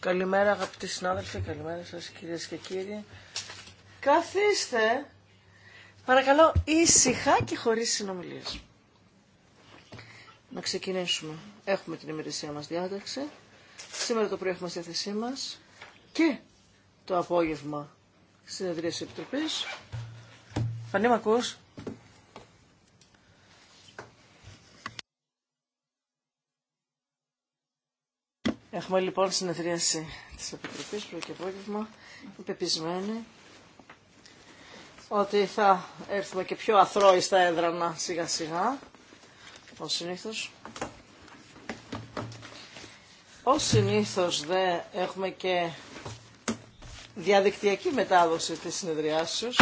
Καλημέρα αγαπητοί συνάδελφοι, καλημέρα σας κυρίες και κύριοι. Καθίστε, παρακαλώ, ήσυχα και χωρίς συνομιλίες. Να ξεκινήσουμε. Έχουμε την ημερησία μας διάταξη. Σήμερα το πρωί έχουμε στη θέση μας και το απόγευμα συνεδρία της Επιτροπής. Φανή, Έχουμε λοιπόν συνεδρίαση της Επιτροπής πρωί και απόγευμα, υπεπισμένη ότι θα έρθουμε και πιο αθρώοι στα έδρανα σιγά σιγά, ως συνήθως. Ως συνήθως δε έχουμε και διαδικτυακή μετάδοση της συνεδριάσεως.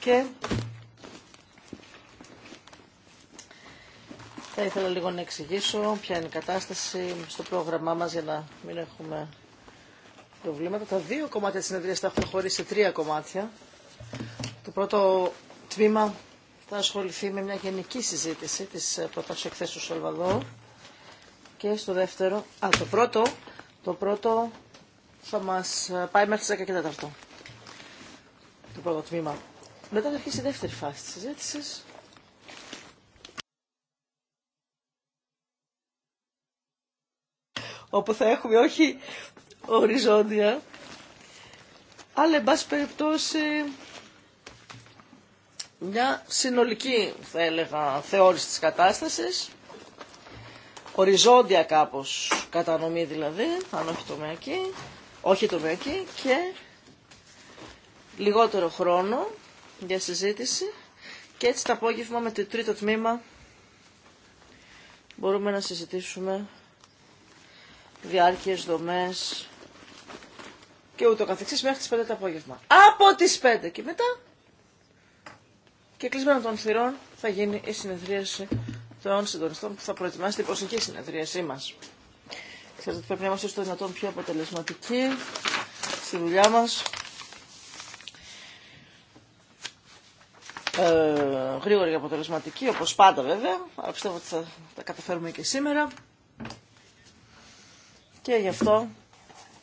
Και Θα ήθελα λίγο να εξηγήσω ποια είναι η κατάσταση στο πρόγραμμά μας για να μην έχουμε προβλήματα. Τα δύο κομμάτια της συνεδρίας θα έχουμε χωρίσει σε τρία κομμάτια. Το πρώτο τμήμα θα ασχοληθεί με μια γενική συζήτηση της προτάσεως εκθέσεως του Σαλβαδόρ και στο δεύτερο, α, το πρώτο, το πρώτο θα μας πάει μέχρι τις 10 και 4. Το πρώτο τμήμα. Μετά θα αρχίσει η δεύτερη φάση της συζήτησης όπου θα έχουμε όχι οριζόντια, αλλά εν πάση περιπτώσει μια συνολική θα έλεγα θεώρηση της κατάστασης, οριζόντια κάπως κατανομή δηλαδή, αν όχι μέκή όχι το τομέακη και λιγότερο χρόνο για συζήτηση και έτσι το απόγευμα με το τρίτο τμήμα μπορούμε να συζητήσουμε διάρκειες, δομές και ούτω καθεξής μέχρι τις 5 το απόγευμα. Από τις 5 και μετά και κλεισμένο των θυρών θα γίνει η συνεδρίαση των συντονιστών που θα προετοιμάσει την προσεχή συνεδρίασή μας. Ξέρετε ότι πρέπει να είμαστε στο δυνατόν πιο αποτελεσματικοί στη δουλειά μας. Ε, γρήγορη και αποτελεσματική, όπως πάντα βέβαια, αλλά πιστεύω ότι θα τα καταφέρουμε και σήμερα. Και γι' αυτό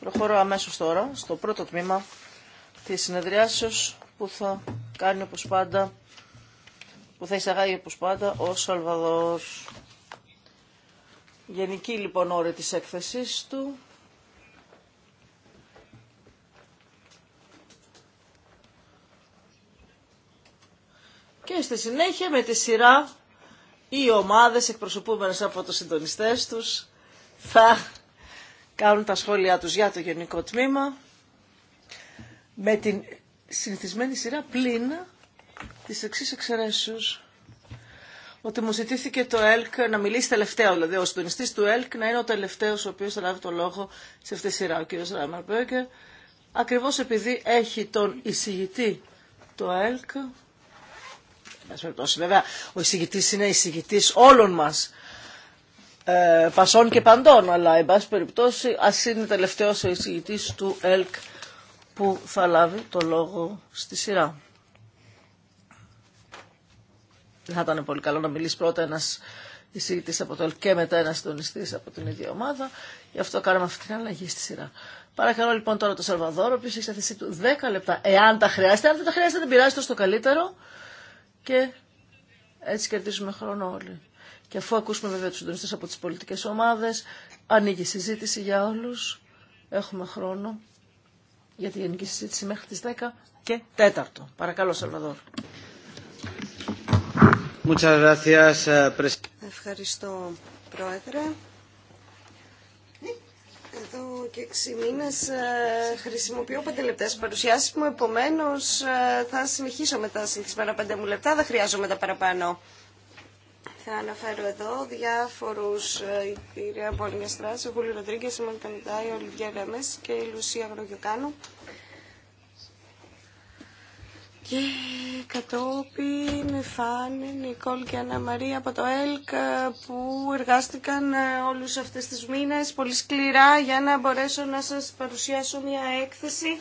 προχωρώ αμέσως τώρα στο πρώτο τμήμα της συνεδριάσεως που θα κάνει όπως πάντα, που θα εισαγάγει όπως πάντα ο Σαλβαδόρ. Γενική λοιπόν ώρα της έκθεσής του. Και στη συνέχεια με τη σειρά οι ομάδες εκπροσωπούμενες από τους συντονιστές τους θα κάνουν τα σχόλιά τους για το Γενικό Τμήμα με την συνηθισμένη σειρά πλήν της εξής εξαιρέσεως ότι μου ζητήθηκε το ΕΛΚ να μιλήσει τελευταίο, δηλαδή ο συντονιστής του ΕΛΚ να είναι ο τελευταίος ο οποίος θα λάβει το λόγο σε αυτή τη σειρά, ο κ. Ράμαρ Μπέγκερ, ακριβώς επειδή έχει τον εισηγητή το ΕΛΚ, βέβαια ο εισηγητής είναι εισηγητής όλων μας ε, φασών και παντών, αλλά εν πάση περιπτώσει ας είναι τελευταίος ο εισηγητής του ΕΛΚ που θα λάβει το λόγο στη σειρά. Δεν θα ήταν πολύ καλό να μιλήσει πρώτα ένας εισηγητής από το ΕΛΚ και μετά ένας συντονιστής από την ίδια ομάδα. Γι' αυτό κάναμε αυτή την αλλαγή στη σειρά. Παρακαλώ λοιπόν τώρα τον Σαλβαδόρο, ο οποίος έχει θέση του 10 λεπτά, εάν τα χρειάζεται. Αν δεν τα χρειάζεται δεν πειράζει, τόσο καλύτερο. Και έτσι κερδίζουμε χρόνο όλοι. Και αφού ακούσουμε βέβαια τους συντονιστές από τις πολιτικές ομάδες, ανοίγει η συζήτηση για όλους. Έχουμε χρόνο για τη γενική συζήτηση μέχρι τις 10 και 4. Παρακαλώ, Σαλβαδόρ. Ε, Ευχαριστώ, Πρόεδρε. Εδώ και 6 μήνες ε, χρησιμοποιώ πέντε λεπτά στι παρουσιάσει μου, επομένω ε, θα συνεχίσω μετά τα συνηθισμένα μου λεπτά, δεν χρειάζομαι τα παραπάνω. Θα αναφέρω εδώ διάφορους, ε, η κυρία Πολύνια Στράση, ο Χούλη Ροντρίγκε, η η και η Λουσία Γρογιοκάνου. Και κατόπιν Φάνη, Νικόλ και Ανά Μαρία από το ΕΛΚ ε, που εργάστηκαν ε, όλους αυτές τις μήνες πολύ σκληρά για να μπορέσω να σας παρουσιάσω μια έκθεση.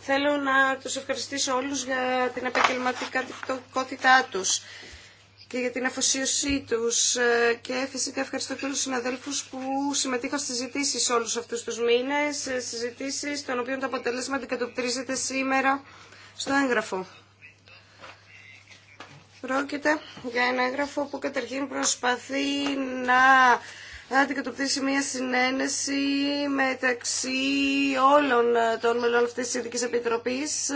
Θέλω να τους ευχαριστήσω όλους για την επαγγελματικότητά τους για την αφοσίωσή τους ε, και φυσικά ευχαριστώ και όλους τους συναδέλφους που συμμετείχαν στις συζητήσει όλους αυτούς τους μήνες, ε, συζητήσει των οποίων το αποτέλεσμα αντικατοπτρίζεται σήμερα στο έγγραφο. Πρόκειται για ένα έγγραφο που καταρχήν προσπαθεί να αντικατοπτήσει μια συνένεση μεταξύ όλων των μελών αυτής της ειδική Επιτροπής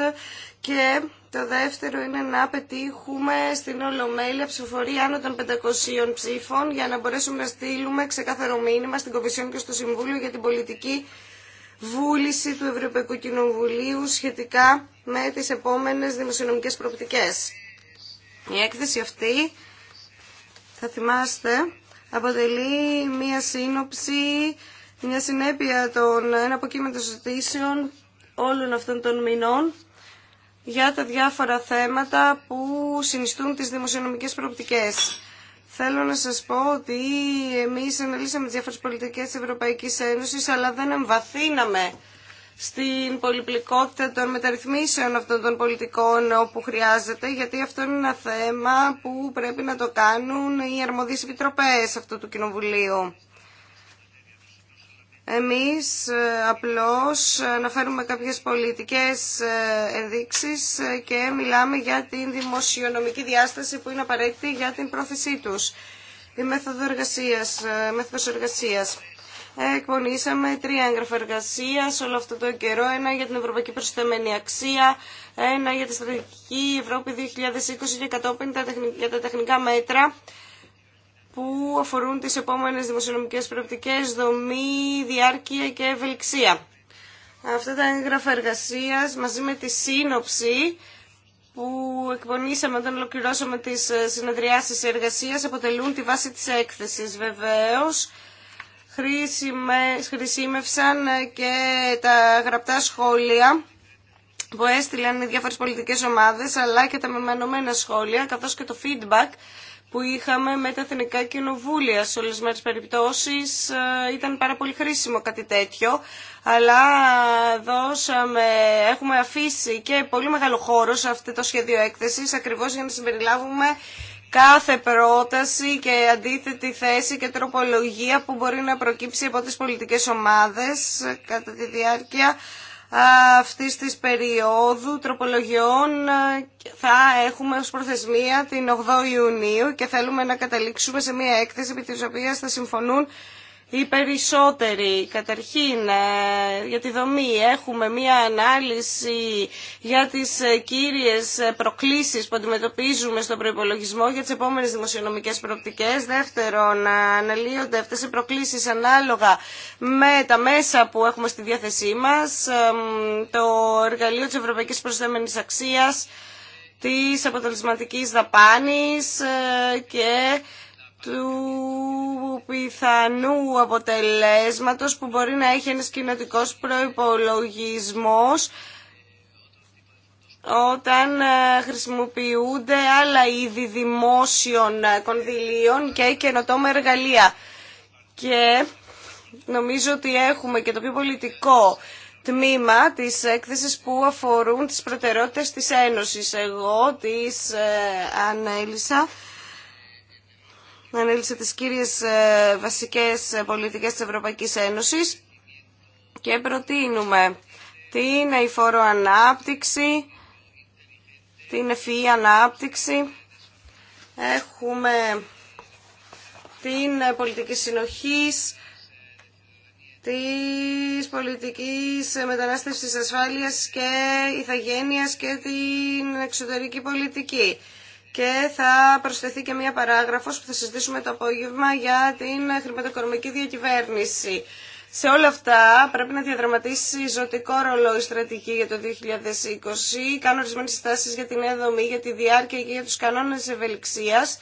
και το δεύτερο είναι να πετύχουμε στην Ολομέλεια ψηφοφορία άνω των 500 ψήφων για να μπορέσουμε να στείλουμε ξεκάθαρο μήνυμα στην Κομισιόν και στο Συμβούλιο για την πολιτική βούληση του Ευρωπαϊκού Κοινοβουλίου σχετικά με τις επόμενες δημοσιονομικές προοπτικές. Η έκθεση αυτή, θα θυμάστε, αποτελεί μία σύνοψη, μια συνέπεια των εναποκείμενων συζητήσεων όλων αυτών των μηνών για τα διάφορα θέματα που συνιστούν τις δημοσιονομικές προοπτικές. Θέλω να σας πω ότι εμείς αναλύσαμε τις διάφορες πολιτικές της Ευρωπαϊκής Ένωσης, αλλά δεν εμβαθύναμε στην πολυπλικότητα των μεταρρυθμίσεων αυτών των πολιτικών όπου χρειάζεται, γιατί αυτό είναι ένα θέμα που πρέπει να το κάνουν οι αρμοδίες επιτροπές αυτού του Κοινοβουλίου. Εμείς ε, απλώς αναφέρουμε κάποιες πολιτικές ε, ενδείξεις ε, και μιλάμε για την δημοσιονομική διάσταση που είναι απαραίτητη για την πρόθεσή τους. Η μέθοδο εργασίας, μέθοδος εργασίας εκπονήσαμε τρία έγγραφα εργασία όλο αυτό το καιρό. Ένα για την Ευρωπαϊκή Προστιθέμενη Αξία, ένα για τη Στρατηγική Ευρώπη 2020 και κατόπιν για τα τεχνικά μέτρα που αφορούν τις επόμενες δημοσιονομικές προοπτικές, δομή, διάρκεια και ευελιξία. Αυτά τα έγγραφα εργασία μαζί με τη σύνοψη που εκπονήσαμε όταν ολοκληρώσαμε τις ε, συνεδριάσεις εργασίας αποτελούν τη βάση της έκθεσης. Βεβαίως, χρησιμεύσαν ε, και τα γραπτά σχόλια που έστειλαν οι διάφορες πολιτικές ομάδες, αλλά και τα μεμονωμένα σχόλια, καθώς και το feedback που είχαμε με τα εθνικά κοινοβούλια σε όλες τις περιπτώσεις. Ε, ήταν πάρα πολύ χρήσιμο κάτι τέτοιο, αλλά δώσαμε, έχουμε αφήσει και πολύ μεγάλο χώρο σε αυτό το σχέδιο έκθεσης, ακριβώς για να συμπεριλάβουμε κάθε πρόταση και αντίθετη θέση και τροπολογία που μπορεί να προκύψει από τις πολιτικές ομάδες κατά τη διάρκεια αυτής της περίοδου τροπολογιών θα έχουμε ως προθεσμία την 8 Ιουνίου και θέλουμε να καταλήξουμε σε μια έκθεση επί της οποίας θα συμφωνούν οι περισσότεροι. Καταρχήν, ε, για τη δομή έχουμε μία ανάλυση για τις ε, κύριες ε, προκλήσεις που αντιμετωπίζουμε στον προϋπολογισμό για τις επόμενες δημοσιονομικές προοπτικές. Δεύτερον, αναλύονται αυτές οι προκλήσεις ανάλογα με τα μέσα που έχουμε στη διάθεσή μας, το εργαλείο της Ευρωπαϊκής Προσθέμενης Αξίας, της αποτελεσματικής δαπάνης και του πιθανού αποτελέσματος που μπορεί να έχει ένας κοινοτικό προϋπολογισμός όταν ε, χρησιμοποιούνται άλλα είδη δημόσιων ε, κονδυλίων και καινοτόμα εργαλεία. Και νομίζω ότι έχουμε και το πιο πολιτικό τμήμα της έκθεσης που αφορούν τις προτεραιότητες της Ένωσης. Εγώ τις ε, ανέλησα ανέλησε τις κύριες ε, βασικές ε, πολιτικές της Ευρωπαϊκής Ένωσης και προτείνουμε την αηφόρο ανάπτυξη, την ευφυή ανάπτυξη. Έχουμε την πολιτική συνοχής, της πολιτικής μετανάστευσης ασφάλειας και ηθαγένειας και την εξωτερική πολιτική και θα προσθεθεί και μία παράγραφος που θα συζητήσουμε το απόγευμα για την χρηματοοικονομική διακυβέρνηση. Σε όλα αυτά πρέπει να διαδραματίσει ζωτικό ρόλο η στρατηγική για το 2020. Κάνω ορισμένε συστάσεις για την νέα για τη διάρκεια και για τους κανόνες ευελιξίας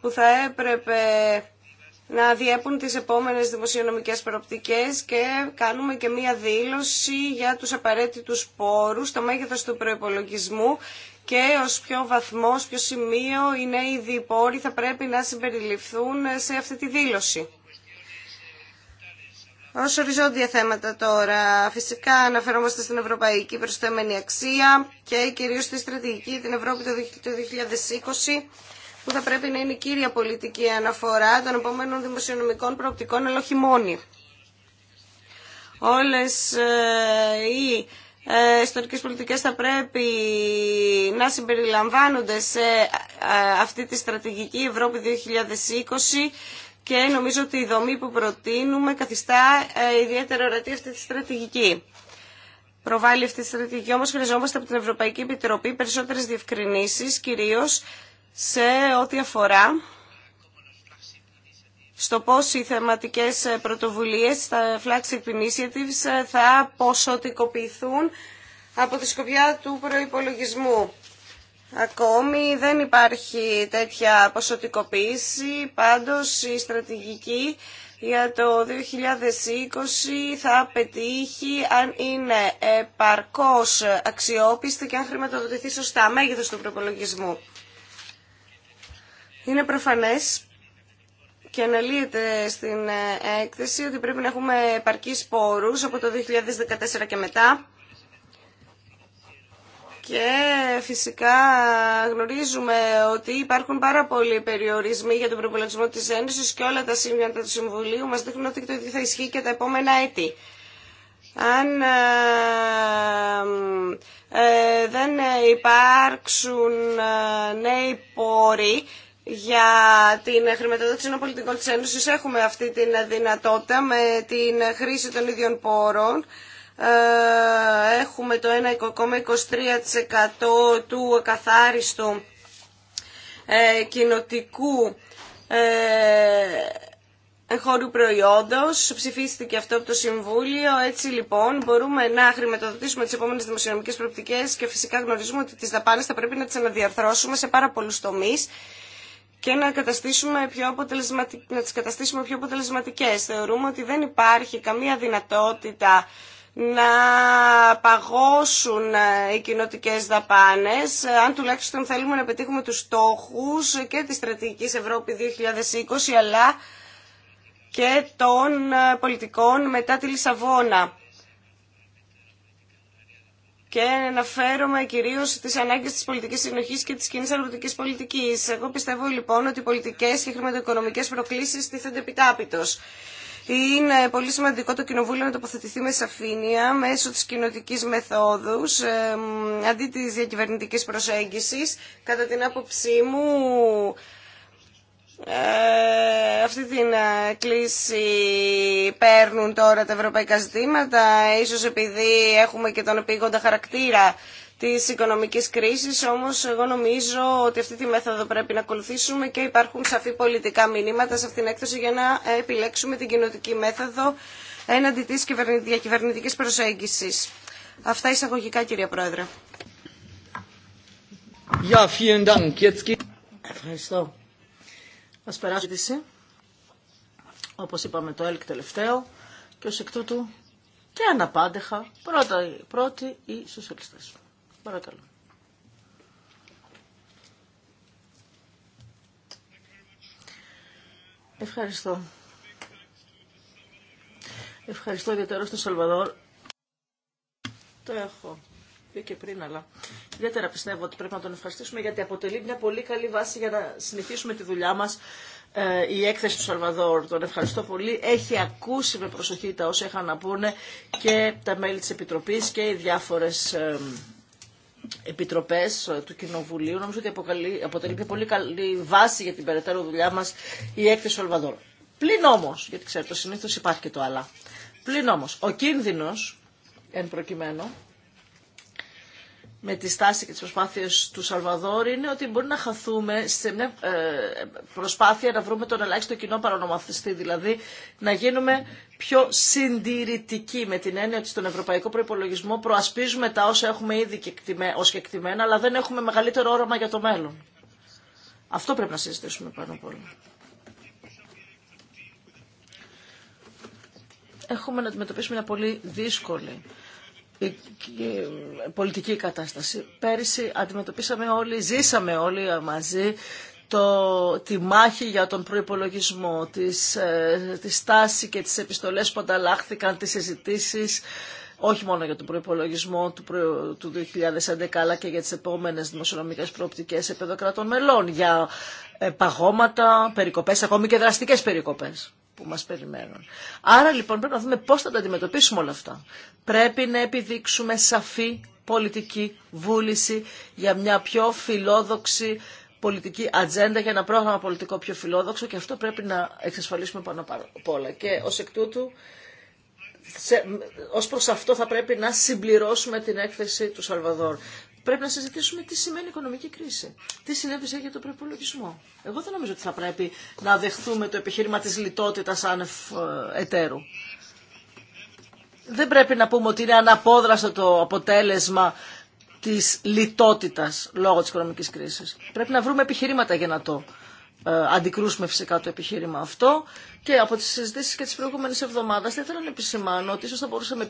που θα έπρεπε να διέπουν τις επόμενες δημοσιονομικές προοπτικές και κάνουμε και μία δήλωση για τους απαραίτητους πόρους, το μέγεθος του προϋπολογισμού και ω ποιο βαθμό, ως ποιο σημείο οι νέοι διπόροι θα πρέπει να συμπεριληφθούν σε αυτή τη δήλωση. Ω οριζόντια θέματα τώρα, φυσικά αναφερόμαστε στην ευρωπαϊκή προσθέμενη αξία και κυρίως στη στρατηγική την Ευρώπη το 2020 που θα πρέπει να είναι η κύρια πολιτική αναφορά των επόμενων δημοσιονομικών προοπτικών, αλλά όχι Όλες ε, οι ε, ιστορικές πολιτικές θα πρέπει να συμπεριλαμβάνονται σε ε, αυτή τη στρατηγική Ευρώπη 2020 και νομίζω ότι η δομή που προτείνουμε καθιστά ε, ιδιαίτερα ορατή αυτή τη στρατηγική. Προβάλλει αυτή τη στρατηγική όμως χρειαζόμαστε από την Ευρωπαϊκή Επιτροπή περισσότερες διευκρινήσεις κυρίως σε ό,τι αφορά στο πώς οι θεματικές ε, πρωτοβουλίες, τα flagship initiatives, ε, θα ποσοτικοποιηθούν από τη σκοπιά του προϋπολογισμού. Ακόμη δεν υπάρχει τέτοια ποσοτικοποίηση, πάντως η στρατηγική για το 2020 θα πετύχει αν είναι επαρκώς αξιόπιστη και αν χρηματοδοτηθεί σωστά μέγεθος του προπολογισμού. Είναι προφανές και αναλύεται στην ε, έκθεση ότι πρέπει να έχουμε επαρκείς πόρους από το 2014 και μετά. Και φυσικά γνωρίζουμε ότι υπάρχουν πάρα πολλοί περιορισμοί για τον προπολογισμό της Ένωσης και όλα τα σύμβανα του Συμβουλίου μας δείχνουν ότι το ίδιο θα ισχύει και τα επόμενα έτη. Αν ε, ε δεν υπάρξουν ε, νέοι πόροι για την χρηματοδότηση των πολιτικών της Ένωσης έχουμε αυτή την δυνατότητα με την χρήση των ίδιων πόρων. Ε, έχουμε το 1,23% του καθάριστου ε, κοινοτικού ε, χώρου προϊόντος. Ψηφίστηκε αυτό από το Συμβούλιο. Έτσι λοιπόν μπορούμε να χρηματοδοτήσουμε τις επόμενες δημοσιονομικές προοπτικές και φυσικά γνωρίζουμε ότι τις δαπάνες θα πρέπει να τις αναδιαρθρώσουμε σε πάρα πολλούς τομείς και να, καταστήσουμε πιο να τις καταστήσουμε πιο αποτελεσματικές. Θεωρούμε ότι δεν υπάρχει καμία δυνατότητα να παγώσουν ε, οι κοινοτικέ δαπάνες, ε, αν τουλάχιστον θέλουμε να πετύχουμε τους στόχους και της στρατηγικής Ευρώπη 2020, αλλά και των ε, πολιτικών μετά τη Λισαβόνα και αναφέρομαι κυρίως στις ανάγκες της πολιτικής συνοχής και της κοινή αγροτική πολιτικής. Εγώ πιστεύω λοιπόν ότι οι πολιτικές και χρηματοοικονομικές προκλήσεις τίθενται επιτάπητος. Είναι πολύ σημαντικό το Κοινοβούλιο να τοποθετηθεί με σαφήνεια μέσω της κοινοτικής μεθόδους αντί της διακυβερνητικής προσέγγισης. Κατά την άποψή μου ε, αυτή την ε, κλίση παίρνουν τώρα τα ευρωπαϊκά ζητήματα, ίσως επειδή έχουμε και τον επίγοντα χαρακτήρα της οικονομικής κρίσης, όμως εγώ νομίζω ότι αυτή τη μέθοδο πρέπει να ακολουθήσουμε και υπάρχουν σαφή πολιτικά μηνύματα σε αυτήν την έκθεση για να επιλέξουμε την κοινωτική μέθοδο έναντι της διακυβερνητικής προσέγγισης. Αυτά εισαγωγικά κύριε Πρόεδρε. Ευχαριστώ. Μας περάσει όπως είπαμε το ΕΛΚ τελευταίο, και ως εκ τούτου και αναπάντεχα πρώτα, πρώτοι οι σοσιαλιστές. Παρακαλώ. Ευχαριστώ. Ευχαριστώ ιδιαίτερα στον Σαλβαδόρ. Το έχω πει και πριν, αλλά ιδιαίτερα πιστεύω ότι πρέπει να τον ευχαριστήσουμε γιατί αποτελεί μια πολύ καλή βάση για να συνηθίσουμε τη δουλειά μας. Ε, η έκθεση του Σαλβαδόρ, τον ευχαριστώ πολύ, έχει ακούσει με προσοχή τα όσα είχαν να πούνε και τα μέλη της Επιτροπής και οι διάφορες ε, επιτροπές του Κοινοβουλίου. Νομίζω ότι αποτελεί, αποτελεί μια πολύ καλή βάση για την περαιτέρω δουλειά μας η έκθεση του Σαλβαδόρ. Πλην όμως, γιατί ξέρετε, συνήθως υπάρχει και το αλλά. Πλην όμως, ο κίνδυνος, εν προκειμένου, με τη στάση και τις προσπάθειες του Σαλβαδόρ είναι ότι μπορεί να χαθούμε σε μια ε, προσπάθεια να βρούμε τον ελάχιστο κοινό παρονομαθιστή, δηλαδή να γίνουμε πιο συντηρητικοί με την έννοια ότι στον ευρωπαϊκό προϋπολογισμό προασπίζουμε τα όσα έχουμε ήδη ως κεκτημένα, αλλά δεν έχουμε μεγαλύτερο όραμα για το μέλλον. Αυτό πρέπει να συζητήσουμε πάνω από όλα. Έχουμε να αντιμετωπίσουμε μια πολύ δύσκολη πολιτική κατάσταση. Πέρυσι αντιμετωπίσαμε όλοι, ζήσαμε όλοι μαζί το, τη μάχη για τον προϋπολογισμό, τις, ε, τη στάση και τις επιστολές που ανταλλάχθηκαν, τις συζητήσει όχι μόνο για τον προϋπολογισμό του, του 2011 αλλά και για τις επόμενες δημοσιονομικές προοπτικές επεδοκρατών μελών, για ε, παγώματα, περικοπές, ακόμη και δραστικές περικοπές που μας περιμένουν. Άρα λοιπόν πρέπει να δούμε πώς θα τα αντιμετωπίσουμε όλα αυτά. Πρέπει να επιδείξουμε σαφή πολιτική βούληση για μια πιο φιλόδοξη πολιτική ατζέντα για ένα πρόγραμμα πολιτικό πιο φιλόδοξο και αυτό πρέπει να εξασφαλίσουμε πάνω από όλα. Και ως εκ τούτου, σε, ως προς αυτό θα πρέπει να συμπληρώσουμε την έκθεση του Σαλβαδόρ πρέπει να συζητήσουμε τι σημαίνει οικονομική κρίση. Τι συνέβησε για τον προπολογισμό. Εγώ δεν νομίζω ότι θα πρέπει να δεχθούμε το επιχείρημα τη λιτότητα άνευ ε, εταίρου. Δεν πρέπει να πούμε ότι είναι αναπόδραστο το αποτέλεσμα τη λιτότητα λόγω τη οικονομική κρίση. Πρέπει να βρούμε επιχειρήματα για να το ε, αντικρούσουμε φυσικά το επιχείρημα αυτό και από τι συζητήσει και τι προηγούμενη εβδομάδε, θα ήθελα να επισημάνω ότι ίσω θα μπορούσαμε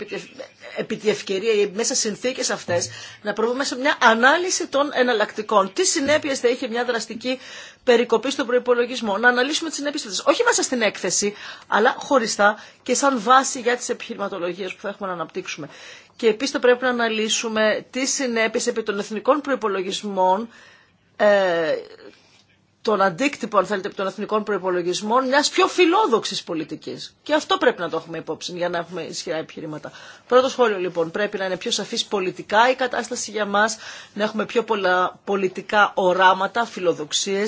επί τη ευκαιρία ή μέσα συνθήκε αυτέ, να προβούμε σε μια ανάλυση των εναλλακτικών. Τι συνέπειε θα είχε μια δραστική περικοπή στον προπολογισμό. Να αναλύσουμε τι συνέπειε, αυτές. Όχι μέσα στην έκθεση, αλλά χωριστά και σαν βάση για τι επιχειρηματολογίε που θα έχουμε να αναπτύξουμε. Και επίση θα πρέπει να αναλύσουμε τι συνέπειε επί των εθνικών προπολογισμών ε, τον αντίκτυπο, αν θέλετε, των εθνικών προπολογισμών μια πιο φιλόδοξη πολιτική. Και αυτό πρέπει να το έχουμε υπόψη για να έχουμε ισχυρά επιχειρήματα. Πρώτο σχόλιο λοιπόν, πρέπει να είναι πιο σαφή πολιτικά η κατάσταση για μα, να έχουμε πιο πολλά πολιτικά οράματα, φιλοδοξίε,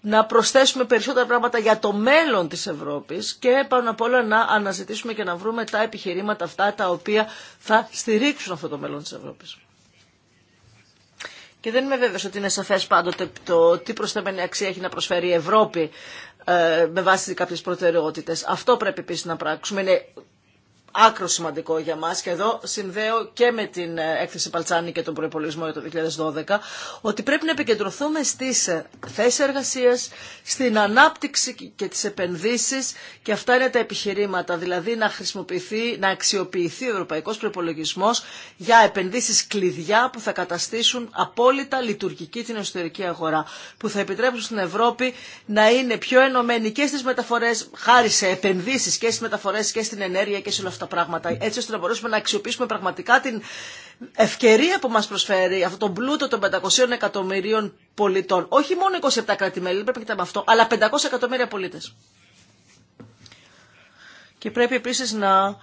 να προσθέσουμε περισσότερα πράγματα για το μέλλον της Ευρώπης και πάνω απ' όλα να αναζητήσουμε και να βρούμε τα επιχειρήματα αυτά τα οποία θα στηρίξουν αυτό το μέλλον της Ευρώπης. Και δεν είμαι βέβαιος ότι είναι σαφές πάντοτε το τι προσθέμενη αξία έχει να προσφέρει η Ευρώπη ε, με βάση κάποιες προτεραιότητες. Αυτό πρέπει επίσης να πράξουμε. Είναι άκρο σημαντικό για μας και εδώ συνδέω και με την ε, έκθεση Παλτσάνη και τον προπολογισμό για το 2012 ότι πρέπει να επικεντρωθούμε στις ε, θέσει εργασία, στην ανάπτυξη και τι επενδύσει, και αυτά είναι τα επιχειρήματα, δηλαδή να χρησιμοποιηθεί, να αξιοποιηθεί ο ευρωπαϊκό προπολογισμό για επενδύσει κλειδιά που θα καταστήσουν απόλυτα λειτουργική την εσωτερική αγορά, που θα επιτρέψουν στην Ευρώπη να είναι πιο ενωμένη και στι μεταφορέ, χάρη σε επενδύσει και στι μεταφορέ και στην ενέργεια και σε όλα τα πράγματα, έτσι ώστε να μπορέσουμε να αξιοποιήσουμε πραγματικά την ευκαιρία που μας προσφέρει αυτό το πλούτο των 500 εκατομμυρίων πολιτών. Όχι μόνο 27 κράτη-μέλη, πρέπει να κοιτάμε αυτό, αλλά 500 εκατομμύρια πολίτες. Και πρέπει επίσης να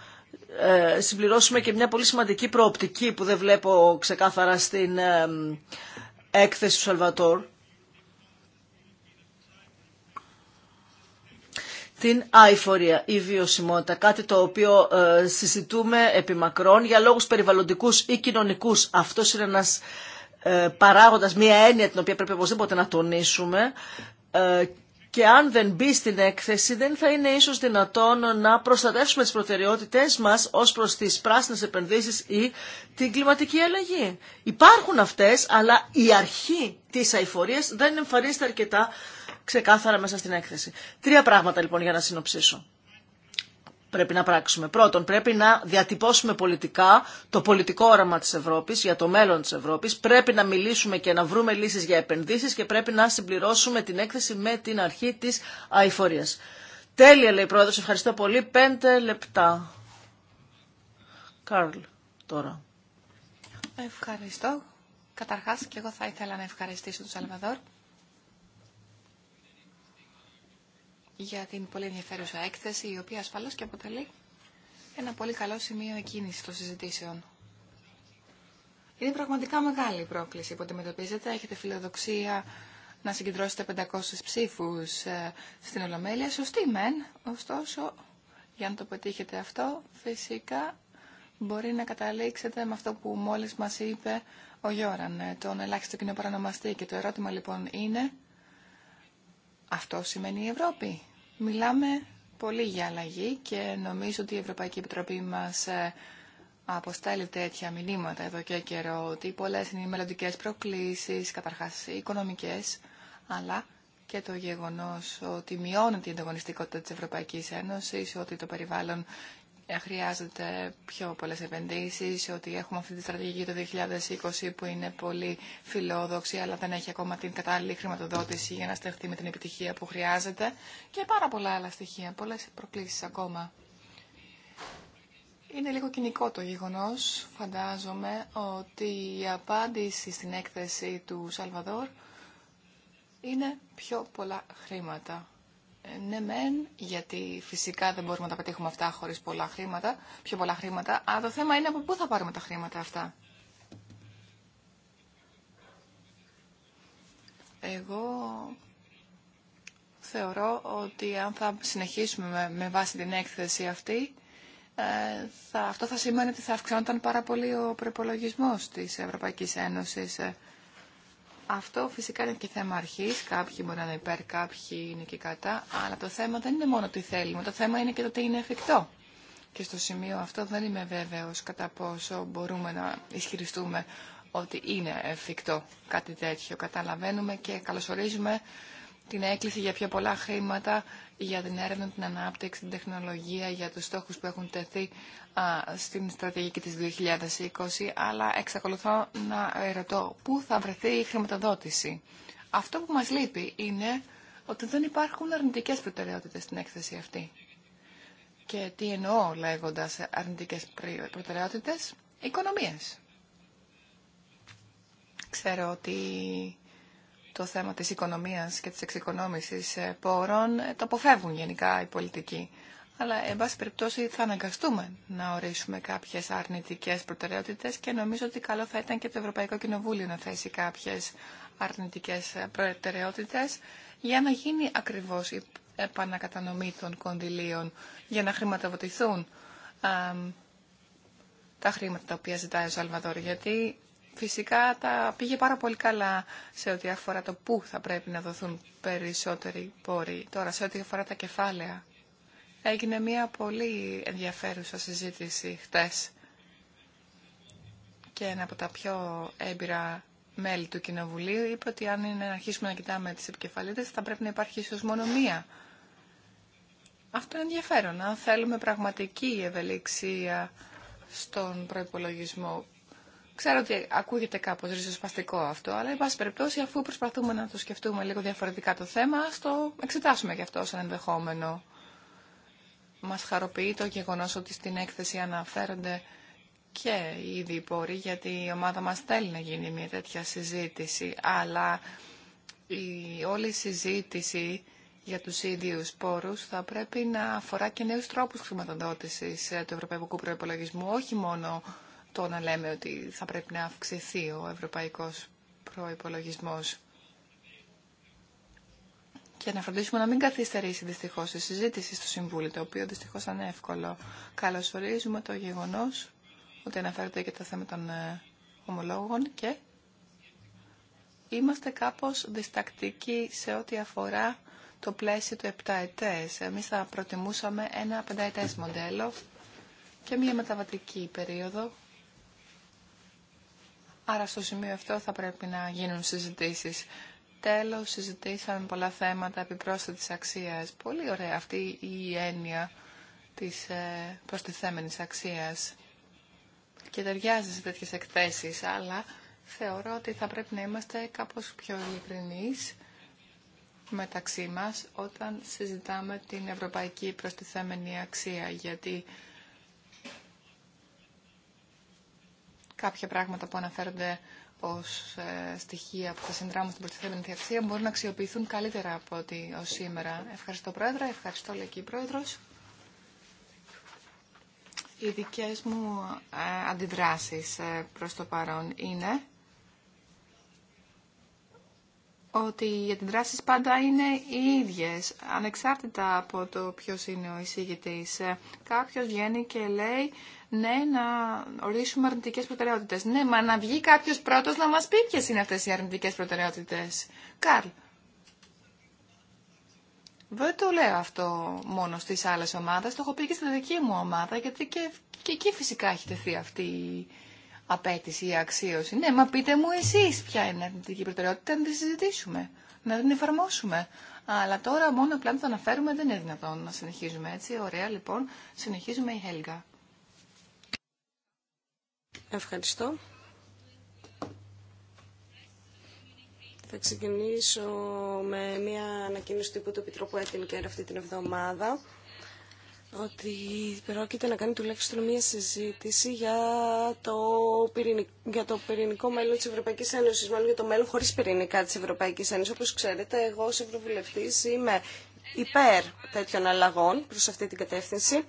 ε, συμπληρώσουμε και μια πολύ σημαντική προοπτική που δεν βλέπω ξεκάθαρα στην ε, έκθεση του Σαλβατόρ την αηφορία ή βιωσιμότητα, κάτι το οποίο ε, συζητούμε μακρόν για λόγους περιβαλλοντικούς ή κοινωνικούς. Αυτό είναι ένας ε, παράγοντας, μία έννοια την οποία πρέπει οπωσδήποτε να τονίσουμε ε, και αν δεν μπει στην έκθεση δεν θα είναι ίσως δυνατόν να προστατεύσουμε τις προτεραιότητές μας ως προς τις πράσινες επενδύσεις ή την κλιματική αλλαγή. Υπάρχουν αυτές, αλλά η αρχή της αηφορίας δεν εμφανίζεται αρκετά ξεκάθαρα μέσα στην έκθεση. Τρία πράγματα λοιπόν για να συνοψίσω. Πρέπει να πράξουμε. Πρώτον, πρέπει να διατυπώσουμε πολιτικά το πολιτικό όραμα της Ευρώπης, για το μέλλον της Ευρώπης. Πρέπει να μιλήσουμε και να βρούμε λύσεις για επενδύσεις και πρέπει να συμπληρώσουμε την έκθεση με την αρχή της αηφορία. Τέλεια, λέει η πρόεδρο. Ευχαριστώ πολύ. Πέντε λεπτά. Κάρλ, τώρα. Ευχαριστώ. Καταρχά και εγώ θα ήθελα να ευχαριστήσω τον Σαλβαδόρ για την πολύ ενδιαφέρουσα έκθεση, η οποία ασφαλώς και αποτελεί ένα πολύ καλό σημείο εκκίνησης των συζητήσεων. Είναι πραγματικά μεγάλη η πρόκληση που αντιμετωπίζετε. Έχετε φιλοδοξία να συγκεντρώσετε 500 ψήφους ε, στην Ολομέλεια. Σωστή μεν, ωστόσο, για να το πετύχετε αυτό, φυσικά μπορεί να καταλήξετε με αυτό που μόλις μας είπε ο Γιώραν, ε, τον ελάχιστο κοινό παρανομαστή. Και το ερώτημα λοιπόν είναι, αυτό σημαίνει η Ευρώπη. Μιλάμε πολύ για αλλαγή και νομίζω ότι η Ευρωπαϊκή Επιτροπή μας ε, αποστέλει τέτοια μηνύματα εδώ και καιρό ότι πολλές είναι οι μελλοντικές προκλήσεις, καταρχάς οι οικονομικές, αλλά και το γεγονός ότι μειώνεται η ανταγωνιστικότητα της Ευρωπαϊκής Ένωσης, ότι το περιβάλλον χρειάζεται πιο πολλές επενδύσεις, ότι έχουμε αυτή τη στρατηγική το 2020 που είναι πολύ φιλόδοξη, αλλά δεν έχει ακόμα την κατάλληλη χρηματοδότηση για να στεχθεί με την επιτυχία που χρειάζεται και πάρα πολλά άλλα στοιχεία, πολλές προκλήσεις ακόμα. Είναι λίγο κοινικό το γεγονός, φαντάζομαι, ότι η απάντηση στην έκθεση του Σαλβαδόρ είναι πιο πολλά χρήματα. Ε, ναι μεν, γιατί φυσικά δεν μπορούμε να τα πετύχουμε αυτά χωρίς πολλά χρήματα, πιο πολλά χρήματα, αλλά το θέμα είναι από πού θα πάρουμε τα χρήματα αυτά. Εγώ θεωρώ ότι αν θα συνεχίσουμε με, βάση την έκθεση αυτή, ε, θα, αυτό θα σημαίνει ότι θα αυξάνονταν πάρα πολύ ο προπολογισμό της Ευρωπαϊκής Ένωσης ε. Αυτό φυσικά είναι και θέμα αρχή. Κάποιοι μπορεί να είναι υπέρ, κάποιοι είναι και κατά. Αλλά το θέμα δεν είναι μόνο τι θέλουμε. Το θέμα είναι και το τι είναι εφικτό. Και στο σημείο αυτό δεν είμαι βέβαιο κατά πόσο μπορούμε να ισχυριστούμε ότι είναι εφικτό κάτι τέτοιο. Καταλαβαίνουμε και καλωσορίζουμε την έκκληση για πιο πολλά χρήματα για την έρευνα, την ανάπτυξη, την τεχνολογία, για τους στόχους που έχουν τεθεί στην στρατηγική της 2020, αλλά εξακολουθώ να ρωτώ πού θα βρεθεί η χρηματοδότηση. Αυτό που μας λείπει είναι ότι δεν υπάρχουν αρνητικές προτεραιότητες στην έκθεση αυτή. Και τι εννοώ λέγοντας αρνητικές προτεραιότητες, οικονομίες. Ξέρω ότι το θέμα της οικονομίας και της εξοικονόμησης ε, πόρων ε, το αποφεύγουν γενικά οι πολιτικοί. Αλλά, εν πάση περιπτώσει, θα αναγκαστούμε να ορίσουμε κάποιες αρνητικές προτεραιότητες και νομίζω ότι καλό θα ήταν και το Ευρωπαϊκό Κοινοβούλιο να θέσει κάποιες αρνητικές ε, προτεραιότητες για να γίνει ακριβώς η επανακατανομή των κονδυλίων για να χρηματοδοτηθούν τα χρήματα τα οποία ζητάει ο Σαλβαδόρ. Γιατί Φυσικά τα πήγε πάρα πολύ καλά σε ό,τι αφορά το πού θα πρέπει να δοθούν περισσότεροι πόροι. Τώρα, σε ό,τι αφορά τα κεφάλαια, έγινε μια πολύ ενδιαφέρουσα συζήτηση χτες και ένα από τα πιο έμπειρα μέλη του Κοινοβουλίου είπε ότι αν είναι να αρχίσουμε να κοιτάμε τις επικεφαλίδες θα πρέπει να υπάρχει ίσως μόνο μία. Αυτό είναι ενδιαφέρον. Αν θέλουμε πραγματική ευελιξία στον προϋπολογισμό Ξέρω ότι ακούγεται κάπω ριζοσπαστικό αυτό, αλλά εν πάση περιπτώσει αφού προσπαθούμε να το σκεφτούμε λίγο διαφορετικά το θέμα, α το εξετάσουμε και αυτό σαν ενδεχόμενο. Μα χαροποιεί το γεγονό ότι στην έκθεση αναφέρονται και οι ίδιοι πόροι, γιατί η ομάδα μα θέλει να γίνει μια τέτοια συζήτηση, αλλά η όλη συζήτηση για τους ίδιους πόρους θα πρέπει να αφορά και νέους τρόπους χρηματοδότησης ε, του Ευρωπαϊκού Προϋπολογισμού, όχι μόνο το να λέμε ότι θα πρέπει να αυξηθεί ο ευρωπαϊκός προϋπολογισμός και να φροντίσουμε να μην καθυστερήσει δυστυχώ η συζήτηση στο Συμβούλιο, το οποίο δυστυχώ ήταν εύκολο. Καλωσορίζουμε το γεγονό ότι αναφέρεται και το θέμα των ε, ομολόγων και είμαστε κάπω διστακτικοί σε ό,τι αφορά το πλαίσιο του ετέ. Εμεί θα προτιμούσαμε ένα πενταετέ μοντέλο και μια μεταβατική περίοδο Άρα στο σημείο αυτό θα πρέπει να γίνουν συζητήσεις. Τέλος, συζητήσαμε πολλά θέματα επιπρόσθετης αξίας. Πολύ ωραία αυτή η έννοια της ε, προστιθέμενης αξίας και ταιριάζει σε τέτοιες εκθέσεις, αλλά θεωρώ ότι θα πρέπει να είμαστε κάπως πιο ειλικρινείς μεταξύ μας όταν συζητάμε την ευρωπαϊκή προστιθέμενη αξία, γιατί κάποια πράγματα που αναφέρονται ω ε, στοιχεία που θα συνδράμουν στην προστιθέμενη αξία μπορούν να αξιοποιηθούν καλύτερα από ό,τι ω σήμερα. Ευχαριστώ, Πρόεδρε. Ευχαριστώ, Λεκύη Πρόεδρο. Οι δικέ μου ε, αντιδράσει ε, προ το παρόν είναι ότι οι αντιδράσει πάντα είναι οι ίδιες, ανεξάρτητα από το ποιο είναι ο εισηγητής. Κάποιο βγαίνει και λέει ναι, να ορίσουμε αρνητικέ προτεραιότητε. Ναι, μα να βγει κάποιο πρώτο να μα πει ποιε είναι αυτέ οι αρνητικέ προτεραιότητε. Καρλ. Δεν το λέω αυτό μόνο στι άλλε ομάδες, το έχω πει και στη δική μου ομάδα, γιατί και, και εκεί φυσικά έχει τεθεί αυτή η απέτηση, η αξίωση. Ναι, μα πείτε μου εσεί ποια είναι η αρνητική προτεραιότητα, να τη συζητήσουμε, να την εφαρμόσουμε. Αλλά τώρα μόνο απλά να το αναφέρουμε δεν είναι δυνατόν να συνεχίζουμε έτσι. Ωραία, λοιπόν, συνεχίζουμε η Χέλγα. Ευχαριστώ. Θα ξεκινήσω με μια ανακοίνωση του Επιτροπού Έτλικερ αυτή την εβδομάδα ότι πρόκειται να κάνει τουλάχιστον μία συζήτηση για το, πυρηνικό, για το πυρηνικό μέλλον της Ευρωπαϊκής Ένωσης, μάλλον για το μέλλον χωρίς πυρηνικά της Ευρωπαϊκής Ένωσης. Όπως ξέρετε, εγώ ως Ευρωβουλευτής είμαι υπέρ τέτοιων αλλαγών προς αυτή την κατεύθυνση.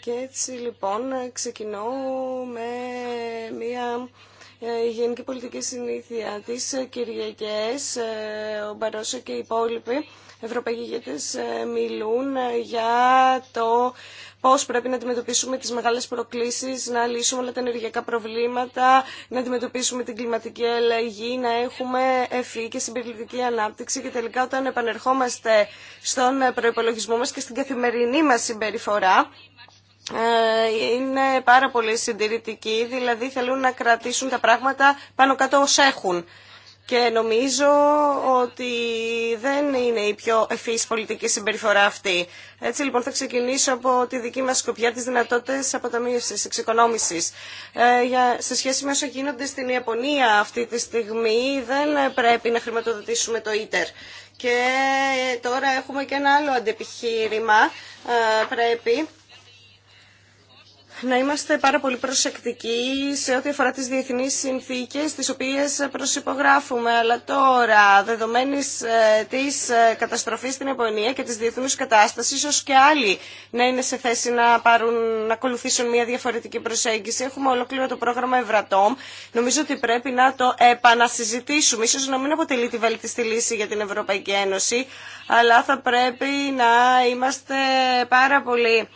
Και έτσι λοιπόν ξεκινώ με μία ε, γενική πολιτική συνήθεια της Κυριακές, ε, ο Μπαρόσο και οι υπόλοιποι Ευρωπαϊκοί ηγέτες ε, μιλούν για το πώς πρέπει να αντιμετωπίσουμε τις μεγάλες προκλήσεις, να λύσουμε όλα τα ενεργειακά προβλήματα, να αντιμετωπίσουμε την κλιματική αλλαγή, να έχουμε ευφύ και συμπεριληπτική ανάπτυξη και τελικά όταν επανερχόμαστε στον προϋπολογισμό μας και στην καθημερινή μας συμπεριφορά, ε, είναι πάρα πολύ συντηρητικοί, δηλαδή θέλουν να κρατήσουν τα πράγματα πάνω κάτω ως έχουν. Και νομίζω ότι δεν είναι η πιο ευφύης πολιτική συμπεριφορά αυτή. Έτσι λοιπόν θα ξεκινήσω από τη δική μας σκοπιά, τις δυνατότητες αποταμίευσης, εξοικονόμησης. Ε, για, σε σχέση με όσα γίνονται στην Ιαπωνία αυτή τη στιγμή δεν πρέπει να χρηματοδοτήσουμε το ίτερ. Και τώρα έχουμε και ένα άλλο αντεπιχείρημα, ε, πρέπει να είμαστε πάρα πολύ προσεκτικοί σε ό,τι αφορά τις διεθνείς συνθήκες τις οποίες προσυπογράφουμε. Αλλά τώρα, δεδομένης ε, της ε, καταστροφής στην Επωνία και της διεθνούς κατάστασης, ίσως και άλλοι να είναι σε θέση να, πάρουν, να ακολουθήσουν μια διαφορετική προσέγγιση. Έχουμε ολόκληρο το πρόγραμμα Ευρατόμ. Νομίζω ότι πρέπει να το επανασυζητήσουμε. Ίσως να μην αποτελεί τη βελτιστή λύση για την Ευρωπαϊκή Ένωση, αλλά θα πρέπει να είμαστε πάρα πολύ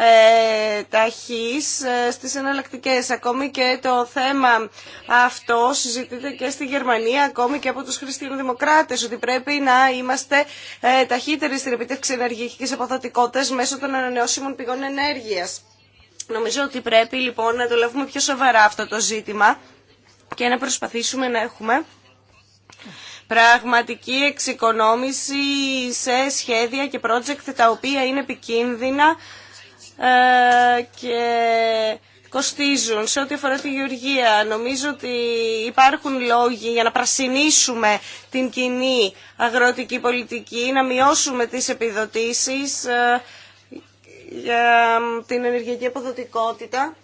ε, ταχύς ε, στις εναλλακτικέ. Ακόμη και το θέμα αυτό συζητείται και στη Γερμανία, ακόμη και από τους χριστιανοδημοκράτες, ότι πρέπει να είμαστε ε, ταχύτεροι στην επιτεύξη ενεργειακής αποδοτικότητα μέσω των ανανεώσιμων πηγών ενέργειας. Νομίζω ότι πρέπει λοιπόν να το λάβουμε πιο σοβαρά αυτό το ζήτημα και να προσπαθήσουμε να έχουμε πραγματική εξοικονόμηση σε σχέδια και project τα οποία είναι επικίνδυνα ε, και κοστίζουν σε ό,τι αφορά τη γεωργία. Νομίζω ότι υπάρχουν λόγοι για να πρασινίσουμε την κοινή αγροτική πολιτική, να μειώσουμε τις επιδοτήσεις ε, για την ενεργειακή αποδοτικότητα.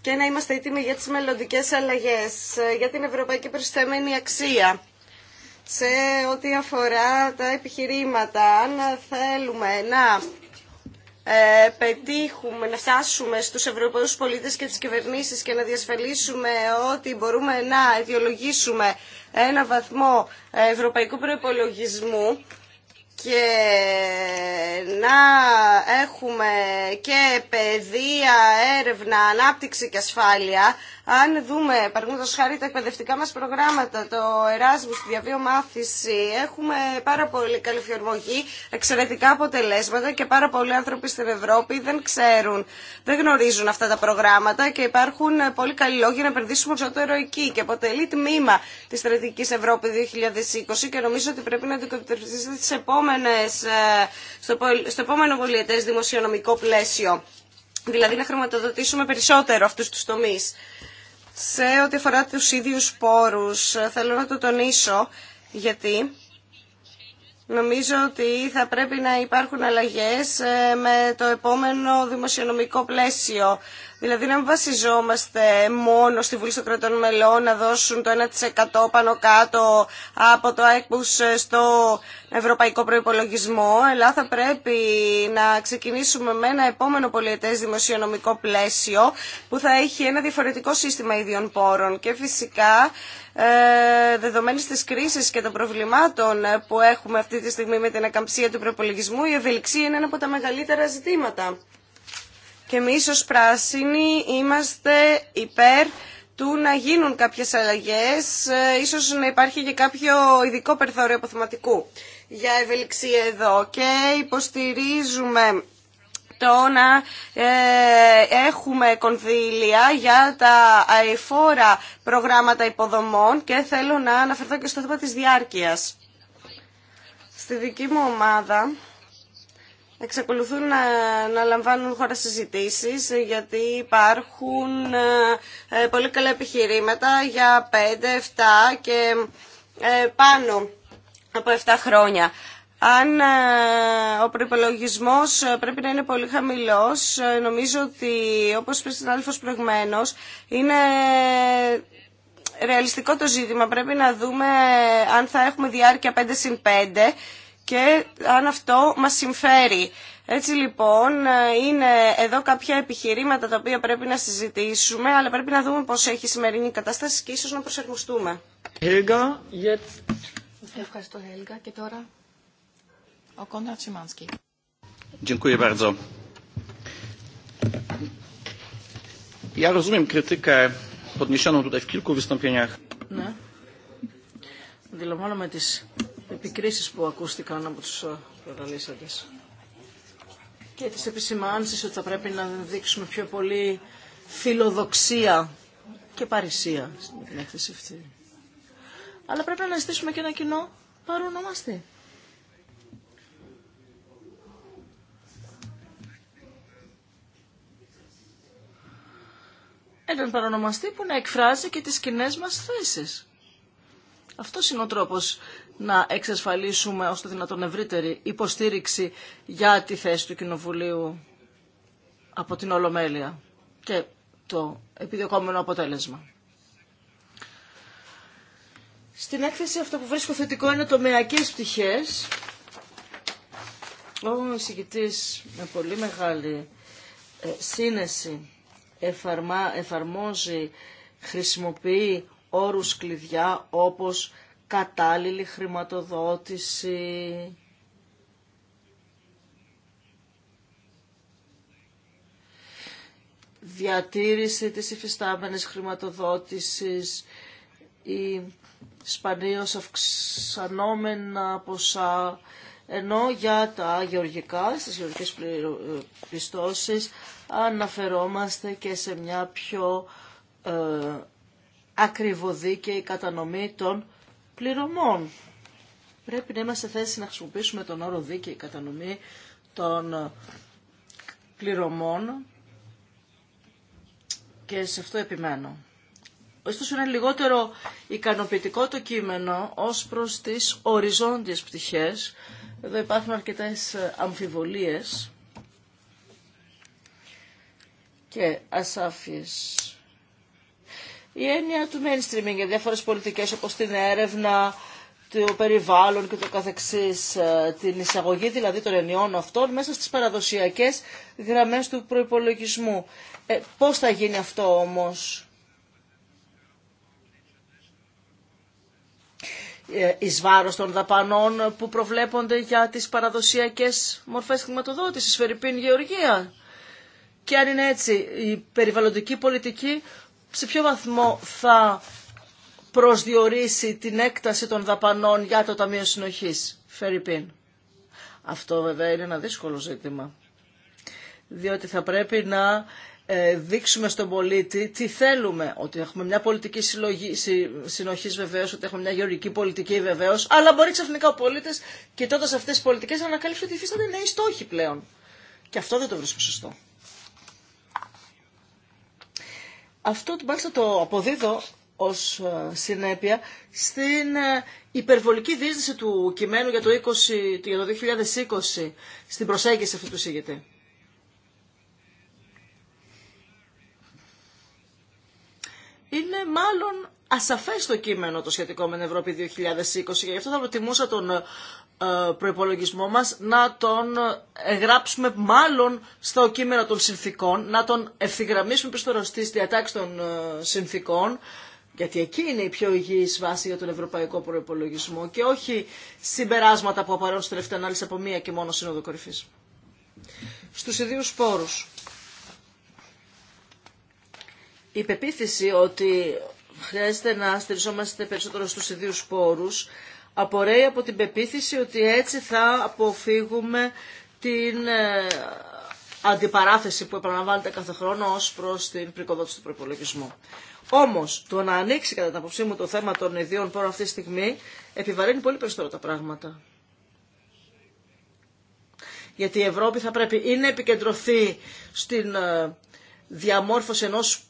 και να είμαστε έτοιμοι για τις μελλοντικές αλλαγές, ε, για την ευρωπαϊκή προσθέμενη αξία σε ό,τι αφορά τα επιχειρήματα. Αν θέλουμε να ε, πετύχουμε, να φτάσουμε στους Ευρωπαίους πολίτες και τις κυβερνήσεις και να διασφαλίσουμε ότι μπορούμε να αιτιολογήσουμε ένα βαθμό ευρωπαϊκού προϋπολογισμού, και να έχουμε και παιδεία, έρευνα, ανάπτυξη και ασφάλεια. Αν δούμε, παραδείγματο χάρη τα εκπαιδευτικά μας προγράμματα, το Εράσμου, τη διαβίωμα μάθηση, έχουμε πάρα πολύ καλή φιωρμογή, εξαιρετικά αποτελέσματα και πάρα πολλοί άνθρωποι στην Ευρώπη δεν ξέρουν, δεν γνωρίζουν αυτά τα προγράμματα και υπάρχουν πολύ καλοί λόγοι να επενδύσουμε περισσότερο εκεί και αποτελεί τμήμα της στρατηγικής Ευρώπη 2020 και νομίζω ότι πρέπει να αντικατοπτριστεί σε ε, στο επόμενο πολιετές δημοσιονομικό πλαίσιο. Δηλαδή να χρηματοδοτήσουμε περισσότερο αυτούς τους τομείς. Σε ό,τι αφορά τους ίδιους πόρους, ε, θέλω να το τονίσω, γιατί νομίζω ότι θα πρέπει να υπάρχουν αλλαγές ε, με το επόμενο δημοσιονομικό πλαίσιο. Δηλαδή να βασιζόμαστε μόνο στη Βουλή των Κρατών Μελών να δώσουν το 1% πάνω κάτω από το ΑΕΚΠΟΥΣ στο ευρωπαϊκό προϋπολογισμό, αλλά θα πρέπει να ξεκινήσουμε με ένα επόμενο πολιετές δημοσιονομικό πλαίσιο που θα έχει ένα διαφορετικό σύστημα ίδιων πόρων και φυσικά ε, δεδομένης της κρίσης και των προβλημάτων που έχουμε αυτή τη στιγμή με την ακαμψία του προπολογισμού, η ευελιξία είναι ένα από τα μεγαλύτερα ζητήματα. Και εμεί ω πράσινοι είμαστε υπέρ του να γίνουν κάποιες αλλαγές, ε, ίσως να υπάρχει και κάποιο ειδικό περιθώριο αποθεματικού για ευελιξία εδώ και υποστηρίζουμε το να ε, έχουμε κονδύλια για τα αεφόρα προγράμματα υποδομών και θέλω να αναφερθώ και στο θέμα της διάρκειας. Στη δική μου ομάδα εξακολουθούν να, να λαμβάνουν χώρα συζητήσει ε, γιατί υπάρχουν ε, ε, πολύ καλά επιχειρήματα για 5, 7 και πάνω από 7 χρόνια. Αν ο προπολογισμό πρέπει να είναι πολύ χαμηλός, νομίζω ότι όπως πριν άλλη προηγμένως, είναι ρεαλιστικό το ζήτημα. Πρέπει να δούμε αν θα έχουμε διάρκεια 5 συν 5 και αν αυτό μας συμφέρει. Έτσι λοιπόν ε, είναι εδώ κάποια επιχειρήματα τα οποία πρέπει να συζητήσουμε αλλά πρέπει να δούμε πώς έχει η σημερινή κατάσταση και ίσως να προσαρμοστούμε. Helga, jetzt. Ευχαριστώ Helga και τώρα ο Κόντρα Τσιμάνσκι. Dziękuję bardzo. Ja rozumiem krytykę podniesioną tutaj w kilku wystąpieniach. Ναι. Αντιλαμβάνομαι τις επικρίσεις που ακούστηκαν από τους ε, προλαλήσαντες και τις επισημάνσεις ότι θα πρέπει να δείξουμε πιο πολύ φιλοδοξία και παρησία στην έκθεση αυτή. Αλλά πρέπει να ζητήσουμε και ένα κοινό παρονομαστή. Έναν παρονομαστή που να εκφράζει και τις κοινέ μας θέσεις. Αυτός είναι ο τρόπος να εξασφαλίσουμε ώστε δυνατόν ευρύτερη υποστήριξη για τη θέση του Κοινοβουλίου από την Ολομέλεια και το επιδιωκόμενο αποτέλεσμα. Στην έκθεση αυτό που βρίσκω θετικό είναι μεακές πτυχές. Ο εισηγητής με πολύ μεγάλη ε, σύνεση εφαρμόζει, χρησιμοποιεί όρους κλειδιά όπως κατάλληλη χρηματοδότηση. διατήρηση της υφιστάμενης χρηματοδότησης, η σπανίως αυξανόμενα ποσά, ενώ για τα γεωργικά, στις γεωργικές ε, πιστώσεις, αναφερόμαστε και σε μια πιο ε, κατανομή των πληρωμών. Πρέπει να είμαστε θέση να χρησιμοποιήσουμε τον όρο δίκαιη κατανομή των πληρωμών και σε αυτό επιμένω. Ωστόσο είναι λιγότερο ικανοποιητικό το κείμενο ως προς τις οριζόντιες πτυχές. Εδώ υπάρχουν αρκετές αμφιβολίες και ασάφειες η έννοια του mainstreaming για διάφορες πολιτικές όπως την έρευνα, το περιβάλλον και το καθεξής, ε, την εισαγωγή δηλαδή των ενιών αυτών μέσα στις παραδοσιακές γραμμές του προϋπολογισμού. Ε, πώς θα γίνει αυτό όμως. Ε, εις βάρος των δαπανών που προβλέπονται για τις παραδοσιακές μορφές χρηματοδότησης, Φερρυπίν Γεωργία. Και αν είναι έτσι, η περιβαλλοντική πολιτική σε ποιο βαθμό θα προσδιορίσει την έκταση των δαπανών για το Ταμείο Συνοχής, Φερρυπίν. Αυτό βέβαια είναι ένα δύσκολο ζήτημα, διότι θα πρέπει να ε, δείξουμε στον πολίτη τι θέλουμε, ότι έχουμε μια πολιτική συλλογή, συνοχής βεβαίως, ότι έχουμε μια γεωργική πολιτική βεβαίω, αλλά μπορεί ξαφνικά ο πολίτη, κοιτώντα αυτέ τι πολιτικέ να ανακαλύψει ότι υφίστανται νέοι στόχοι πλέον. Και αυτό δεν το βρίσκω σωστό. Αυτό μάλιστα το αποδίδω ως ε, συνέπεια στην ε, υπερβολική δίσδυση του κειμένου για το, 20, για το 2020 στην προσέγγιση αυτού του συγγετή. Είναι μάλλον ασαφές το κείμενο το σχετικό με την Ευρώπη 2020 και γι' αυτό θα προτιμούσα τον ε, προϋπολογισμό μας να τον εγγράψουμε μάλλον στα κείμενο των συνθήκων, να τον ευθυγραμμίσουμε προς το ρωστή στη διατάξη των ε, συνθήκων, γιατί εκεί είναι η πιο υγιής βάση για τον ευρωπαϊκό προϋπολογισμό και όχι συμπεράσματα που απαραίουν στη τελευταία ανάλυση από μία και μόνο σύνοδο κορυφής. Στους ιδίους πόρους. Η πεποίθηση ότι χρειάζεται να στηριζόμαστε περισσότερο στους ιδίους πόρους απορρέει από την πεποίθηση ότι έτσι θα αποφύγουμε την ε, αντιπαράθεση που επαναλαμβάνεται κάθε χρόνο ως προς την πρικοδότηση του προπολογισμού. Όμως, το να ανοίξει κατά την απόψή μου το θέμα των ιδίων πόρων αυτή τη στιγμή επιβαρύνει πολύ περισσότερο τα πράγματα. Γιατί η Ευρώπη θα πρέπει ή να επικεντρωθεί στην ε, διαμόρφωση ενός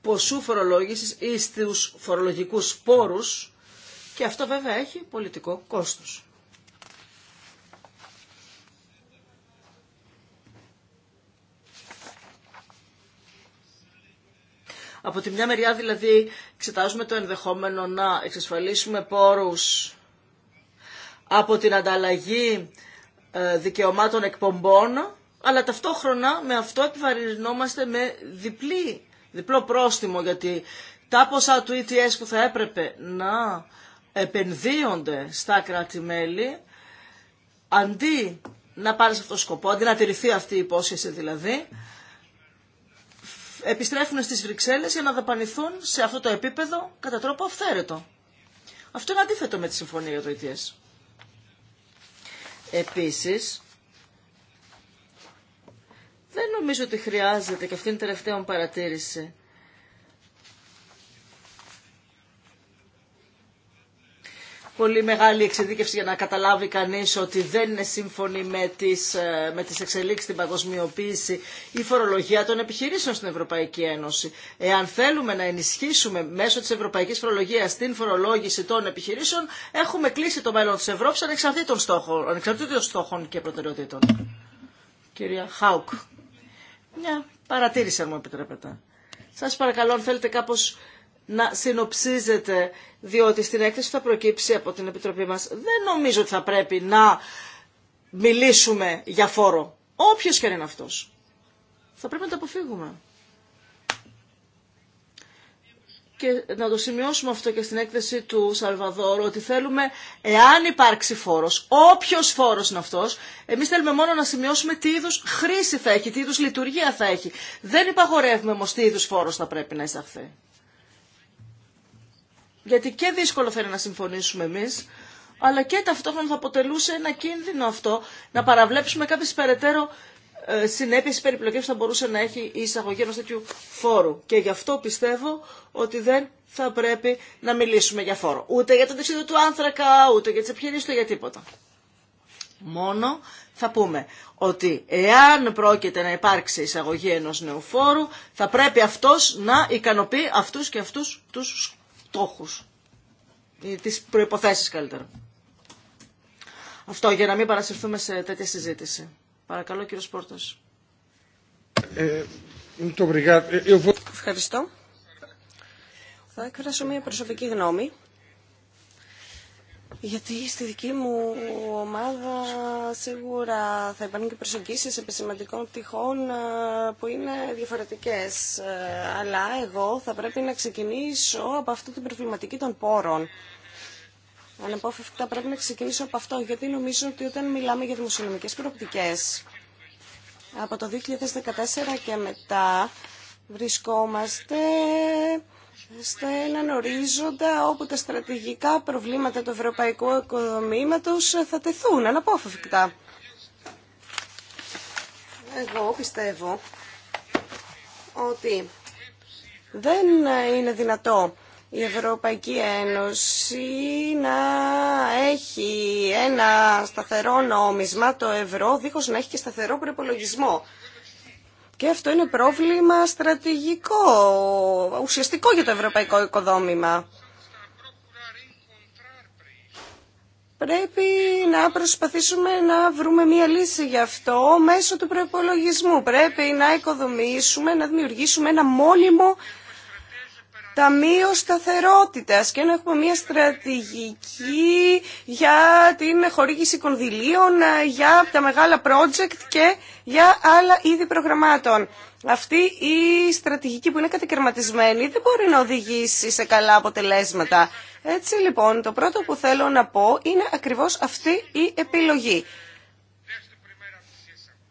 ποσού φορολόγησης ή στους φορολογικούς πόρους, και αυτό βέβαια έχει πολιτικό κόστος. Από τη μια μεριά δηλαδή εξετάζουμε το ενδεχόμενο να εξασφαλίσουμε πόρους από την ανταλλαγή ε, δικαιωμάτων εκπομπών, αλλά ταυτόχρονα με αυτό επιβαρυνόμαστε με διπλή, διπλό πρόστιμο, γιατί τα ποσά του ETS που θα έπρεπε να επενδύονται στα κράτη-μέλη αντί να πάρει σε αυτό το σκοπό, αντί να τηρηθεί αυτή η υπόσχεση δηλαδή, επιστρέφουν στις Βρυξέλλες για να δαπανηθούν σε αυτό το επίπεδο κατά τρόπο αυθαίρετο. Αυτό είναι αντίθετο με τη συμφωνία για το ETS. Επίσης, δεν νομίζω ότι χρειάζεται, και αυτή είναι τελευταία μου παρατήρηση, πολύ μεγάλη εξειδίκευση για να καταλάβει κανείς ότι δεν είναι σύμφωνη με τις, ε, με τις εξελίξεις στην παγκοσμιοποίηση η φορολογία των επιχειρήσεων στην Ευρωπαϊκή Ένωση. Εάν θέλουμε να ενισχύσουμε μέσω της Ευρωπαϊκής Φορολογίας την φορολόγηση των επιχειρήσεων, έχουμε κλείσει το μέλλον της Ευρώπης ανεξαρτήτων στόχων, ανεξαρτήτων στόχων και προτεραιοτήτων. Κυρία Χάουκ, μια παρατήρηση αν μου επιτρέπετε. Σας παρακαλώ αν θέλετε κάπως να συνοψίζεται, διότι στην έκθεση που θα προκύψει από την Επιτροπή μας δεν νομίζω ότι θα πρέπει να μιλήσουμε για φόρο. Όποιος και είναι αυτός. Θα πρέπει να το αποφύγουμε. και να το σημειώσουμε αυτό και στην έκθεση του Σαλβαδόρου, ότι θέλουμε, εάν υπάρξει φόρο, όποιο φόρο είναι αυτό, εμεί θέλουμε μόνο να σημειώσουμε τι είδου χρήση θα έχει, τι είδου λειτουργία θα έχει. Δεν υπαγορεύουμε όμω τι είδου φόρο θα πρέπει να εισαχθεί γιατί και δύσκολο θα είναι να συμφωνήσουμε εμεί, αλλά και ταυτόχρονα θα αποτελούσε ένα κίνδυνο αυτό να παραβλέψουμε κάποιε περαιτέρω ε, συνέπειες περιπλοκέ που θα μπορούσε να έχει η εισαγωγή ενό τέτοιου φόρου. Και γι' αυτό πιστεύω ότι δεν θα πρέπει να μιλήσουμε για φόρο. Ούτε για το δεξίδιο του άνθρακα, ούτε για τι επιχειρήσει ούτε για τίποτα. Μόνο θα πούμε ότι εάν πρόκειται να υπάρξει εισαγωγή ενός νέου φόρου, θα πρέπει αυτός να ικανοποιεί αυτούς και αυτούς τους στόχους ή τις προϋποθέσεις καλύτερα. Αυτό για να μην παρασυρθούμε σε τέτοια συζήτηση. Παρακαλώ κύριο Σπόρτος. Ε, ε, ε, Ευχαριστώ. Θα εκφράσω μια προσωπική γνώμη γιατί στη δική μου ομάδα σίγουρα θα υπάρχουν και προσεγγίσεις επισημαντικών σημαντικών ε, που είναι διαφορετικές. Ε, αλλά εγώ θα πρέπει να ξεκινήσω από αυτή την προβληματική των πόρων. Αναπόφευκτα πρέπει να ξεκινήσω από αυτό, γιατί νομίζω ότι όταν μιλάμε για δημοσιονομικές προοπτικές, από το 2014 και μετά βρισκόμαστε στα έναν ορίζοντα όπου τα στρατηγικά προβλήματα του ευρωπαϊκού οικοδομήματος θα τεθούν αναπόφευκτα. Εγώ πιστεύω ότι δεν είναι δυνατό η Ευρωπαϊκή Ένωση να έχει ένα σταθερό νόμισμα, το ευρώ, δίχως να έχει και σταθερό προπολογισμό. Και αυτό είναι πρόβλημα στρατηγικό, ουσιαστικό για το ευρωπαϊκό οικοδόμημα. Πρέπει να προσπαθήσουμε να βρούμε μία λύση γι' αυτό μέσω του προπολογισμού. Πρέπει να οικοδομήσουμε, να δημιουργήσουμε ένα μόνιμο Ταμείο σταθερότητα και να έχουμε μια στρατηγική για την χορήγηση κονδυλίων, για τα μεγάλα project και για άλλα είδη προγραμμάτων. Αυτή η στρατηγική που είναι κατακαιρματισμένη δεν μπορεί να οδηγήσει σε καλά αποτελέσματα. Έτσι λοιπόν το πρώτο που θέλω να πω είναι ακριβώς αυτή η επιλογή.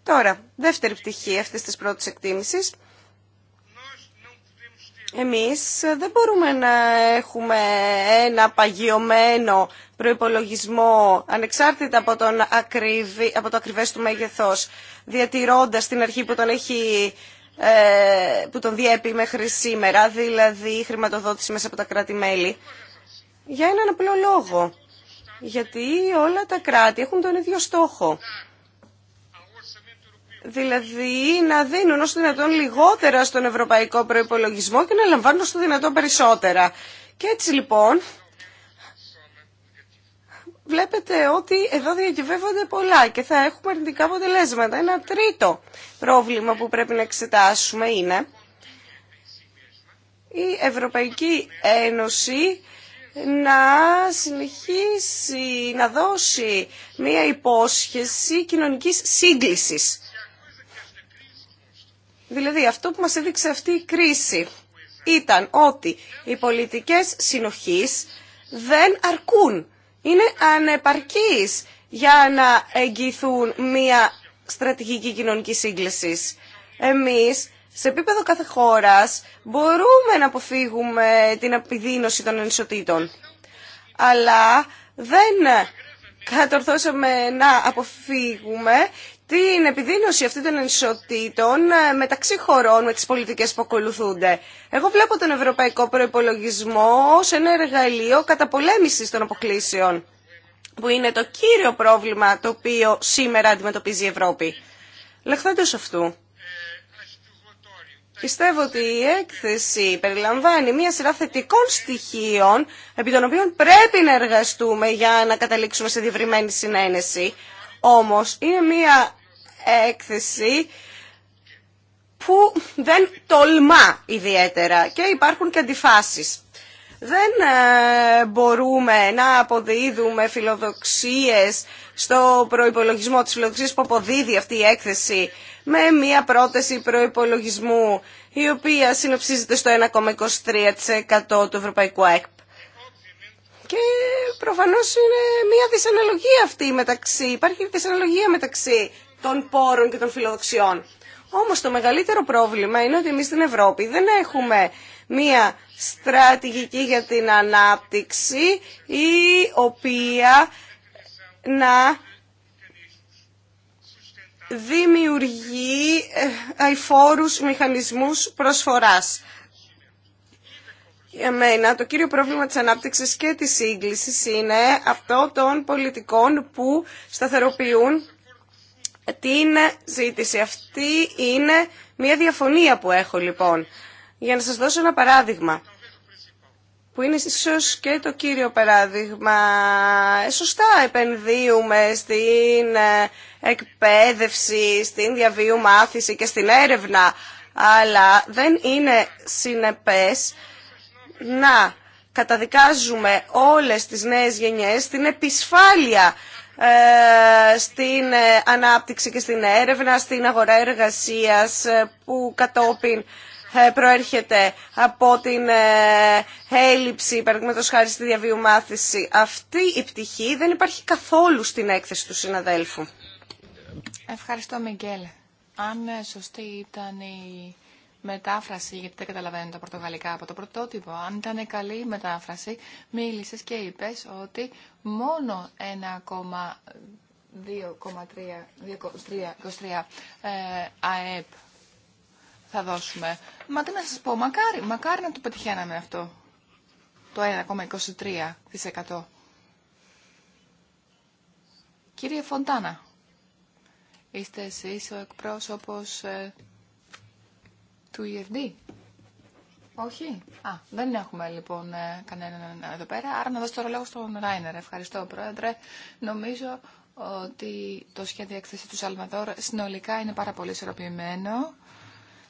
Τώρα, δεύτερη πτυχή αυτής της πρώτης εκτίμησης εμείς δεν μπορούμε να έχουμε ένα παγιωμένο προϋπολογισμό ανεξάρτητα από, τον ακριβή, από το ακριβές του μέγεθος, διατηρώντας την αρχή που τον έχει ε, που τον διέπει μέχρι σήμερα, δηλαδή η χρηματοδότηση μέσα από τα κράτη-μέλη, για έναν απλό λόγο. Γιατί όλα τα κράτη έχουν τον ίδιο στόχο δηλαδή να δίνουν όσο δυνατόν λιγότερα στον ευρωπαϊκό προϋπολογισμό και να λαμβάνουν όσο δυνατόν περισσότερα. Και έτσι λοιπόν βλέπετε ότι εδώ διακυβεύονται πολλά και θα έχουμε αρνητικά αποτελέσματα. Ένα τρίτο πρόβλημα που πρέπει να εξετάσουμε είναι η Ευρωπαϊκή Ένωση να συνεχίσει να δώσει μία υπόσχεση κοινωνικής σύγκλησης. Δηλαδή αυτό που μας έδειξε αυτή η κρίση ήταν ότι οι πολιτικές συνοχής δεν αρκούν. Είναι ανεπαρκείς για να εγγυηθούν μια στρατηγική κοινωνική σύγκληση. Εμείς σε επίπεδο κάθε χώρας μπορούμε να αποφύγουμε την επιδείνωση των ενισοτήτων. Αλλά δεν κατορθώσαμε να αποφύγουμε την επιδείνωση αυτή των ενισοτήτων ε, μεταξύ χωρών με τις πολιτικές που ακολουθούνται. Εγώ βλέπω τον ευρωπαϊκό προϋπολογισμό ως ένα εργαλείο καταπολέμησης των αποκλήσεων, που είναι το κύριο πρόβλημα το οποίο σήμερα αντιμετωπίζει η Ευρώπη. Λεχθέντως αυτού. Πιστεύω ότι η έκθεση περιλαμβάνει μια σειρά θετικών στοιχείων επί των οποίων πρέπει να εργαστούμε για να καταλήξουμε σε διευρυμένη συνένεση. Όμως είναι μία έκθεση που δεν τολμά ιδιαίτερα και υπάρχουν και αντιφάσεις. Δεν ε, μπορούμε να αποδίδουμε φιλοδοξίες στο προϋπολογισμό της φιλοδοξίας που αποδίδει αυτή η έκθεση με μια πρόταση προϋπολογισμού η οποία συνοψίζεται στο 1,23% του Ευρωπαϊκού ΕΚΠ. Και προφανώς είναι μια δυσαναλογία αυτή μεταξύ, υπάρχει δυσαναλογία μεταξύ των πόρων και των φιλοδοξιών. Όμως το μεγαλύτερο πρόβλημα είναι ότι εμεί στην Ευρώπη δεν έχουμε μία στρατηγική για την ανάπτυξη η οποία να δημιουργεί ε, αϊφόρους μηχανισμούς προσφοράς. Για μένα το κύριο πρόβλημα της ανάπτυξης και της σύγκλησης είναι αυτό των πολιτικών που σταθεροποιούν την ζήτηση. Αυτή είναι μια διαφωνία που έχω λοιπόν. Για να σας δώσω ένα παράδειγμα που είναι ίσως και το κύριο παράδειγμα. Ε, σωστά επενδύουμε στην ε, εκπαίδευση, στην διαβίου μάθηση και στην έρευνα, αλλά δεν είναι συνεπές να καταδικάζουμε όλες τις νέες γενιές στην επισφάλεια ε, στην ε, ανάπτυξη και στην έρευνα, στην αγορά εργασίας ε, που κατόπιν προέρχεται από την έλλειψη, παραδείγματος χάρη στη διαβίου Αυτή η πτυχή δεν υπάρχει καθόλου στην έκθεση του συναδέλφου. Ευχαριστώ, Μιγγέλ. Αν σωστή ήταν η μετάφραση, γιατί δεν καταλαβαίνω τα πορτογαλικά από το πρωτότυπο. Αν ήταν καλή η μετάφραση, μίλησες και είπες ότι μόνο 1,23 ε, ΑΕΠ θα δώσουμε. Μα τι να σας πω, μακάρι, μακάρι να το πετυχαίναμε αυτό, το 1,23%. Κύριε Φοντάνα, είστε εσείς ο εκπρόσωπος ε, του EFD. Όχι. Α, δεν έχουμε λοιπόν ε, κανέναν εδώ πέρα. Άρα να δώσω το λόγο στον Ράινερ. Ευχαριστώ, Πρόεδρε. Νομίζω ότι το σχέδιο έκθεση του Σαλμαδόρ συνολικά είναι πάρα πολύ ισορροπημένο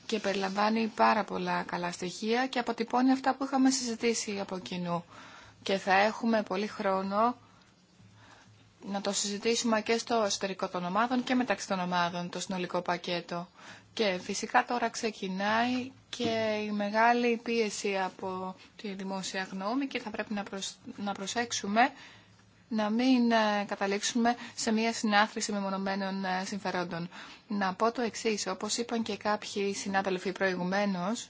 και περιλαμβάνει πάρα πολλά καλά στοιχεία και αποτυπώνει αυτά που είχαμε συζητήσει από κοινού. Και θα έχουμε πολύ χρόνο να το συζητήσουμε και στο εσωτερικό των ομάδων και μεταξύ των ομάδων το συνολικό πακέτο. Και φυσικά τώρα ξεκινάει και η μεγάλη πίεση από τη δημόσια γνώμη και θα πρέπει να, να προσέξουμε να μην ε, καταλήξουμε σε μια συνάθρηση μεμονωμένων ε, συμφερόντων. Να πω το εξή, όπως είπαν και κάποιοι συνάδελφοι προηγουμένως,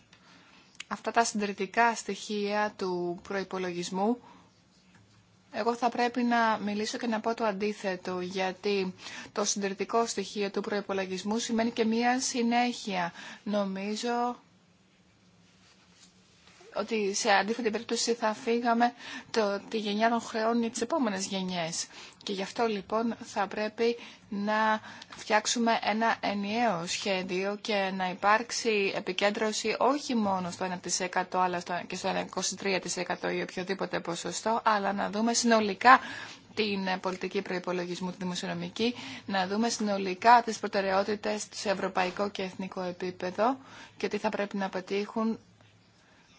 αυτά τα συντηρητικά στοιχεία του προϋπολογισμού εγώ θα πρέπει να μιλήσω και να πω το αντίθετο, γιατί το συντηρητικό στοιχείο του προϋπολογισμού σημαίνει και μία συνέχεια. Νομίζω ότι σε αντίθετη περίπτωση θα φύγαμε το, τη γενιά των χρεών ή τις επόμενες γενιές. Και γι' αυτό λοιπόν θα πρέπει να φτιάξουμε ένα ενιαίο σχέδιο και να υπάρξει επικέντρωση όχι μόνο στο 1% αλλά και στο 23% ή οποιοδήποτε ποσοστό, αλλά να δούμε συνολικά την πολιτική προϋπολογισμού, τη δημοσιονομική, να δούμε συνολικά τις προτεραιότητες σε ευρωπαϊκό και εθνικό επίπεδο και τι θα πρέπει να πετύχουν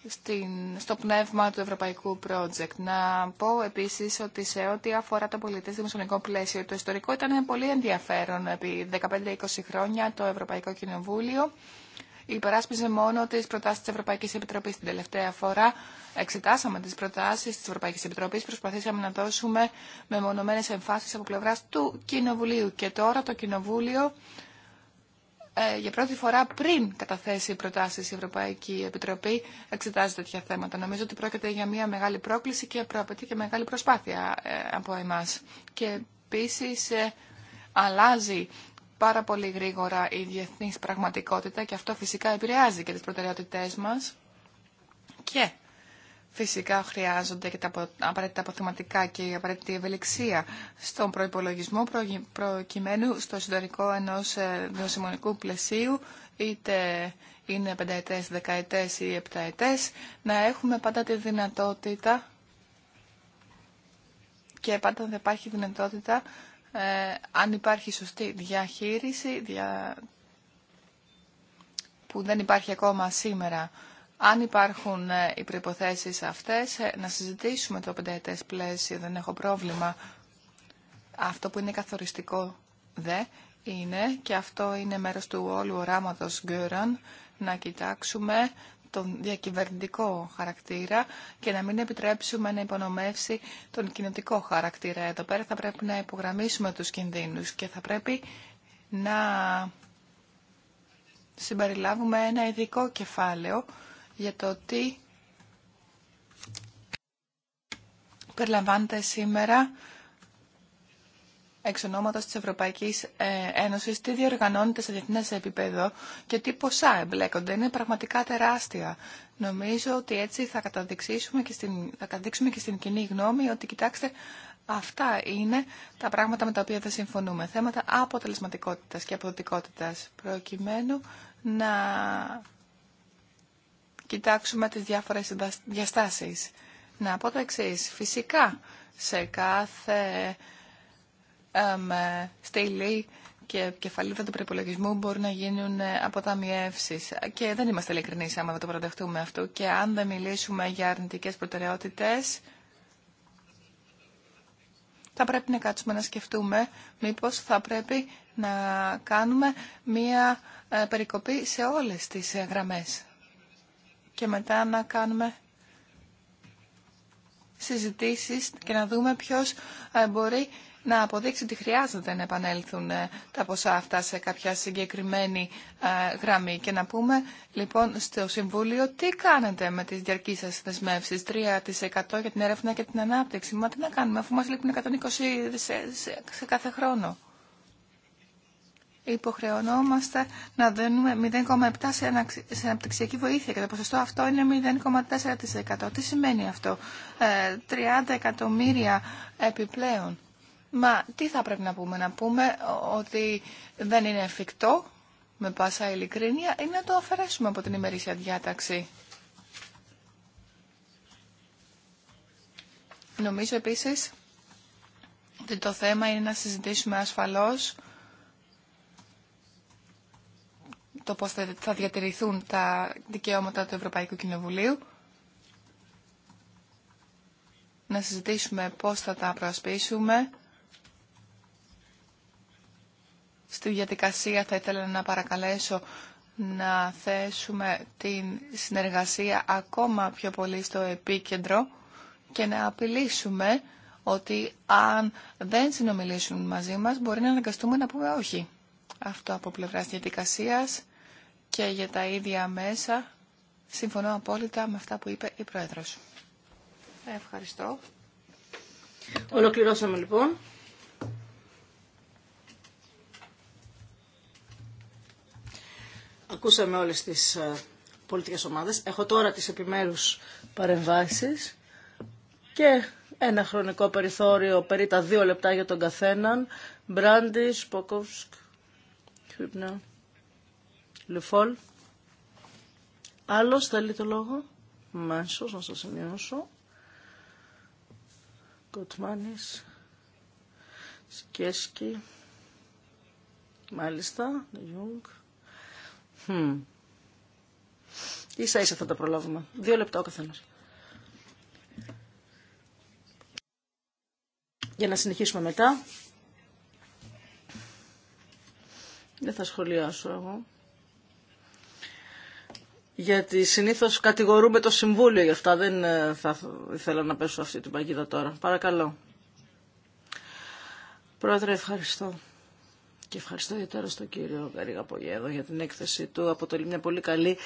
στην, στο πνεύμα του ευρωπαϊκού project. Να πω επίσης ότι σε ό,τι αφορά το πολιτές δημοσιονομικό πλαίσιο, το ιστορικό ήταν πολύ ενδιαφέρον. Επί 15-20 χρόνια το Ευρωπαϊκό Κοινοβούλιο υπεράσπιζε μόνο τι προτάσει τη Ευρωπαϊκή Επιτροπή. Την τελευταία φορά εξετάσαμε τι προτάσει τη Ευρωπαϊκή Επιτροπή, προσπαθήσαμε να δώσουμε μεμονωμένε εμφάσει από πλευρά του Κοινοβουλίου. Και τώρα το Κοινοβούλιο ε, για πρώτη φορά πριν καταθέσει προτάσεις η Ευρωπαϊκή Επιτροπή εξετάζει τέτοια θέματα. Νομίζω ότι πρόκειται για μια μεγάλη πρόκληση και προαπαιτεί και μεγάλη προσπάθεια ε, από εμάς. Και επίση ε, αλλάζει πάρα πολύ γρήγορα η διεθνής πραγματικότητα και αυτό φυσικά επηρεάζει και τις προτεραιότητές μας και Φυσικά χρειάζονται και τα απαραίτητα αποθεματικά και η απαραίτητη ευελιξία στον προϋπολογισμό προκειμένου στο συντορικό ενός ε, δημοσιονομικού πλαισίου είτε είναι πενταετές, δεκαετές ή επταετές, να έχουμε πάντα τη δυνατότητα και πάντα δεν υπάρχει δυνατότητα ε, αν υπάρχει σωστή διαχείριση δια... που δεν υπάρχει ακόμα σήμερα αν υπάρχουν ε, οι προϋποθέσεις αυτές, ε, να συζητήσουμε το πενταετές πλαίσιο, δεν έχω πρόβλημα. Αυτό που είναι καθοριστικό δε είναι, και αυτό είναι μέρος του όλου οράματος Γκέραν, να κοιτάξουμε τον διακυβερνητικό χαρακτήρα και να μην επιτρέψουμε να υπονομεύσει τον κοινωτικό χαρακτήρα. Εδώ πέρα θα πρέπει να υπογραμμίσουμε τους κινδύνους και θα πρέπει να συμπεριλάβουμε ένα ειδικό κεφάλαιο για το τι περιλαμβάνεται σήμερα εξ ονόματος της Ευρωπαϊκής ε, Ένωσης, τι διοργανώνεται σε διεθνές επίπεδο και τι ποσά εμπλέκονται. Είναι πραγματικά τεράστια. Νομίζω ότι έτσι θα, καταδείξουμε και στην, θα καταδείξουμε και στην κοινή γνώμη ότι κοιτάξτε αυτά είναι τα πράγματα με τα οποία θα συμφωνούμε. Θέματα αποτελεσματικότητας και αποδοτικότητας προκειμένου να κοιτάξουμε τις διάφορες διαστάσεις. Να πω το εξή. Φυσικά, σε κάθε ε, στήλη και κεφαλίδα του προπολογισμού μπορεί να γίνουν ε, αποταμιεύσει. Και δεν είμαστε ειλικρινεί άμα δεν το προτεχτούμε αυτό. Και αν δεν μιλήσουμε για αρνητικέ προτεραιότητε, θα πρέπει να κάτσουμε να σκεφτούμε μήπως θα πρέπει να κάνουμε μία ε, περικοπή σε όλες τις γραμμές και μετά να κάνουμε συζητήσεις και να δούμε ποιος ε, μπορεί να αποδείξει ότι χρειάζεται να επανέλθουν ε, τα ποσά αυτά σε κάποια συγκεκριμένη ε, γραμμή και να πούμε λοιπόν στο Συμβούλιο τι κάνετε με τις διαρκείς σας δεσμεύσεις 3% για την έρευνα και την ανάπτυξη. Μα τι να κάνουμε αφού μας λείπουν 120 σε κάθε χρόνο υποχρεωνόμαστε να δίνουμε 0,7 σε αναπτυξιακή βοήθεια και το ποσοστό αυτό είναι 0,4%. Τι σημαίνει αυτό, 30 ε, εκατομμύρια επιπλέον. Μα τι θα πρέπει να πούμε, να πούμε ότι δεν είναι εφικτό, με πάσα ειλικρίνεια, ή να το αφαιρέσουμε από την ημερήσια διάταξη. Νομίζω επίσης ότι το θέμα είναι να συζητήσουμε ασφαλώς το πώς θα διατηρηθούν τα δικαιώματα του Ευρωπαϊκού Κοινοβουλίου. Να συζητήσουμε πώς θα τα προασπίσουμε. Στη διαδικασία θα ήθελα να παρακαλέσω να θέσουμε την συνεργασία ακόμα πιο πολύ στο επίκεντρο και να απειλήσουμε ότι αν δεν συνομιλήσουν μαζί μας μπορεί να αναγκαστούμε να πούμε όχι. Αυτό από πλευράς διαδικασίας και για τα ίδια μέσα. Συμφωνώ απόλυτα με αυτά που είπε η Πρόεδρος. Ευχαριστώ. Ολοκληρώσαμε λοιπόν. Ακούσαμε όλες τις ε, πολιτικές ομάδες. Έχω τώρα τις επιμέρους παρεμβάσεις και ένα χρονικό περιθώριο περί τα δύο λεπτά για τον καθέναν. Μπράντι, Σποκόφσκ, Χρυπνά. Λεφόλ. Άλλος θέλει το λόγο. Μάνσος, να σας σημειώσω. Κοτμάνης. Σκέσκι. Μάλιστα, Ιούγκ. Hm. Ίσα ίσα θα τα προλάβουμε. Δύο λεπτά ο καθένας. Για να συνεχίσουμε μετά. Δεν θα σχολιάσω εγώ γιατί συνήθως κατηγορούμε το Συμβούλιο γι' αυτά. Δεν ε, θα ήθελα να πέσω αυτή την παγίδα τώρα. Παρακαλώ. Πρόεδρε, ευχαριστώ. Και ευχαριστώ ιδιαίτερα στον κύριο Γαρίγα για την έκθεση του. Αποτελεί μια πολύ καλή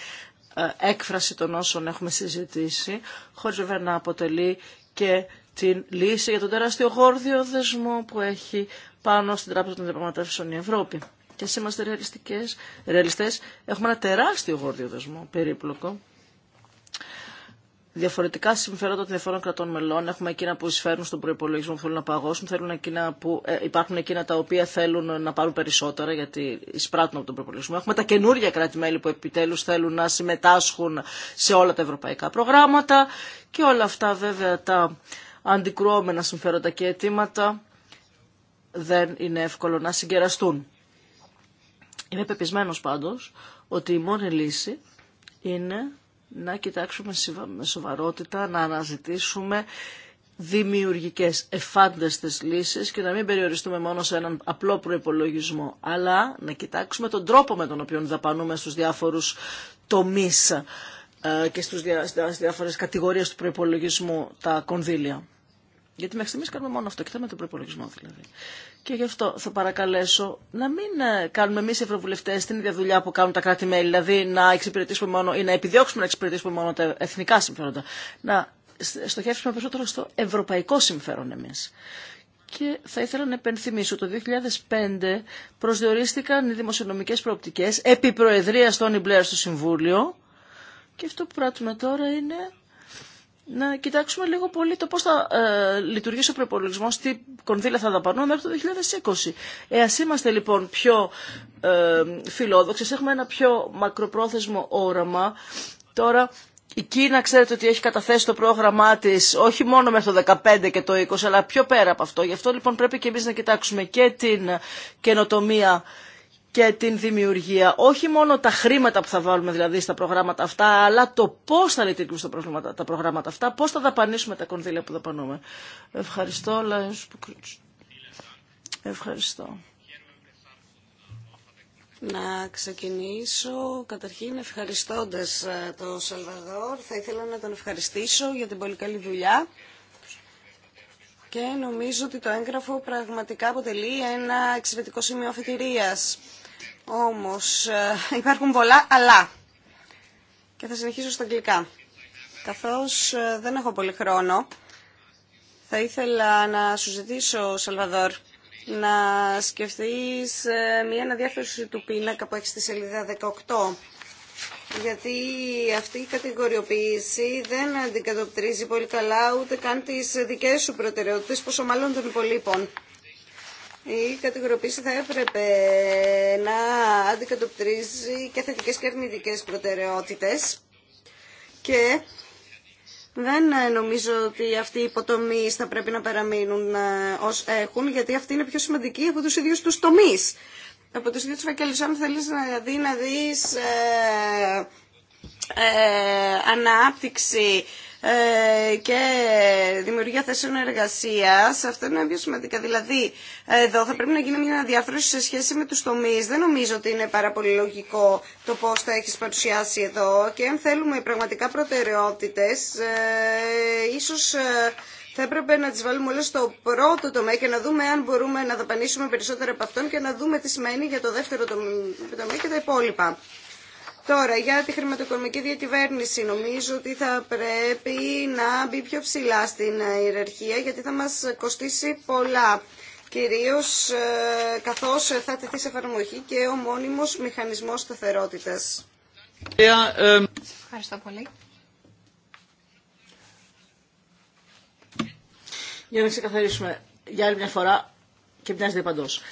ε, έκφραση των όσων έχουμε συζητήσει, χωρίς βέβαια να αποτελεί και την λύση για τον τεράστιο γόρδιο δεσμό που έχει πάνω στην Τράπεζα των Διαπραγματεύσεων η Ευρώπη και ας είμαστε ρεαλιστικές, ρεαλιστές, έχουμε ένα τεράστιο γόρδιο δεσμό, περίπλοκο. Διαφορετικά συμφέροντα των διαφορών κρατών μελών. Έχουμε εκείνα που εισφέρουν στον προπολογισμό που θέλουν να παγώσουν. Θέλουν εκείνα που, ε, υπάρχουν εκείνα τα οποία θέλουν να πάρουν περισσότερα γιατί εισπράττουν από τον προπολογισμό. Έχουμε τα καινούργια κράτη-μέλη που επιτέλους θέλουν να συμμετάσχουν σε όλα τα ευρωπαϊκά προγράμματα. Και όλα αυτά βέβαια τα αντικρουόμενα συμφέροντα και αιτήματα δεν είναι εύκολο να συγκεραστούν. Είμαι πεπισμένο πάντως ότι η μόνη λύση είναι να κοιτάξουμε με σοβαρότητα, να αναζητήσουμε δημιουργικές εφάνταστες λύσεις και να μην περιοριστούμε μόνο σε έναν απλό προϋπολογισμό, αλλά να κοιτάξουμε τον τρόπο με τον οποίο δαπανούμε στους διάφορους τομείς ε, και στους διά, στις διάφορες κατηγορίες του προϋπολογισμού τα κονδύλια. Γιατί μέχρι στιγμής κάνουμε μόνο αυτό, κοιτάμε τον προϋπολογισμό δηλαδή. Και γι' αυτό θα παρακαλέσω να μην ε, κάνουμε εμεί οι ευρωβουλευτέ την ίδια δουλειά που κάνουν τα κράτη-μέλη, δηλαδή να εξυπηρετήσουμε μόνο ή να επιδιώξουμε να εξυπηρετήσουμε μόνο τα εθνικά συμφέροντα. Να στοχεύσουμε περισσότερο στο ευρωπαϊκό συμφέρον εμεί. Και θα ήθελα να επενθυμίσω, το 2005 προσδιορίστηκαν οι δημοσιονομικέ προοπτικές επί Προεδρία Τόνι στο Συμβούλιο και αυτό που πράττουμε τώρα είναι να κοιτάξουμε λίγο πολύ το πώς θα ε, λειτουργήσει ο προπολογισμό, τι κονδύλια θα δαπανούν μέχρι το 2020. Ε, είμαστε λοιπόν πιο ε, φιλόδοξες, έχουμε ένα πιο μακροπρόθεσμο όραμα. Τώρα η Κίνα ξέρετε ότι έχει καταθέσει το πρόγραμμά τη όχι μόνο μέχρι το 2015 και το 20, αλλά πιο πέρα από αυτό. Γι' αυτό λοιπόν πρέπει και εμεί να κοιτάξουμε και την καινοτομία και την δημιουργία. Όχι μόνο τα χρήματα που θα βάλουμε δηλαδή στα προγράμματα αυτά, αλλά το πώ θα λειτουργήσουμε τα, τα προγράμματα αυτά, πώ θα δαπανίσουμε τα κονδύλια που δαπανούμε. Ευχαριστώ, Ευχαριστώ. Να ξεκινήσω καταρχήν ευχαριστώντας ε, τον Σαλβαδόρ. Θα ήθελα να τον ευχαριστήσω για την πολύ καλή δουλειά και νομίζω ότι το έγγραφο πραγματικά αποτελεί ένα εξαιρετικό σημείο αφετηρίας. Όμως ε, υπάρχουν πολλά αλλά. Και θα συνεχίσω στα αγγλικά. Καθώς ε, δεν έχω πολύ χρόνο, θα ήθελα να σου ζητήσω, Σαλβαδόρ, να σκεφτείς ε, μια αναδιάρθρωση του πίνακα που έχει στη σελίδα 18 γιατί αυτή η κατηγοριοποίηση δεν αντικατοπτρίζει πολύ καλά ούτε καν τις δικές σου προτεραιότητες, πόσο μάλλον των υπολείπων η κατηγοροποίηση θα έπρεπε να αντικατοπτρίζει και θετικές και αρνητικές προτεραιότητες και δεν νομίζω ότι αυτοί οι υποτομείς θα πρέπει να παραμείνουν ε, ως έχουν, γιατί αυτοί είναι πιο σημαντικοί από τους ίδιους τους τομείς. Από τους ίδιους φακέλους, αν θέλεις να, δει, να δεις ε, ε ανάπτυξη ε, και δημιουργία θέσεων εργασία. Αυτό είναι πιο σημαντικά. Δηλαδή, εδώ θα πρέπει να γίνει μια διάφραση σε σχέση με του τομεί. Δεν νομίζω ότι είναι πάρα πολύ λογικό το πώ θα έχει παρουσιάσει εδώ και αν θέλουμε πραγματικά προτεραιότητες, ε, ίσως ε, θα έπρεπε να τις βάλουμε όλες στο πρώτο τομέα και να δούμε αν μπορούμε να δαπανίσουμε περισσότερα από αυτόν και να δούμε τι σημαίνει για το δεύτερο τομέα και τα υπόλοιπα. Τώρα, για τη χρηματοοικονομική διακυβέρνηση, νομίζω ότι θα πρέπει να μπει πιο ψηλά στην ιεραρχία, γιατί θα μας κοστίσει πολλά. Κυρίως ε, καθώς θα τεθεί σε εφαρμογή και ο μόνιμος μηχανισμός σταθερότητας. Ε, ε, Ευχαριστώ πολύ. Για να ξεκαθαρίσουμε για άλλη μια φορά και μοιάζεται παντός.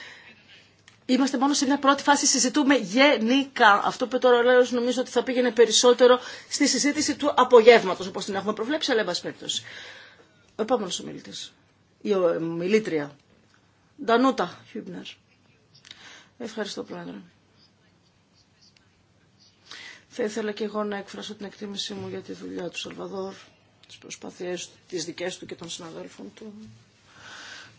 Είμαστε μόνο σε μια πρώτη φάση, συζητούμε γενικά. Αυτό που τώρα λέω νομίζω ότι θα πήγαινε περισσότερο στη συζήτηση του απογεύματο, όπω την έχουμε προβλέψει, αλλά εν Ο επόμενο ομιλητή. Η ομιλήτρια. Ντανούτα Χιούμπνερ. Ευχαριστώ, Πρόεδρε. Θα ήθελα και εγώ να εκφράσω την εκτίμησή μου για τη δουλειά του Σαλβαδόρ, τι προσπάθειέ του, τι δικέ του και των συναδέλφων του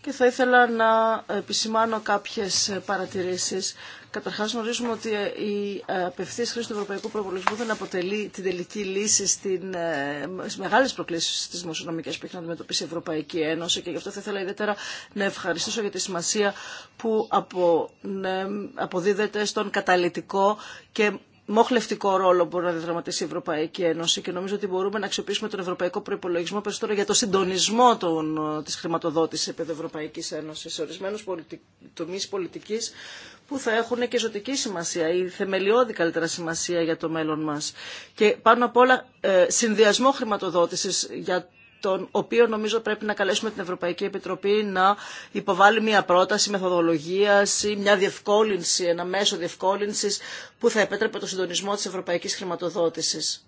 και θα ήθελα να επισημάνω κάποιες παρατηρήσεις. Καταρχάς γνωρίζουμε ότι η ε, απευθείας χρήση του Ευρωπαϊκού προβολισμού δεν αποτελεί την τελική λύση στην, ε, στις μεγάλες προκλήσεις της δημοσιονομικής που έχει να αντιμετωπίσει η Ευρωπαϊκή Ένωση και γι' αυτό θα ήθελα ιδιαίτερα να ευχαριστήσω για τη σημασία που ναι, αποδίδεται στον καταλητικό και μοχλευτικό ρόλο μπορεί να διαδραματίσει η Ευρωπαϊκή Ένωση και νομίζω ότι μπορούμε να αξιοποιήσουμε τον Ευρωπαϊκό Προπολογισμό περισσότερο για το συντονισμό των, ε, της χρηματοδότησης επί Ευρωπαϊκής Ένωσης σε ορισμένους τομείς πολιτικής που θα έχουν και ζωτική σημασία ή θεμελιώδη καλύτερα σημασία για το μέλλον μας. Και πάνω απ' όλα ε, συνδυασμό χρηματοδότησης για τον οποίο νομίζω πρέπει να καλέσουμε την Ευρωπαϊκή Επιτροπή να υποβάλει μια πρόταση μεθοδολογία ή μια διευκόλυνση, ένα μέσο διευκόλυνση που θα επέτρεπε το συντονισμό τη ευρωπαϊκή χρηματοδότηση.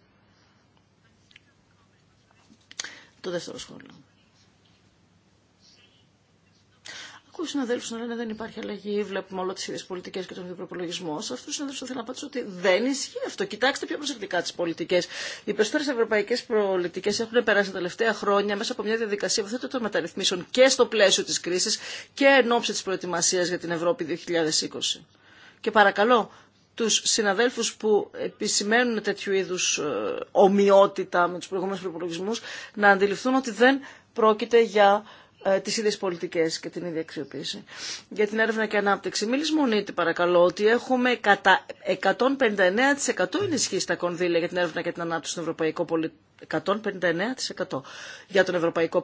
Το δεύτερο σχόλιο. ακούω συναδέλφου να λένε δεν υπάρχει αλλαγή, βλέπουμε όλε τι ίδιε πολιτικέ και τον ίδιο προπολογισμό. Σε αυτού του συναδέλφου θέλω να απαντήσω ότι δεν ισχύει αυτό. Κοιτάξτε πιο προσεκτικά τι πολιτικέ. Οι περισσότερε ευρωπαϊκέ πολιτικέ έχουν περάσει τα τελευταία χρόνια μέσα από μια διαδικασία θέτει των μεταρρυθμίσεων και στο πλαίσιο τη κρίση και εν ώψη τη προετοιμασία για την Ευρώπη 2020. Και παρακαλώ, τους συναδέλφους που επισημαίνουν τέτοιου είδου ε, ομοιότητα με τους προηγούμενους προπολογισμού να αντιληφθούν ότι δεν πρόκειται για ε, τις ίδιες πολιτικές και την ίδια αξιοποίηση. Για την έρευνα και ανάπτυξη. μίλης λησμονείτε παρακαλώ ότι έχουμε κατά 159% ενισχύσει τα κονδύλια για την έρευνα και την ανάπτυξη στον Ευρωπαϊκό Πολιτικό. 159% για τον Ευρωπαϊκό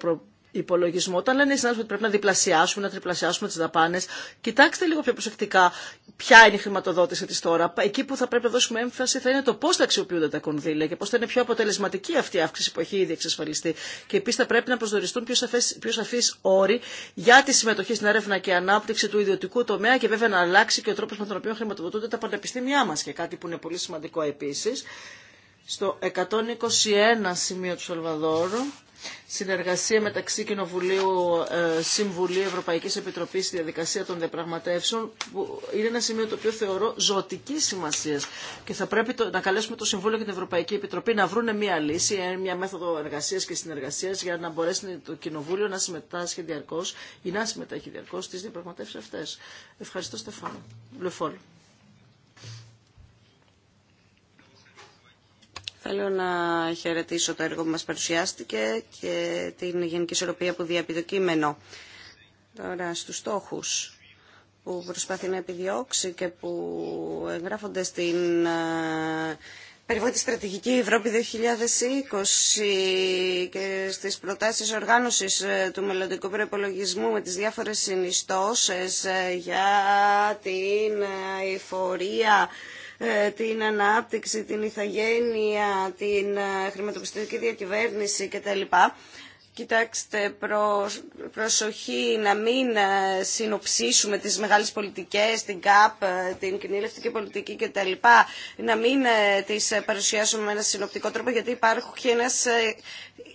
υπολογισμό. Όταν λένε οι συνάδελφοι ότι πρέπει να διπλασιάσουμε, να τριπλασιάσουμε τι δαπάνε, κοιτάξτε λίγο πιο προσεκτικά ποια είναι η χρηματοδότηση τη τώρα. Εκεί που θα πρέπει να δώσουμε έμφαση θα είναι το πώ θα αξιοποιούνται τα κονδύλια και πώ θα είναι πιο αποτελεσματική αυτή η αύξηση που έχει ήδη εξασφαλιστεί. Και επίση θα πρέπει να προσδοριστούν πιο, σαφεί όροι για τη συμμετοχή στην έρευνα και ανάπτυξη του ιδιωτικού τομέα και βέβαια να αλλάξει και ο τρόπο με τον οποίο χρηματοδοτούνται τα πανεπιστήμια μα. Και κάτι που είναι πολύ σημαντικό επίση. Στο 121 σημείο του Σαλβαδόρου, συνεργασία μεταξύ Κοινοβουλίου, ε, Συμβουλίου, Ευρωπαϊκής Επιτροπής στη διαδικασία των διαπραγματεύσεων, που είναι ένα σημείο το οποίο θεωρώ ζωτική σημασία. Και θα πρέπει να καλέσουμε το Συμβούλιο και την Ευρωπαϊκή Επιτροπή να βρουν μια λύση, ε, μια μέθοδο εργασία και συνεργασία για να μπορέσει το Κοινοβούλιο να συμμετάσχει διαρκώ ή να συμμετέχει διαρκώ στι διαπραγματεύσει αυτέ. Ευχαριστώ, Στεφάνο. Θέλω να χαιρετήσω το έργο που μας παρουσιάστηκε και την γενική ισορροπία που διαπιδοκείμενο Τώρα στους στόχους που προσπαθεί να επιδιώξει και που εγγράφονται στην ε, περιβόητη στρατηγική Ευρώπη 2020 και στις προτάσεις οργάνωσης ε, του μελλοντικού προπολογισμού με τις διάφορες συνιστώσεις ε, για την εφορία ε, την ανάπτυξη, την ηθαγένεια, την ε, χρηματοπιστωτική διακυβέρνηση κτλ. Κοιτάξτε, προσοχή να μην ε, συνοψίσουμε τις μεγάλες πολιτικές, την ΚΑΠ, την κοινήλευτική πολιτική κτλ. Να μην τις παρουσιάσουμε με ένα συνοπτικό τρόπο, γιατί υπάρχει ένας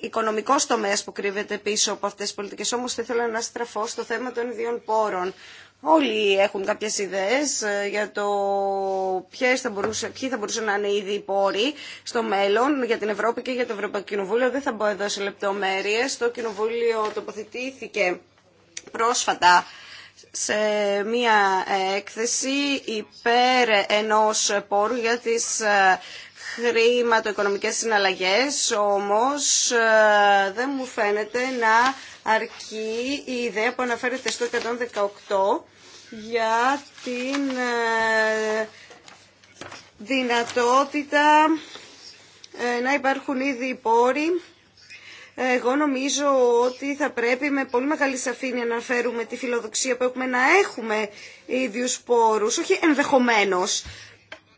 οικονομικός τομέας που κρύβεται πίσω από αυτές τις πολιτικές. Όμως θα ήθελα να στραφώ στο θέμα των ιδιών πόρων. Όλοι έχουν κάποιες ιδέες ε, για το ποιες θα μπορούσε, ποιοι θα μπορούσαν να είναι ήδη οι πόροι στο μέλλον για την Ευρώπη και για το Ευρωπαϊκό Κοινοβούλιο. Δεν θα μπω εδώ σε λεπτομέρειες. Το Κοινοβούλιο τοποθετήθηκε πρόσφατα σε μία έκθεση υπέρ ενός πόρου για τις ε, χρηματοοικονομικές συναλλαγές, όμως ε, δεν μου φαίνεται να αρκεί η ιδέα που αναφέρεται στο 118 για την ε, δυνατότητα ε, να υπάρχουν ήδη πόροι. Εγώ νομίζω ότι θα πρέπει με πολύ μεγάλη σαφήνεια να φέρουμε τη φιλοδοξία που έχουμε να έχουμε ίδιους πόρους, όχι ενδεχομένως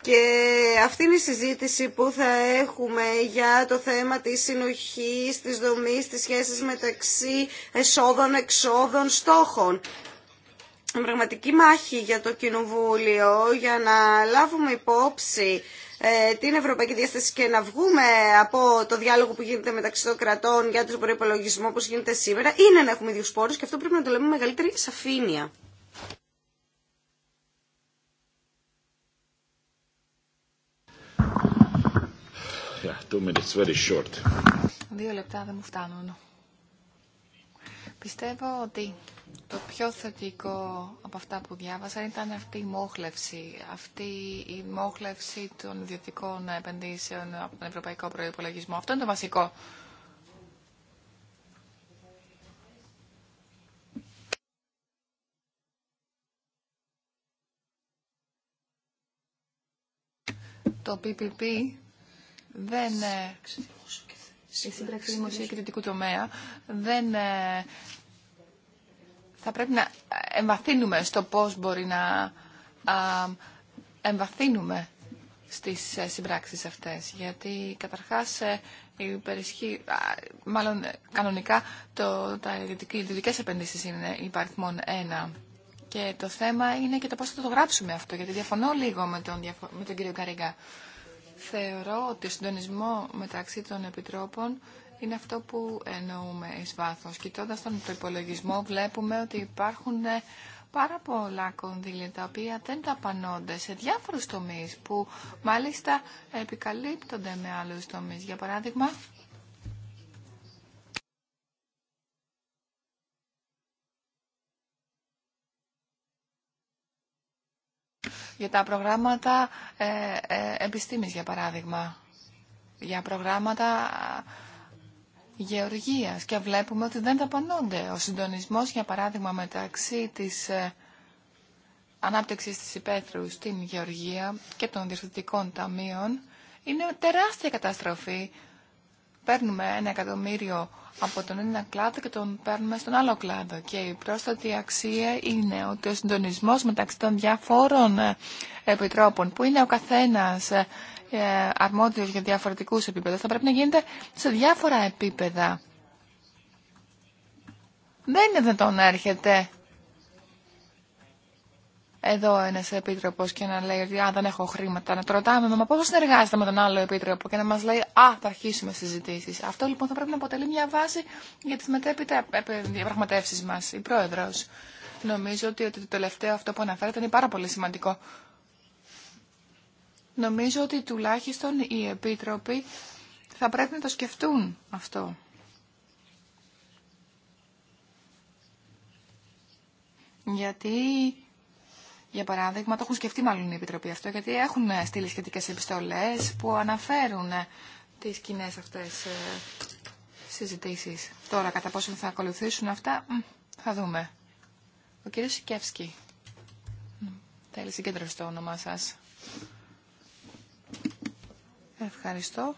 και αυτή είναι η συζήτηση που θα έχουμε για το θέμα της συνοχής, της δομής, της σχέσης μεταξύ εσόδων, εξόδων, στόχων. Πραγματική μάχη για το Κοινοβούλιο, για να λάβουμε υπόψη ε, την Ευρωπαϊκή Διάσταση και να βγούμε από το διάλογο που γίνεται μεταξύ των κρατών για τον προπολογισμό όπως γίνεται σήμερα, είναι να έχουμε ίδιους πόρους και αυτό πρέπει να το λέμε με μεγαλύτερη σαφήνεια. Δύο λεπτά δεν μου φτάνουν. Πιστεύω ότι το πιο θετικό από αυτά που διάβασα ήταν αυτή η μόχλευση. Αυτή η μόχλευση των ιδιωτικών επενδύσεων από τον Ευρωπαϊκό Προϋπολογισμό. Αυτό είναι το βασικό. Το PPP δεν... Ε, η σύμπραξη δημοσίου και ιδιωτικού τομέα δεν ε, θα πρέπει να εμβαθύνουμε στο πώς μπορεί να εμβαθύνουμε στις ε, συμπράξεις αυτές. Γιατί καταρχάς υπερισχύ, μάλλον κανονικά το, τα, οι ιδιωτικές επενδύσεις είναι υπαριθμόν ένα. Και το θέμα είναι και το πώς θα το γράψουμε αυτό, γιατί διαφωνώ λίγο με τον, με τον κύριο Καρίγκα Θεωρώ ότι ο συντονισμό μεταξύ των επιτρόπων είναι αυτό που εννοούμε εις βάθος. Κοιτώντας τον υπολογισμό βλέπουμε ότι υπάρχουν ε, πάρα πολλά κονδύλια τα οποία δεν ταπανώνται σε διάφορους τομείς που μάλιστα επικαλύπτονται με άλλους τομείς. Για παράδειγμα, για τα προγράμματα ε, ε, επιστήμης, για παράδειγμα, για προγράμματα ε, γεωργίας και βλέπουμε ότι δεν ταπανώνται. Ο συντονισμός, για παράδειγμα, μεταξύ της ε, ανάπτυξης της υπαίθρου στην γεωργία και των διευθυντικών ταμείων είναι τεράστια καταστροφή παίρνουμε ένα εκατομμύριο από τον ένα κλάδο και τον παίρνουμε στον άλλο κλάδο. Και η πρόσθετη αξία είναι ότι ο συντονισμό μεταξύ των διαφόρων ε, επιτρόπων, που είναι ο καθένα ε, αρμόδιος για διαφορετικούς επίπεδους, θα πρέπει να γίνεται σε διάφορα επίπεδα. Δεν είναι δυνατόν να έρχεται εδώ ένα επίτροπο και να λέει ότι δεν έχω χρήματα. Να το ρωτάμε, μα πώ συνεργάζεται με τον άλλο επίτροπο και να μα λέει Α, θα αρχίσουμε συζητήσει. Αυτό λοιπόν θα πρέπει να αποτελεί μια βάση για τι μετέπειτα ε, ε, διαπραγματεύσει μα. Η πρόεδρο. Νομίζω ότι, ότι το τελευταίο αυτό που αναφέρεται είναι πάρα πολύ σημαντικό. Νομίζω ότι τουλάχιστον οι επίτροποι θα πρέπει να το σκεφτούν αυτό. Γιατί για παράδειγμα, το έχουν σκεφτεί μάλλον η Επιτροπή αυτό, γιατί έχουν στείλει σχετικέ επιστολέ που αναφέρουν τι κοινέ αυτέ ε, συζητήσει. Τώρα, κατά πόσο θα ακολουθήσουν αυτά, θα δούμε. Ο κ. Σικεύσκη. θέλει συγκέντρωση το όνομά σας. Ευχαριστώ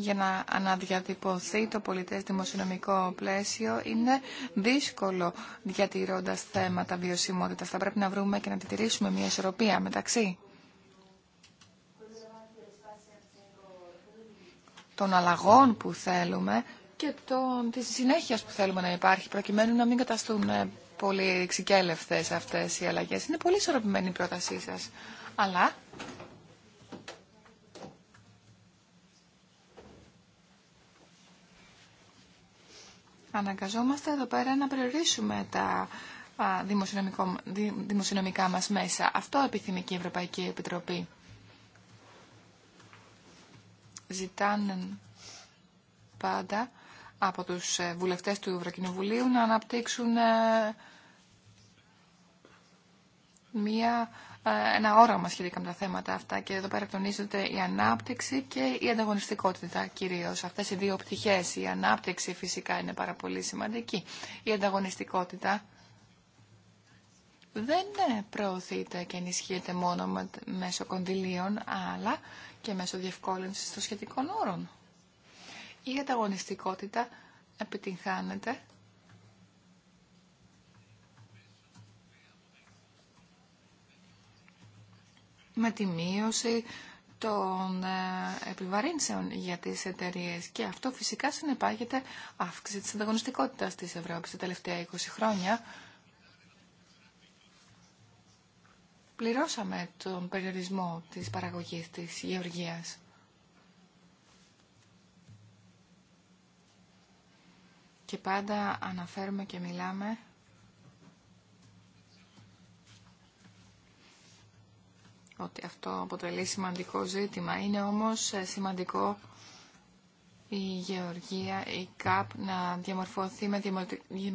για να αναδιατυπωθεί το πολιτές δημοσιονομικό πλαίσιο είναι δύσκολο διατηρώντας θέματα βιωσιμότητας. Θα πρέπει να βρούμε και να τηρήσουμε μια ισορροπία μεταξύ των αλλαγών που θέλουμε και των, της συνέχειας που θέλουμε να υπάρχει προκειμένου να μην καταστούν ε, πολύ εξικέλευτες αυτές οι αλλαγές. Είναι πολύ ισορροπημένη η πρότασή σας. Αλλά αναγκαζόμαστε εδώ πέρα να περιορίσουμε τα δημοσιονομικά μας μέσα. Αυτό επιθυμεί και η Ευρωπαϊκή Επιτροπή. Ζητάνε πάντα από τους ε, βουλευτές του Ευρωκοινοβουλίου να αναπτύξουν ε, μια, ε, ένα όραμα σχετικά με τα θέματα αυτά και εδώ πέρα τονίζονται η ανάπτυξη και η ανταγωνιστικότητα κυρίως. Αυτές οι δύο πτυχές, η ανάπτυξη φυσικά είναι πάρα πολύ σημαντική. Η ανταγωνιστικότητα δεν ε, προωθείται και ενισχύεται μόνο μέσω κονδυλίων, αλλά και μέσω διευκόλυνσης των σχετικών όρων. Η ανταγωνιστικότητα επιτυγχάνεται με τη μείωση των ε, επιβαρύνσεων για τις εταιρείε. Και αυτό φυσικά συνεπάγεται αύξηση της ανταγωνιστικότητας της Ευρώπης τα τελευταία 20 χρόνια. Πληρώσαμε τον περιορισμό της παραγωγής της γεωργίας. Και πάντα αναφέρουμε και μιλάμε ότι αυτό αποτελεί σημαντικό ζήτημα. Είναι όμως ε, σημαντικό η γεωργία, η ΚΑΠ να διαμορφωθεί με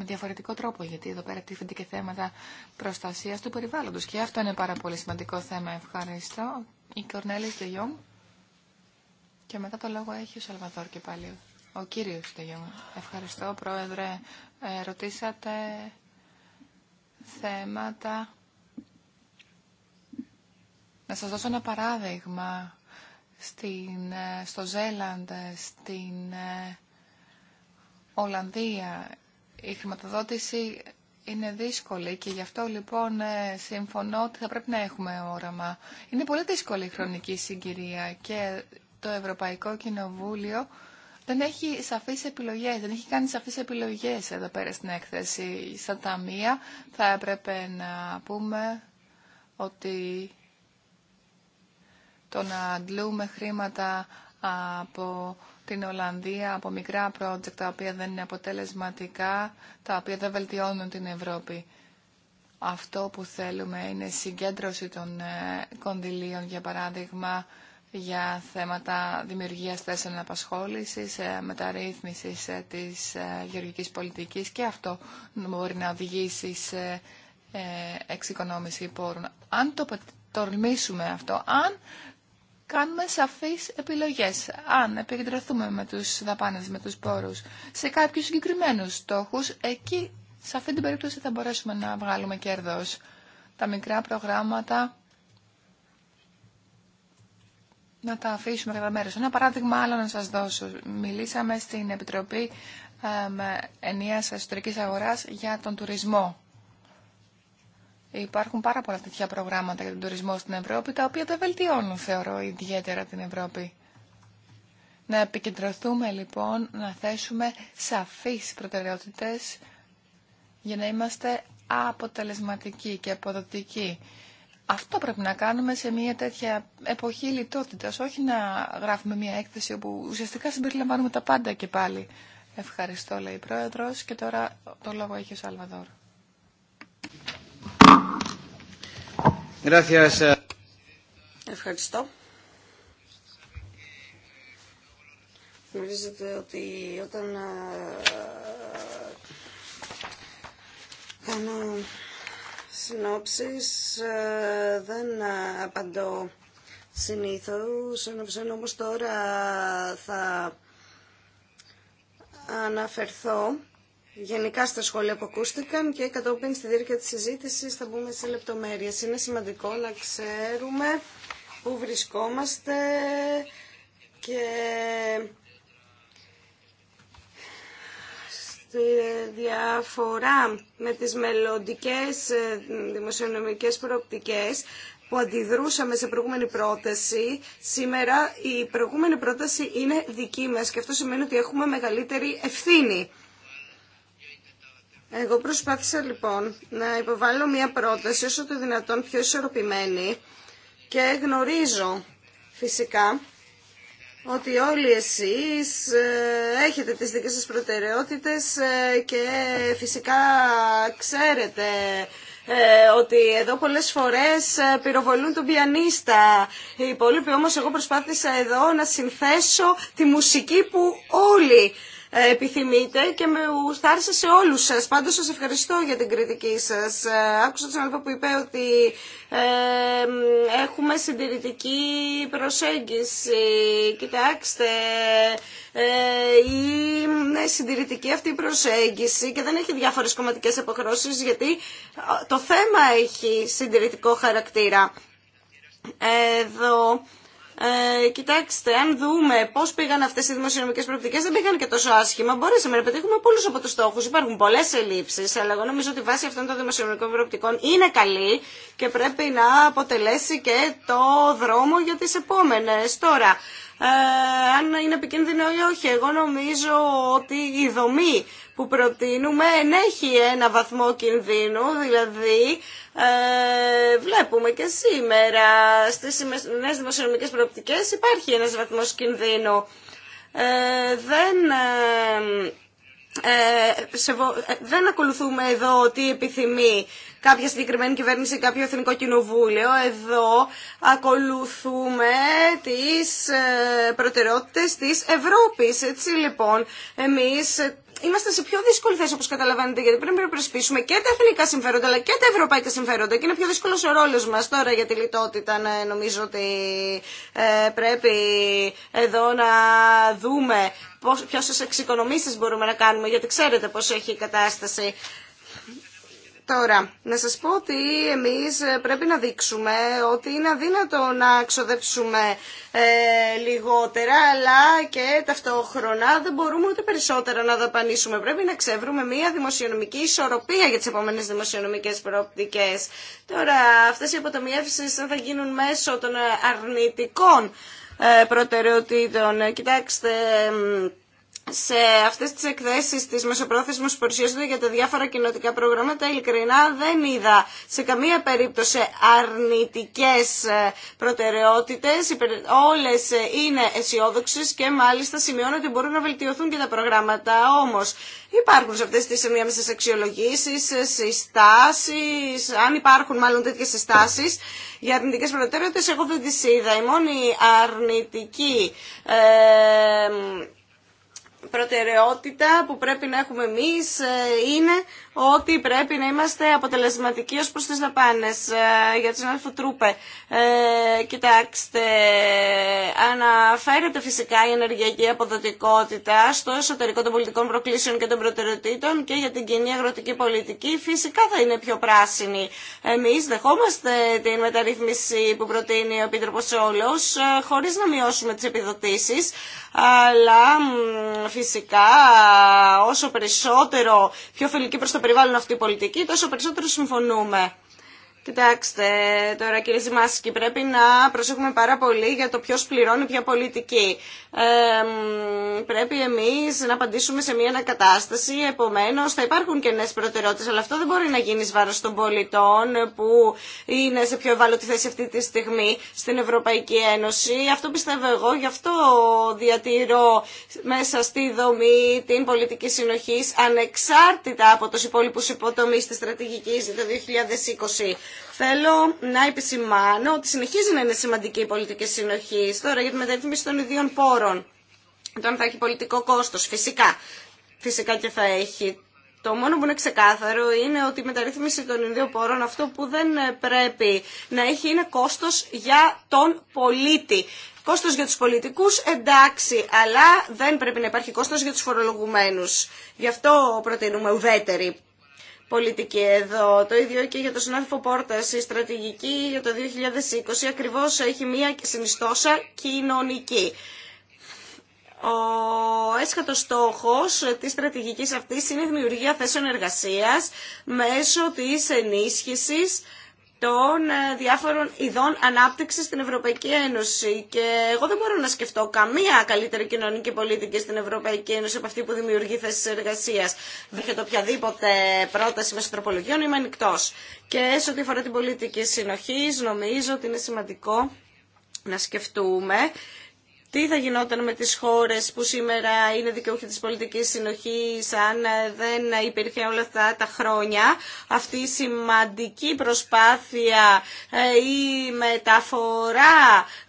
διαφορετικό τρόπο, γιατί εδώ πέρα τίθενται και θέματα προστασίας του περιβάλλοντος. Και αυτό είναι πάρα πολύ σημαντικό θέμα. Ευχαριστώ. Η Κορνέλη Στεγιόμ. Και μετά το λόγο έχει ο Σαλβαδόρ και πάλι. Ο κύριος Στεγιόμ. Ευχαριστώ, Πρόεδρε. Ε, ρωτήσατε θέματα να σας δώσω ένα παράδειγμα. Στην, ε, στο Ζέλαντ, ε, στην ε, Ολλανδία, η χρηματοδότηση είναι δύσκολη και γι' αυτό λοιπόν συμφωνώ ότι θα πρέπει να έχουμε όραμα. Είναι πολύ δύσκολη η χρονική συγκυρία και το Ευρωπαϊκό Κοινοβούλιο δεν έχει σαφείς επιλογές, δεν έχει κάνει σαφείς επιλογές εδώ πέρα στην έκθεση. Στα ταμεία θα έπρεπε να πούμε ότι το να αντλούμε χρήματα από την Ολλανδία, από μικρά project τα οποία δεν είναι αποτελεσματικά, τα οποία δεν βελτιώνουν την Ευρώπη. Αυτό που θέλουμε είναι συγκέντρωση των ε, κονδυλίων, για παράδειγμα, για θέματα δημιουργίας θέσεων απασχόλησης, ε, μεταρρύθμισης ε, της γεωργικής πολιτικής και αυτό μπορεί να οδηγήσει σε εξοικονόμηση πόρων. Αν το τορμήσουμε αυτό, αν κάνουμε σαφείς επιλογές. Αν επικεντρωθούμε με τους δαπάνες, με τους πόρους, σε κάποιους συγκεκριμένους στόχους, εκεί σε αυτή την περίπτωση θα μπορέσουμε να βγάλουμε κέρδος. Τα μικρά προγράμματα να τα αφήσουμε κατά μέρος. Ένα παράδειγμα άλλο να σας δώσω. Μιλήσαμε στην Επιτροπή ενία Ενίας αγορά Αγοράς για τον τουρισμό. Υπάρχουν πάρα πολλά τέτοια προγράμματα για τον τουρισμό στην Ευρώπη, τα οποία δεν βελτιώνουν, θεωρώ, ιδιαίτερα την Ευρώπη. Να επικεντρωθούμε λοιπόν, να θέσουμε σαφείς προτεραιότητες για να είμαστε αποτελεσματικοί και αποδοτικοί. Αυτό πρέπει να κάνουμε σε μια τέτοια εποχή λιτότητας, όχι να γράφουμε μια έκθεση όπου ουσιαστικά συμπεριλαμβάνουμε τα πάντα και πάλι. Ευχαριστώ, λέει η Πρόεδρος και τώρα το λόγο έχει ο Σαλβαδόρ. Eh. Ευχαριστώ. Γνωρίζετε ότι όταν ε, κάνω συνόψεις ε, δεν ε, απαντώ συνήθως, όμως τώρα θα αναφερθώ γενικά στα σχόλια που ακούστηκαν και κατόπιν στη διάρκεια της συζήτησης θα μπούμε σε λεπτομέρειες. Είναι σημαντικό να ξέρουμε πού βρισκόμαστε και στη διαφορά με τις μελλοντικές δημοσιονομικές προοπτικές που αντιδρούσαμε σε προηγούμενη πρόταση, σήμερα η προηγούμενη πρόταση είναι δική μας και αυτό σημαίνει ότι έχουμε μεγαλύτερη ευθύνη. Εγώ προσπάθησα λοιπόν να υποβάλω μια πρόταση όσο το δυνατόν πιο ισορροπημένη και γνωρίζω φυσικά ότι όλοι εσείς ε, έχετε τις δικές σας προτεραιότητες ε, και φυσικά ξέρετε ε, ότι εδώ πολλές φορές πυροβολούν τον πιανίστα. Οι υπόλοιποι όμως εγώ προσπάθησα εδώ να συνθέσω τη μουσική που όλοι ε, επιθυμείτε και με ουστάρισα σε όλους σας. Πάντως σας ευχαριστώ για την κριτική σας. Ε, άκουσα τον άλλο που είπε ότι ε, έχουμε συντηρητική προσέγγιση. Κοιτάξτε, είναι συντηρητική αυτή η προσέγγιση και δεν έχει διάφορες κομματικές αποχρώσεις γιατί το θέμα έχει συντηρητικό χαρακτήρα. Εδώ ε, κοιτάξτε, αν δούμε πώ πήγαν αυτέ οι δημοσιονομικέ προοπτικέ, δεν πήγαν και τόσο άσχημα. Μπορέσαμε να πετύχουμε πολλού από του στόχου. Υπάρχουν πολλέ ελλείψει, αλλά εγώ νομίζω ότι η βάση αυτών των δημοσιονομικών προοπτικών είναι καλή και πρέπει να αποτελέσει και το δρόμο για τι επόμενε. Τώρα, ε, αν είναι επικίνδυνο ή όχι, εγώ νομίζω ότι η δομή που προτείνουμε ενέχει ένα βαθμό κινδύνου, δηλαδή ε, βλέπουμε και σήμερα στις νέες δημοσιονομικές προοπτικές υπάρχει ένας βαθμός κινδύνου. Ε, δεν... Ε, ε, ε δεν ακολουθούμε εδώ τι επιθυμεί κάποια συγκεκριμένη κυβέρνηση, κάποιο εθνικό κοινοβούλιο. Εδώ ακολουθούμε τις ε, προτεραιότητες της Ευρώπης. Έτσι λοιπόν, εμείς είμαστε σε πιο δύσκολη θέση όπω καταλαβαίνετε, γιατί πρέπει να προσπίσουμε και τα εθνικά συμφέροντα αλλά και τα ευρωπαϊκά συμφέροντα και είναι πιο δύσκολο ο ρόλο μα τώρα για τη λιτότητα. Νομίζω ότι ε, πρέπει εδώ να δούμε ποιε εξοικονομήσει μπορούμε να κάνουμε, γιατί ξέρετε πώ έχει η κατάσταση. Τώρα, να σας πω ότι εμείς ε, πρέπει να δείξουμε ότι είναι αδύνατο να ξοδέψουμε ε, λιγότερα, αλλά και ταυτόχρονα δεν μπορούμε ούτε περισσότερα να δαπανίσουμε. Πρέπει να ξεβρούμε μια δημοσιονομική ισορροπία για τις επόμενες δημοσιονομικές προοπτικές. Τώρα, αυτές οι αποτομιεύσεις θα γίνουν μέσω των αρνητικών ε, προτεραιοτήτων. Ε, κοιτάξτε, σε αυτές τις εκθέσεις της μεσοπρόθεσμες που παρουσιάζονται για τα διάφορα κοινοτικά προγράμματα ειλικρινά δεν είδα σε καμία περίπτωση αρνητικές ε, προτεραιότητες όλες ε, είναι αισιόδοξε και μάλιστα σημειώνω ότι μπορούν να βελτιωθούν και τα προγράμματα όμως υπάρχουν σε αυτές τις ενδιάμεσες αξιολογήσεις ε, συστάσεις αν υπάρχουν μάλλον τέτοιες συστάσεις για αρνητικές προτεραιότητες εγώ δεν τις είδα η μόνη αρνητική προτεραιότητα που πρέπει να έχουμε εμείς ε, είναι ότι πρέπει να είμαστε αποτελεσματικοί ως προς τις δαπάνες ε, για την Αλφού Τρούπε. Ε, κοιτάξτε, αναφέρεται φυσικά η ενεργειακή αποδοτικότητα στο εσωτερικό των πολιτικών προκλήσεων και των προτεραιοτήτων και για την κοινή αγροτική πολιτική φυσικά θα είναι πιο πράσινη. Εμείς δεχόμαστε την μεταρρύθμιση που προτείνει ο Επίτροπος Όλος ε, χωρίς να μειώσουμε τις επιδοτήσεις αλλά φυσικά όσο περισσότερο πιο φιλική προς το περιβάλλον αυτή η πολιτική, τόσο περισσότερο συμφωνούμε. Κοιτάξτε, τώρα κύριε Ζημάσκη, πρέπει να προσέχουμε πάρα πολύ για το ποιος πληρώνει ποια πολιτική. Ε, πρέπει εμείς να απαντήσουμε σε μια ανακατάσταση, επομένως θα υπάρχουν και νέες προτεραιότητες, αλλά αυτό δεν μπορεί να γίνει βάρος των πολιτών που είναι σε πιο ευάλωτη θέση αυτή τη στιγμή στην Ευρωπαϊκή Ένωση. Αυτό πιστεύω εγώ, γι' αυτό διατηρώ μέσα στη δομή την πολιτική συνοχής ανεξάρτητα από τους υπόλοιπους υποτομείς της στρατηγικής το 2020. Θέλω να επισημάνω ότι συνεχίζει να είναι σημαντική η πολιτική συνοχή τώρα για τη μεταρρύθμιση των ιδίων πόρων. Αν θα έχει πολιτικό κόστο. φυσικά. Φυσικά και θα έχει. Το μόνο που είναι ξεκάθαρο είναι ότι η μεταρρύθμιση των ιδίων πόρων αυτό που δεν πρέπει να έχει είναι κόστο για τον πολίτη. Κόστος για τους πολιτικούς, εντάξει, αλλά δεν πρέπει να υπάρχει κόστος για τους φορολογουμένους. Γι' αυτό προτείνουμε ουδέτερη πολιτική εδώ. Το ίδιο και για το συνάδελφο Πόρτα. Η στρατηγική για το 2020 ακριβώ έχει μία συνιστόσα κοινωνική. Ο έσχατο στόχο τη στρατηγική αυτή είναι η δημιουργία θέσεων εργασία μέσω τη ενίσχυση των ε, διάφορων ειδών ανάπτυξη στην Ευρωπαϊκή Ένωση. Και εγώ δεν μπορώ να σκεφτώ καμία καλύτερη κοινωνική πολιτική στην Ευρωπαϊκή Ένωση από αυτή που δημιουργεί θέσει εργασία. Δέχεται οποιαδήποτε πρόταση μέσω τροπολογιών, είμαι ανοιχτό. Και σε ό,τι αφορά την πολιτική συνοχή, νομίζω ότι είναι σημαντικό να σκεφτούμε τι θα γινόταν με τις χώρες που σήμερα είναι δικαιούχοι της πολιτικής συνοχής αν ε, δεν υπήρχε όλα αυτά τα χρόνια αυτή η σημαντική προσπάθεια ε, η μεταφορά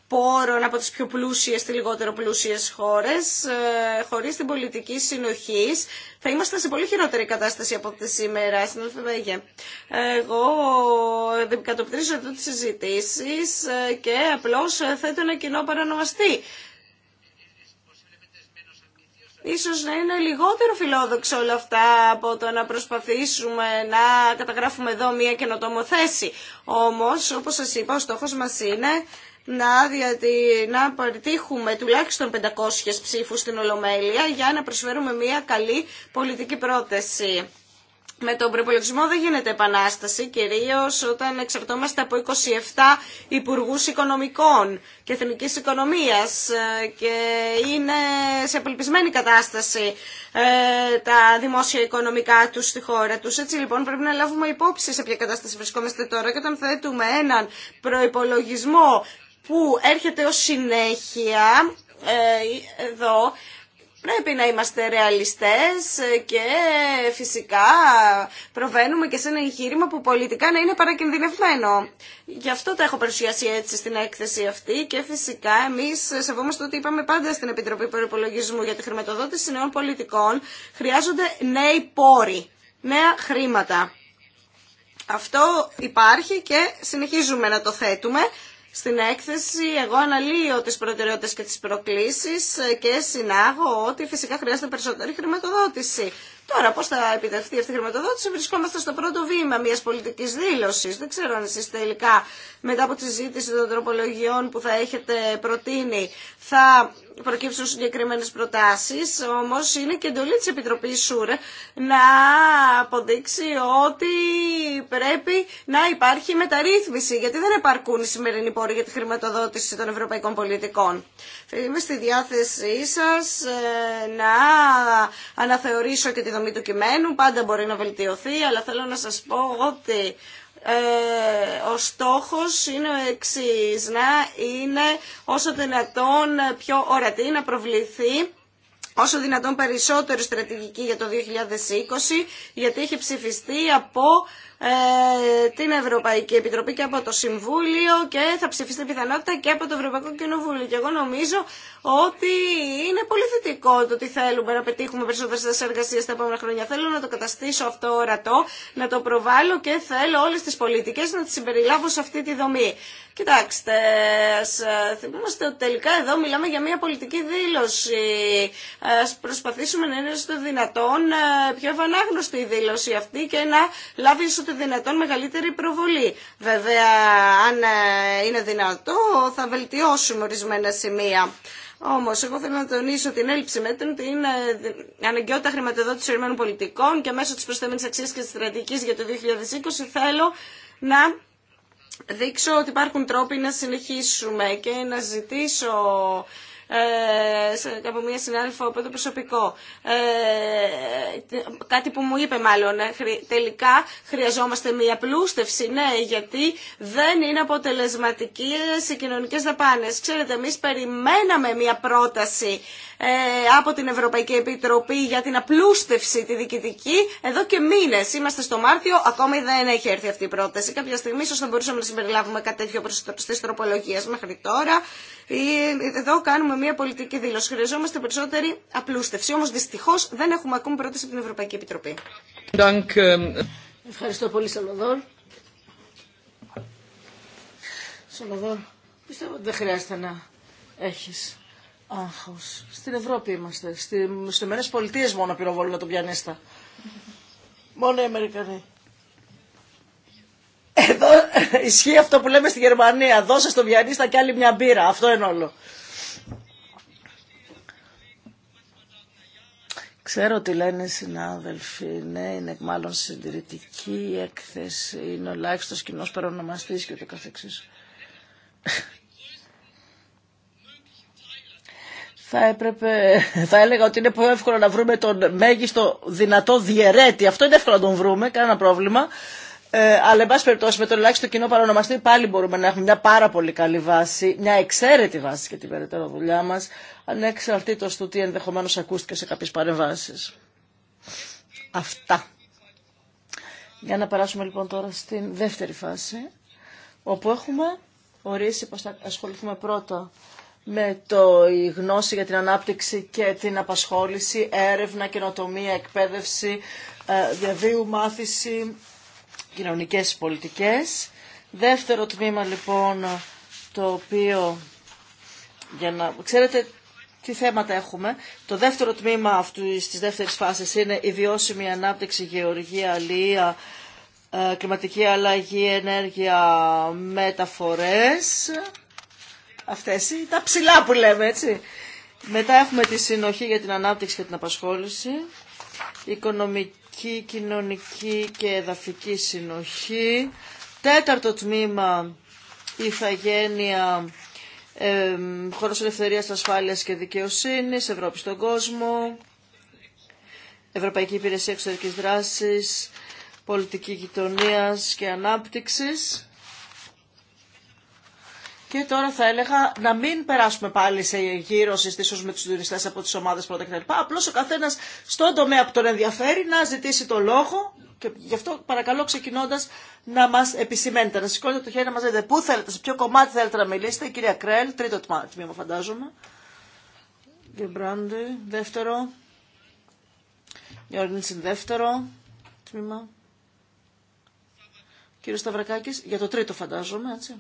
πόρων από τις πιο πλούσιες στις λιγότερο πλούσιες χώρες, ε, χωρίς την πολιτική συνοχής, θα ήμασταν σε πολύ χειρότερη κατάσταση από τη σήμερα στην Βέγε. Εγώ κατοπτρίζω εδώ τις συζητήσεις και απλώς θέτω ένα κοινό παρανομαστή ίσως να είναι λιγότερο φιλόδοξο όλα αυτά από το να προσπαθήσουμε να καταγράφουμε εδώ μία καινοτόμο θέση. Όμως, όπως σας είπα, ο στόχος μας είναι να, διατη, να τουλάχιστον 500 ψήφους στην Ολομέλεια για να προσφέρουμε μία καλή πολιτική πρόταση με τον προπολογισμό δεν γίνεται επανάσταση, κυρίω όταν εξαρτώμαστε από 27 υπουργού οικονομικών και εθνική οικονομίας ε, και είναι σε απελπισμένη κατάσταση ε, τα δημόσια οικονομικά του στη χώρα του. Έτσι λοιπόν πρέπει να λάβουμε υπόψη σε ποια κατάσταση βρισκόμαστε τώρα και όταν θέτουμε έναν προπολογισμό που έρχεται ως συνέχεια ε, εδώ Πρέπει να είμαστε ρεαλιστές και φυσικά προβαίνουμε και σε ένα εγχείρημα που πολιτικά να είναι παρακινδυνευμένο. Γι' αυτό τα έχω παρουσιάσει έτσι στην έκθεση αυτή και φυσικά εμείς σεβόμαστε ότι είπαμε πάντα στην Επιτροπή Προπολογισμού για τη χρηματοδότηση νέων πολιτικών χρειάζονται νέοι πόροι, νέα χρήματα. Αυτό υπάρχει και συνεχίζουμε να το θέτουμε στην έκθεση εγώ αναλύω τις προτεραιότητες και τις προκλήσεις ε, και συνάγω ότι φυσικά χρειάζεται περισσότερη χρηματοδότηση. Τώρα πώ θα επιτευχθεί αυτή η χρηματοδότηση βρισκόμαστε στο πρώτο βήμα μιας πολιτικής δήλωση. Δεν ξέρω αν εσείς τελικά μετά από τη συζήτηση των τροπολογιών που θα έχετε προτείνει θα προκύψουν συγκεκριμένες προτάσεις, όμως είναι και εντολή τη Επιτροπής ΣΟΥΡ να αποδείξει ότι πρέπει να υπάρχει μεταρρύθμιση, γιατί δεν επαρκούν οι σημερινοί πόροι για τη χρηματοδότηση των ευρωπαϊκών πολιτικών. Είμαι στη διάθεσή σας ε, να αναθεωρήσω και τη δομή του κειμένου, πάντα μπορεί να βελτιωθεί, αλλά θέλω να σας πω ότι ε, ο στόχος είναι ο εξής, να είναι όσο δυνατόν πιο ορατή, να προβληθεί όσο δυνατόν περισσότερο στρατηγική για το 2020, γιατί έχει ψηφιστεί από ε, την Ευρωπαϊκή Επιτροπή και από το Συμβούλιο και θα ψηφίσετε πιθανότητα και από το Ευρωπαϊκό Κοινοβούλιο. Και εγώ νομίζω ότι είναι πολύ θετικό το ότι θέλουμε να πετύχουμε περισσότερε θέσει τα επόμενα χρόνια. Θέλω να το καταστήσω αυτό ορατό, να το προβάλλω και θέλω όλε τι πολιτικέ να τι συμπεριλάβω σε αυτή τη δομή. Κοιτάξτε, ας ε, θυμόμαστε ότι τελικά εδώ μιλάμε για μια πολιτική δήλωση. Ας προσπαθήσουμε να είναι στο δυνατόν ε, πιο ευανάγνωστη η δήλωση αυτή και να λάβει το δυνατόν μεγαλύτερη προβολή. Βέβαια, αν ε, είναι δυνατό, θα βελτιώσουμε ορισμένα σημεία. Όμω, εγώ θέλω να τονίσω την έλλειψη μέτρων, την ε, αναγκαιότητα χρηματοδότηση ορισμένων πολιτικών και μέσω τη προσθέμενη αξία και τη στρατηγική για το 2020 θέλω να δείξω ότι υπάρχουν τρόποι να συνεχίσουμε και να ζητήσω ε, από μια συνάδελφο από το προσωπικό. Ε, κάτι που μου είπε μάλλον, ε, τελικά χρειαζόμαστε μια πλούστευση, ναι, γιατί δεν είναι αποτελεσματική σε κοινωνικές δαπάνες. Ξέρετε, εμείς περιμέναμε μια πρόταση ε, από την Ευρωπαϊκή Επιτροπή για την απλούστευση τη διοικητική εδώ και μήνες. Είμαστε στο Μάρτιο, ακόμη δεν έχει έρθει αυτή η πρόταση. Κάποια στιγμή ίσως θα μπορούσαμε να συμπεριλάβουμε κάτι τέτοιο προς τις τροπολογίες μέχρι τώρα. Ε, εδώ κάνουμε μια πολιτική δήλωση. Χρειαζόμαστε περισσότερη απλούστευση. Όμω δυστυχώ δεν έχουμε ακόμη πρόταση από την Ευρωπαϊκή Επιτροπή. Ε, Ευχαριστώ πολύ, Σαλοδόρ. Σαλοδόρ, πιστεύω ότι δεν χρειάζεται να έχει άγχο. Στην Ευρώπη είμαστε. Στι Ηνωμένε Πολιτείε μόνο πυροβολούν τον πιανίστα. Μόνο οι Αμερικανοί. Εδώ ισχύει αυτό που λέμε στη Γερμανία. Δώσε στον πιανίστα κι άλλη μια μπύρα. Αυτό είναι όλο. Ξέρω ότι λένε οι συνάδελφοι, ναι, είναι μάλλον συντηρητική η έκθεση, είναι ο ελάχιστο κοινό παρονομαστή και το καθεξή. θα έπρεπε, θα έλεγα ότι είναι πολύ εύκολο να βρούμε τον μέγιστο δυνατό διαιρέτη. Αυτό είναι εύκολο να τον βρούμε, κανένα πρόβλημα. Ε, αλλά, εν πάση περιπτώσει, με το ελάχιστο κοινό παρονομαστή πάλι μπορούμε να έχουμε μια πάρα πολύ καλή βάση, μια εξαίρετη βάση για την περαιτέρω δουλειά μα, ανεξαρτήτω του τι ενδεχομένω ακούστηκε σε κάποιε παρεμβάσει. Αυτά. Για να περάσουμε λοιπόν τώρα στην δεύτερη φάση, όπου έχουμε ορίσει πως θα ασχοληθούμε πρώτα με το, η γνώση για την ανάπτυξη και την απασχόληση, έρευνα, καινοτομία, εκπαίδευση, ε, διαβίου μάθηση, κοινωνικές πολιτικές. Δεύτερο τμήμα λοιπόν το οποίο για να ξέρετε τι θέματα έχουμε. Το δεύτερο τμήμα αυτού της δεύτερης φάσης είναι η βιώσιμη ανάπτυξη, γεωργία, αλληλεία, ε, κλιματική αλλαγή, ενέργεια, μεταφορές. Αυτές είναι τα ψηλά που λέμε έτσι. Μετά έχουμε τη συνοχή για την ανάπτυξη και την απασχόληση, οικονομική Οικονομική, κοινωνική και εδαφική συνοχή. Τέταρτο τμήμα, ηθαγένεια, ε, χώρος ελευθερίας, ασφάλειας και δικαιοσύνης, Ευρώπη στον κόσμο, Ευρωπαϊκή Υπηρεσία Εξωτερικής Δράσης, Πολιτική Γειτονίας και Ανάπτυξης. Και τώρα θα έλεγα να μην περάσουμε πάλι σε γύρω συστήσεως με τους τουριστές από τις ομάδες πρώτα κτλ. Απλώς ο καθένας στον τομέα που τον ενδιαφέρει να ζητήσει το λόγο και γι' αυτό παρακαλώ ξεκινώντας να μας επισημαίνετε, να σηκώνετε το χέρι να μας δείτε πού θέλετε, σε ποιο κομμάτι θέλετε να μιλήσετε. Η κυρία Κρέλ, τρίτο τμήμα φαντάζομαι. Γκεμπράντι, δεύτερο. Γιώργνησιν, δεύτερο τμήμα. Κύριο Σταυρακάκης, για το τρίτο φαντάζομαι, έτσι.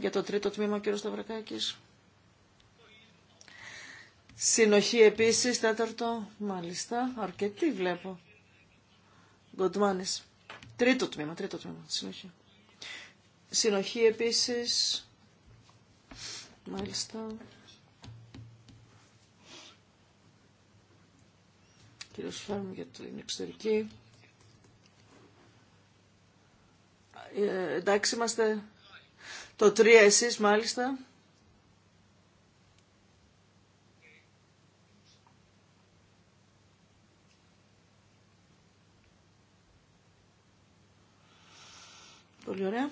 Για το τρίτο τμήμα, κύριο Σταυρακάκη. Συνοχή επίσης, τέταρτο, μάλιστα, αρκετή βλέπω. Γκοντμάνης. Τρίτο τμήμα, τρίτο τμήμα, συνοχή. Συνοχή επίσης, μάλιστα. Κύριο Φέρμ για την εξωτερική. Ε, εντάξει, είμαστε το 3 εσείς μάλιστα. Πολύ ωραία.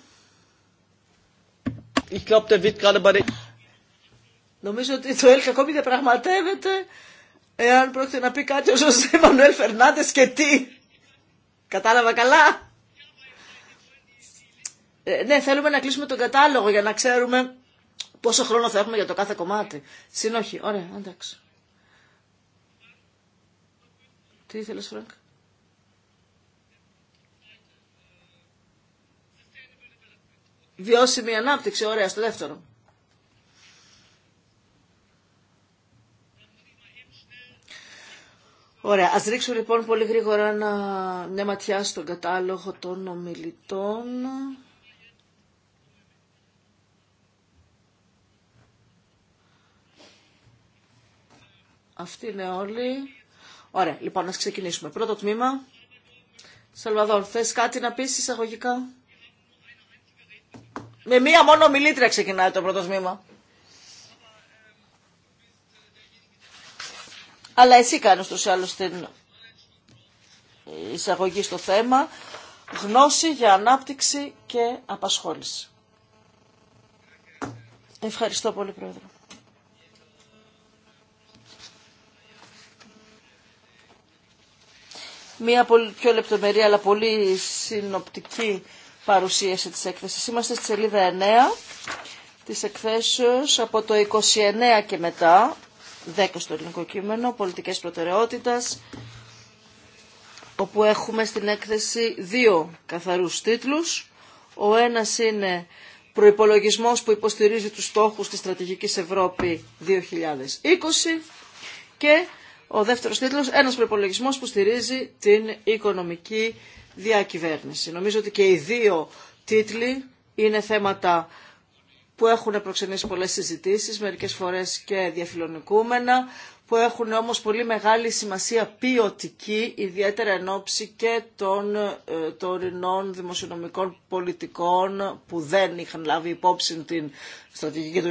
Ich der wird gerade bei Νομίζω ότι το ΕΛΚ ακόμη πραγματεύεται εάν πρόκειται να πει κάτι ο Ζωσέ Μανουέλ Φερνάντε και τι. Κατάλαβα καλά. Ε, ναι, θέλουμε να κλείσουμε τον κατάλογο για να ξέρουμε πόσο χρόνο θα έχουμε για το κάθε κομμάτι. Συνόχι, ωραία, εντάξει. Τι ήθελες, Φρανκ. Βιώσιμη ανάπτυξη, ωραία, στο δεύτερο. Ωραία, ας ρίξουμε λοιπόν πολύ γρήγορα μια ματιά στον κατάλογο των ομιλητών. Αυτοί είναι όλοι. Ωραία, λοιπόν, να ξεκινήσουμε. Πρώτο τμήμα. Σαλβαδόρ, θες κάτι να πεις εισαγωγικά. Με μία μόνο μιλήτρια ξεκινάει το πρώτο τμήμα. Αλλά εσύ κάνεις τους άλλους την εισαγωγή στο θέμα. Γνώση για ανάπτυξη και απασχόληση. Ευχαριστώ πολύ, Πρόεδρε. μια πιο λεπτομερή αλλά πολύ συνοπτική παρουσίαση της έκθεσης. Είμαστε στη σελίδα 9 της εκθέσεως από το 29 και μετά, 10 στο ελληνικό κείμενο, πολιτικές προτεραιότητας, όπου έχουμε στην έκθεση δύο καθαρούς τίτλους. Ο ένας είναι προϋπολογισμός που υποστηρίζει τους στόχους της Στρατηγικής Ευρώπη 2020 και ο δεύτερο τίτλο, ένα προπολογισμό που στηρίζει την οικονομική διακυβέρνηση. Νομίζω ότι και οι δύο τίτλοι είναι θέματα που έχουν προξενήσει πολλές συζητήσεις, μερικές φορές και διαφιλονικούμενα που έχουν όμως πολύ μεγάλη σημασία ποιοτική, ιδιαίτερα εν ώψη και των ε, τωρινών δημοσιονομικών πολιτικών που δεν είχαν λάβει υπόψη την στρατηγική του 2020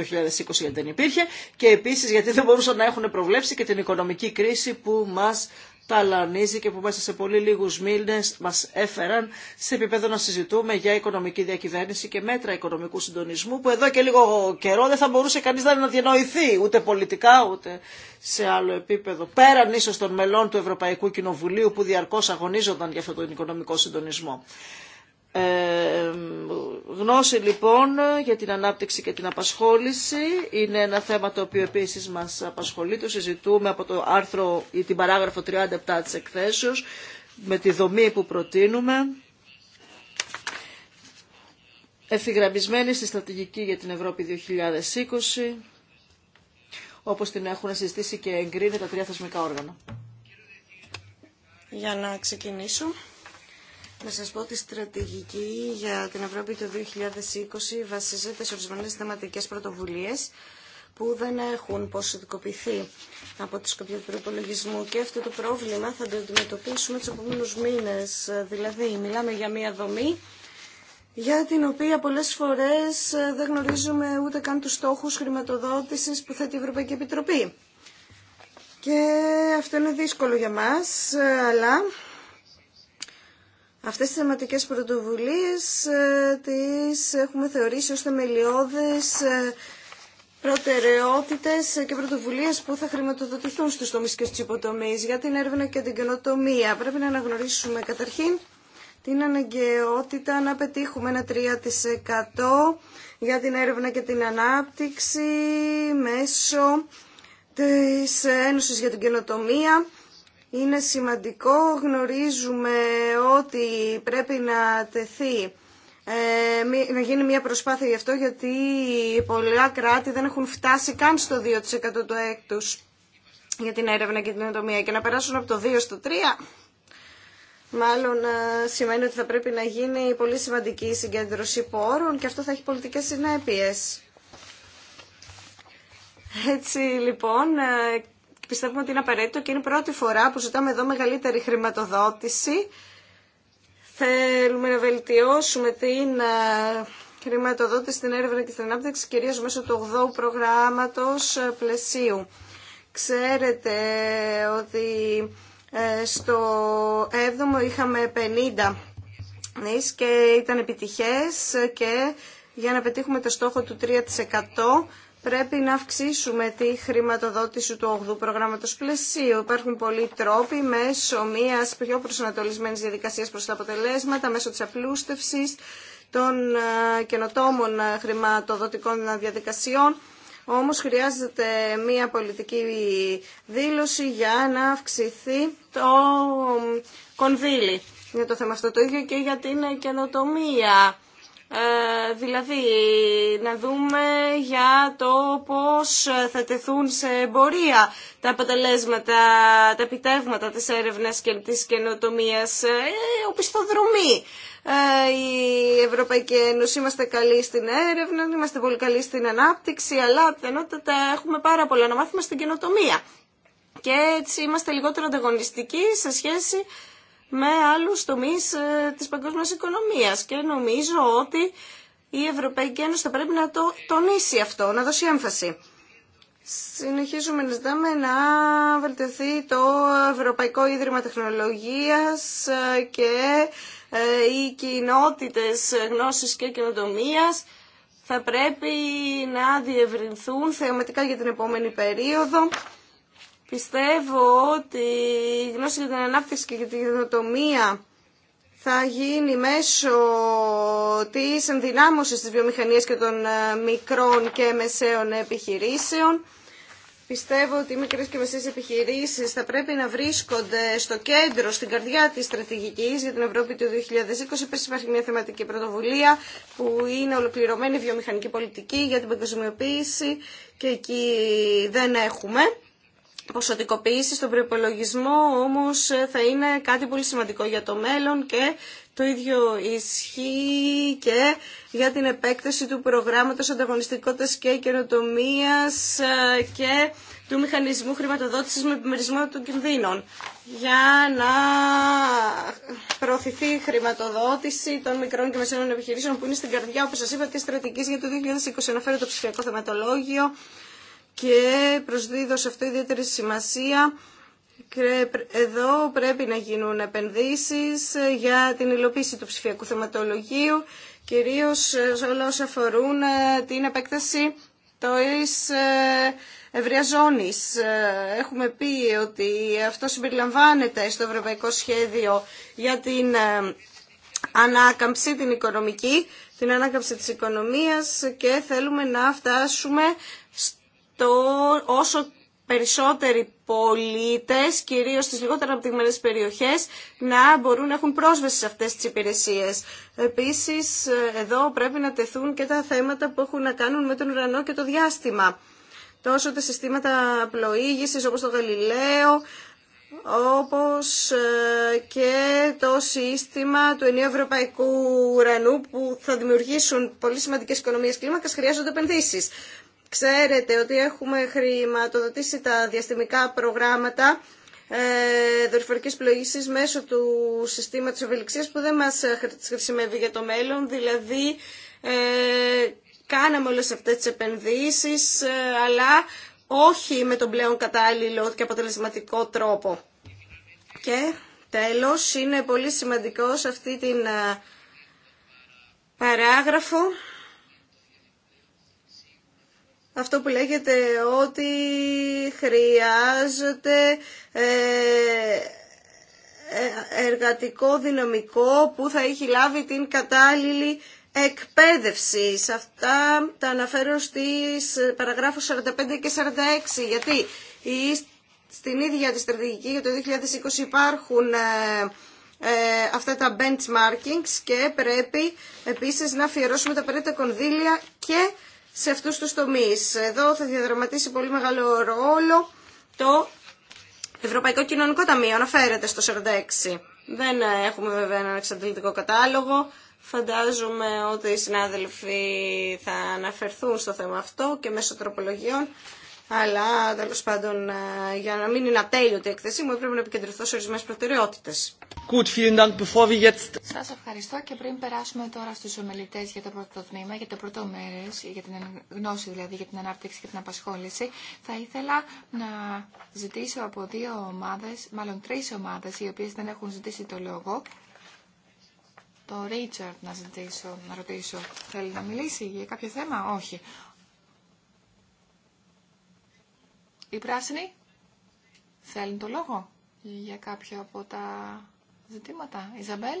γιατί δεν υπήρχε και επίσης γιατί δεν μπορούσαν να έχουν προβλέψει και την οικονομική κρίση που μας ταλανίζει και που μέσα σε πολύ λίγους μήνες μας έφεραν σε επίπεδο να συζητούμε για οικονομική διακυβέρνηση και μέτρα οικονομικού συντονισμού που εδώ και λίγο καιρό δεν θα μπορούσε κανείς να διανοηθεί ούτε πολιτικά ούτε σε άλλο επίπεδο. Πέραν ίσως των μελών του Ευρωπαϊκού Κοινοβουλίου που διαρκώς αγωνίζονταν για αυτόν τον οικονομικό συντονισμό. Ε, γνώση λοιπόν για την ανάπτυξη και την απασχόληση είναι ένα θέμα το οποίο επίσης μας απασχολεί, το συζητούμε από το άρθρο ή την παράγραφο 37 της εκθέσεως με τη δομή που προτείνουμε ευθυγραμμισμένη στη στρατηγική για την Ευρώπη 2020 όπως την έχουν συζητήσει και εγκρίνει τα τρία θεσμικά όργανα. Για να ξεκινήσω, να σας πω ότι η στρατηγική για την Ευρώπη το 2020 βασίζεται σε ορισμένες θεματικές πρωτοβουλίες που δεν έχουν ποσοτικοποιηθεί από τη σκοπιά του προπολογισμού και αυτό το πρόβλημα θα το αντιμετωπίσουμε τους επόμενους μήνες. Δηλαδή, μιλάμε για μία δομή για την οποία πολλές φορές δεν γνωρίζουμε ούτε καν τους στόχους χρηματοδότησης που θέτει η Ευρωπαϊκή Επιτροπή. Και αυτό είναι δύσκολο για μας, αλλά Αυτές τις θεματικές πρωτοβουλίες ε, τις έχουμε θεωρήσει ως θεμελιώδες ε, προτεραιότητες και πρωτοβουλίες που θα χρηματοδοτηθούν στους τομείς και στους υποτομείς για την έρευνα και την καινοτομία. Πρέπει να αναγνωρίσουμε καταρχήν την αναγκαιότητα να πετύχουμε ένα 3% για την έρευνα και την ανάπτυξη μέσω της Ένωσης για την Καινοτομία είναι σημαντικό. Γνωρίζουμε ότι πρέπει να τεθεί ε, να γίνει μια προσπάθεια γι' αυτό γιατί πολλά κράτη δεν έχουν φτάσει καν στο 2% του έκτους για την έρευνα και την εντομία και να περάσουν από το 2% στο 3% μάλλον ε, σημαίνει ότι θα πρέπει να γίνει πολύ σημαντική συγκέντρωση πόρων και αυτό θα έχει πολιτικές συνέπειες. Έτσι λοιπόν ε, πιστεύουμε ότι είναι απαραίτητο και είναι η πρώτη φορά που ζητάμε εδώ μεγαλύτερη χρηματοδότηση. Θέλουμε να βελτιώσουμε την ε, χρηματοδότηση στην έρευνα και στην ανάπτυξη, κυρίω μέσω του 8ου προγράμματος ε, πλαισίου. Ξέρετε ότι ε, στο 7ο είχαμε 50 νης και ήταν επιτυχές και για να πετύχουμε το στόχο του 3% πρέπει να αυξήσουμε τη χρηματοδότηση του 8ου προγράμματος πλαισίου. Υπάρχουν πολλοί τρόποι μέσω μιας πιο προσανατολισμένης διαδικασίας προς τα αποτελέσματα, μέσω της απλούστευσης των ε, καινοτόμων ε, χρηματοδοτικών διαδικασιών. Όμως χρειάζεται μια πολιτική δήλωση για να αυξηθεί το ε, κονδύλι για το θέμα αυτό το ίδιο και για την καινοτομία ε, δηλαδή να δούμε για το πώς θα τεθούν σε εμπορία τα αποτελέσματα, τα επιτεύγματα της έρευνας και της καινοτομίας, ε, οπισθοδρομή. Ε, η Ευρωπαϊκή Ένωση είμαστε καλοί στην έρευνα, είμαστε πολύ καλοί στην ανάπτυξη, αλλά πιθανότατα έχουμε πάρα πολλά να μάθουμε στην καινοτομία. Και έτσι είμαστε λιγότερο ανταγωνιστικοί σε σχέση με άλλους τομείς ε, της παγκόσμιας οικονομίας και νομίζω ότι η Ευρωπαϊκή Ένωση θα πρέπει να το τονίσει αυτό, να δώσει έμφαση. Συνεχίζουμε να ζητάμε να βελτιωθεί το Ευρωπαϊκό Ίδρυμα Τεχνολογίας ε, και ε, οι κοινότητες γνώσης και καινοτομίας θα πρέπει να διευρυνθούν θεαματικά για την επόμενη περίοδο Πιστεύω ότι η γνώση για την ανάπτυξη και για την γενοτομία θα γίνει μέσω της ενδυνάμωσης της βιομηχανίας και των ε, μικρών και μεσαίων επιχειρήσεων. Πιστεύω ότι οι μικρές και μεσαίες επιχειρήσεις θα πρέπει να βρίσκονται στο κέντρο, στην καρδιά της στρατηγικής για την Ευρώπη του 2020. Επίσης υπάρχει μια θεματική πρωτοβουλία που είναι ολοκληρωμένη βιομηχανική πολιτική για την παγκοσμιοποίηση και εκεί δεν έχουμε ποσοτικοποίηση στον προπολογισμό όμως ε, θα είναι κάτι πολύ σημαντικό για το μέλλον και το ίδιο ισχύει και για την επέκταση του προγράμματος ανταγωνιστικότητας και καινοτομία ε, και του μηχανισμού χρηματοδότησης με επιμερισμό των κινδύνων για να προωθηθεί η χρηματοδότηση των μικρών και μεσαίων επιχειρήσεων που είναι στην καρδιά, όπως σας είπα, της στρατηγικής για το 2020. Αναφέρω το ψηφιακό θεματολόγιο, και προσδίδω σε αυτό ιδιαίτερη σημασία. Εδώ πρέπει να γίνουν επενδύσεις ε, για την υλοποίηση του ψηφιακού θεματολογίου, κυρίως ε, όλα όσα αφορούν ε, την επέκταση το εις Έχουμε πει ότι αυτό συμπεριλαμβάνεται στο ευρωπαϊκό σχέδιο για την ανάκαμψη την οικονομική, την ανάκαμψη της οικονομίας και θέλουμε να φτάσουμε το όσο περισσότεροι πολίτες, κυρίως στις λιγότερα αναπτυγμένες περιοχές, να μπορούν να έχουν πρόσβαση σε αυτές τις υπηρεσίες. Επίσης, εδώ πρέπει να τεθούν και τα θέματα που έχουν να κάνουν με τον ουρανό και το διάστημα. Τόσο τα συστήματα πλοήγησης όπως το Γαλιλαίο, όπως ε, και το σύστημα του ενίου ευρωπαϊκού ουρανού που θα δημιουργήσουν πολύ σημαντικές οικονομίες κλίμακας χρειάζονται επενδύσεις. Ξέρετε ότι έχουμε χρηματοδοτήσει τα διαστημικά προγράμματα ε, δορυφορικής πλοήγησης μέσω του συστήματος ευελιξίας που δεν μας ε, χρησιμεύει για το μέλλον, δηλαδή ε, κάναμε όλες αυτές τις επενδύσεις, ε, αλλά όχι με τον πλέον κατάλληλο και αποτελεσματικό τρόπο. Και τέλος, είναι πολύ σημαντικό σε αυτή την παράγραφο αυτό που λέγεται ότι χρειάζεται ε, ε, εργατικό δυναμικό που θα έχει λάβει την κατάλληλη εκπαίδευση. Σε αυτά τα αναφέρω στις παραγράφους 45 και 46, γιατί στην ίδια τη στρατηγική για το 2020 υπάρχουν ε, αυτά τα benchmarkings και πρέπει επίσης να αφιερώσουμε τα περίπτωτα κονδύλια και σε αυτούς τους τομείς. Εδώ θα διαδραματίσει πολύ μεγάλο ρόλο το Ευρωπαϊκό Κοινωνικό Ταμείο, αναφέρεται στο 46. Δεν έχουμε βέβαια έναν εξαντλητικό κατάλογο. Φαντάζομαι ότι οι συνάδελφοι θα αναφερθούν στο θέμα αυτό και μέσω τροπολογιών αλλά τέλο πάντων ε, για να μην είναι ατέλειωτη η εκθεσή μου έπρεπε να επικεντρωθώ σε ορισμένε προτεραιότητε. Σα ευχαριστώ και πριν περάσουμε τώρα στου ομιλητέ για το πρώτο τμήμα, για το πρώτο μέρο, για την γνώση δηλαδή, για την ανάπτυξη και την απασχόληση, θα ήθελα να ζητήσω από δύο ομάδε, μάλλον τρει ομάδε, οι οποίε δεν έχουν ζητήσει το λόγο. Το Ρίτσαρτ να ζητήσω, να ρωτήσω, θέλει να μιλήσει για κάποιο θέμα, όχι. Οι πράσινοι θέλουν το λόγο για κάποιο από τα ζητήματα. Ιζαμπέλ.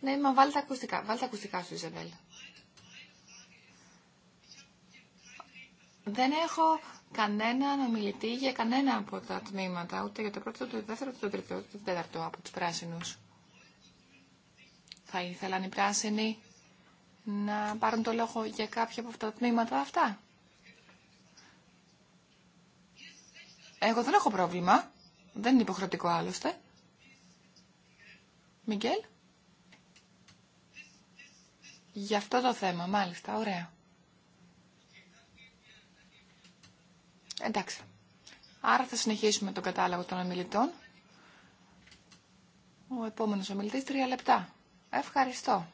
Ναι, μα βάλτε ακουστικά. Βάλτε ακουστικά σου, Ιζαμπέλ. Δεν έχω κανέναν ομιλητή για κανένα από τα τμήματα, ούτε για το πρώτο, το δεύτερο, το τρίτο, το τέταρτο από τους πράσινους. Θα ήθελαν οι πράσινοι να πάρουν το λόγο για κάποια από αυτά τα τμήματα αυτά. Εγώ δεν έχω πρόβλημα. Δεν είναι υποχρεωτικό άλλωστε. Μιγγέλ. Για αυτό το θέμα, μάλιστα. Ωραία. Εντάξει. Άρα θα συνεχίσουμε τον κατάλογο των ομιλητών. Ο επόμενος ομιλητής τρία λεπτά. Ευχαριστώ.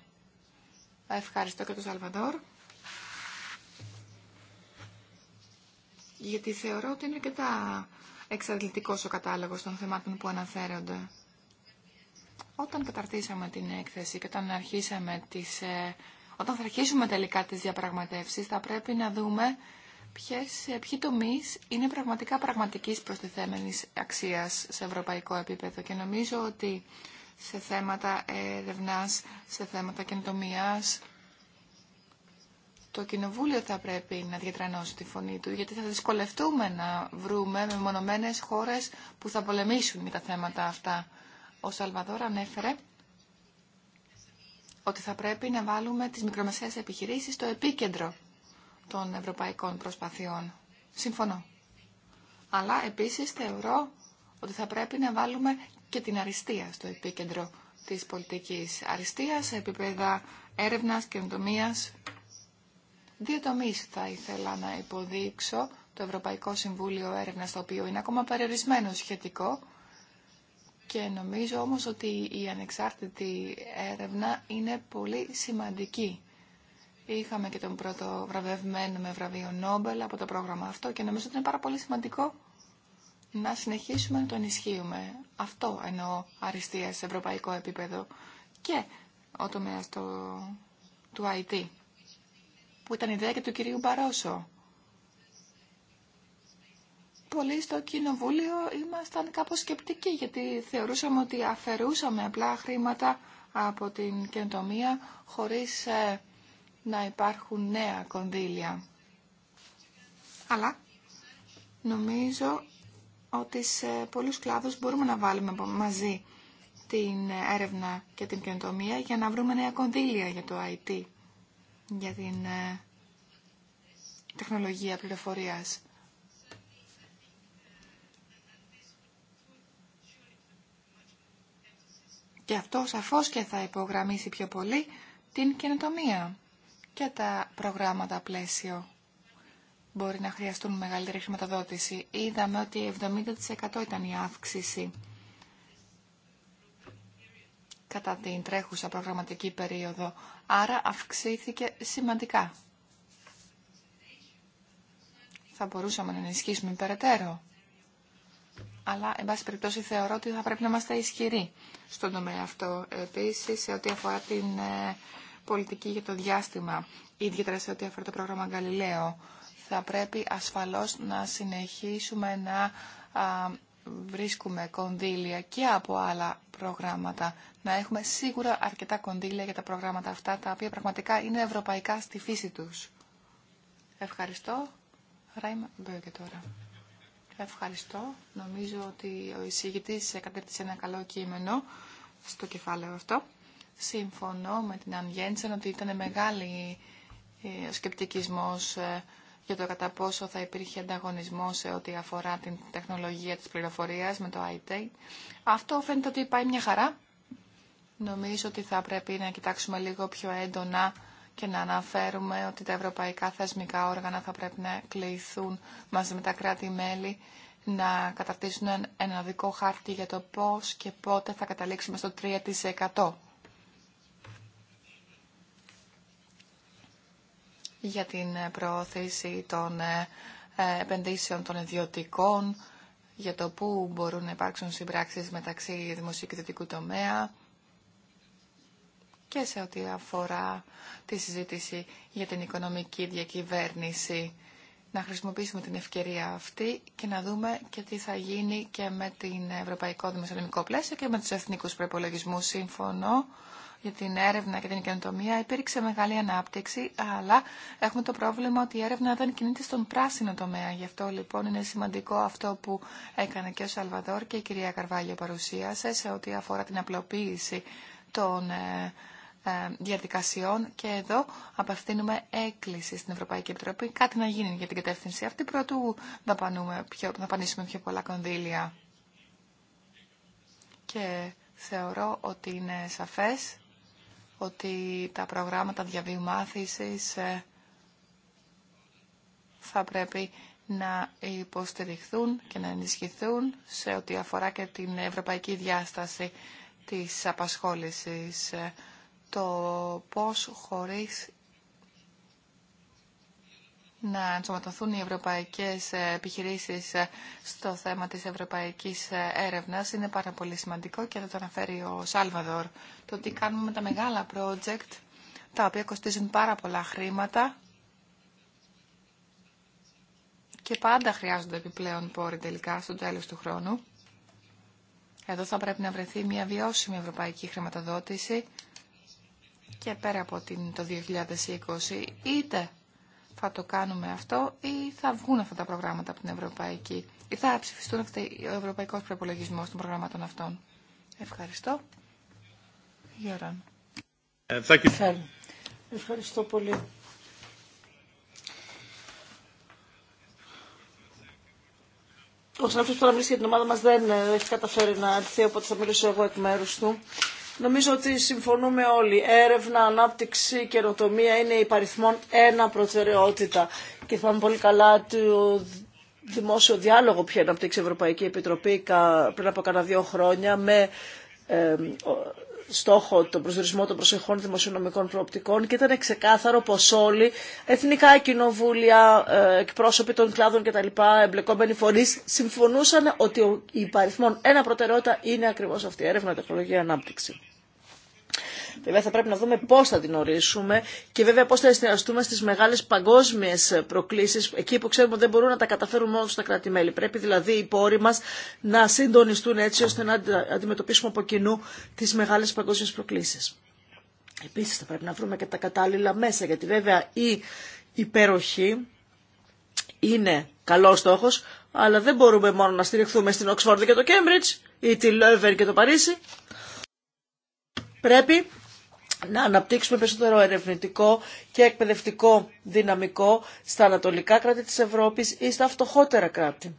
Ευχαριστώ και τον Σαλβαδόρ. Γιατί θεωρώ ότι είναι αρκετά εξαντλητικός ο κατάλογος των θεμάτων που αναφέρονται. Όταν καταρτήσαμε την έκθεση και όταν αρχίσαμε τις... Ε, όταν θα αρχίσουμε τελικά τις διαπραγματεύσεις, θα πρέπει να δούμε ποιες, ποιοι τομεί είναι πραγματικά πραγματικής προστιθέμενης αξίας σε ευρωπαϊκό επίπεδο. Και νομίζω ότι σε θέματα ερευνά, σε θέματα καινοτομία. Το Κοινοβούλιο θα πρέπει να διατρανώσει τη φωνή του, γιατί θα δυσκολευτούμε να βρούμε μεμονωμένε χώρες που θα πολεμήσουν με τα θέματα αυτά. Ο Σαλβαδόρα ανέφερε ότι θα πρέπει να βάλουμε τις μικρομεσαίες επιχειρήσεις στο επίκεντρο των ευρωπαϊκών προσπαθειών. Συμφωνώ. Αλλά επίσης θεωρώ ότι θα πρέπει να βάλουμε και την αριστεία στο επίκεντρο της πολιτικής. Αριστεία σε επίπεδα έρευνας και εντομίας. Δύο τομεί θα ήθελα να υποδείξω. Το Ευρωπαϊκό Συμβούλιο Έρευνας, το οποίο είναι ακόμα περιορισμένο σχετικό. Και νομίζω όμως ότι η ανεξάρτητη έρευνα είναι πολύ σημαντική. Είχαμε και τον πρώτο βραβευμένο με βραβείο Νόμπελ από το πρόγραμμα αυτό και νομίζω ότι είναι πάρα πολύ σημαντικό να συνεχίσουμε να το ενισχύουμε. Αυτό εννοώ αριστεία σε ευρωπαϊκό επίπεδο και ο τομέα το, του IT, που ήταν ιδέα και του κυρίου Μπαρόσο. Πολλοί στο Κοινοβούλιο ήμασταν κάπως σκεπτικοί, γιατί θεωρούσαμε ότι αφαιρούσαμε απλά χρήματα από την καινοτομία χωρίς ε, να υπάρχουν νέα κονδύλια. Αλλά νομίζω ότι σε πολλούς κλάδους μπορούμε να βάλουμε μαζί την έρευνα και την καινοτομία για να βρούμε νέα κονδύλια για το IT, για την ε, τεχνολογία πληροφορίας. Και αυτό σαφώς και θα υπογραμμίσει πιο πολύ την καινοτομία και τα προγράμματα πλαίσιο μπορεί να χρειαστούν μεγαλύτερη χρηματοδότηση. Είδαμε ότι 70% ήταν η αύξηση κατά την τρέχουσα προγραμματική περίοδο, άρα αυξήθηκε σημαντικά. Θα μπορούσαμε να ενισχύσουμε περαιτέρω. Αλλά, εν πάση περιπτώσει, θεωρώ ότι θα πρέπει να είμαστε ισχυροί στον τομέα αυτό. Επίσης, σε ό,τι αφορά την ε, πολιτική για το διάστημα, ιδιαίτερα σε ό,τι αφορά το πρόγραμμα Γαλιλαίο, θα πρέπει ασφαλώς να συνεχίσουμε να βρίσκουμε κονδύλια και από άλλα προγράμματα. Να έχουμε σίγουρα αρκετά κονδύλια για τα προγράμματα αυτά, τα οποία πραγματικά είναι ευρωπαϊκά στη φύση τους. Ευχαριστώ. Ράιμα Μπέγκε τώρα. Ευχαριστώ. Νομίζω ότι ο εισηγητής κατέρτισε ένα καλό κείμενο στο κεφάλαιο αυτό. Συμφωνώ με την Αν ότι ήταν μεγάλη ε, ο σκεπτικισμός ε, για το κατά πόσο θα υπήρχε ανταγωνισμό σε ό,τι αφορά την τεχνολογία της πληροφορίας με το IT. Αυτό φαίνεται ότι πάει μια χαρά. Νομίζω ότι θα πρέπει να κοιτάξουμε λίγο πιο έντονα και να αναφέρουμε ότι τα ευρωπαϊκά θεσμικά όργανα θα πρέπει να κληθούν μαζί με τα κράτη-μέλη να καταρτήσουν ένα δικό χάρτη για το πώς και πότε θα καταλήξουμε στο 3%. για την ε, προώθηση των ε, ε, επενδύσεων των ιδιωτικών, για το πού μπορούν να υπάρξουν συμπράξεις μεταξύ δημοσίου και τομέα και σε ό,τι αφορά τη συζήτηση για την οικονομική διακυβέρνηση. Να χρησιμοποιήσουμε την ευκαιρία αυτή και να δούμε και τι θα γίνει και με την Ευρωπαϊκό Δημοσιονομικό Πλαίσιο και με τους εθνικούς προπολογισμού. Σύμφωνο για την έρευνα και την καινοτομία υπήρξε μεγάλη ανάπτυξη, αλλά έχουμε το πρόβλημα ότι η έρευνα δεν κινείται στον πράσινο τομέα. Γι' αυτό λοιπόν είναι σημαντικό αυτό που έκανε και ο Σαλβαδόρ και η κυρία Καρβάλιο παρουσίασε σε ό,τι αφορά την απλοποίηση των ε, ε, διαδικασιών και εδώ απευθύνουμε έκκληση στην Ευρωπαϊκή Επιτροπή κάτι να γίνει για την κατεύθυνση αυτή πρωτού να, να πανίσουμε πιο πολλά κονδύλια. Και θεωρώ ότι είναι σαφές ότι τα προγράμματα διαβίου ε, θα πρέπει να υποστηριχθούν και να ενισχυθούν σε ό,τι αφορά και την ευρωπαϊκή διάσταση της απασχόλησης. Ε, το πώς χωρίς να ενσωματωθούν οι ευρωπαϊκές επιχειρήσεις στο θέμα της ευρωπαϊκής έρευνας είναι πάρα πολύ σημαντικό και θα το αναφέρει ο Σάλβαδορ. Το τι κάνουμε με τα μεγάλα project, τα οποία κοστίζουν πάρα πολλά χρήματα και πάντα χρειάζονται επιπλέον πόροι τελικά στο τέλος του χρόνου. Εδώ θα πρέπει να βρεθεί μια βιώσιμη ευρωπαϊκή χρηματοδότηση και πέρα από το 2020 είτε θα το κάνουμε αυτό ή θα βγουν αυτά τα προγράμματα από την Ευρωπαϊκή ή θα ψηφιστούν αυτή, ο ευρωπαϊκός προπολογισμό των προγραμμάτων αυτών. Ευχαριστώ. Γιώραν. Ε, Ευχαριστώ πολύ. Ο συνάδελφο που θα μιλήσει για την ομάδα μα δεν ε, έχει καταφέρει να έρθει, οπότε θα μιλήσω εγώ εκ μέρου του. Νομίζω ότι συμφωνούμε όλοι. Έρευνα, ανάπτυξη, καινοτομία είναι η παριθμόν ένα προτεραιότητα. Και θυμάμαι πολύ καλά το δημόσιο διάλογο που είχε αναπτύξει η Ευρωπαϊκή Επιτροπή πριν από κάνα δύο χρόνια με ε, στόχο τον προσδιορισμό των προσεχών δημοσιονομικών προοπτικών και ήταν ξεκάθαρο πως όλοι, εθνικά κοινοβούλια, ε, εκπρόσωποι των κλάδων κτλ, εμπλεκόμενοι φορείς, συμφωνούσαν ότι η υπαριθμόν ένα προτεραιότητα είναι ακριβώς αυτή η έρευνα, τεχνολογία, ανάπτυξη. Βέβαια θα πρέπει να δούμε πώς θα την ορίσουμε και βέβαια πώς θα εστιαστούμε στις μεγάλες παγκόσμιες προκλήσεις, εκεί που ξέρουμε ότι δεν μπορούν να τα καταφέρουν μόνο στα κράτη-μέλη. Πρέπει δηλαδή οι πόροι μας να συντονιστούν έτσι ώστε να αντιμετωπίσουμε από κοινού τις μεγάλες παγκόσμιες προκλήσεις. Επίσης θα πρέπει να βρούμε και τα κατάλληλα μέσα, γιατί βέβαια η υπεροχή είναι καλό στόχος, αλλά δεν μπορούμε μόνο να στηριχθούμε στην Οξφόρδη και το Κέμπριτζ ή τη Λόβερ και το Παρίσι. Πρέπει να αναπτύξουμε περισσότερο ερευνητικό και εκπαιδευτικό δυναμικό στα ανατολικά κράτη της Ευρώπης ή στα φτωχότερα κράτη.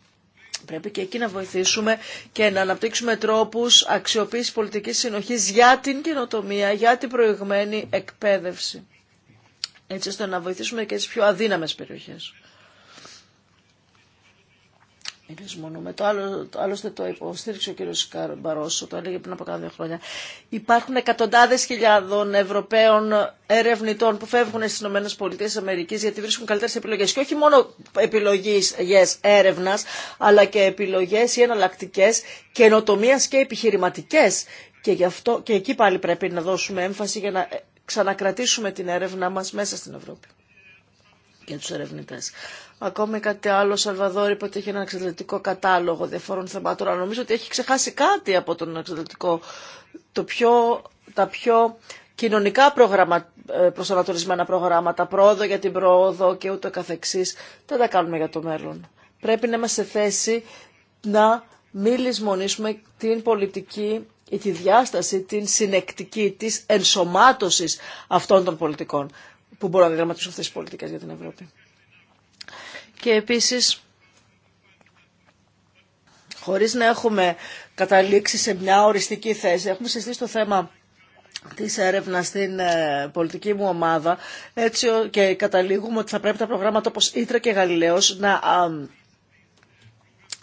Πρέπει και εκεί να βοηθήσουμε και να αναπτύξουμε τρόπους αξιοποίησης πολιτικής συνοχής για την καινοτομία, για την προηγμένη εκπαίδευση. Έτσι ώστε να βοηθήσουμε και τις πιο αδύναμες περιοχές μόνο με Το άλλο, το, άλλωστε το υποστήριξε ο κύριο Μπαρόσο, το έλεγε πριν από κάνα δύο χρόνια. Υπάρχουν εκατοντάδε χιλιάδων Ευρωπαίων ερευνητών που φεύγουν στις ΗΠΑ γιατί βρίσκουν καλύτερε επιλογέ. Και όχι μόνο επιλογές yes, έρευνας, αλλά και επιλογέ ή εναλλακτικέ καινοτομία και επιχειρηματικές. Και, γι αυτό, και εκεί πάλι πρέπει να δώσουμε έμφαση για να ξανακρατήσουμε την έρευνά μα μέσα στην Ευρώπη για του ερευνητέ. Ακόμη κάτι άλλο, Σαλβαδόρ είπε ότι έχει ένα εξαιρετικό κατάλογο διαφόρων θεμάτων. Αλλά νομίζω ότι έχει ξεχάσει κάτι από τον εξαιρετικό. Το πιο, τα πιο κοινωνικά προγραμμα, ε, προσανατολισμένα προγράμματα, πρόοδο για την πρόοδο και ούτω καθεξής, δεν τα κάνουμε για το μέλλον. Πρέπει να είμαστε σε θέση να μη λησμονήσουμε την πολιτική ή τη διάσταση, την συνεκτική της ενσωμάτωσης αυτών των πολιτικών που μπορούν να διαδραματίσουν αυτές τις πολιτικές για την Ευρώπη και επίσης χωρίς να έχουμε καταλήξει σε μια οριστική θέση, έχουμε συζητήσει το θέμα της έρευνα στην ε, πολιτική μου ομάδα έτσι και καταλήγουμε ότι θα πρέπει τα προγράμματα όπως Ήτρα και Γαλιλαίος να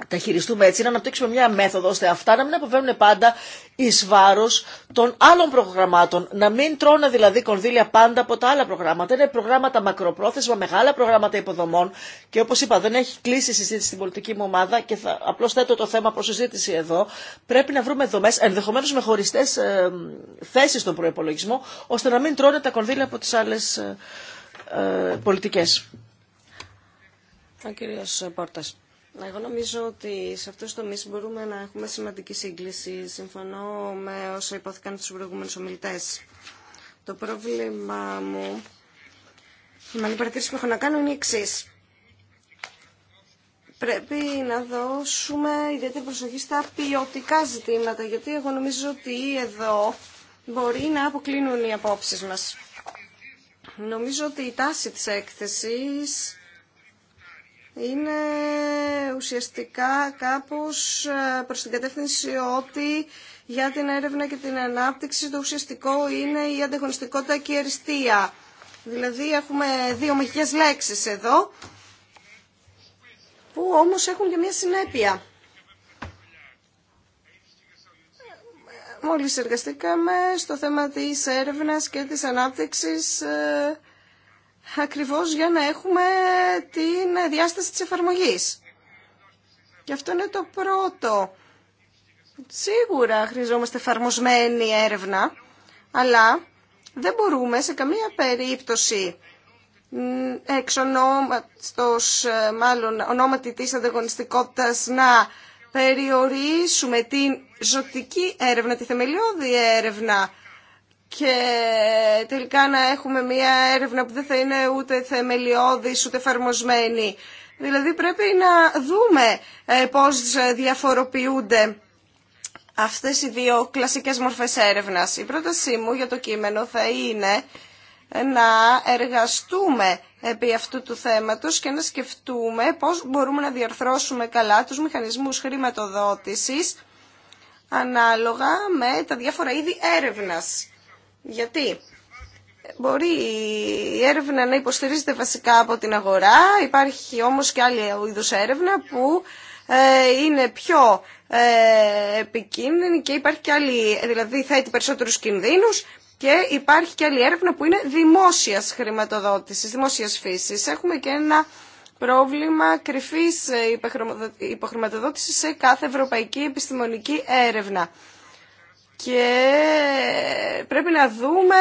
τα χειριστούμε έτσι, να αναπτύξουμε μια μέθοδο ώστε αυτά να μην αποβαίνουν πάντα ει βάρο των άλλων προγραμμάτων. Να μην τρώνε δηλαδή κονδύλια πάντα από τα άλλα προγράμματα. Είναι προγράμματα μακροπρόθεσμα, μεγάλα προγράμματα υποδομών και όπω είπα δεν έχει κλείσει η συζήτηση στην πολιτική μου ομάδα και απλώ θέτω το θέμα προ συζήτηση εδώ. Πρέπει να βρούμε δομέ, ενδεχομένω με χωριστέ ε, θέσει στον προπολογισμό, ώστε να μην τρώνε τα κονδύλια από τι άλλε ε, ε, πολιτικέ. κύριος Πόρτας. Εγώ νομίζω ότι σε αυτό το τομεί μπορούμε να έχουμε σημαντική σύγκληση. Συμφωνώ με όσα υπόθηκαν του προηγούμενου ομιλητέ. Το πρόβλημά μου, η άλλη παρατήρηση που έχω να κάνω είναι η εξή. Πρέπει να δώσουμε ιδιαίτερη προσοχή στα ποιοτικά ζητήματα, γιατί εγώ νομίζω ότι εδώ μπορεί να αποκλίνουν οι απόψεις μας. Νομίζω ότι η τάση της έκθεσης είναι ουσιαστικά κάπως ε, προς την κατεύθυνση ότι για την έρευνα και την ανάπτυξη το ουσιαστικό είναι η ανταγωνιστικότητα και η αριστεία. Δηλαδή έχουμε δύο μαχικές λέξεις εδώ που όμως έχουν και μια συνέπεια. Μόλις εργαστήκαμε στο θέμα της έρευνας και της ανάπτυξης ε, ακριβώς για να έχουμε την διάσταση της εφαρμογής. Και αυτό είναι το πρώτο. Σίγουρα χρειαζόμαστε εφαρμοσμένη έρευνα, αλλά δεν μπορούμε σε καμία περίπτωση εξ ονόματος, ε, μάλλον ονόματι της ανταγωνιστικότητας να περιορίσουμε την ζωτική έρευνα, τη θεμελιώδη έρευνα και τελικά να έχουμε μια έρευνα που δεν θα είναι ούτε θεμελιώδης ούτε εφαρμοσμένη. Δηλαδή πρέπει να δούμε ε, πώς ε, διαφοροποιούνται αυτές οι δύο κλασικές μορφές έρευνας. Η πρότασή μου για το κείμενο θα είναι να εργαστούμε επί αυτού του θέματος και να σκεφτούμε πώς μπορούμε να διαρθρώσουμε καλά τους μηχανισμούς χρηματοδότησης ανάλογα με τα διάφορα είδη έρευνας. Γιατί μπορεί η έρευνα να υποστηρίζεται βασικά από την αγορά, υπάρχει όμως και άλλη είδους έρευνα που ε, είναι πιο ε, επικίνδυνη και υπάρχει και άλλη, δηλαδή θέτει περισσότερους κινδύνους και υπάρχει και άλλη έρευνα που είναι δημόσιας χρηματοδότησης, δημόσιας φύσης. Έχουμε και ένα πρόβλημα κρυφής ε, υποχρηματοδότησης σε κάθε ευρωπαϊκή επιστημονική έρευνα και πρέπει να δούμε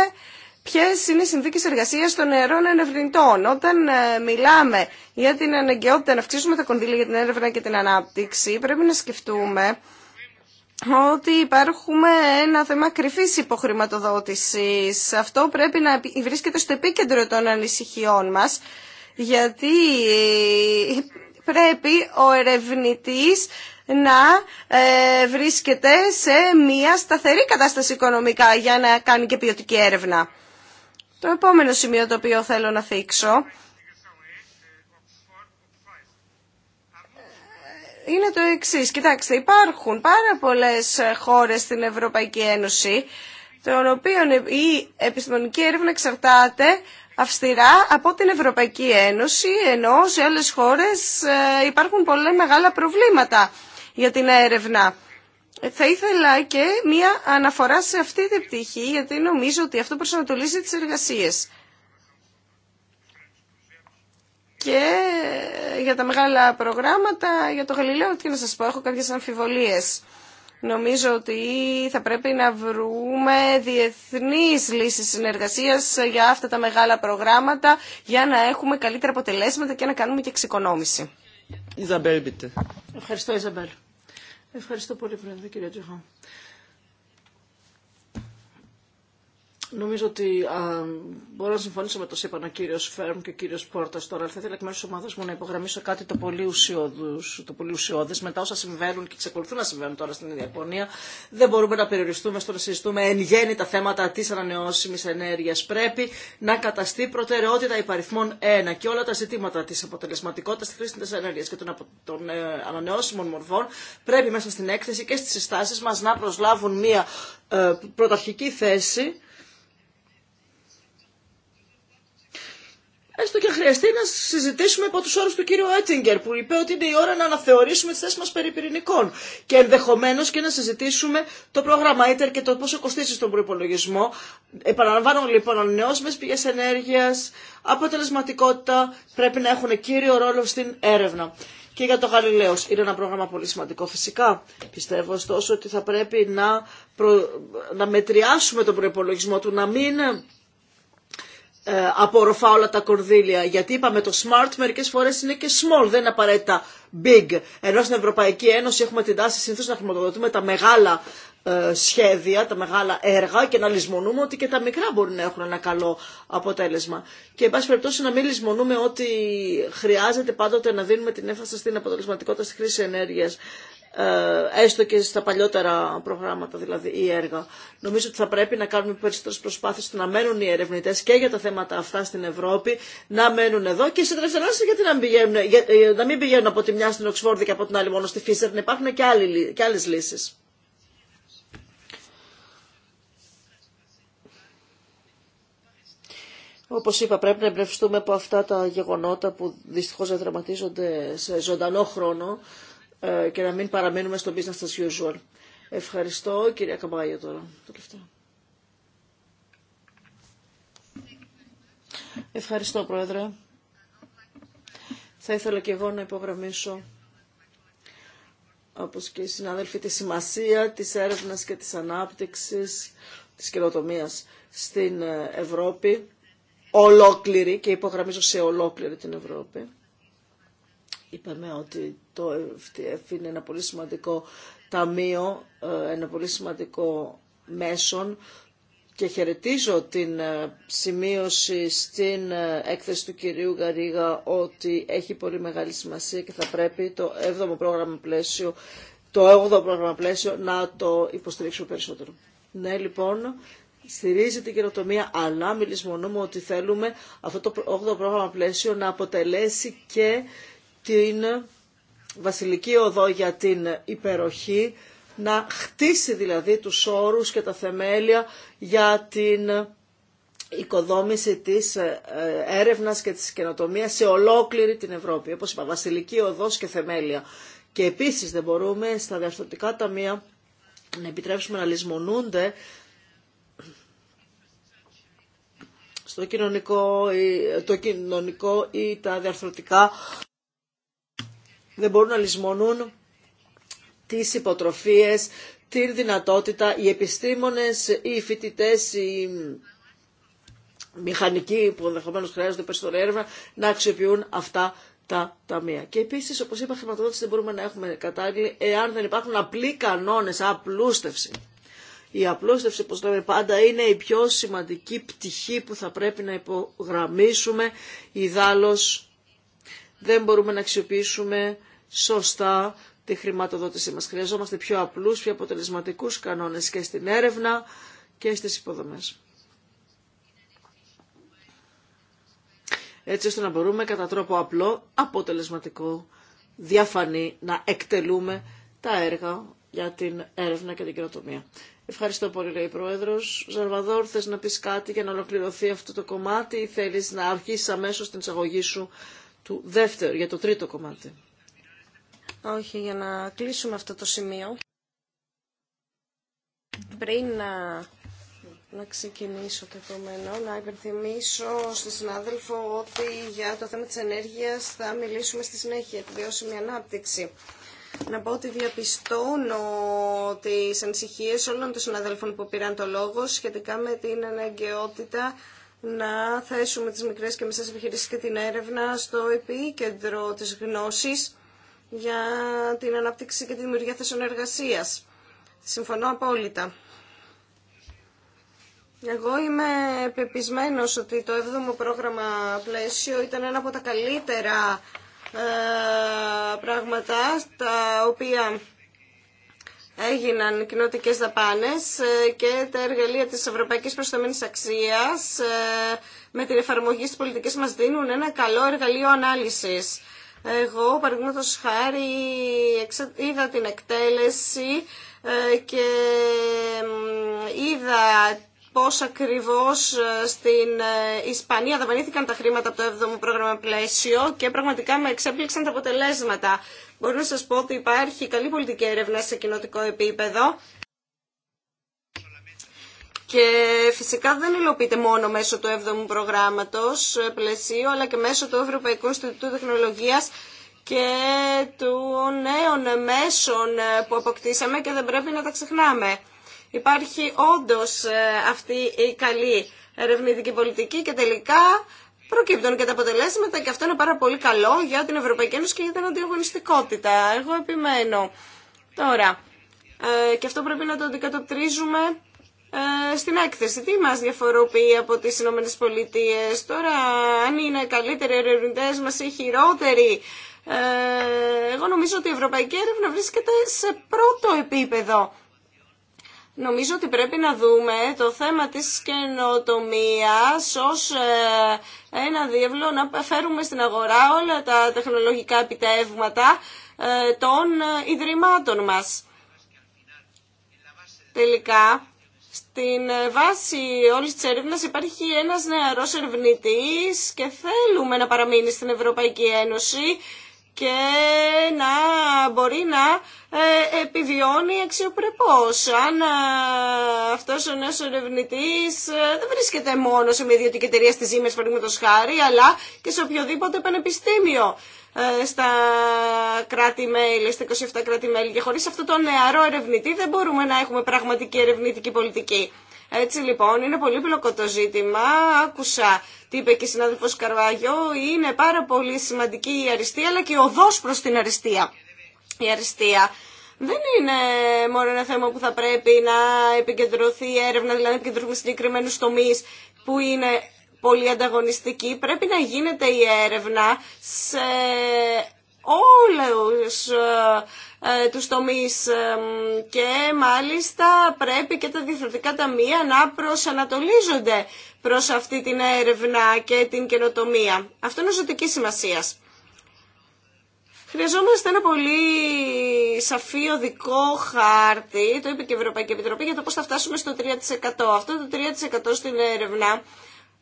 ποιε είναι οι συνθήκε εργασία των νερών ερευνητών. Όταν ε, μιλάμε για την αναγκαιότητα να αυξήσουμε τα κονδύλια για την έρευνα και την ανάπτυξη, πρέπει να σκεφτούμε ότι υπάρχουμε ένα θέμα κρυφής υποχρηματοδότηση. Αυτό πρέπει να βρίσκεται στο επίκεντρο των ανησυχιών μα, γιατί ε, πρέπει ο ερευνητής να ε, βρίσκεται σε μια σταθερή κατάσταση οικονομικά για να κάνει και ποιοτική έρευνα. Το επόμενο σημείο το οποίο θέλω να θίξω είναι το εξής. Κοιτάξτε, υπάρχουν πάρα πολλές χώρες στην Ευρωπαϊκή Ένωση των οποίων η επιστημονική έρευνα εξαρτάται αυστηρά από την Ευρωπαϊκή Ένωση, ενώ σε άλλες χώρες ε, υπάρχουν πολλά μεγάλα προβλήματα για την έρευνα. Θα ήθελα και μία αναφορά σε αυτή την πτυχή, γιατί νομίζω ότι αυτό προσανατολίζει τις εργασίες. Και για τα μεγάλα προγράμματα, για το Γαλιλαίο, τι να σας πω, έχω κάποιες αμφιβολίες. Νομίζω ότι θα πρέπει να βρούμε διεθνείς λύσεις συνεργασίας για αυτά τα μεγάλα προγράμματα, για να έχουμε καλύτερα αποτελέσματα και να κάνουμε και εξοικονόμηση. Ευχαριστώ, Ιζαμπέλ. Ευχαριστώ πολύ, Πρόεδρε, κύριε Τζοχά. Νομίζω ότι α, μπορώ να συμφωνήσω με το είπαν ο κύριο Φέρμ και ο κύριο Πόρτα τώρα. θα ήθελα εκ μέρου τη ομάδα μου να υπογραμμίσω κάτι το πολύ, ουσιώδους, το πολύ ουσιώδες. Μετά όσα συμβαίνουν και εξακολουθούν να συμβαίνουν τώρα στην Ιαπωνία, δεν μπορούμε να περιοριστούμε στο να συζητούμε εν γέννη τα θέματα τη ανανεώσιμη ενέργεια. Πρέπει να καταστεί προτεραιότητα υπαριθμών 1 και όλα τα ζητήματα τη αποτελεσματικότητα τη χρήση τη ενέργεια και των, απο... Ε, ανανεώσιμων μορφών πρέπει μέσα στην έκθεση και στι συστάσει μα να προσλάβουν μία ε, πρωταρχική θέση Έστω και χρειαστεί να συζητήσουμε υπό του όρου του κύριου Έτσιγκερ, που είπε ότι είναι η ώρα να αναθεωρήσουμε τι θέσει μα περί πυρηνικών. Και ενδεχομένω και να συζητήσουμε το πρόγραμμα ITER και το πόσο κοστίζει στον προπολογισμό. Επαναλαμβάνω λοιπόν, ανανεώσιμε πηγέ ενέργεια, αποτελεσματικότητα πρέπει να έχουν κύριο ρόλο στην έρευνα. Και για το Γαλιλαίο. Είναι ένα πρόγραμμα πολύ σημαντικό φυσικά. Πιστεύω ωστόσο ότι θα πρέπει να, να μετριάσουμε τον προπολογισμό του, να μην ε, απορροφά όλα τα κορδίλια. Γιατί είπαμε το smart μερικές φορές είναι και small, δεν είναι απαραίτητα big. Ενώ στην Ευρωπαϊκή Ένωση έχουμε την τάση συνήθως να χρηματοδοτούμε τα μεγάλα ε, σχέδια, τα μεγάλα έργα και να λησμονούμε ότι και τα μικρά μπορεί να έχουν ένα καλό αποτέλεσμα. Και εν πάση περιπτώσει να μην λησμονούμε ότι χρειάζεται πάντοτε να δίνουμε την έμφαση στην αποτελεσματικότητα στη χρήση ενέργειας. Ε, έστω και στα παλιότερα προγράμματα δηλαδή ή έργα. Νομίζω ότι θα πρέπει να κάνουμε προσπάθειες προσπάθειε να μένουν οι ερευνητές και για τα θέματα αυτά στην Ευρώπη, να μένουν εδώ και σε τελευταία γιατί να μην, πηγαίνουν, ε, να μην πηγαίνουν από τη μια στην Οξφόρδη και από την άλλη μόνο στη Φίσερ, να υπάρχουν και, άλλοι, και άλλε λύσει. Όπως είπα, πρέπει να εμπνευστούμε από αυτά τα γεγονότα που δυστυχώς δραματίζονται σε ζωντανό χρόνο ε, και να μην παραμένουμε στο business as usual. Ευχαριστώ. Κυρία Καμπάγια τώρα. Ευχαριστώ, Πρόεδρε. Θα ήθελα και εγώ να υπογραμμίσω, όπως και οι συνάδελφοι, τη σημασία της έρευνας και της ανάπτυξης της καινοτομία στην Ευρώπη, ολόκληρη και υπογραμμίζω σε ολόκληρη την Ευρώπη. Είπαμε ότι το FTF είναι ένα πολύ σημαντικό ταμείο, ε, ένα πολύ σημαντικό μέσον και χαιρετίζω την ε, σημείωση στην ε, έκθεση του κυρίου Γαρίγα ότι έχει πολύ μεγάλη σημασία και θα πρέπει το 7ο πρόγραμμα πλαίσιο, το 8ο πρόγραμμα πλαίσιο να το υποστηρίξουμε περισσότερο. Ναι, λοιπόν, στηρίζει την καινοτομία, αλλά μου ότι θέλουμε αυτό το 8ο πρόγραμμα πλαίσιο να αποτελέσει και την βασιλική οδό για την υπεροχή, να χτίσει δηλαδή τους όρους και τα θεμέλια για την οικοδόμηση της ε, έρευνας και της καινοτομίας σε ολόκληρη την Ευρώπη. Όπως είπα, βασιλική οδός και θεμέλια. Και επίσης δεν μπορούμε στα διαρθρωτικά ταμεία να επιτρέψουμε να λησμονούνται στο κοινωνικό, το κοινωνικό ή τα διαρθρωτικά δεν μπορούν να λησμονούν τις υποτροφίες, την δυνατότητα οι επιστήμονες, οι φοιτητέ, οι μηχανικοί που ενδεχομένω χρειάζονται περισσότερο έρευνα να αξιοποιούν αυτά τα ταμεία. Και επίσης, όπως είπα, χρηματοδότηση δεν μπορούμε να έχουμε κατάλληλη εάν δεν υπάρχουν απλοί κανόνες, απλούστευση. Η απλούστευση, όπως λέμε πάντα, είναι η πιο σημαντική πτυχή που θα πρέπει να υπογραμμίσουμε. Ιδάλλως δεν μπορούμε να αξιοποιήσουμε σωστά τη χρηματοδότησή μας. Χρειαζόμαστε πιο απλούς, πιο αποτελεσματικούς κανόνες και στην έρευνα και στις υποδομές. Έτσι ώστε να μπορούμε κατά τρόπο απλό, αποτελεσματικό, διαφανή να εκτελούμε τα έργα για την έρευνα και την κοινοτομία. Ευχαριστώ πολύ, λέει η Πρόεδρο. Ζαρβαδόρ, θε να πει κάτι για να ολοκληρωθεί αυτό το κομμάτι ή θέλει να αρχίσει αμέσω την εισαγωγή σου του δεύτερου, για το τρίτο κομμάτι. Όχι, για να κλείσουμε αυτό το σημείο. Πριν να, να ξεκινήσω το επόμενο, να υπενθυμίσω στη συνάδελφο ότι για το θέμα της ενέργειας θα μιλήσουμε στη συνέχεια, τη βιώσιμη ανάπτυξη. Να πω ότι διαπιστώνω τις ανησυχίες όλων των συναδέλφων που πήραν το λόγο σχετικά με την αναγκαιότητα να θέσουμε τις μικρές και μεσές επιχειρήσεις και την έρευνα στο επίκεντρο της γνώσης για την ανάπτυξη και τη δημιουργία θέσεων εργασίας. Συμφωνώ απόλυτα. Εγώ είμαι πεπισμένος ότι το 7ο πρόγραμμα πλαίσιο ήταν ένα από τα καλύτερα ε, πράγματα τα οποία έγιναν κοινωτικές δαπάνες ε, και τα εργαλεία της Ευρωπαϊκής Προσταμένης Αξίας ε, με την εφαρμογή στις πολιτικές μας δίνουν ένα καλό εργαλείο ανάλυσης. Εγώ, παραδείγματο χάρη, είδα την εκτέλεση ε, και είδα πώς ακριβώς ε, στην ε, Ισπανία δαπανήθηκαν τα χρήματα από το 7ο πρόγραμμα πλαίσιο και πραγματικά με εξέπληξαν τα αποτελέσματα. Μπορώ να σας πω ότι υπάρχει καλή πολιτική έρευνα σε κοινοτικό επίπεδο και φυσικά δεν υλοποιείται μόνο μέσω του 7ου προγράμματος ε, πλαισίου, αλλά και μέσω του Ευρωπαϊκού Ινστιτούτου Τεχνολογίας και των νέων μέσων ε, που αποκτήσαμε και δεν πρέπει να τα ξεχνάμε. Υπάρχει όντως ε, αυτή η καλή ερευνητική πολιτική και τελικά προκύπτουν και τα αποτελέσματα και αυτό είναι πάρα πολύ καλό για την Ευρωπαϊκή Ένωση και για την αντιογωνιστικότητα. Εγώ επιμένω. Τώρα, και αυτό πρέπει να το αντικατοπτρίζουμε ε, στην έκθεση. Τι μας διαφοροποιεί από τις Ηνωμένες Πολιτείες. Τώρα αν είναι καλύτεροι ερευνητέ μας ή χειρότεροι. Ε, εγώ νομίζω ότι η ευρωπαϊκή έρευνα βρίσκεται σε πρώτο επίπεδο. Νομίζω ότι πρέπει να δούμε το θέμα της καινοτομίας ως ε, ένα διεύλο να φέρουμε στην αγορά όλα τα τεχνολογικά επιτεύγματα των ιδρυμάτων μας. Τελικά, στην ε, βάση όλη τη έρευνα υπάρχει ένας νεαρός ερευνητή και θέλουμε να παραμείνει στην Ευρωπαϊκή Ένωση και να μπορεί να ε, επιβιώνει αξιοπρεπώς. Αν ε, αυτός ο νέος ερευνητής δεν βρίσκεται μόνο σε μια ιδιωτική εταιρεία στη Siemens, χάρη, αλλά και σε οποιοδήποτε πανεπιστήμιο. Ε, στα κράτη-μέλη, στα 27 κράτη-μέλη. Και χωρί αυτό το νεαρό ερευνητή δεν μπορούμε να έχουμε πραγματική ερευνητική πολιτική. Έτσι λοιπόν, είναι πολύ πλοκό το ζήτημα. Άκουσα τι είπε και η συνάδελφο Καρβάγιο. Είναι πάρα πολύ σημαντική η αριστεία, αλλά και ο οδό προ την αριστεία. Η αριστεία δεν είναι μόνο ένα θέμα που θα πρέπει να επικεντρωθεί η έρευνα, δηλαδή να επικεντρωθούμε συγκεκριμένου τομεί που είναι πολύ ανταγωνιστική, πρέπει να γίνεται η έρευνα σε όλους ε, ε τους τομείς ε, και μάλιστα πρέπει και τα διευθυντικά ταμεία να προσανατολίζονται προς αυτή την έρευνα και την καινοτομία. Αυτό είναι ζωτική σημασία. Χρειαζόμαστε ένα πολύ σαφή οδικό χάρτη, το είπε και η Ευρωπαϊκή Επιτροπή, για το πώς θα φτάσουμε στο 3%. Αυτό το 3% στην έρευνα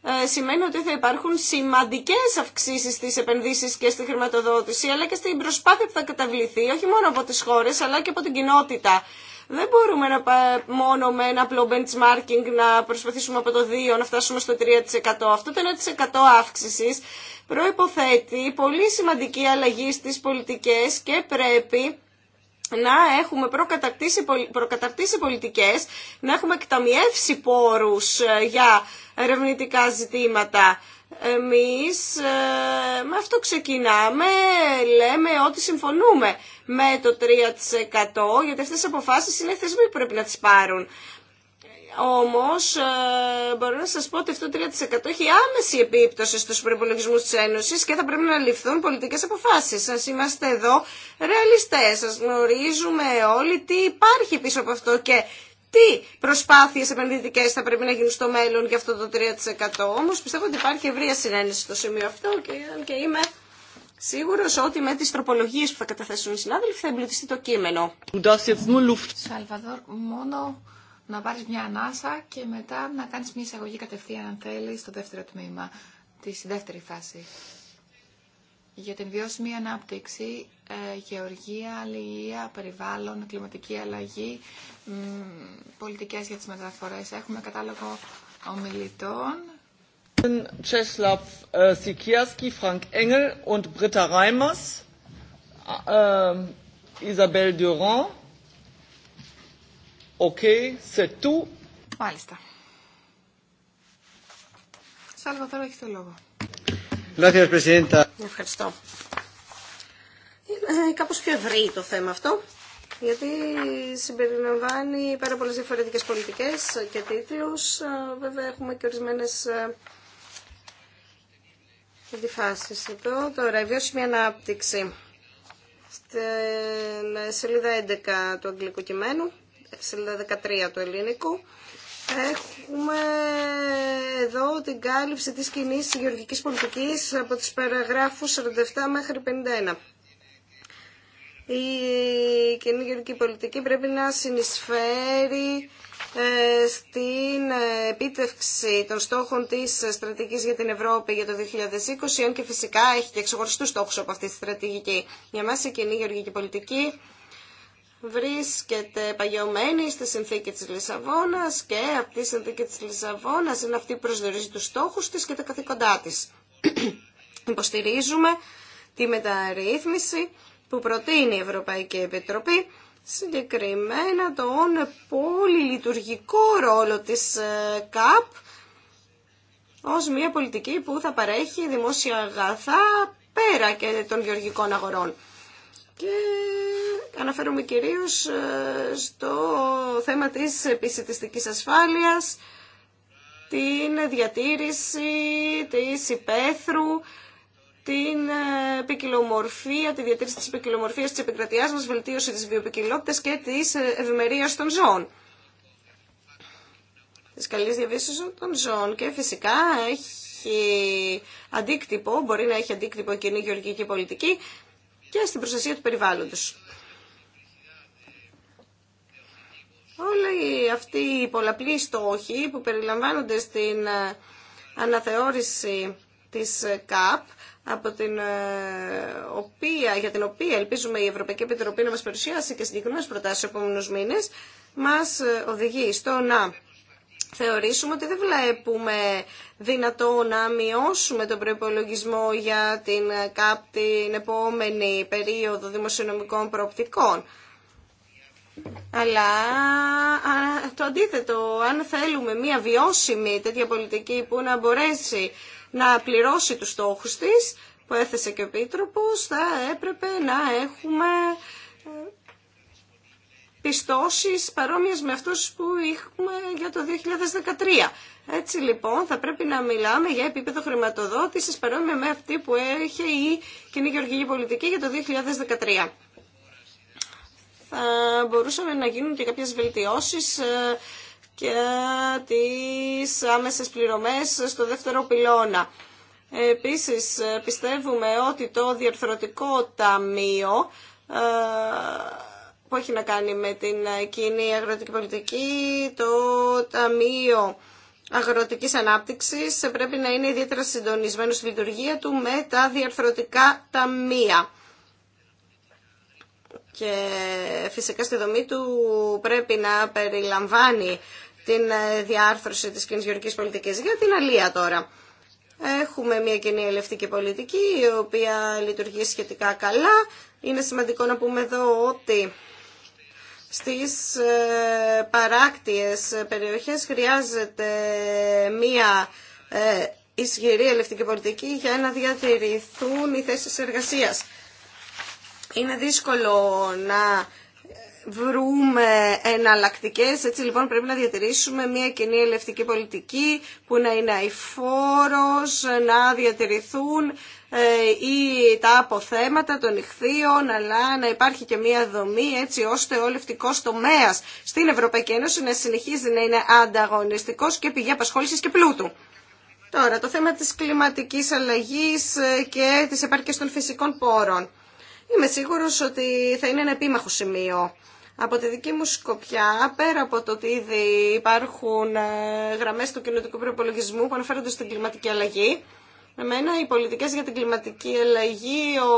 ε, σημαίνει ότι θα υπάρχουν σημαντικές αυξήσεις στις επενδύσεις και στη χρηματοδότηση, αλλά και στην προσπάθεια που θα καταβληθεί, όχι μόνο από τις χώρες, αλλά και από την κοινότητα. Δεν μπορούμε να μόνο με ένα απλό benchmarking να προσπαθήσουμε από το 2 να φτάσουμε στο 3%. Αυτό το 1% αύξηση προϋποθέτει πολύ σημαντική αλλαγή στις πολιτικές και πρέπει να έχουμε προκαταρτήσει, προκαταρτήσει πολιτικές, να έχουμε εκταμιεύσει πόρους ε, για ερευνητικά ζητήματα. Εμείς ε, με αυτό ξεκινάμε, λέμε ότι συμφωνούμε με το 3% γιατί αυτές οι αποφάσεις είναι θεσμοί που πρέπει να τις πάρουν. Όμως ε, μπορώ να σας πω ότι αυτό το 3% έχει άμεση επίπτωση στους προϋπολογισμούς της Ένωσης και θα πρέπει να ληφθούν πολιτικές αποφάσεις. Σας είμαστε εδώ ρεαλιστές, σας γνωρίζουμε όλοι τι υπάρχει πίσω από αυτό και τι προσπάθειες επενδυτικές θα πρέπει να γίνουν στο μέλλον για αυτό το 3%. Όμως πιστεύω ότι υπάρχει ευρεία συνένεση στο σημείο αυτό και είμαι... Σίγουρο ότι με τι τροπολογίε που θα καταθέσουν οι συνάδελφοι θα εμπλουτιστεί το κείμενο. Σαλβαδόρ, να πάρεις μια ανάσα και μετά να κάνεις μια εισαγωγή κατευθείαν αν θέλεις στο δεύτερο τμήμα, τη δεύτερη φάση. Για την βιώσιμη ανάπτυξη, ε, γεωργία, αλληλεία, περιβάλλον, κλιματική αλλαγή, πολιτικές για τις μεταφορές. Έχουμε κατάλογο ομιλητών. Τσέσλαβ Σικιάσκι Φρανκ Έγγελ και Μπρίτα Ραϊμας, Ισαμπέλ Ευχαριστώ. Είναι ε, κάπως πιο ευρύ το θέμα αυτό, γιατί συμπεριλαμβάνει πάρα πολλές διαφορετικές πολιτικές και τίτλους. Ε, βέβαια έχουμε και ορισμένες ε, αντιφάσεις εδώ. Τώρα, η βιώσιμη ανάπτυξη. Στην σελίδα 11 του αγγλικού κειμένου σελίδα 13 του ελληνικού, Έχουμε εδώ την κάλυψη της κοινή γεωργικής πολιτικής από τις παραγράφους 47 μέχρι 51. Η κοινή γεωργική πολιτική πρέπει να συνεισφέρει ε, στην επίτευξη των στόχων της στρατηγικής για την Ευρώπη για το 2020, αν και φυσικά έχει και ξεχωριστούς στόχους από αυτή τη στρατηγική. Για μας η κοινή γεωργική πολιτική βρίσκεται παγιωμένη στη συνθήκη της Λισαβόνας και αυτή η συνθήκη της Λισαβόνας είναι αυτή που προσδιορίζει τους στόχους της και τα καθήκοντά της. Υποστηρίζουμε τη μεταρρύθμιση που προτείνει η Ευρωπαϊκή Επιτροπή συγκεκριμένα τον πολυλειτουργικό ρόλο της ε, ΚΑΠ ως μια πολιτική που θα παρέχει δημόσια αγαθά πέρα και των γεωργικών αγορών. Και αναφέρομαι κυρίως ε, στο θέμα της επισητιστικής ασφάλειας, την διατήρηση της υπαίθρου, την ε, ποικιλομορφία, τη διατήρηση της ποικιλομορφίας της επικρατείας μας, βελτίωση της βιοποικιλότητας και της ε, ευημερίας των ζώων. Της καλής διαβίωσης των ζώων και φυσικά έχει αντίκτυπο, μπορεί να έχει αντίκτυπο κοινή γεωργική πολιτική και στην προστασία του περιβάλλοντος. Όλοι αυτοί οι πολλαπλοί στόχοι που περιλαμβάνονται στην ε, αναθεώρηση της ε, ΚΑΠ, από την ε, οποία, για την οποία ελπίζουμε η Ευρωπαϊκή Επιτροπή να μας παρουσιάσει και συγκεκριμένες προτάσεις επόμενους μήνες, μας οδηγεί στο να θεωρήσουμε ότι δεν βλέπουμε δυνατό να μειώσουμε τον προϋπολογισμό για την ΚΑΠ την επόμενη περίοδο δημοσιονομικών προοπτικών. Αλλά το αντίθετο, αν θέλουμε μια βιώσιμη τέτοια πολιτική που να μπορέσει να πληρώσει τους στόχους της, που έθεσε και ο Επίτροπος, θα έπρεπε να έχουμε πιστώσεις παρόμοιες με αυτούς που είχαμε για το 2013. Έτσι λοιπόν θα πρέπει να μιλάμε για επίπεδο χρηματοδότησης παρόμοια με αυτή που έχει η κοινή γεωργική πολιτική για το 2013. Θα μπορούσαμε να γίνουν και κάποιες βελτιώσεις ε, και τις άμεσες πληρωμές στο δεύτερο πυλώνα. Επίσης ε, πιστεύουμε ότι το διαρθρωτικό ταμείο ε, που έχει να κάνει με την κοινή αγροτική πολιτική, το Ταμείο Αγροτικής Ανάπτυξης πρέπει να είναι ιδιαίτερα συντονισμένο στη λειτουργία του με τα διαρθρωτικά ταμεία. Και φυσικά στη δομή του πρέπει να περιλαμβάνει την διάρθρωση της κοινής γεωργικής πολιτικής για την αλία τώρα. Έχουμε μια κοινή ελευτική πολιτική η οποία λειτουργεί σχετικά καλά. Είναι σημαντικό να πούμε εδώ ότι στις ε, παράκτιες περιοχές χρειάζεται μία ε, ισχυρή ελευτική πολιτική για να διατηρηθούν οι θέσεις εργασίας. Είναι δύσκολο να βρούμε εναλλακτικέ. Έτσι λοιπόν πρέπει να διατηρήσουμε μια κοινή ελευτική πολιτική που να είναι αηφόρος, να διατηρηθούν ε, ή τα αποθέματα των ηχθείων, αλλά να υπάρχει και μια δομή έτσι ώστε ο λευτικός τομέας στην Ευρωπαϊκή Ένωση να συνεχίζει να είναι ανταγωνιστικός και πηγή απασχόλησης και πλούτου. Τώρα, το θέμα της κλιματικής αλλαγής ε, και της επάρκειας των φυσικών πόρων. Είμαι σίγουρος ότι θα είναι ένα επίμαχο σημείο. Από τη δική μου σκοπιά, πέρα από το ότι ήδη υπάρχουν ε, γραμμές του κοινωτικού προπολογισμού που αναφέρονται στην κλιματική αλλαγή, Εμένα οι πολιτικές για την κλιματική αλλαγή, ο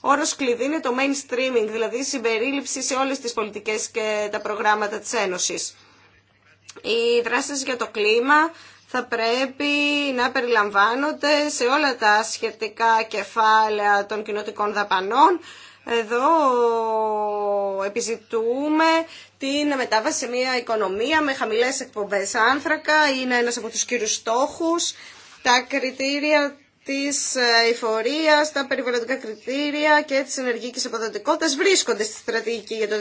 όρος κλειδί είναι το mainstreaming, δηλαδή η συμπερίληψη σε όλες τις πολιτικές και τα προγράμματα της Ένωσης. Οι δράσει για το κλίμα θα πρέπει να περιλαμβάνονται σε όλα τα σχετικά κεφάλαια των κοινοτικών δαπανών. Εδώ επιζητούμε την μετάβαση σε μια οικονομία με χαμηλές εκπομπές άνθρακα. Είναι ένας από τους κύριους στόχους τα κριτήρια της ε, εφορίας, τα περιβαλλοντικά κριτήρια και της ενεργικής αποδοτικότητας βρίσκονται στη στρατηγική για το 2020.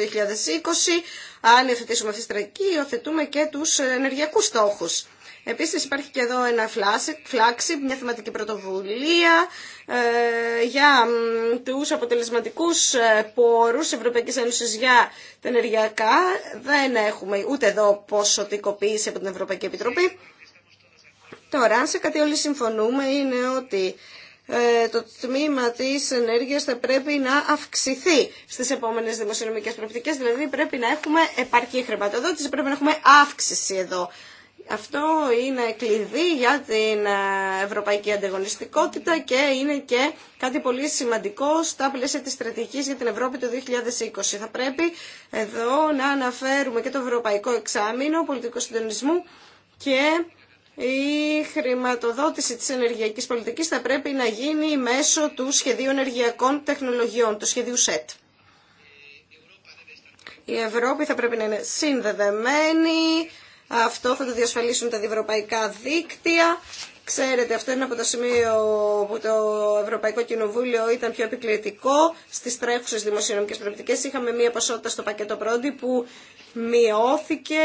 Αν υιοθετήσουμε αυτή τη στρατηγική, υιοθετούμε και τους ενεργειακούς στόχους. Επίσης υπάρχει και εδώ ένα φλάξι, μια θεματική πρωτοβουλία ε, για τους αποτελεσματικούς ε, πόρους Ευρωπαϊκής Ένωσης για τα ενεργειακά. Δεν έχουμε ούτε εδώ ποσοτικοποίηση από την Ευρωπαϊκή Επιτροπή. Τώρα, αν σε κάτι όλοι συμφωνούμε, είναι ότι ε, το τμήμα της ενέργειας θα πρέπει να αυξηθεί στις επόμενες δημοσιονομικές προοπτικές, δηλαδή πρέπει να έχουμε επαρκή χρηματοδότηση, πρέπει να έχουμε αύξηση εδώ. Αυτό είναι κλειδί για την ε, ευρωπαϊκή ανταγωνιστικότητα και είναι και κάτι πολύ σημαντικό στα πλαίσια της στρατηγικής για την Ευρώπη το 2020. Θα πρέπει εδώ να αναφέρουμε και το ευρωπαϊκό εξάμεινο πολιτικού συντονισμού και η χρηματοδότηση της ενεργειακής πολιτικής θα πρέπει να γίνει μέσω του σχεδίου ενεργειακών τεχνολογιών, του σχεδίου ΣΕΤ. Η Ευρώπη θα πρέπει να είναι συνδεδεμένη, αυτό θα το διασφαλίσουν τα διευρωπαϊκά δίκτυα Ξέρετε, αυτό είναι από το σημείο που το Ευρωπαϊκό Κοινοβούλιο ήταν πιο επικλητικό στις τρέχουσες δημοσιονομικές προεπτικές. Είχαμε μία ποσότητα στο πακέτο πρώτη που μειώθηκε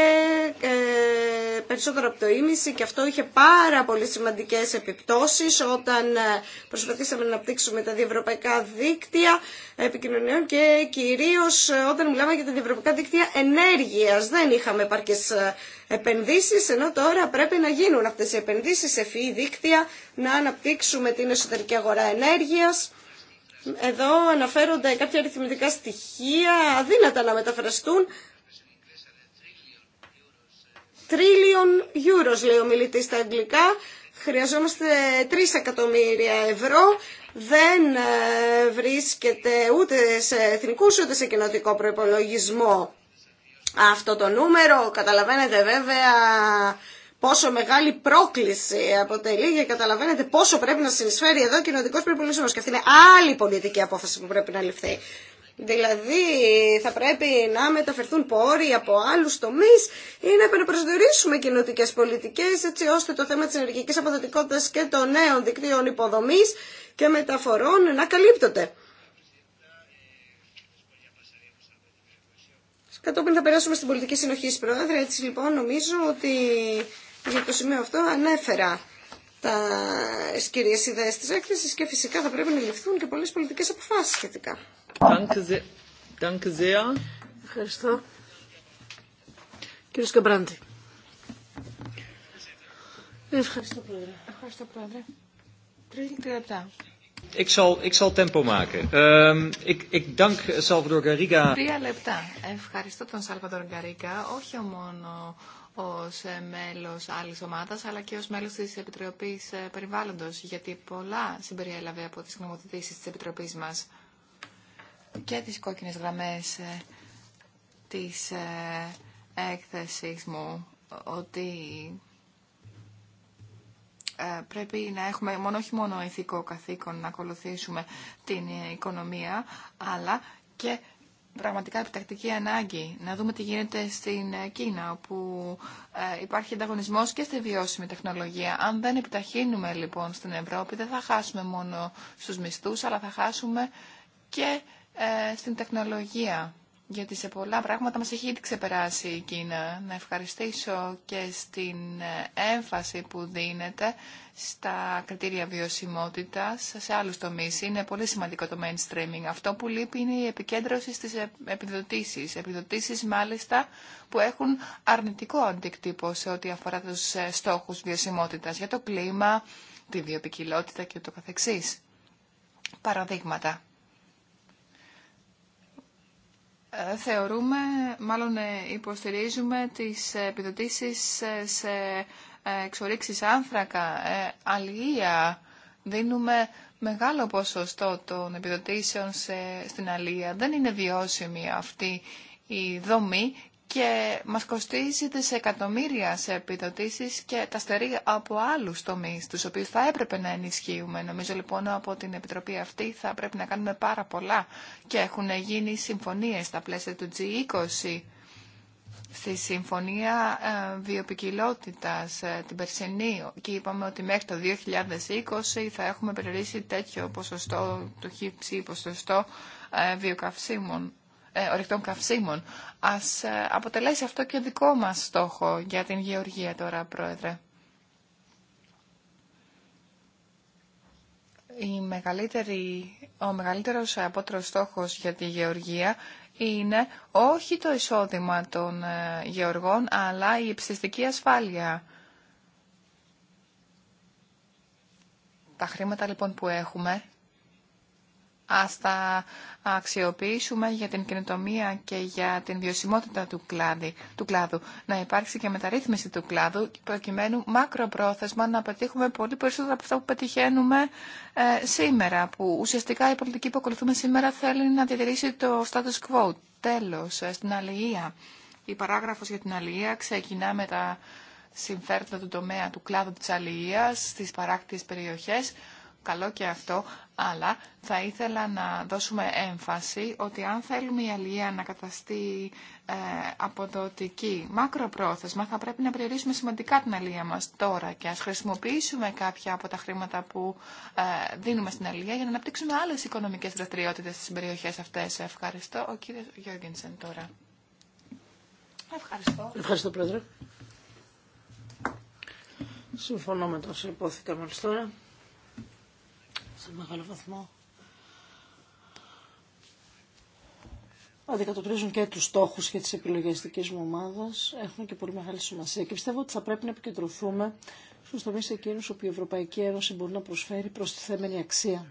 ε, περισσότερο από το ίμιση και αυτό είχε πάρα πολύ σημαντικές επιπτώσεις όταν ε, προσπαθήσαμε να αναπτύξουμε τα διευρωπαϊκά δίκτυα επικοινωνιών και κυρίως ε, όταν μιλάμε για τα διευρωπαϊκά δίκτυα ενέργειας. Δεν είχαμε επαρκές επενδύσεις, ενώ τώρα πρέπει να γίνουν αυτές οι επενδύσεις σε δίκτυα, να αναπτύξουμε την εσωτερική αγορά ενέργειας. Εδώ αναφέρονται κάποια αριθμητικά στοιχεία, αδύνατα να μεταφραστούν. Τρίλιον euros λέει ο μιλητή στα αγγλικά. Χρειαζόμαστε 3 εκατομμύρια ευρώ. Δεν ε, βρίσκεται ούτε σε εθνικού ούτε σε κοινοτικό προπολογισμό. αυτό το νούμερο. Καταλαβαίνετε βέβαια πόσο μεγάλη πρόκληση αποτελεί για καταλαβαίνετε πόσο πρέπει να συνεισφέρει εδώ ο κοινωνικό προπολογισμό. Και αυτή είναι άλλη πολιτική απόφαση που πρέπει να ληφθεί. Δηλαδή θα πρέπει να μεταφερθούν πόροι από άλλου τομεί ή να επαναπροσδιορίσουμε κοινωτικέ πολιτικέ έτσι ώστε το θέμα τη ενεργειακή αποδοτικότητα και των νέων δικτύων υποδομή και μεταφορών να καλύπτονται. Κατόπιν θα περάσουμε στην πολιτική συνοχή πρόεδρε. Έτσι λοιπόν νομίζω ότι για το σημείο αυτό ανέφερα τα κυρίε ιδέε τη έκθεση και φυσικά θα πρέπει να ληφθούν και πολλέ πολιτικέ αποφάσει σχετικά. Ευχαριστώ. Κύριε Σκαμπράντη. Ευχαριστώ, Πρόεδρε. Ευχαριστώ, Πρόεδρε. Τρία λεπτά. Ik zal, ik zal tempo maken. Uh, ik, ik dank Salvador Garriga. Τρία λεπτά. Ευχαριστώ τον Salvador Garriga, όχι μόνο ως ε, μέλος άλλης ομάδας, αλλά και ως μέλος της Επιτροπής ε, Περιβάλλοντος, γιατί πολλά συμπεριέλαβε από τις γνωμοδοτήσεις της Επιτροπής μας και τις κόκκινες γραμμές ε, της έκθεσης μου, ότι πρέπει να έχουμε μόνο, όχι μόνο ηθικό καθήκον να ακολουθήσουμε την οικονομία, αλλά και πραγματικά επιτακτική ανάγκη να δούμε τι γίνεται στην Κίνα, όπου ε, υπάρχει ανταγωνισμό και στη βιώσιμη τεχνολογία. Αν δεν επιταχύνουμε λοιπόν στην Ευρώπη, δεν θα χάσουμε μόνο στους μισθούς, αλλά θα χάσουμε και ε, στην τεχνολογία γιατί σε πολλά πράγματα μας έχει ήδη ξεπεράσει η Κίνα. Να ευχαριστήσω και στην ε, έμφαση που δίνεται στα κριτήρια βιωσιμότητας σε άλλους τομείς. Είναι πολύ σημαντικό το mainstreaming. Αυτό που λείπει είναι η επικέντρωση στις επιδοτήσεις. Επιδοτήσεις μάλιστα που έχουν αρνητικό αντικτύπο σε ό,τι αφορά τους ε, στόχους βιωσιμότητας για το κλίμα, τη βιοπικιλότητα και το καθεξής. Παραδείγματα. Ε, θεωρούμε, μάλλον ε, υποστηρίζουμε τις επιδοτήσεις ε, σε εξορίξεις άνθρακα, αλληλεία. Δίνουμε μεγάλο ποσοστό των επιδοτήσεων στην αλληλεία. Δεν είναι βιώσιμη αυτή η δομή και μας κοστίζει δισεκατομμύρια σε επιδοτήσεις και τα στερεί από άλλους τομείς, τους οποίους θα έπρεπε να ενισχύουμε. Νομίζω λοιπόν από την Επιτροπή αυτή θα πρέπει να κάνουμε πάρα πολλά και έχουν γίνει συμφωνίες στα πλαίσια του G20 στη Συμφωνία ε, Βιοπικιλότητας ε, την Περσινή και είπαμε ότι μέχρι το 2020 θα έχουμε περιορίσει τέτοιο ποσοστό, το χύψη ποσοστό ε, βιοκαυσίμων. Ε, ορυκτών καυσίμων. Ας ε, αποτελέσει αυτό και δικό μας στόχο για την γεωργία τώρα, Πρόεδρε. Η μεγαλύτερη, ο μεγαλύτερος απότερος στόχος για τη γεωργία είναι όχι το εισόδημα των ε, γεωργών, αλλά η ψηστική ασφάλεια. Τα χρήματα λοιπόν που έχουμε Ας τα αξιοποιήσουμε για την καινοτομία και για την βιωσιμότητα του, κλάδι, του κλάδου. Να υπάρξει και μεταρρύθμιση του κλάδου, προκειμένου μακροπρόθεσμα να πετύχουμε πολύ περισσότερο από αυτά που πετυχαίνουμε ε, σήμερα, που ουσιαστικά η πολιτική που ακολουθούμε σήμερα θέλει να διατηρήσει το status quo. Τέλος, ε, στην αλληλεία. Η παράγραφος για την αλληλεία ξεκινά με τα συμφέροντα του τομέα του κλάδου της αλληλείας στις παράκτιες περιοχές καλό και αυτό, αλλά θα ήθελα να δώσουμε έμφαση ότι αν θέλουμε η αλληλεία να καταστεί ε, αποδοτική, μακροπρόθεσμα, θα πρέπει να περιορίσουμε σημαντικά την αλληλεία μας τώρα και ας χρησιμοποιήσουμε κάποια από τα χρήματα που ε, δίνουμε στην αλληλεία για να αναπτύξουμε άλλες οικονομικές δραστηριότητε στις περιοχές αυτές. Ευχαριστώ. Ο κύριος Γιώργενσεν τώρα. Ευχαριστώ. Ευχαριστώ, Πρόεδρε. Συμφωνώ με τόσο υπόθηκα μόλις τώρα σε μεγάλο βαθμό αντικατοπτρίζουν και του στόχους και τις επιλογές δική μου έχουν και πολύ μεγάλη σημασία. Και πιστεύω ότι θα πρέπει να επικεντρωθούμε στους τομείς εκείνους όπου η Ευρωπαϊκή Ένωση μπορεί να προσφέρει προστιθέμενη αξία.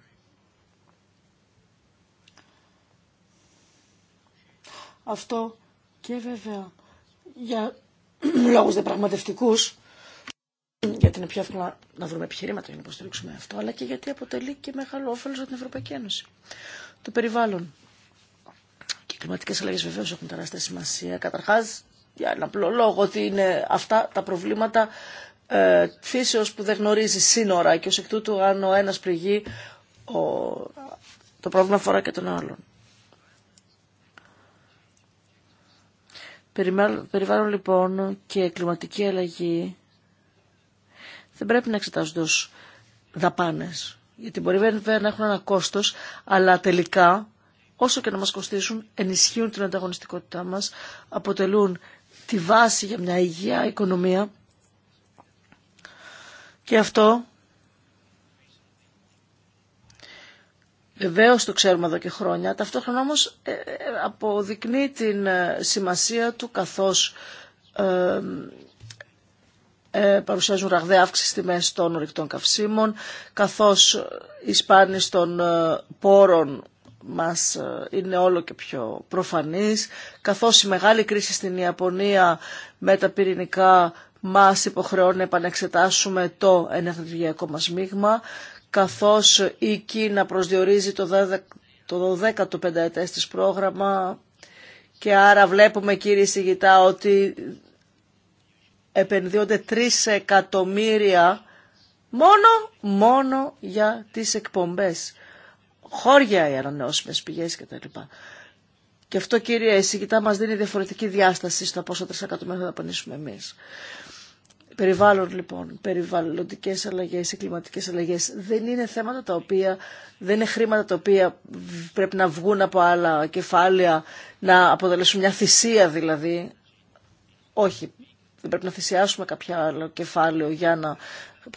Αυτό και βέβαια για λόγους διαπραγματευτικούς γιατί είναι πιο εύκολο να βρούμε επιχειρήματα για να υποστηρίξουμε αυτό, αλλά και γιατί αποτελεί και μεγάλο όφελο για την Ευρωπαϊκή Ένωση. Το περιβάλλον. Και οι κλιματικέ αλλαγέ βεβαίω έχουν τεράστια σημασία. Καταρχά, για ένα απλό λόγο, ότι είναι αυτά τα προβλήματα ε, φύσεως που δεν γνωρίζει σύνορα και ω εκ τούτου αν ο ένας πληγεί ο, το πρόβλημα αφορά και τον άλλον. Περιβάλλον λοιπόν και κλιματική αλλαγή δεν πρέπει να εξετάζονται ως δαπάνες. Γιατί μπορεί βέβαια να έχουν ένα κόστος, αλλά τελικά όσο και να μας κοστίσουν, ενισχύουν την ανταγωνιστικότητά μας, αποτελούν τη βάση για μια υγεία οικονομία και αυτό βεβαίω το ξέρουμε εδώ και χρόνια, ταυτόχρονα όμως ε, ε, αποδεικνύει την ε, σημασία του καθώς παρουσιάζουν ραγδαία αύξηση τιμές των ορυκτών καυσίμων, καθώς η σπάνιση των ε, πόρων μας ε, είναι όλο και πιο προφανής, καθώς η μεγάλη κρίση στην Ιαπωνία με τα πυρηνικά μας υποχρεώνει να επανεξετάσουμε το ενεργειακό μας μείγμα, καθώς η Κίνα προσδιορίζει το 12ο πενταετές της πρόγραμμα και άρα βλέπουμε κύριε Σιγητά ότι επενδύονται 3 εκατομμύρια μόνο, μόνο για τις εκπομπές. Χώρια οι ανανεώσιμες πηγές κτλ. Και αυτό κύριε εισηγητά μας δίνει διαφορετική διάσταση στο πόσο 3 εκατομμύρια θα δαπανίσουμε εμείς. Περιβάλλον λοιπόν, περιβαλλοντικές αλλαγές ή κλιματικές αλλαγές δεν είναι θέματα τα οποία, δεν είναι χρήματα τα οποία πρέπει να βγουν από άλλα κεφάλαια, να αποτελέσουν μια θυσία δηλαδή. Όχι, δεν πρέπει να θυσιάσουμε κάποιο άλλο κεφάλαιο για να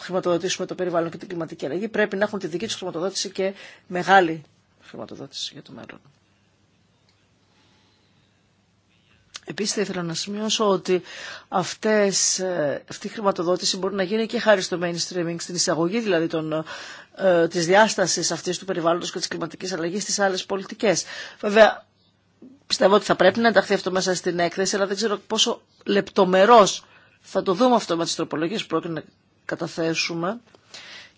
χρηματοδοτήσουμε το περιβάλλον και την κλιματική αλλαγή. Πρέπει να έχουν τη δική του χρηματοδότηση και μεγάλη χρηματοδότηση για το μέλλον. Επίσης θα ήθελα να σημειώσω ότι αυτές, ε, αυτή η χρηματοδότηση μπορεί να γίνει και χάρη στο mainstreaming, στην εισαγωγή δηλαδή των, ε, της διάστασης αυτής του περιβάλλοντος και της κλιματικής αλλαγής στις άλλες πολιτικές. Βέβαια, πιστεύω ότι θα πρέπει να ενταχθεί αυτό μέσα στην έκθεση, αλλά δεν ξέρω πόσο λεπτομερώς. Θα το δούμε αυτό με τις τροπολογίες που πρόκειται να καταθέσουμε.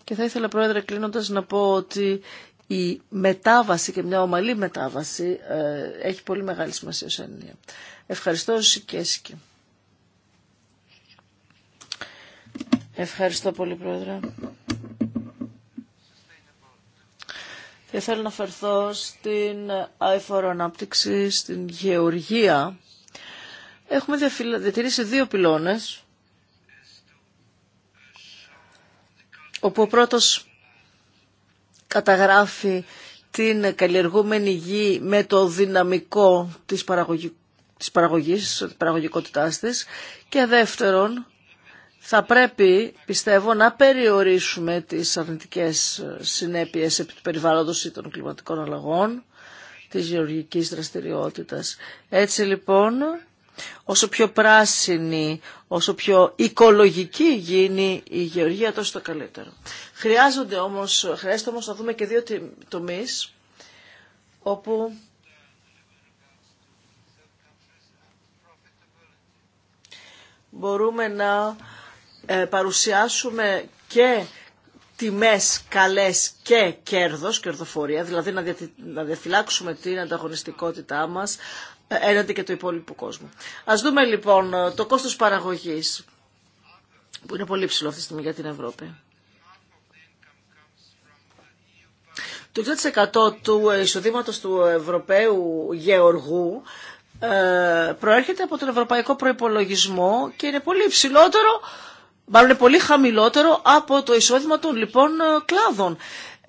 Και θα ήθελα, Πρόεδρε, κλείνοντας να πω ότι η μετάβαση και μια ομαλή μετάβαση ε, έχει πολύ μεγάλη σημασία σε έννοια. Ευχαριστώ, Σικέσκη. Ευχαριστώ πολύ, Πρόεδρε. Θα ήθελα να φερθώ στην αεφορονάπτυξη, στην γεωργία έχουμε διατηρήσει δύο πυλώνες, όπου ο πρώτος καταγράφει την καλλιεργούμενη γη με το δυναμικό της, παραγωγή, της παραγωγής, της παραγωγικότητάς της και δεύτερον θα πρέπει, πιστεύω, να περιορίσουμε τις αρνητικές συνέπειες επί του περιβάλλοντος ή των κλιματικών αλλαγών της γεωργικής δραστηριότητας. Έτσι λοιπόν Όσο πιο πράσινη, όσο πιο οικολογική γίνει η γεωργία, τόσο το καλύτερο. Χρειάζονται όμως, χρειάζεται όμως να δούμε και δύο τομείς όπου μπορούμε να ε, παρουσιάσουμε και τιμές καλές και κέρδος, κερδοφορία, δηλαδή να διαφυλάξουμε την ανταγωνιστικότητά μας, έναντι και του υπόλοιπου κόσμου. Ας δούμε λοιπόν το κόστος παραγωγής, που είναι πολύ ψηλό αυτή τη στιγμή για την Ευρώπη. Το 20% του εισοδήματος του Ευρωπαίου γεωργού ε, προέρχεται από τον Ευρωπαϊκό Προϋπολογισμό και είναι πολύ υψηλότερο, μάλλον είναι πολύ χαμηλότερο από το εισόδημα των λοιπόν ε, κλάδων.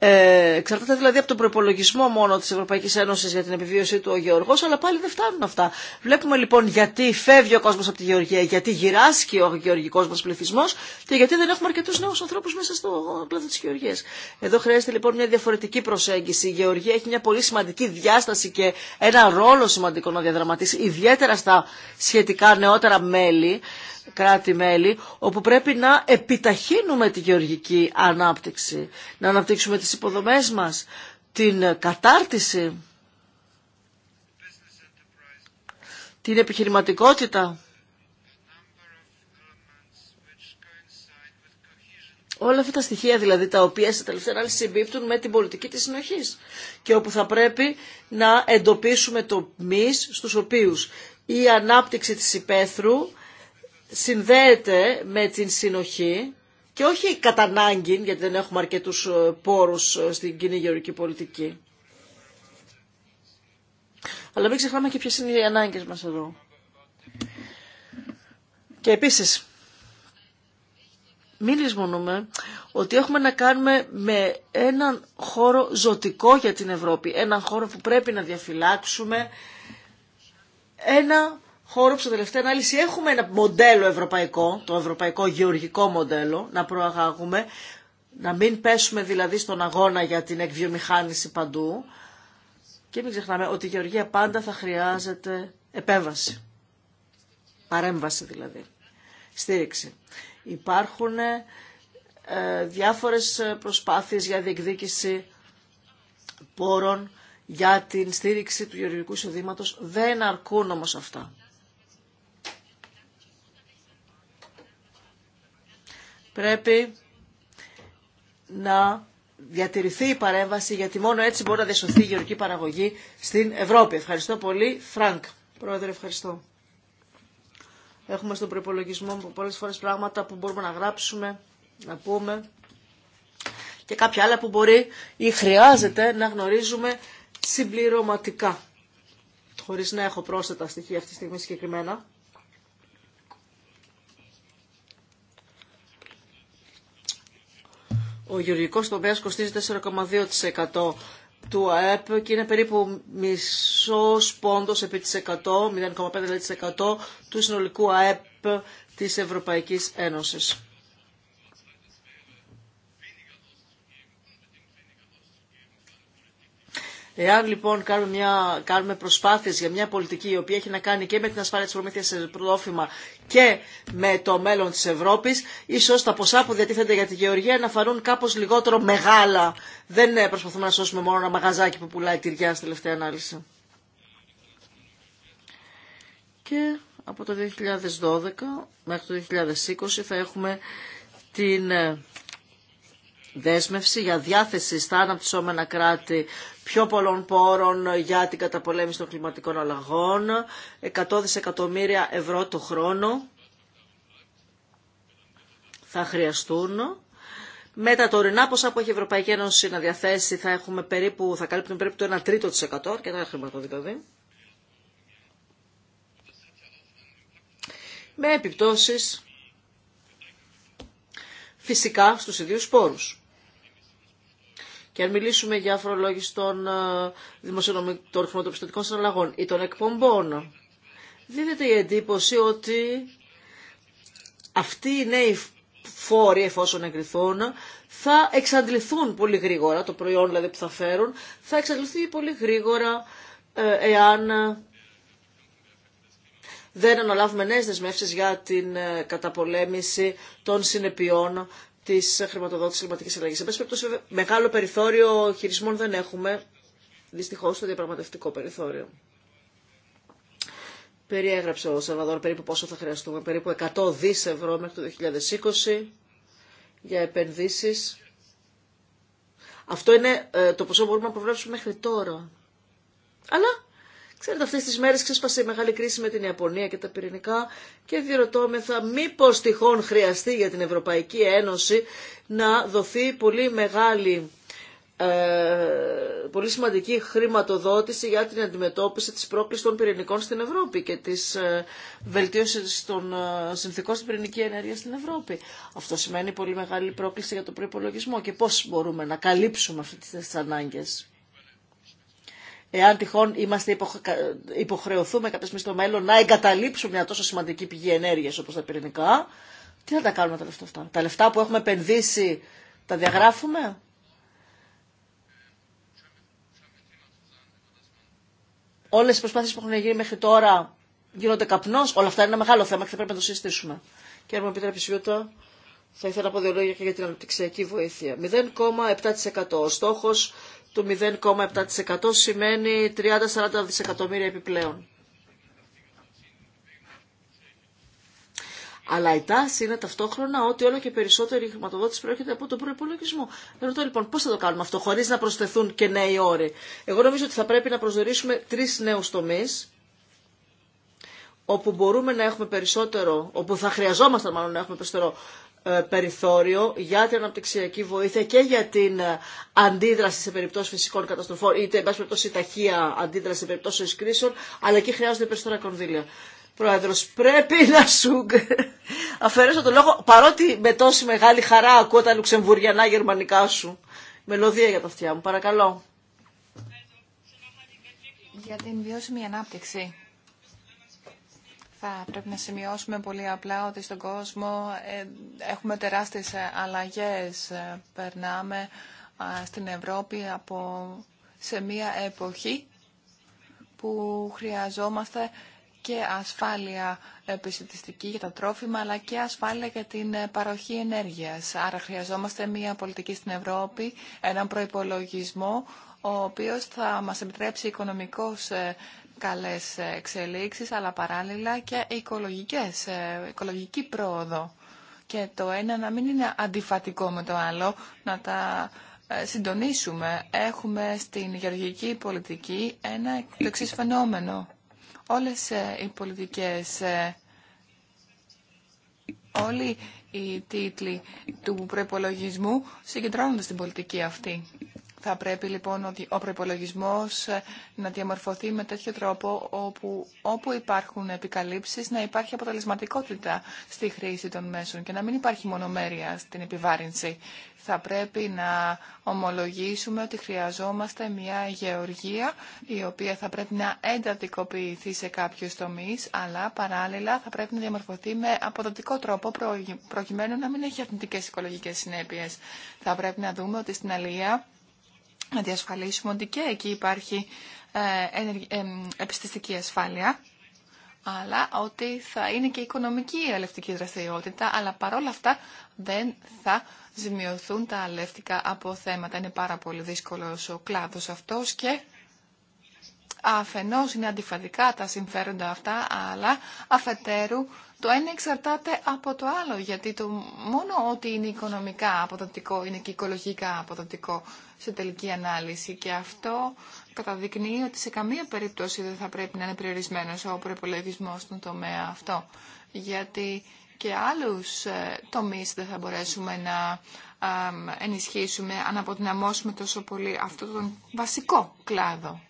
Ε, εξαρτάται δηλαδή από τον προπολογισμό μόνο τη Ευρωπαϊκή Ένωση για την επιβίωσή του ο Γεωργό, αλλά πάλι δεν φτάνουν αυτά. Βλέπουμε λοιπόν γιατί φεύγει ο κόσμο από τη Γεωργία, γιατί γυράσκει ο γεωργικό μα πληθυσμό και γιατί δεν έχουμε αρκετού νέου ανθρώπου μέσα στο πλαίσιο τη Γεωργία. Εδώ χρειάζεται λοιπόν μια διαφορετική προσέγγιση. Η Γεωργία έχει μια πολύ σημαντική διάσταση και ένα ρόλο σημαντικό να διαδραματίσει, ιδιαίτερα στα σχετικά νεότερα μέλη κράτη-μέλη, όπου πρέπει να επιταχύνουμε τη γεωργική ανάπτυξη, να αναπτύξουμε τις υποδομές μας, την κατάρτιση, την επιχειρηματικότητα. Όλα αυτά τα στοιχεία δηλαδή τα οποία σε τελευταία ανάλυση συμπίπτουν με την πολιτική της συνοχής και όπου θα πρέπει να εντοπίσουμε το τομείς στους οποίους η ανάπτυξη της υπαίθρου συνδέεται με την συνοχή και όχι κατά ανάγκη, γιατί δεν έχουμε αρκετούς ε, πόρους ε, στην κοινή γεωρική πολιτική. Αλλά μην ξεχνάμε και ποιες είναι οι ανάγκες μας εδώ. Και επίσης, μην λησμονούμε ότι έχουμε να κάνουμε με έναν χώρο ζωτικό για την Ευρώπη. Έναν χώρο που πρέπει να διαφυλάξουμε. Ένα χώρο που τελευταία ανάλυση έχουμε ένα μοντέλο ευρωπαϊκό, το ευρωπαϊκό γεωργικό μοντέλο, να προαγάγουμε, να μην πέσουμε δηλαδή στον αγώνα για την εκβιομηχάνηση παντού και μην ξεχνάμε ότι η γεωργία πάντα θα χρειάζεται επέμβαση, παρέμβαση δηλαδή, στήριξη. Υπάρχουν ε, διάφορες προσπάθειες για διεκδίκηση πόρων για την στήριξη του γεωργικού εισοδήματος. Δεν αρκούν όμως αυτά. πρέπει να διατηρηθεί η παρέμβαση γιατί μόνο έτσι μπορεί να διασωθεί η γεωργική παραγωγή στην Ευρώπη. Ευχαριστώ πολύ. Φρανκ, πρόεδρε, ευχαριστώ. Έχουμε στον προπολογισμό πολλές φορές πράγματα που μπορούμε να γράψουμε, να πούμε και κάποια άλλα που μπορεί ή χρειάζεται να γνωρίζουμε συμπληρωματικά. Χωρίς να έχω πρόσθετα στοιχεία αυτή τη στιγμή συγκεκριμένα. Ο γεωργικός τομέας κοστίζει 4,2% του ΑΕΠ και είναι περίπου μισό πόντος επί τη 100, 0,5% του συνολικού ΑΕΠ της Ευρωπαϊκής Ένωσης. Εάν λοιπόν κάνουμε, μια, προσπάθειες για μια πολιτική η οποία έχει να κάνει και με την ασφάλεια της προμήθειας σε και με το μέλλον της Ευρώπης, ίσως τα ποσά που διατίθενται για τη γεωργία να φανούν κάπως λιγότερο μεγάλα. Δεν ε, προσπαθούμε να σώσουμε μόνο ένα μαγαζάκι που πουλάει τυριά στη τελευταία ανάλυση. Και από το 2012 μέχρι το 2020 θα έχουμε την ε, δέσμευση για διάθεση στα αναπτυσσόμενα κράτη πιο πολλών πόρων για την καταπολέμηση των κλιματικών αλλαγών, 100 δισεκατομμύρια ευρώ το χρόνο θα χρειαστούν. Με τα τωρινά ποσά που έχει η Ευρωπαϊκή Ένωση να διαθέσει θα, έχουμε περίπου, θα καλύπτουν περίπου το 1 τρίτο της εκατό, και τα χρήματα δηλαδή. Με επιπτώσεις φυσικά στους ιδίους πόρους. Και αν μιλήσουμε για αφορολόγηση των, ε, των χρηματοπιστωτικών συναλλαγών ή των εκπομπών, δίνεται η εντύπωση ότι αυτοί οι νέοι φόροι, εφόσον εγκριθούν, θα εξαντληθούν πολύ γρήγορα, το προϊόν δηλαδή που θα φέρουν, θα εξαντληθεί πολύ γρήγορα ε, εάν δεν αναλάβουμε νέες δεσμεύσεις για την ε, καταπολέμηση των συνεπειών τη χρηματοδότηση κλιματική αλλαγή. Σε μεγάλο περιθώριο χειρισμών δεν έχουμε. Δυστυχώ το διαπραγματευτικό περιθώριο. Περιέγραψε ο Σαλβαδόρ περίπου πόσο θα χρειαστούμε. Περίπου 100 δι ευρώ μέχρι το 2020 για επενδύσει. Αυτό είναι ε, το ποσό μπορούμε να προβλέψουμε μέχρι τώρα. Αλλά Ξέρετε, αυτέ τι μέρε ξέσπασε η μεγάλη κρίση με την Ιαπωνία και τα πυρηνικά και διερωτώμεθα μήπω τυχόν χρειαστεί για την Ευρωπαϊκή Ένωση να δοθεί πολύ μεγάλη ε, πολύ σημαντική χρηματοδότηση για την αντιμετώπιση της πρόκλησης των πυρηνικών στην Ευρώπη και της ε, βελτίωσης των ε, συνθήκων στην πυρηνική ενέργεια στην Ευρώπη. Αυτό σημαίνει πολύ μεγάλη πρόκληση για τον προϋπολογισμό και πώς μπορούμε να καλύψουμε αυτές τις ανάγκες εάν τυχόν είμαστε υποχρεωθούμε κάποια στιγμή στο μέλλον να εγκαταλείψουμε μια τόσο σημαντική πηγή ενέργειας όπως τα πυρηνικά, τι θα τα κάνουμε τα λεφτά αυτά. Τα λεφτά που έχουμε επενδύσει τα διαγράφουμε. Όλες οι προσπάθειες που έχουν γίνει μέχρι τώρα γίνονται καπνός. Όλα αυτά είναι ένα μεγάλο θέμα και θα πρέπει να το συζητήσουμε. Και αν μου θα ήθελα να πω δύο λόγια και για την αναπτυξιακή βοήθεια. 0,7% ο στόχος του 0,7% σημαίνει 30-40 δισεκατομμύρια επιπλέον. Αλλά η τάση είναι ταυτόχρονα ότι όλο και περισσότερη χρηματοδότηση προέρχεται από τον προπολογισμό. Ρωτώ λοιπόν πώ θα το κάνουμε αυτό, χωρί να προσθεθούν και νέοι όροι. Εγώ νομίζω ότι θα πρέπει να προσδιορίσουμε τρει νέου τομεί όπου μπορούμε να έχουμε περισσότερο, όπου θα χρειαζόμασταν μάλλον να έχουμε περισσότερο ε, περιθώριο για την αναπτυξιακή βοήθεια και για την ε, αντίδραση σε περιπτώσει φυσικών καταστροφών, είτε εν πάση περιπτώσει ταχεία αντίδραση σε περιπτώσει κρίσεων, αλλά εκεί χρειάζονται περισσότερα κονδύλια. Πρόεδρο, πρέπει να σου αφαιρέσω τον λόγο, παρότι με τόση μεγάλη χαρά ακούω τα λουξεμβουριανά γερμανικά σου. Μελωδία για τα αυτιά μου, παρακαλώ. Για την βιώσιμη ανάπτυξη. Θα πρέπει να σημειώσουμε πολύ απλά ότι στον κόσμο ε, έχουμε τεράστιες ε, αλλαγές. Ε, περνάμε στην Ευρώπη από σε μια εποχή που χρειαζόμαστε και ασφάλεια επιστημιστική για τα τρόφιμα, αλλά και ασφάλεια για την παροχή ενέργειας. Άρα χρειαζόμαστε μια πολιτική στην Ευρώπη, έναν προϋπολογισμό, ο οποίος θα μας επιτρέψει οικονομικώς καλές εξελίξεις, αλλά παράλληλα και οικολογικές, ε, οικολογική πρόοδο. Και το ένα να μην είναι αντιφατικό με το άλλο, να τα ε, συντονίσουμε. Έχουμε στην γεωργική πολιτική ένα το εξή φαινόμενο. Όλες ε, οι πολιτικές, όλοι οι τίτλοι του προπολογισμού συγκεντρώνονται στην πολιτική αυτή. Θα πρέπει λοιπόν ο προϋπολογισμός ε, να διαμορφωθεί με τέτοιο τρόπο όπου, όπου υπάρχουν επικαλύψεις να υπάρχει αποτελεσματικότητα στη χρήση των μέσων και να μην υπάρχει μονομέρεια στην επιβάρυνση. Θα πρέπει να ομολογήσουμε ότι χρειαζόμαστε μια γεωργία η οποία θα πρέπει να εντατικοποιηθεί σε κάποιου τομεί, αλλά παράλληλα θα πρέπει να διαμορφωθεί με αποδοτικό τρόπο προκειμένου να μην έχει αρνητικές οικολογικές συνέπειες. Θα πρέπει να δούμε ότι στην Αλία να διασφαλίσουμε ότι και εκεί υπάρχει ε, ε, επιστηστική ασφάλεια, αλλά ότι θα είναι και οικονομική η αλευτική δραστηριότητα, αλλά παρόλα αυτά δεν θα ζημιωθούν τα αλευτικά αποθέματα. Είναι πάρα πολύ δύσκολος ο κλάδος αυτός και Αφενός είναι αντιφατικά τα συμφέροντα αυτά, αλλά αφετέρου το ένα εξαρτάται από το άλλο, γιατί το μόνο ότι είναι οικονομικά αποδοτικό είναι και οικολογικά αποδοτικό σε τελική ανάλυση και αυτό καταδεικνύει ότι σε καμία περίπτωση δεν θα πρέπει να είναι περιορισμένος ο προπολογισμό στον τομέα αυτό, γιατί και άλλους ε, τομείς δεν θα μπορέσουμε να ε, ενισχύσουμε αν αποδυναμώσουμε τόσο πολύ αυτό τον βασικό κλάδο.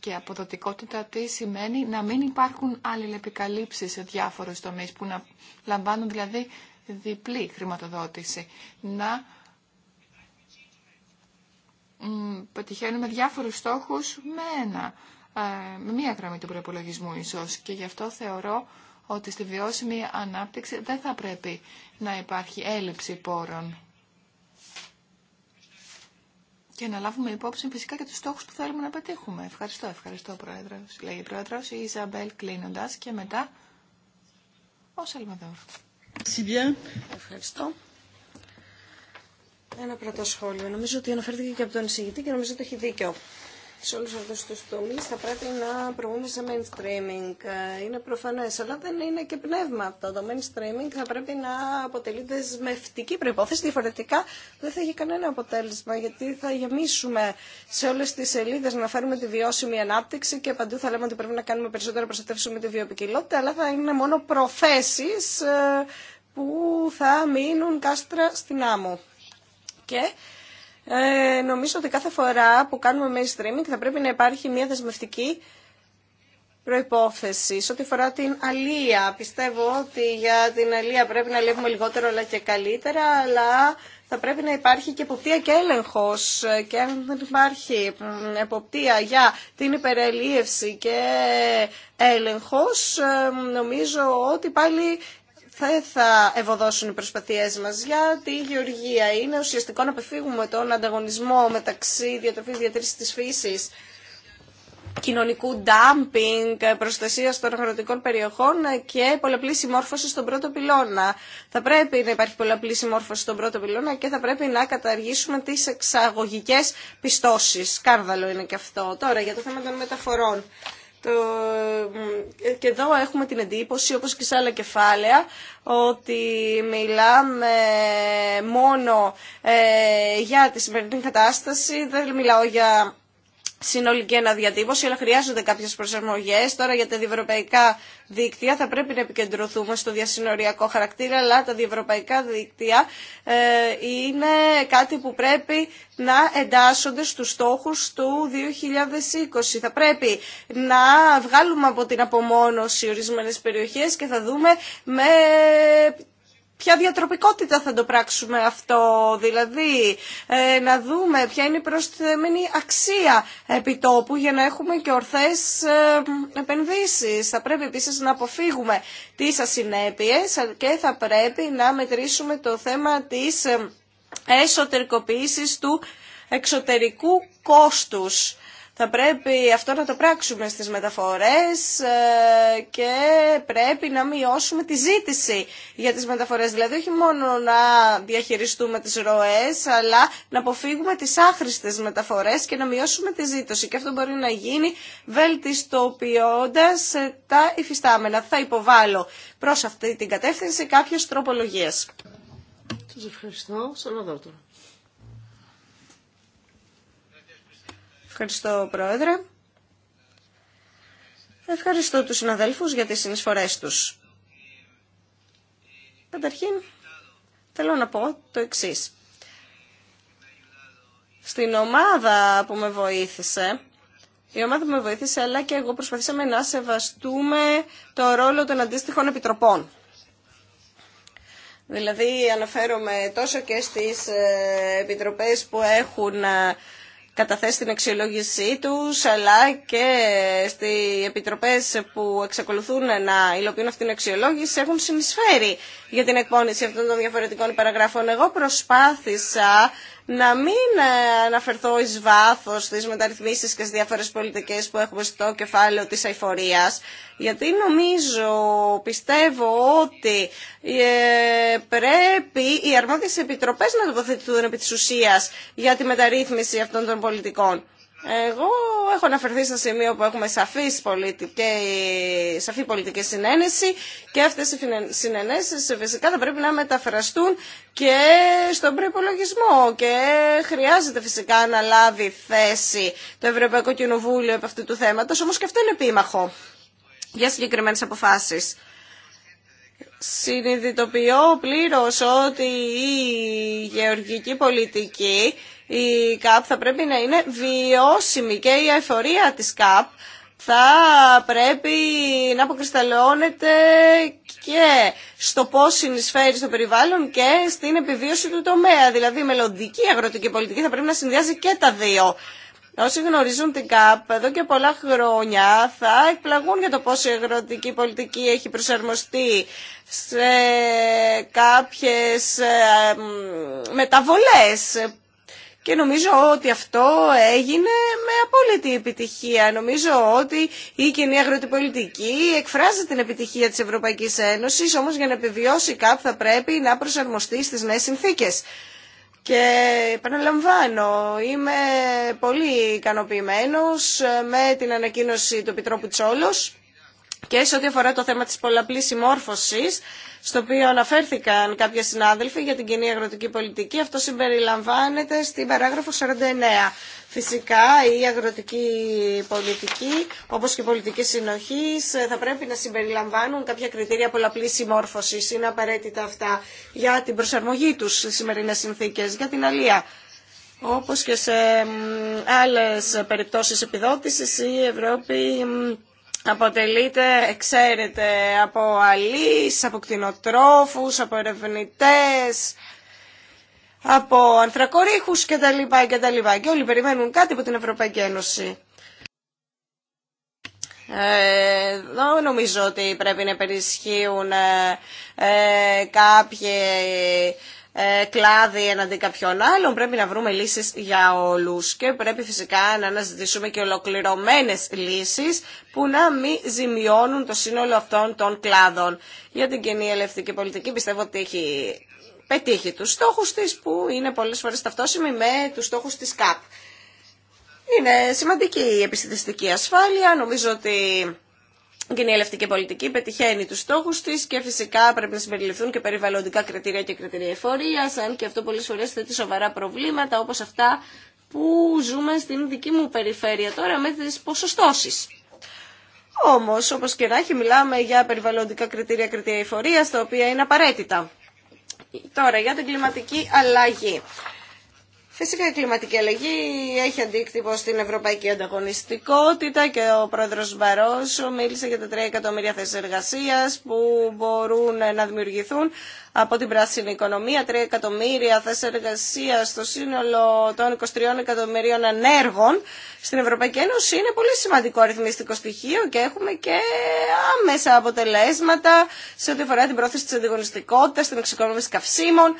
Και αποδοτικότητα τι σημαίνει να μην υπάρχουν αλληλεπικαλύψεις σε διάφορους τομείς που να λαμβάνουν δηλαδή διπλή χρηματοδότηση. Να πετυχαίνουμε διάφορους στόχους με ένα, ε, με μία γραμμή του προπολογισμού ίσως. Και γι' αυτό θεωρώ ότι στη βιώσιμη ανάπτυξη δεν θα πρέπει να υπάρχει έλλειψη πόρων και να λάβουμε υπόψη φυσικά και τους στόχους που θέλουμε να πετύχουμε. Ευχαριστώ, ευχαριστώ πρόεδρο. λέει η Πρόεδρος, η Ιζαμπέλ Κλείνοντα και μετά ο Σαλμαδόρ. Ευχαριστώ. Ένα πρώτο σχόλιο. Νομίζω ότι αναφέρθηκε και από τον εισηγητή και νομίζω ότι έχει δίκιο σε όλους αυτούς τους τομείς θα πρέπει να προβούμε σε mainstreaming. Ε, είναι προφανές, αλλά δεν είναι και πνεύμα αυτό. Το mainstreaming θα πρέπει να αποτελεί δεσμευτική προϋπόθεση, διαφορετικά δεν θα έχει κανένα αποτέλεσμα, γιατί θα γεμίσουμε σε όλες τις σελίδες να φέρουμε τη βιώσιμη ανάπτυξη και παντού θα λέμε ότι πρέπει να κάνουμε περισσότερο προστατεύσουμε τη βιοπικιλότητα, αλλά θα είναι μόνο προθέσεις ε, που θα μείνουν κάστρα στην άμμο. Και ε, νομίζω ότι κάθε φορά που κάνουμε mainstreaming θα πρέπει να υπάρχει μια δεσμευτική προϋπόθεση. Σε ό,τι φορά την αλία, πιστεύω ότι για την αλία πρέπει να λέγουμε λιγότερο αλλά και καλύτερα, αλλά θα πρέπει να υπάρχει και εποπτεία και έλεγχος και αν δεν υπάρχει εποπτεία για την υπερελίευση και έλεγχος ε, νομίζω ότι πάλι θα, θα ευωδώσουν οι προσπαθίες μας για τη γεωργία. Είναι ουσιαστικό να αποφύγουμε τον ανταγωνισμό μεταξύ διατροφής διατήρησης της φύσης κοινωνικού ντάμπινγκ, προστασία των αγροτικών περιοχών και πολλαπλή συμμόρφωση στον πρώτο πυλώνα. Θα πρέπει να υπάρχει πολλαπλή συμμόρφωση στον πρώτο πυλώνα και θα πρέπει να καταργήσουμε τι εξαγωγικέ πιστώσει. Κάρδαλο είναι και αυτό. Τώρα για το θέμα των μεταφορών. Το... Και εδώ έχουμε την εντύπωση, όπως και σε άλλα κεφάλαια, ότι μιλάμε μόνο ε, για τη σημερινή κατάσταση, δεν μιλάω για συνολική αναδιατύπωση, αλλά χρειάζονται κάποιε προσαρμογέ. Τώρα για τα διευρωπαϊκά δίκτυα θα πρέπει να επικεντρωθούμε στο διασυνοριακό χαρακτήρα, αλλά τα διευρωπαϊκά δίκτυα ε, είναι κάτι που πρέπει να εντάσσονται στους στόχους του 2020. Θα πρέπει να βγάλουμε από την απομόνωση ορισμένες περιοχές και θα δούμε με ποια διατροπικότητα θα το πράξουμε αυτό, δηλαδή ε, να δούμε ποια είναι η προσθεμένη αξία επιτόπου για να έχουμε και ορθές ε, επενδύσεις. Θα πρέπει επίσης να αποφύγουμε τις ασυνέπειες και θα πρέπει να μετρήσουμε το θέμα της ε, εσωτερικοποίησης του εξωτερικού κόστους. Θα πρέπει αυτό να το πράξουμε στις μεταφορές ε, και πρέπει να μειώσουμε τη ζήτηση για τις μεταφορές. Δηλαδή όχι μόνο να διαχειριστούμε τις ροές, αλλά να αποφύγουμε τις άχρηστες μεταφορές και να μειώσουμε τη ζήτηση. Και αυτό μπορεί να γίνει βελτιστοποιώντας ε, τα υφιστάμενα. Θα υποβάλω προς αυτή την κατεύθυνση κάποιες τροπολογίες. Σας ευχαριστώ. Ευχαριστώ, Πρόεδρε. Ευχαριστώ τους συναδέλφους για τις συνεισφορές τους. Καταρχήν, θέλω να πω το εξής. Στην ομάδα που με βοήθησε, η ομάδα που με βοήθησε, αλλά και εγώ προσπαθήσαμε να σεβαστούμε το ρόλο των αντίστοιχων επιτροπών. Δηλαδή αναφέρομαι τόσο και στις ε, επιτροπές που έχουν ε, καταθέσει την αξιολόγησή τους, αλλά και στι επιτροπές που εξακολουθούν να υλοποιούν αυτήν την αξιολόγηση έχουν συνεισφέρει για την εκπόνηση αυτών των διαφορετικών παραγράφων. Εγώ προσπάθησα να μην ε, αναφερθώ εις βάθος στις μεταρρυθμίσεις και στις διάφορες πολιτικές που έχουμε στο κεφάλαιο της αηφορίας, γιατί νομίζω, πιστεύω ότι ε, πρέπει οι αρμόδιες επιτροπές να τοποθετηθούν επί της ουσίας για τη μεταρρύθμιση αυτών των πολιτικών. Εγώ έχω αναφερθεί σε σημείο που έχουμε πολιτική, σαφή πολιτική συνένεση και αυτές οι συνενέσεις φυσικά θα πρέπει να μεταφραστούν και στον προπολογισμό και χρειάζεται φυσικά να λάβει θέση το Ευρωπαϊκό Κοινοβούλιο από αυτού του θέματος, όμως και αυτό είναι επίμαχο για συγκεκριμένες αποφάσεις. Συνειδητοποιώ πλήρως ότι η γεωργική πολιτική η ΚΑΠ θα πρέπει να είναι βιώσιμη και η αεφορία της ΚΑΠ θα πρέπει να αποκρισταλώνεται και στο πώς συνεισφέρει στο περιβάλλον και στην επιβίωση του τομέα. Δηλαδή η μελλοντική αγροτική πολιτική θα πρέπει να συνδυάζει και τα δύο. Όσοι γνωρίζουν την ΚΑΠ εδώ και πολλά χρόνια θα εκπλαγούν για το πώς η αγροτική πολιτική έχει προσαρμοστεί σε κάποιες ε, μεταβολές και νομίζω ότι αυτό έγινε με απόλυτη επιτυχία. Νομίζω ότι η κοινή αγροτική εκφράζει την επιτυχία της Ευρωπαϊκής Ένωσης, όμως για να επιβιώσει κάπου θα πρέπει να προσαρμοστεί στις νέες συνθήκες. Και επαναλαμβάνω, είμαι πολύ ικανοποιημένος με την ανακοίνωση του Επιτρόπου Τσόλος και σε ό,τι αφορά το θέμα της πολλαπλής συμμόρφωσης, στο οποίο αναφέρθηκαν κάποιοι συνάδελφοι για την κοινή αγροτική πολιτική, αυτό συμπεριλαμβάνεται στην παράγραφο 49. Φυσικά η αγροτική πολιτική, όπως και η πολιτική συνοχή, θα πρέπει να συμπεριλαμβάνουν κάποια κριτήρια πολλαπλής συμμόρφωσης. Είναι απαραίτητα αυτά για την προσαρμογή τους στις σημερινές συνθήκες, για την αλία. Όπως και σε άλλες περιπτώσεις επιδότησης, η Ευρώπη αποτελείται, ξέρετε, από αλείς, από κτηνοτρόφους, από ερευνητές, από ανθρακορίχους κτλ. Και όλοι περιμένουν κάτι από την Ευρωπαϊκή Ένωση. Εδώ νομίζω ότι πρέπει να περισχύουν ε, ε, κάποιοι ε, κλάδι εναντί κάποιων άλλων. Πρέπει να βρούμε λύσεις για όλους και πρέπει φυσικά να αναζητήσουμε και ολοκληρωμένες λύσεις που να μην ζημιώνουν το σύνολο αυτών των κλάδων. Για την κοινή ελευθερική πολιτική πιστεύω ότι έχει πετύχει τους στόχους της που είναι πολλές φορές ταυτόσιμοι με τους στόχους της ΚΑΠ. Είναι σημαντική η επιστημιστική ασφάλεια. Νομίζω ότι η κοινή πολιτική πετυχαίνει του στόχου τη και φυσικά πρέπει να συμπεριληφθούν και περιβαλλοντικά κριτήρια και κριτήρια εφορία, αν και αυτό πολλέ φορέ θέτει σοβαρά προβλήματα όπω αυτά που ζούμε στην δική μου περιφέρεια τώρα με τι ποσοστώσει. Όμω, όπω και να έχει, μιλάμε για περιβαλλοντικά κριτήρια, κριτήρια εφορία, τα οποία είναι απαραίτητα. Τώρα, για την κλιματική αλλαγή. Φυσικά η κλιματική αλλαγή έχει αντίκτυπο στην ευρωπαϊκή ανταγωνιστικότητα και ο πρόεδρος Μπαρόσο μίλησε για τα 3 εκατομμύρια θέσεις εργασίας που μπορούν να δημιουργηθούν από την πράσινη οικονομία, 3 εκατομμύρια θέσεις εργασίας στο σύνολο των 23 εκατομμυρίων ανέργων στην Ευρωπαϊκή Ένωση είναι πολύ σημαντικό αριθμιστικό στοιχείο και έχουμε και άμεσα αποτελέσματα σε ό,τι αφορά την πρόθεση της ανταγωνιστικότητας, την εξοικονόμηση καυσίμων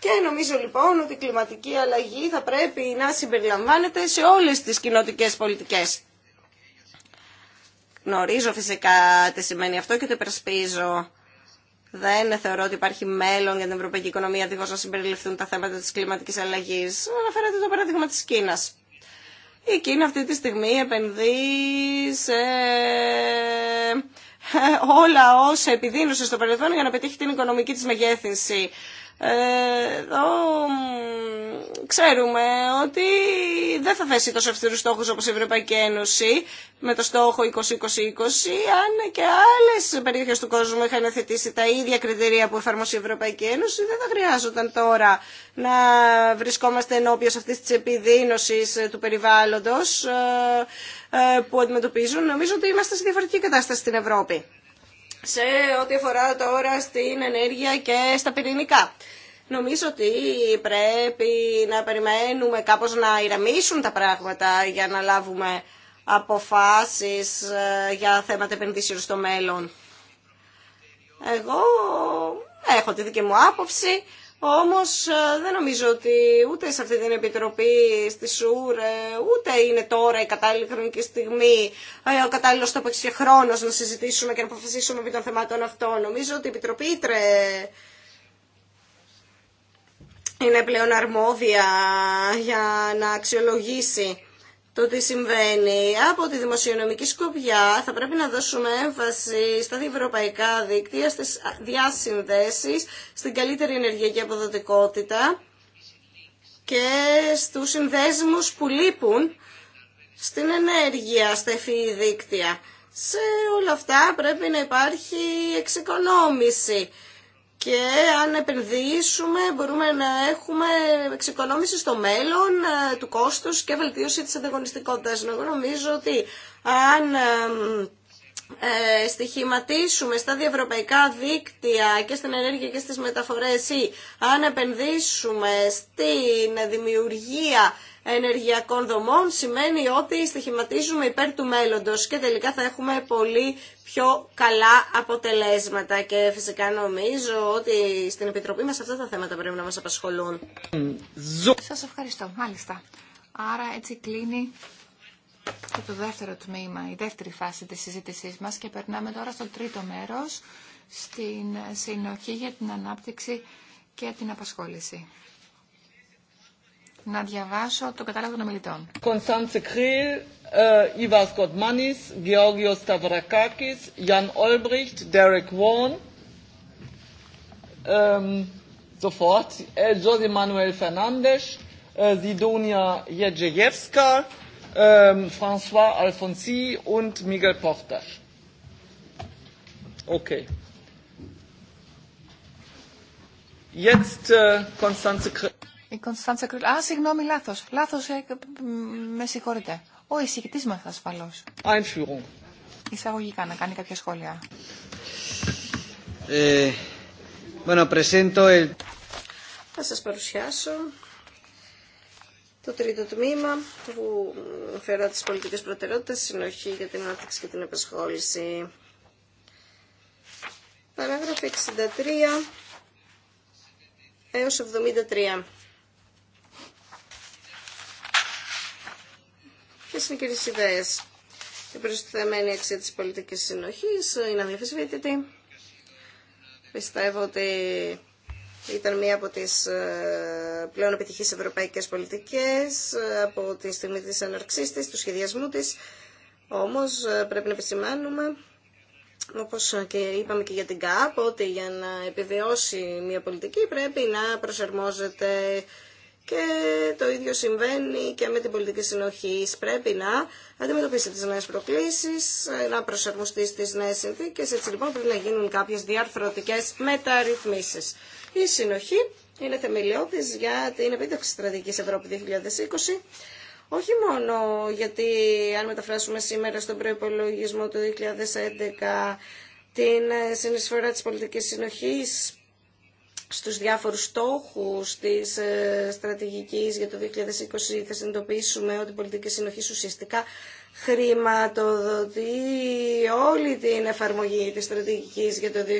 και νομίζω λοιπόν ότι η κλιματική αλλαγή θα πρέπει να συμπεριλαμβάνεται σε όλες τις κοινωτικές πολιτικές. Γνωρίζω φυσικά τι σημαίνει αυτό και το υπερασπίζω. Δεν θεωρώ ότι υπάρχει μέλλον για την ευρωπαϊκή οικονομία δίχω να συμπεριληφθούν τα θέματα τη κλιματική αλλαγή. Αναφέρατε το παράδειγμα τη Κίνα. Η Κίνα αυτή τη στιγμή επενδύει σε ε, όλα όσα επιδίνωσε στο παρελθόν για να πετύχει την οικονομική της μεγέθυνση. Ε, εδώ ξέρουμε ότι δεν θα θέσει τόσο αυστηρού στόχου όπως η Ευρωπαϊκή Ένωση με το στόχο αν και άλλες περιοχέ του κόσμου είχαν θετήσει τα ίδια κριτήρια που εφαρμόσει η Ευρωπαϊκή Ένωση δεν θα χρειάζονταν τώρα να βρισκόμαστε ενώπιος αυτής της επιδείνωσης του περιβάλλοντος ε, ε, που αντιμετωπίζουν. Νομίζω ότι είμαστε σε διαφορετική κατάσταση στην Ευρώπη σε ό,τι αφορά τώρα στην ενέργεια και στα πυρηνικά. Νομίζω ότι πρέπει να περιμένουμε κάπως να ηρεμήσουν τα πράγματα για να λάβουμε αποφάσεις ε, για θέματα επενδύσεων στο μέλλον. Εγώ έχω τη δική μου άποψη. Όμω, ε, δεν νομίζω ότι ούτε σε αυτή την επιτροπή στη ΣΟΥΡ, ε, ούτε είναι τώρα η κατάλληλη χρονική στιγμή, ε, ο κατάλληλο τόπο και χρόνο να συζητήσουμε και να αποφασίσουμε επί των θεμάτων αυτών. Νομίζω ότι η Επιτροπή Ήτρε είναι πλέον αρμόδια για να αξιολογήσει το τι συμβαίνει. Από τη δημοσιονομική σκοπιά θα πρέπει να δώσουμε έμφαση στα διευρωπαϊκά δίκτυα, στις διασυνδέσεις, στην καλύτερη ενεργειακή αποδοτικότητα και στους συνδέσμους που λείπουν στην ενέργεια, στα εφηή δίκτυα. Σε όλα αυτά πρέπει να υπάρχει εξοικονόμηση και αν επενδύσουμε μπορούμε να έχουμε εξοικονόμηση στο μέλλον ε, του κόστους και βελτίωση της ανταγωνιστικότητας. Εγώ νομίζω ότι αν ε, στοιχηματίσουμε στα διευρωπαϊκά δίκτυα και στην ενέργεια και στις μεταφορές ή αν επενδύσουμε στην δημιουργία ενεργειακών δομών σημαίνει ότι στοιχηματίζουμε υπέρ του μέλλοντος και τελικά θα έχουμε πολύ πιο καλά αποτελέσματα και φυσικά νομίζω ότι στην Επιτροπή μας αυτά τα θέματα πρέπει να μας απασχολούν. Σας ευχαριστώ, μάλιστα. Άρα έτσι κλείνει το δεύτερο τμήμα, η δεύτερη φάση της συζήτησής μας και περνάμε τώρα στο τρίτο μέρος, στην συνοχή για την ανάπτυξη και την απασχόληση να διαβάσω το κατάλογο των ομιλητών. Κωνσταντσε Κρίλ, Ιβα Σκοτμάνη, Γεώργιο Σταυρακάκη, Γιάν Ολμπριχτ, Ντέρεκ Βόν, sofort, äh, José Manuel Fernández, äh, Sidonia Jedrzejewska, ähm, François Alfonsi und Miguel Portas. Okay. Jetzt Konstanze äh, η Κωνσταντσα Κρυλ. Α, συγγνώμη, λάθο. Λάθο, ε, με συγχωρείτε. Ο εισηγητή μα ασφαλώ. Εισαγωγικά να κάνει κάποια σχόλια. Ε, bueno, presento el... Θα σα παρουσιάσω το τρίτο τμήμα που τι τις πολιτικές προτεραιότητες, συνοχή για την ανάπτυξη και την απασχόληση. Παράγραφη 63 έως 73. Ποιε είναι οι κυρίε ιδέε. Η προστιθεμένη αξία τη πολιτική συνοχή είναι αδιαφεσβήτητη. Πιστεύω ότι ήταν μία από τι ε, πλέον επιτυχεί ευρωπαϊκέ πολιτικέ ε, από τη στιγμή της αναρξής τη, του σχεδιασμού τη. Όμως ε, πρέπει να επισημάνουμε, όπως και είπαμε και για την ΚΑΠ, ότι για να επιβιώσει μία πολιτική πρέπει να προσαρμόζεται και το ίδιο συμβαίνει και με την πολιτική συνοχή. Πρέπει να αντιμετωπίσει τις νέες προκλήσεις, να προσαρμοστεί στις νέες συνθήκες. Έτσι λοιπόν πρέπει να γίνουν κάποιες διαρθρωτικές μεταρρυθμίσεις. Η συνοχή είναι θεμελιώδης για την επίτευξη στρατηγική Ευρώπη 2020. Όχι μόνο γιατί αν μεταφράσουμε σήμερα στον προϋπολογισμό του 2011 την συνεισφορά της πολιτικής συνοχής στους διάφορους στόχους της ε, στρατηγικής για το 2020 θα συνειδητοποιήσουμε ότι η πολιτική συνοχή ουσιαστικά χρηματοδοτεί όλη την εφαρμογή της στρατηγικής για το 2020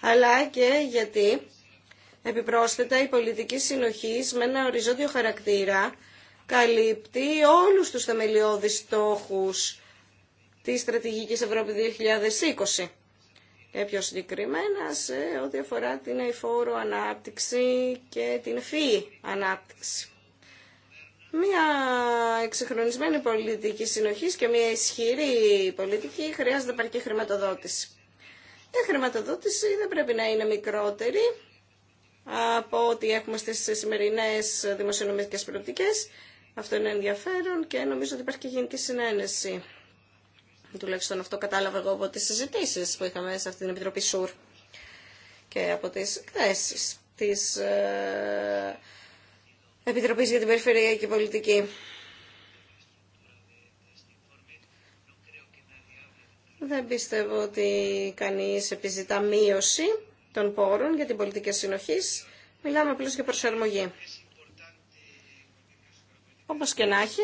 αλλά και γιατί επιπρόσθετα η πολιτική συνοχή με ένα οριζόντιο χαρακτήρα καλύπτει όλους τους θεμελιώδεις στόχους της στρατηγικής Ευρώπη 2020. Ε, πιο συγκεκριμένα σε ό,τι αφορά την εφόρο ανάπτυξη και την φύη ανάπτυξη. Μια εξυγχρονισμένη πολιτική συνοχής και μια ισχυρή πολιτική χρειάζεται παρκή χρηματοδότηση. Η χρηματοδότηση δεν πρέπει να είναι μικρότερη από ό,τι έχουμε στις σημερινές δημοσιονομικές προοπτικές. Αυτό είναι ενδιαφέρον και νομίζω ότι υπάρχει και γενική συνένεση τουλάχιστον αυτό κατάλαβα εγώ από τις συζητήσεις που είχαμε σε αυτή την Επιτροπή ΣΟΥΡ και από τις εκθέσεις της ε, Επιτροπής για την Περιφερειακή Πολιτική. Δεν πιστεύω ότι κάνει επιζητά μείωση των πόρων για την πολιτική συνοχή. Μιλάμε απλώ για προσαρμογή. Όπως και να έχει,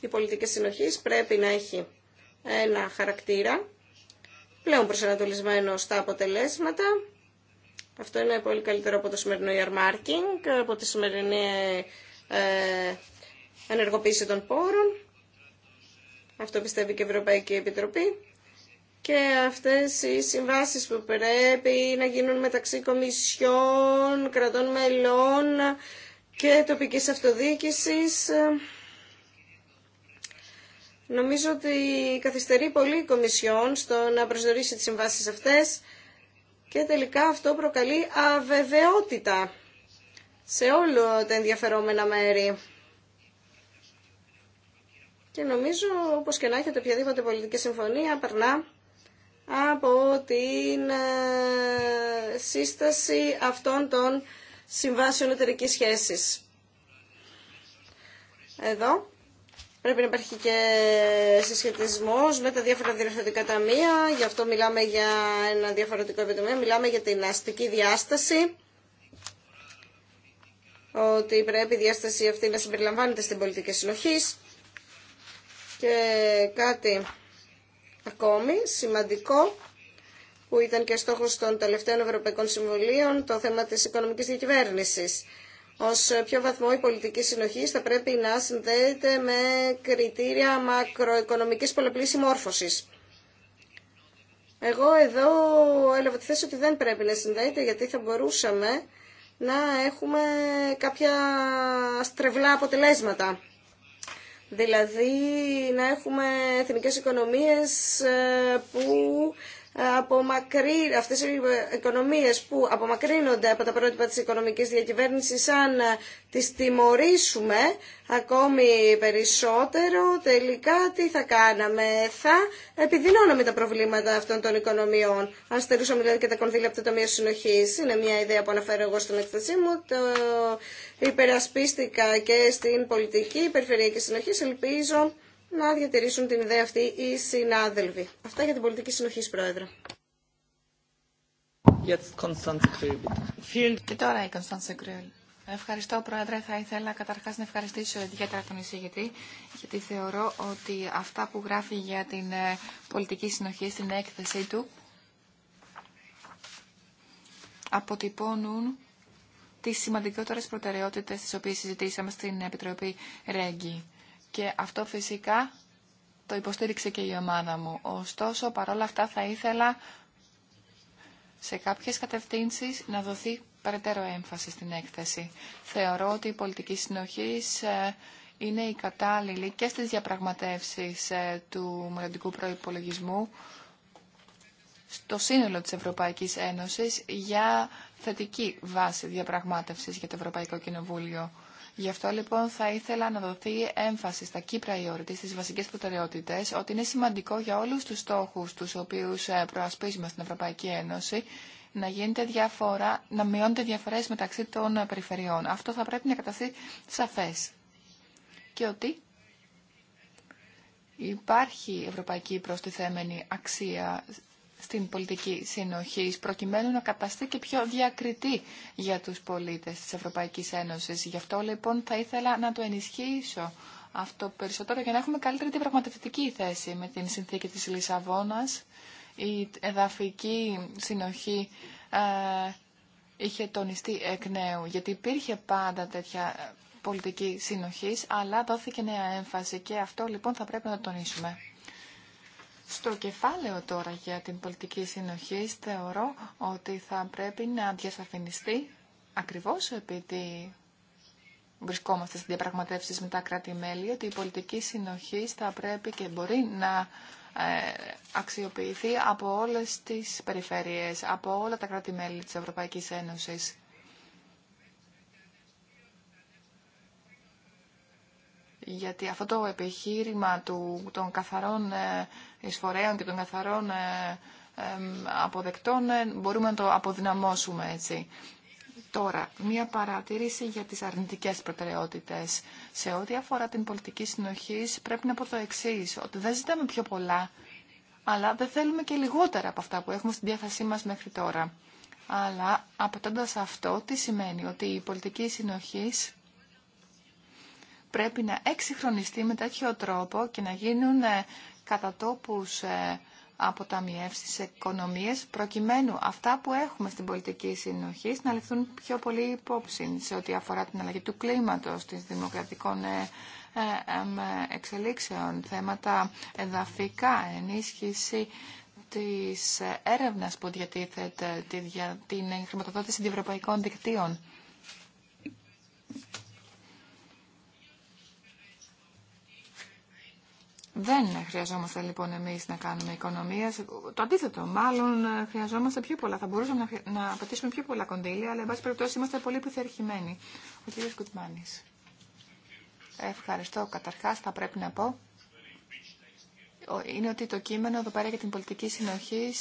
η πολιτική συνοχή πρέπει να έχει ένα χαρακτήρα πλέον προσανατολισμένο στα αποτελέσματα. Αυτό είναι πολύ καλύτερο από το σημερινό earmarking, από τη σημερινή ε, ενεργοποίηση των πόρων. Αυτό πιστεύει και η Ευρωπαϊκή Επιτροπή. Και αυτές οι συμβάσεις που πρέπει να γίνουν μεταξύ κομισιών, κρατών μελών και τοπικής αυτοδιοίκησης Νομίζω ότι καθυστερεί πολύ η Κομισιόν στο να προσδιορίσει τις συμβάσεις αυτές και τελικά αυτό προκαλεί αβεβαιότητα σε όλο τα ενδιαφερόμενα μέρη. Και νομίζω, όπως και να έχετε, οποιαδήποτε πολιτική συμφωνία περνά από την ε, σύσταση αυτών των συμβάσεων εταιρικής σχέσης. Εδώ Πρέπει να υπάρχει και συσχετισμό με τα διάφορα διευθυντικά ταμεία. Γι' αυτό μιλάμε για ένα διαφορετικό επιτομέα. Μιλάμε για την αστική διάσταση. Ότι πρέπει η διάσταση αυτή να συμπεριλαμβάνεται στην πολιτική συνοχή. Και κάτι ακόμη σημαντικό που ήταν και στόχος των τελευταίων Ευρωπαϊκών Συμβουλίων, το θέμα της οικονομικής διακυβέρνησης ως ποιο βαθμό η πολιτική συνοχή θα πρέπει να συνδέεται με κριτήρια μακροοικονομικής πολλαπλή συμμόρφωσης. Εγώ εδώ έλαβα τη θέση ότι δεν πρέπει να συνδέεται γιατί θα μπορούσαμε να έχουμε κάποια στρεβλά αποτελέσματα. Δηλαδή να έχουμε εθνικές οικονομίες ε, που απομακρύ, αυτές οι οικονομίες που απομακρύνονται από τα πρότυπα της οικονομικής διακυβέρνησης αν ε, τις τιμωρήσουμε ακόμη περισσότερο τελικά τι θα κάναμε θα επιδεινώναμε τα προβλήματα αυτών των οικονομιών αν στερούσαμε δηλαδή και τα κονδύλια από το Ταμείο Συνοχής είναι μια ιδέα που αναφέρω εγώ στην εκθεσή μου το υπερασπίστηκα και στην πολιτική περιφερειακή συνοχή, ελπίζω να διατηρήσουν την ιδέα αυτή οι συνάδελφοι. Αυτά για την πολιτική συνοχή, Πρόεδρε. Και τώρα η Κωνσταντζα Κρυόλ. Ευχαριστώ, Πρόεδρε. Θα ήθελα καταρχά να ευχαριστήσω ιδιαίτερα τον εισηγητή, γιατί θεωρώ ότι αυτά που γράφει για την ε, πολιτική συνοχή στην έκθεσή του αποτυπώνουν τις σημαντικότερες προτεραιότητες τις οποίες συζητήσαμε στην Επιτροπή Ρέγγι. Και αυτό φυσικά το υποστήριξε και η ομάδα μου. Ωστόσο, παρόλα αυτά θα ήθελα σε κάποιες κατευθύνσεις να δοθεί περαιτέρω έμφαση στην έκθεση. Θεωρώ ότι η πολιτική συνοχή ε, είναι η κατάλληλη και στις διαπραγματεύσεις ε, του μελλοντικού προϋπολογισμού στο σύνολο της Ευρωπαϊκής Ένωσης για θετική βάση διαπραγμάτευσης για το Ευρωπαϊκό Κοινοβούλιο. Γι' αυτό λοιπόν θα ήθελα να δοθεί έμφαση στα key priorities, στις βασικές προτεραιότητες, ότι είναι σημαντικό για όλους τους στόχους τους οποίους ε, προασπίζουμε στην Ευρωπαϊκή Ένωση να γίνεται διαφορά, να διαφορές μεταξύ των ε, περιφερειών. Αυτό θα πρέπει να καταστεί σαφές. Και ότι υπάρχει ευρωπαϊκή προστιθέμενη αξία στην πολιτική συνοχή, προκειμένου να καταστεί και πιο διακριτή για τους πολίτες της Ευρωπαϊκής Ένωσης. Γι' αυτό λοιπόν θα ήθελα να το ενισχύσω αυτό περισσότερο για να έχουμε καλύτερη την πραγματευτική θέση με την συνθήκη της Λισαβόνας. Η εδαφική συνοχή ε, είχε τονιστεί εκ νέου, γιατί υπήρχε πάντα τέτοια πολιτική συνοχής, αλλά δόθηκε νέα έμφαση και αυτό λοιπόν θα πρέπει να τονίσουμε. Στο κεφάλαιο τώρα για την πολιτική συνοχή θεωρώ ότι θα πρέπει να διασαφινιστεί ακριβώς επειδή βρισκόμαστε στις διαπραγματεύσεις με τα κράτη-μέλη ότι η πολιτική συνοχή θα πρέπει και μπορεί να ε, αξιοποιηθεί από όλες τις περιφέρειες, από όλα τα κράτη-μέλη της Ευρωπαϊκής Ένωσης. γιατί αυτό το επιχείρημα του, των καθαρών ε, εισφορέων και των καθαρών ε, αποδεκτών ε, μπορούμε να το αποδυναμώσουμε έτσι. Τώρα, μία παρατήρηση για τις αρνητικές προτεραιότητες. Σε ό,τι αφορά την πολιτική συνοχή πρέπει να πω το εξή ότι δεν ζητάμε πιο πολλά, αλλά δεν θέλουμε και λιγότερα από αυτά που έχουμε στην διάθεσή μας μέχρι τώρα. Αλλά απαιτώντα αυτό, τι σημαίνει ότι η πολιτική συνοχής πρέπει να εξυγχρονιστεί με τέτοιο τρόπο και να γίνουν ε, κατά τόπους ε, αποταμιεύσεις οικονομίες προκειμένου αυτά που έχουμε στην πολιτική συνοχή να ληφθούν πιο πολύ υπόψη σε ό,τι αφορά την αλλαγή του κλίματος, της δημοκρατικών ε, εξελίξεων, θέματα εδαφικά, ενίσχυση της έρευνας που διατίθεται, την χρηματοδότηση των ευρωπαϊκών δικτύων. Δεν χρειαζόμαστε λοιπόν εμεί να κάνουμε οικονομία. Το αντίθετο, μάλλον ε, χρειαζόμαστε πιο πολλά. Θα μπορούσαμε να, να απαιτήσουμε πιο πολλά κονδύλια, αλλά εν πάση περιπτώσει είμαστε πολύ πειθαρχημένοι. Ο κ. Κουτμάνη. Ευχαριστώ. Καταρχά, θα πρέπει να πω είναι ότι το κείμενο εδώ πέρα για την πολιτική συνοχή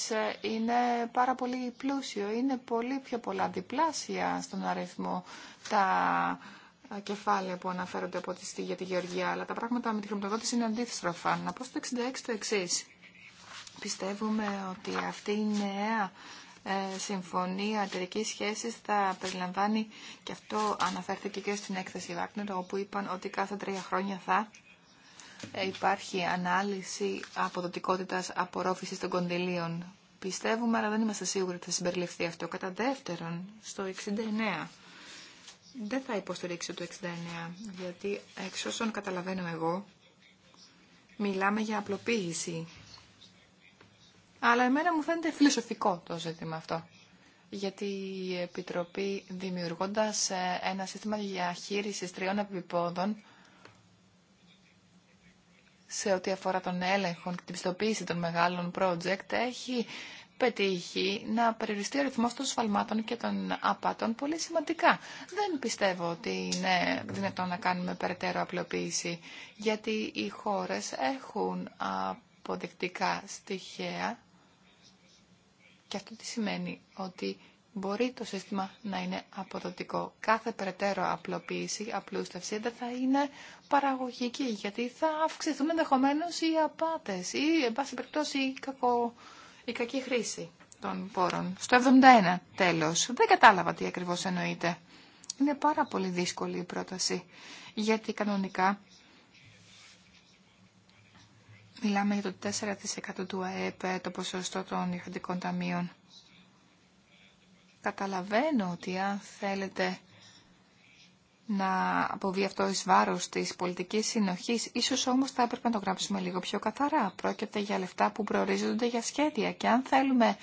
ε, είναι πάρα πολύ πλούσιο. Είναι πολύ πιο πολλά διπλάσια στον αριθμό τα κεφάλαια που αναφέρονται από τη για τη Γεωργία, αλλά τα πράγματα με τη χρηματοδότηση είναι αντίστροφα. Να πω στο 66 το εξή. Πιστεύουμε ότι αυτή η νέα ε, συμφωνία εταιρική σχέση θα περιλαμβάνει, και αυτό αναφέρθηκε και στην έκθεση Βάκνερ, όπου είπαν ότι κάθε τρία χρόνια θα ε, υπάρχει ανάλυση αποδοτικότητας απορρόφησης των κονδυλίων. Πιστεύουμε, αλλά δεν είμαστε σίγουροι ότι θα συμπεριληφθεί αυτό. Κατά δεύτερον, στο 69 δεν θα υποστηρίξω το 69, γιατί εξ όσων καταλαβαίνω εγώ, μιλάμε για απλοποίηση. Αλλά εμένα μου φαίνεται φιλοσοφικό το ζήτημα αυτό. Γιατί η Επιτροπή, δημιουργώντας ε, ένα σύστημα χείριση τριών επιπόδων, σε ό,τι αφορά τον έλεγχο και την πιστοποίηση των μεγάλων project, έχει πετύχει να περιοριστεί ο ρυθμός των σφαλμάτων και των απάτων πολύ σημαντικά. Δεν πιστεύω ότι είναι δυνατόν να κάνουμε περαιτέρω απλοποίηση, γιατί οι χώρες έχουν αποδεκτικά στοιχεία και αυτό τι σημαίνει ότι μπορεί το σύστημα να είναι αποδοτικό. Κάθε περαιτέρω απλοποίηση, απλούστευση δεν θα είναι παραγωγική, γιατί θα αυξηθούν ενδεχομένω οι απάτες ή, εν πάση περιπτώσει, οι κακο η κακή χρήση των πόρων. Στο 71 τέλος. Δεν κατάλαβα τι ακριβώς εννοείται. Είναι πάρα πολύ δύσκολη η πρόταση, γιατί κανονικά μιλάμε για το 4% του ΑΕΠ, το ποσοστό των ιδιωτικών ταμείων. Καταλαβαίνω ότι αν θέλετε να αποβεί αυτό εις βάρος της πολιτικής συνοχής. Ίσως όμως θα έπρεπε να το γράψουμε λίγο πιο καθαρά. Πρόκειται για λεφτά που προορίζονται για σχέδια και αν θέλουμε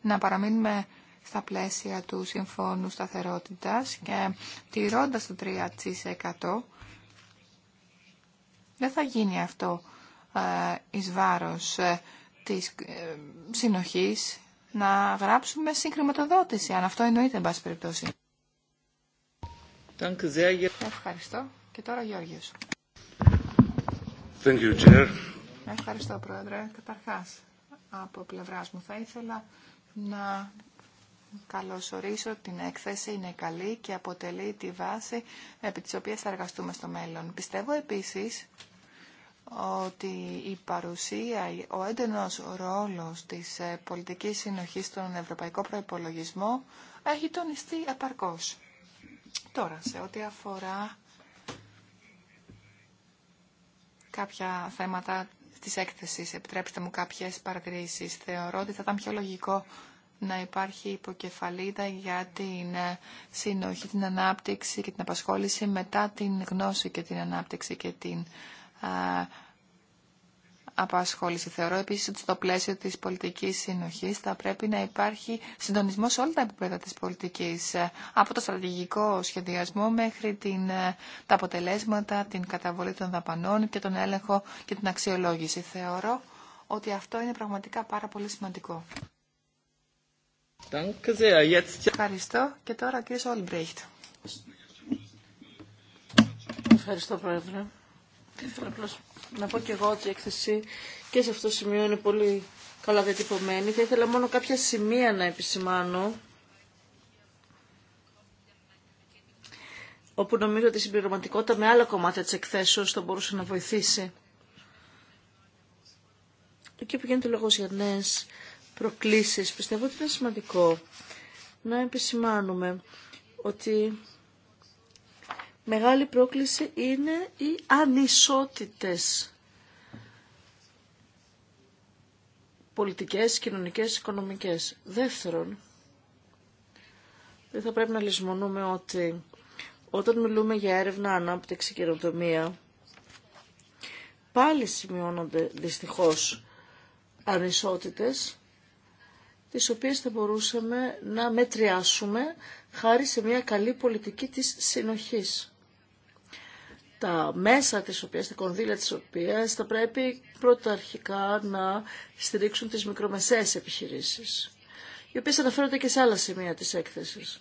να παραμείνουμε στα πλαίσια του Συμφώνου Σταθερότητας και τηρώντας το 3% δεν θα γίνει αυτό ε, εις βάρος ε, της ε, συνοχής να γράψουμε συγκριματοδότηση. αν αυτό εννοείται, εν πάση περιπτώσει. Ευχαριστώ. Και τώρα Γιώργιος. Ευχαριστώ, Πρόεδρε. Καταρχάς, από πλευράς μου θα ήθελα να καλωσορίσω την έκθεση, είναι καλή και αποτελεί τη βάση επί της οποίας θα εργαστούμε στο μέλλον. Πιστεύω επίσης ότι η παρουσία, ο έντονος ρόλος της ε, πολιτικής συνοχής στον ευρωπαϊκό προϋπολογισμό έχει τονιστεί επαρκώς. Τώρα, σε ό,τι αφορά κάποια θέματα της έκθεσης, επιτρέψτε μου κάποιες παρατηρήσεις. Θεωρώ ότι θα ήταν πιο λογικό να υπάρχει υποκεφαλίδα για την ε, συνοχή, την ανάπτυξη και την απασχόληση μετά την γνώση και την ανάπτυξη και την απασχόληση. Θεωρώ επίσης ότι στο πλαίσιο της πολιτικής συνοχής θα πρέπει να υπάρχει συντονισμό σε όλα τα επίπεδα της πολιτικής, ε, από το στρατηγικό σχεδιασμό μέχρι την, ε, τα αποτελέσματα, την καταβολή των δαπανών και τον έλεγχο και την αξιολόγηση. Θεωρώ ότι αυτό είναι πραγματικά πάρα πολύ σημαντικό. Ευχαριστώ. Και τώρα ο κ. Ευχαριστώ, Πρόεδρε. Ήθελα απλώ να πω και εγώ ότι η έκθεση και σε αυτό το σημείο είναι πολύ καλά διατυπωμένη. Θα ήθελα μόνο κάποια σημεία να επισημάνω. όπου νομίζω ότι η συμπληρωματικότητα με άλλα κομμάτια της εκθέσεως θα μπορούσε να βοηθήσει. Εκεί που γίνεται λόγος για νέες προκλήσεις, πιστεύω ότι είναι σημαντικό να επισημάνουμε ότι μεγάλη πρόκληση είναι οι ανισότητες. Πολιτικές, κοινωνικές, οικονομικές. Δεύτερον, δεν θα πρέπει να λησμονούμε ότι όταν μιλούμε για έρευνα, ανάπτυξη και ερωτομία, πάλι σημειώνονται δυστυχώς ανισότητες, τις οποίες θα μπορούσαμε να μετριάσουμε χάρη σε μια καλή πολιτική της συνοχής τα μέσα της οποίας, τα κονδύλια της οποίας θα πρέπει πρωταρχικά να στηρίξουν τις μικρομεσαίες επιχειρήσεις, οι οποίες αναφέρονται και σε άλλα σημεία της έκθεσης.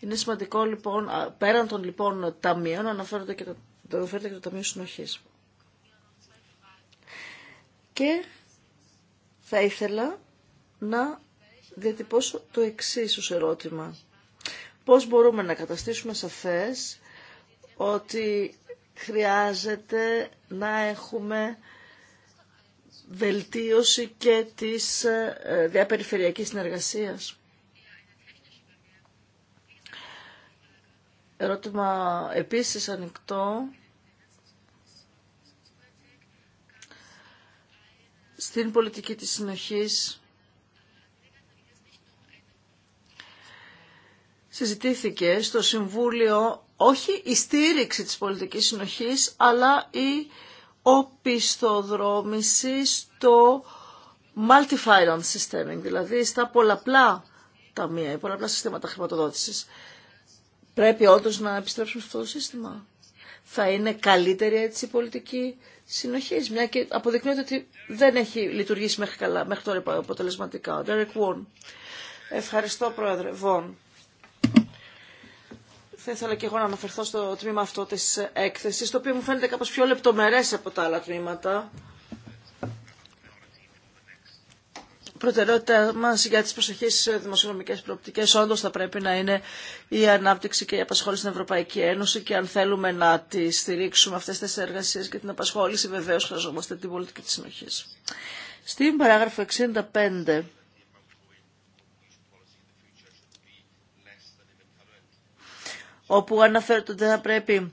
Είναι σημαντικό λοιπόν, πέραν των λοιπόν ταμείων, αναφέρονται και το, αναφέρονται και το Ταμείο Συνοχής. Και θα ήθελα να διατυπώσω το εξή ως ερώτημα. Πώς μπορούμε να καταστήσουμε σαφές ότι χρειάζεται να έχουμε βελτίωση και της ε, διαπεριφερειακής συνεργασίας. Ερώτημα επίσης ανοιχτό. Στην πολιτική της συνοχής συζητήθηκε στο Συμβούλιο όχι η στήριξη της πολιτικής συνοχής, αλλά η οπισθοδρόμηση στο multi-finance systeming, δηλαδή στα πολλαπλά ταμεία, οι πολλαπλά συστήματα χρηματοδότησης. Πρέπει όντω να επιστρέψουμε σε αυτό το σύστημα. Θα είναι καλύτερη έτσι η πολιτική συνοχή, μια και αποδεικνύεται ότι δεν έχει λειτουργήσει μέχρι, καλά, τώρα αποτελεσματικά. Ευχαριστώ, Πρόεδρε. Βον θα ήθελα και εγώ να αναφερθώ στο τμήμα αυτό της έκθεσης, το οποίο μου φαίνεται κάπως πιο λεπτομερές από τα άλλα τμήματα. προτεραιότητα μα για τι προσεχεί δημοσιονομικέ προοπτικέ όντω θα πρέπει να είναι η ανάπτυξη και η απασχόληση στην Ευρωπαϊκή Ένωση και αν θέλουμε να τη στηρίξουμε αυτέ τι εργασίε και την απασχόληση, βεβαίω χρειαζόμαστε την πολιτική τη συνοχή. Στην παράγραφο 65 όπου αναφέρεται ότι θα πρέπει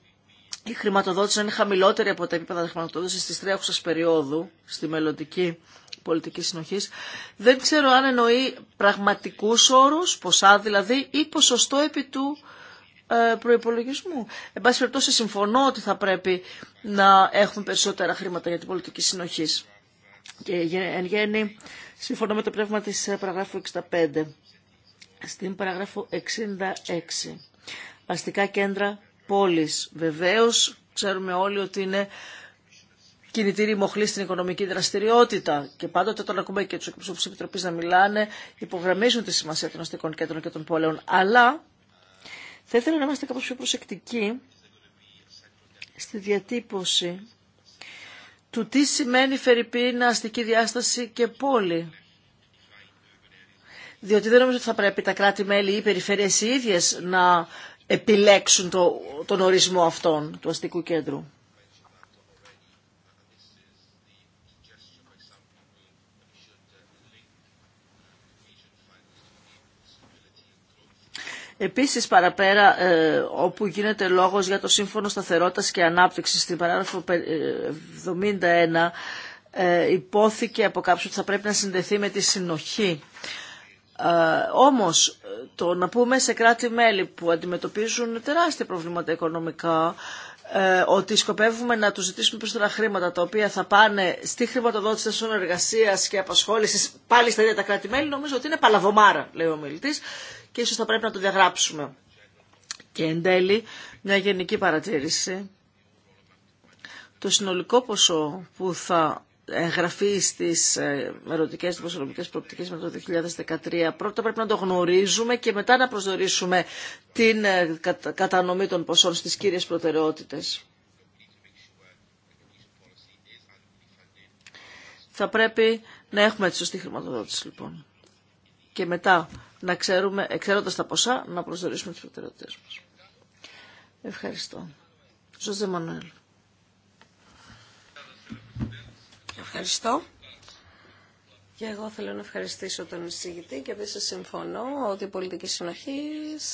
η χρηματοδότηση να είναι χαμηλότερη από τα επίπεδα χρηματοδότηση τη τρέχουσα περίοδου στη μελλοντική πολιτική συνοχή. Δεν ξέρω αν εννοεί πραγματικού όρου, ποσά δηλαδή, ή ποσοστό επί του ε, προπολογισμού. Εν πάση περιπτώσει, συμφωνώ ότι θα πρέπει να έχουμε περισσότερα χρήματα για την πολιτική συνοχή. Και εν γέννη, συμφωνώ με το πνεύμα τη ε, παραγράφου 65. Στην παραγράφου 66 αστικά κέντρα πόλης. Βεβαίως, ξέρουμε όλοι ότι είναι κινητήρη μοχλή στην οικονομική δραστηριότητα. Και πάντοτε όταν ακούμε και τους εκπροσώπου τη να μιλάνε, υπογραμμίζουν τη σημασία των αστικών κέντρων και των πόλεων. Αλλά θα ήθελα να είμαστε κάπως πιο προσεκτικοί στη διατύπωση του τι σημαίνει φερειπίνα αστική διάσταση και πόλη. Διότι δεν νομίζω ότι θα πρέπει τα κράτη-μέλη ή οι περιφέρειες οι ίδιες να επιλέξουν τον ορισμό αυτών του αστικού κέντρου. Επίσης παραπέρα ε, όπου γίνεται λόγος για το Σύμφωνο Σταθερότητας και Ανάπτυξης στην παράγραφο 71 ε, ε, υπόθηκε από κάποιους ότι θα πρέπει να συνδεθεί με τη συνοχή. Ε, όμως το να πούμε σε κράτη-μέλη που αντιμετωπίζουν τεράστια προβλήματα οικονομικά ε, ότι σκοπεύουμε να τους ζητήσουμε περισσότερα χρήματα τα οποία θα πάνε στη χρηματοδότηση θέσεων εργασία και απασχόλησης πάλι στα ίδια τα κράτη-μέλη, νομίζω ότι είναι παλαβομάρα, λέει ο μιλητή, και ίσως θα πρέπει να το διαγράψουμε. Και εν τέλει, μια γενική παρατήρηση. Το συνολικό ποσό που θα εγγραφή στις ερωτικές δημοσιονομικές προοπτικέ μετά το 2013. Πρώτα πρέπει να το γνωρίζουμε και μετά να προσδορίσουμε την ε, κατανομή των ποσών στι κύριε προτεραιότητες. Θα πρέπει να έχουμε τη σωστή χρηματοδότηση λοιπόν. Και μετά να ξέρουμε, εξαίροντας τα ποσά, να προσδορίσουμε τις προτεραιότητες μας. Ευχαριστώ. Ζωζέ Μανουέλ. Ευχαριστώ. Και εγώ θέλω να ευχαριστήσω τον εισηγητή και επίσης συμφωνώ ότι η πολιτική συνοχή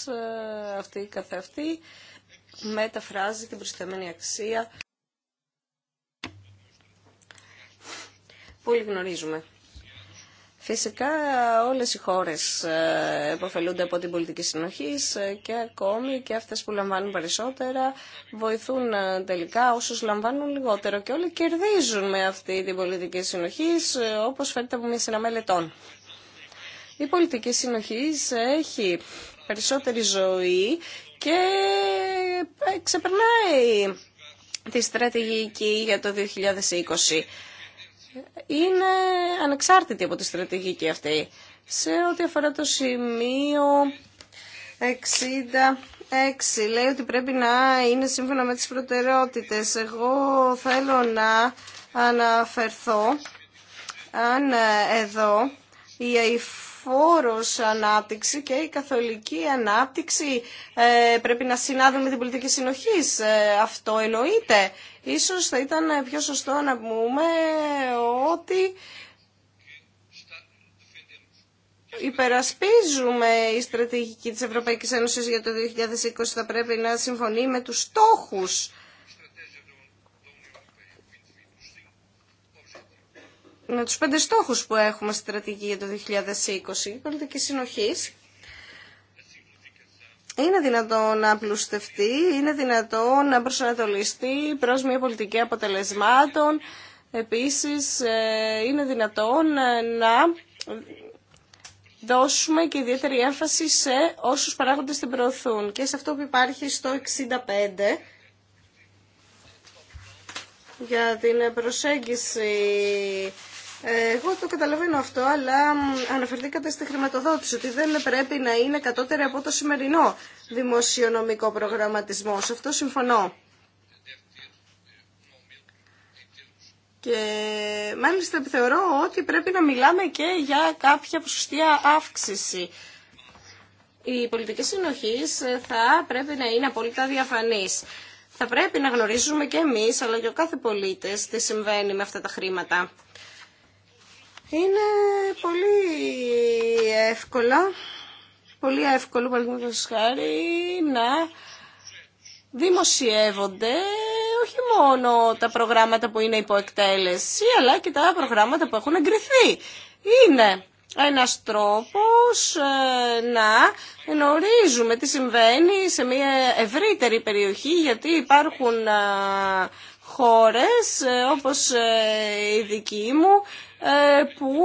ε, αυτή η καθεαυτή μεταφράζει την προσθεμένη αξία που όλοι γνωρίζουμε. Φυσικά όλες οι χώρες ε, επωφελούνται από την πολιτική συνοχή ε, και ακόμη και αυτές που λαμβάνουν περισσότερα βοηθούν ε, τελικά όσους λαμβάνουν λιγότερο και όλοι κερδίζουν με αυτή την πολιτική συνοχή όπως φαίνεται από μια σειρά Η πολιτική συνοχή έχει περισσότερη ζωή και ξεπερνάει τη στρατηγική για το 2020 είναι ανεξάρτητη από τη στρατηγική αυτή. Σε ό,τι αφορά το σημείο 66, Λέει ότι πρέπει να είναι σύμφωνα με τις προτεραιότητες. Εγώ θέλω να αναφερθώ αν ε, εδώ η αηφόρος ανάπτυξη και η καθολική ανάπτυξη ε, πρέπει να συνάδουν με την πολιτική συνοχής. Ε, αυτό εννοείται Ίσως θα ήταν πιο σωστό να πούμε ότι υπερασπίζουμε η στρατηγική της Ευρωπαϊκής Ένωσης για το 2020 θα πρέπει να συμφωνεί με τους στόχους με τους πέντε στόχους που έχουμε στη στρατηγική για το 2020 η πολιτική συνοχής είναι δυνατό να πλουστευτεί, είναι δυνατόν να προσανατολιστεί προς μια πολιτική αποτελεσμάτων. Επίσης, ε, είναι δυνατόν ε, να δώσουμε και ιδιαίτερη έμφαση σε όσους παράγοντες την προωθούν. Και σε αυτό που υπάρχει στο 65, για την προσέγγιση εγώ το καταλαβαίνω αυτό, αλλά αναφερθήκατε στη χρηματοδότηση ότι δεν πρέπει να είναι κατώτερη από το σημερινό δημοσιονομικό προγραμματισμό. Σε αυτό συμφωνώ. Και μάλιστα θεωρώ ότι πρέπει να μιλάμε και για κάποια ποσοστία αύξηση. Η πολιτική συνοχής θα πρέπει να είναι απόλυτα διαφανείς. Θα πρέπει να γνωρίζουμε και εμείς, αλλά και ο κάθε πολίτης, τι συμβαίνει με αυτά τα χρήματα είναι πολύ εύκολα, πολύ εύκολο παραδείγματο χάρη να δημοσιεύονται όχι μόνο τα προγράμματα που είναι υπό εκτέλεση, αλλά και τα προγράμματα που έχουν εγκριθεί. Είναι ένας τρόπος ε, να γνωρίζουμε τι συμβαίνει σε μια ευρύτερη περιοχή, γιατί υπάρχουν ε, χώρες ε, όπως η δική μου ε, που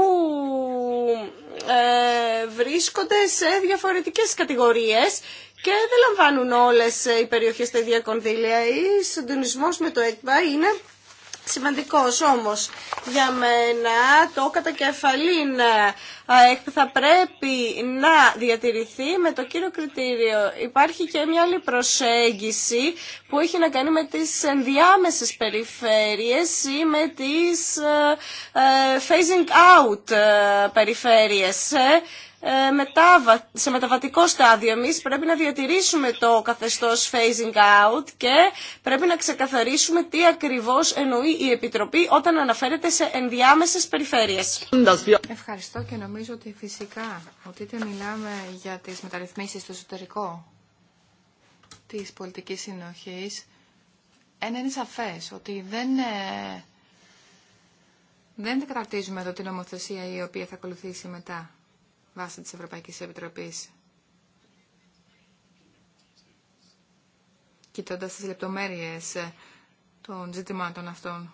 ε, βρίσκονται σε διαφορετικές κατηγορίες και δεν λαμβάνουν όλες οι περιοχές τα ίδια κονδύλια. Η συντονισμός με το ΕΚΠΑ είναι σημαντικός. Όμως, για μένα το κατακεφαλήν ε, θα πρέπει να διατηρηθεί με το κύριο κριτήριο. Υπάρχει και μια άλλη προσέγγιση που έχει να κάνει με τις ενδιάμεσες περιφέρειες ή με τις ε, ε, phasing out περιφέρειες ε, σε μεταβατικό στάδιο. Εμείς πρέπει να διατηρήσουμε το καθεστώς phasing out και πρέπει να ξεκαθαρίσουμε τι ακριβώς εννοεί η Επιτροπή όταν αναφέρεται σε ενδιάμεσες περιφέρειες. Ευχαριστώ και νομίζω ότι φυσικά ότι είτε μιλάμε για τις μεταρρυθμίσεις στο εσωτερικό της πολιτικής συνοχής, ένα είναι σαφές ότι δεν... Ε, δεν κρατίζουμε εδώ την νομοθεσία η οποία θα ακολουθήσει μετά βάσει της Ευρωπαϊκής Επιτροπής. Κοιτώντας τις λεπτομέρειες ε, των ζητημάτων αυτών.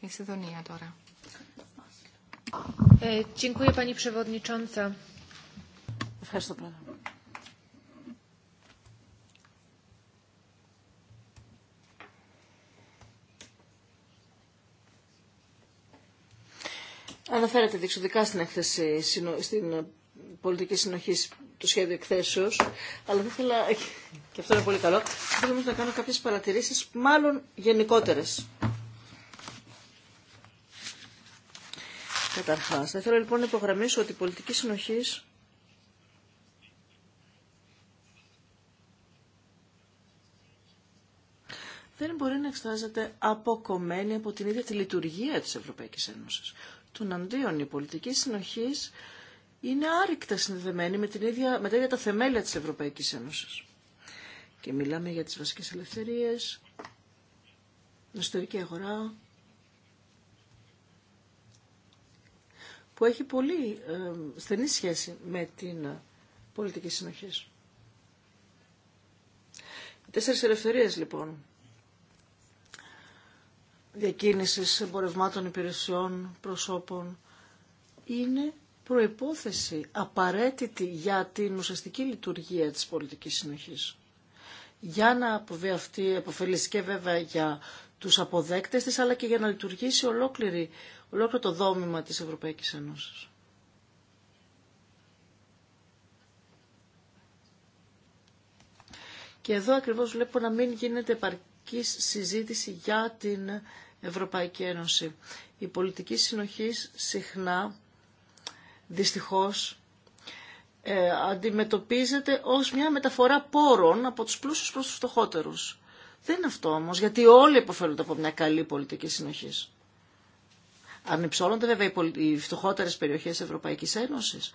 Η Σιδονία τώρα. Ε, Ευχαριστώ πολύ. Αναφέρεται διεξοδικά στην έκθεση, στην Πολιτική συνοχή του σχέδιου εκθέσεως, αλλά θα ήθελα, και αυτό είναι πολύ καλό, θα ήθελα να κάνω κάποιες παρατηρήσεις μάλλον γενικότερες. Καταρχάς, θα ήθελα λοιπόν να υπογραμμίσω ότι η πολιτική συνοχή. δεν μπορεί να εξετάζεται αποκομμένη από την ίδια τη λειτουργία της Ευρωπαϊκής Ένωσης. Τον αντίον, η πολιτική συνοχής είναι άρρηκτα συνδεδεμένη με, την ίδια, με τα ίδια τα θεμέλια της Ευρωπαϊκής Ένωσης. Και μιλάμε για τις βασικές ελευθερίες, την ιστορική αγορά, που έχει πολύ ε, στενή σχέση με την ε, πολιτική συνοχή. Οι τέσσερις ελευθερίες λοιπόν, διακίνησης εμπορευμάτων υπηρεσιών, προσώπων, είναι προϋπόθεση απαραίτητη για την ουσιαστική λειτουργία της πολιτικής συνοχής. Για να αποβεί αυτή επωφελής και βέβαια για τους αποδέκτες της, αλλά και για να λειτουργήσει ολόκληρη, ολόκληρο το δόμημα της Ευρωπαϊκής Ένωσης. Και εδώ ακριβώς βλέπω να μην γίνεται επαρκής συζήτηση για την Ευρωπαϊκή Ένωση. Η πολιτική συνοχής συχνά δυστυχώς ε, αντιμετωπίζεται ως μια μεταφορά πόρων από τους πλούσιους προς τους φτωχότερους. Δεν είναι αυτό όμως, γιατί όλοι υποφέρουν από μια καλή πολιτική συνοχή. Ανυψώνονται βέβαια οι φτωχότερες περιοχές Ευρωπαϊκής Ένωσης.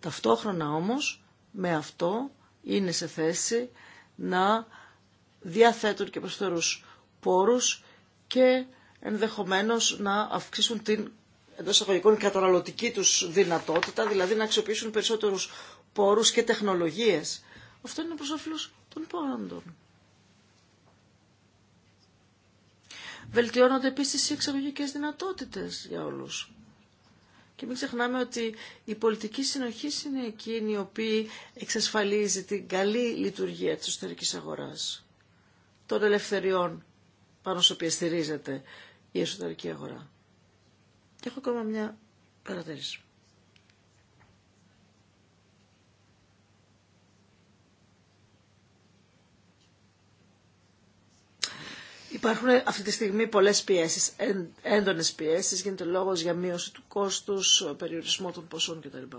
Ταυτόχρονα όμως με αυτό είναι σε θέση να διαθέτουν και προσφέρουν πόρους και ενδεχομένως να αυξήσουν την εντό αγωγικών καταναλωτική τους δυνατότητα, δηλαδή να αξιοποιήσουν περισσότερους πόρους και τεχνολογίες. Αυτό είναι προ τον των πάντων. Βελτιώνονται επίση οι εξαγωγικέ δυνατότητες για όλους. Και μην ξεχνάμε ότι η πολιτική συνοχή είναι εκείνη η οποία εξασφαλίζει την καλή λειτουργία της εσωτερικής αγοράς, των ελευθεριών πάνω στου οποίε στηρίζεται η εσωτερική αγορά. Και έχω ακόμα μια παρατήρηση. Υπάρχουν αυτή τη στιγμή πολλές πιέσεις, έντονες πιέσεις, γίνεται λόγος για μείωση του κόστους, περιορισμό των ποσών κτλ.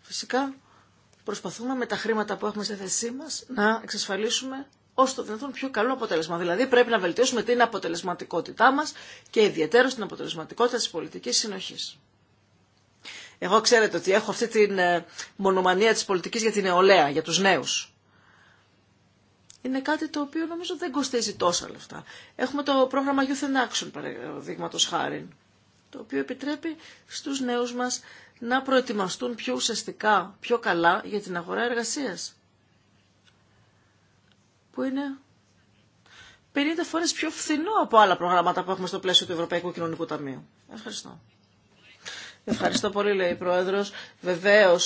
Φυσικά προσπαθούμε με τα χρήματα που έχουμε στη θέσή μας να εξασφαλίσουμε ως το δυνατόν πιο καλό αποτέλεσμα. Δηλαδή πρέπει να βελτιώσουμε την αποτελεσματικότητά μας και ιδιαίτερα την αποτελεσματικότητα της πολιτικής συνοχής. Εγώ ξέρετε ότι έχω αυτή την ε, μονομανία της πολιτικής για την νεολαία, για τους νέους. Είναι κάτι το οποίο νομίζω δεν κοστίζει τόσα λεφτά. Έχουμε το πρόγραμμα Youth in Action, παραδείγματο χάρη, το οποίο επιτρέπει στους νέους μας να προετοιμαστούν πιο ουσιαστικά, πιο καλά για την αγορά εργασίας που είναι 50 φορές πιο φθηνό από άλλα προγράμματα που έχουμε στο πλαίσιο του Ευρωπαϊκού Κοινωνικού Ταμείου. Ευχαριστώ. Ευχαριστώ πολύ, λέει η Πρόεδρο. Βεβαίω,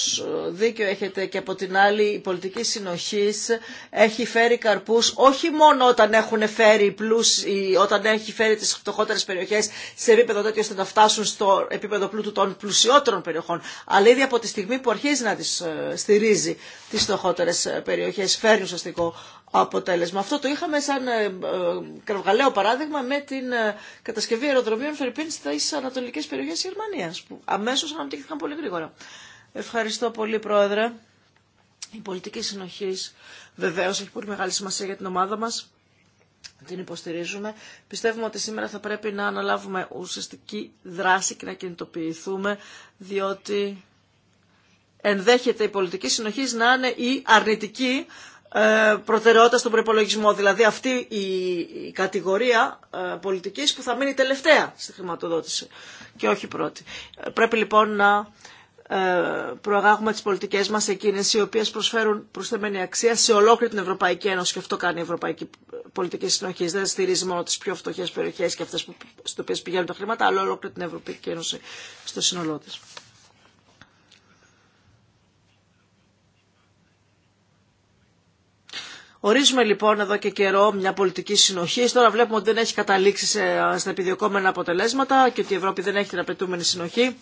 δίκιο έχετε και από την άλλη, η πολιτική συνοχή έχει φέρει καρπού όχι μόνο όταν έχουν φέρει πλούσιοι, όταν έχει φέρει τι φτωχότερε περιοχέ σε επίπεδο τέτοιο ώστε να φτάσουν στο επίπεδο πλούτου των πλουσιότερων περιοχών, αλλά ήδη από τη στιγμή που αρχίζει να τι ε, στηρίζει τι φτωχότερε ε, περιοχέ, φέρνει ουσιαστικό αποτέλεσμα. Αυτό το είχαμε σαν ε, ε, κραυγαλαίο παράδειγμα με την ε, κατασκευή αεροδρομίων Φερρυπίν στι ανατολικέ περιοχέ τη Γερμανία, που αμέσω αναπτύχθηκαν πολύ γρήγορα. Ευχαριστώ πολύ, Πρόεδρε. Η πολιτική συνοχή βεβαίω έχει πολύ μεγάλη σημασία για την ομάδα μα. Την υποστηρίζουμε. Πιστεύουμε ότι σήμερα θα πρέπει να αναλάβουμε ουσιαστική δράση και να κινητοποιηθούμε, διότι ενδέχεται η πολιτική συνοχή να είναι η αρνητική ε, προτεραιότητα στον προπολογισμό. Δηλαδή αυτή η κατηγορία ε, πολιτικής που θα μείνει τελευταία στη χρηματοδότηση και όχι πρώτη. Ε, πρέπει λοιπόν να προαγάγουμε τις πολιτικές μας εκείνες οι οποίες προσφέρουν προσθεμένη αξία σε ολόκληρη την Ευρωπαϊκή Ένωση και αυτό κάνει η Ευρωπαϊκή Πολιτική Συνοχή. Δεν στηρίζει μόνο τις πιο φτωχές περιοχές και αυτές που, στις οποίες πηγαίνουν τα χρήματα αλλά ολόκληρη την Ευρωπαϊκή Ένωση στο σύνολό Ορίζουμε λοιπόν εδώ και καιρό μια πολιτική συνοχή. Τώρα βλέπουμε ότι δεν έχει καταλήξει σε, στα επιδιωκόμενα αποτελέσματα και ότι η Ευρώπη δεν έχει την απαιτούμενη συνοχή.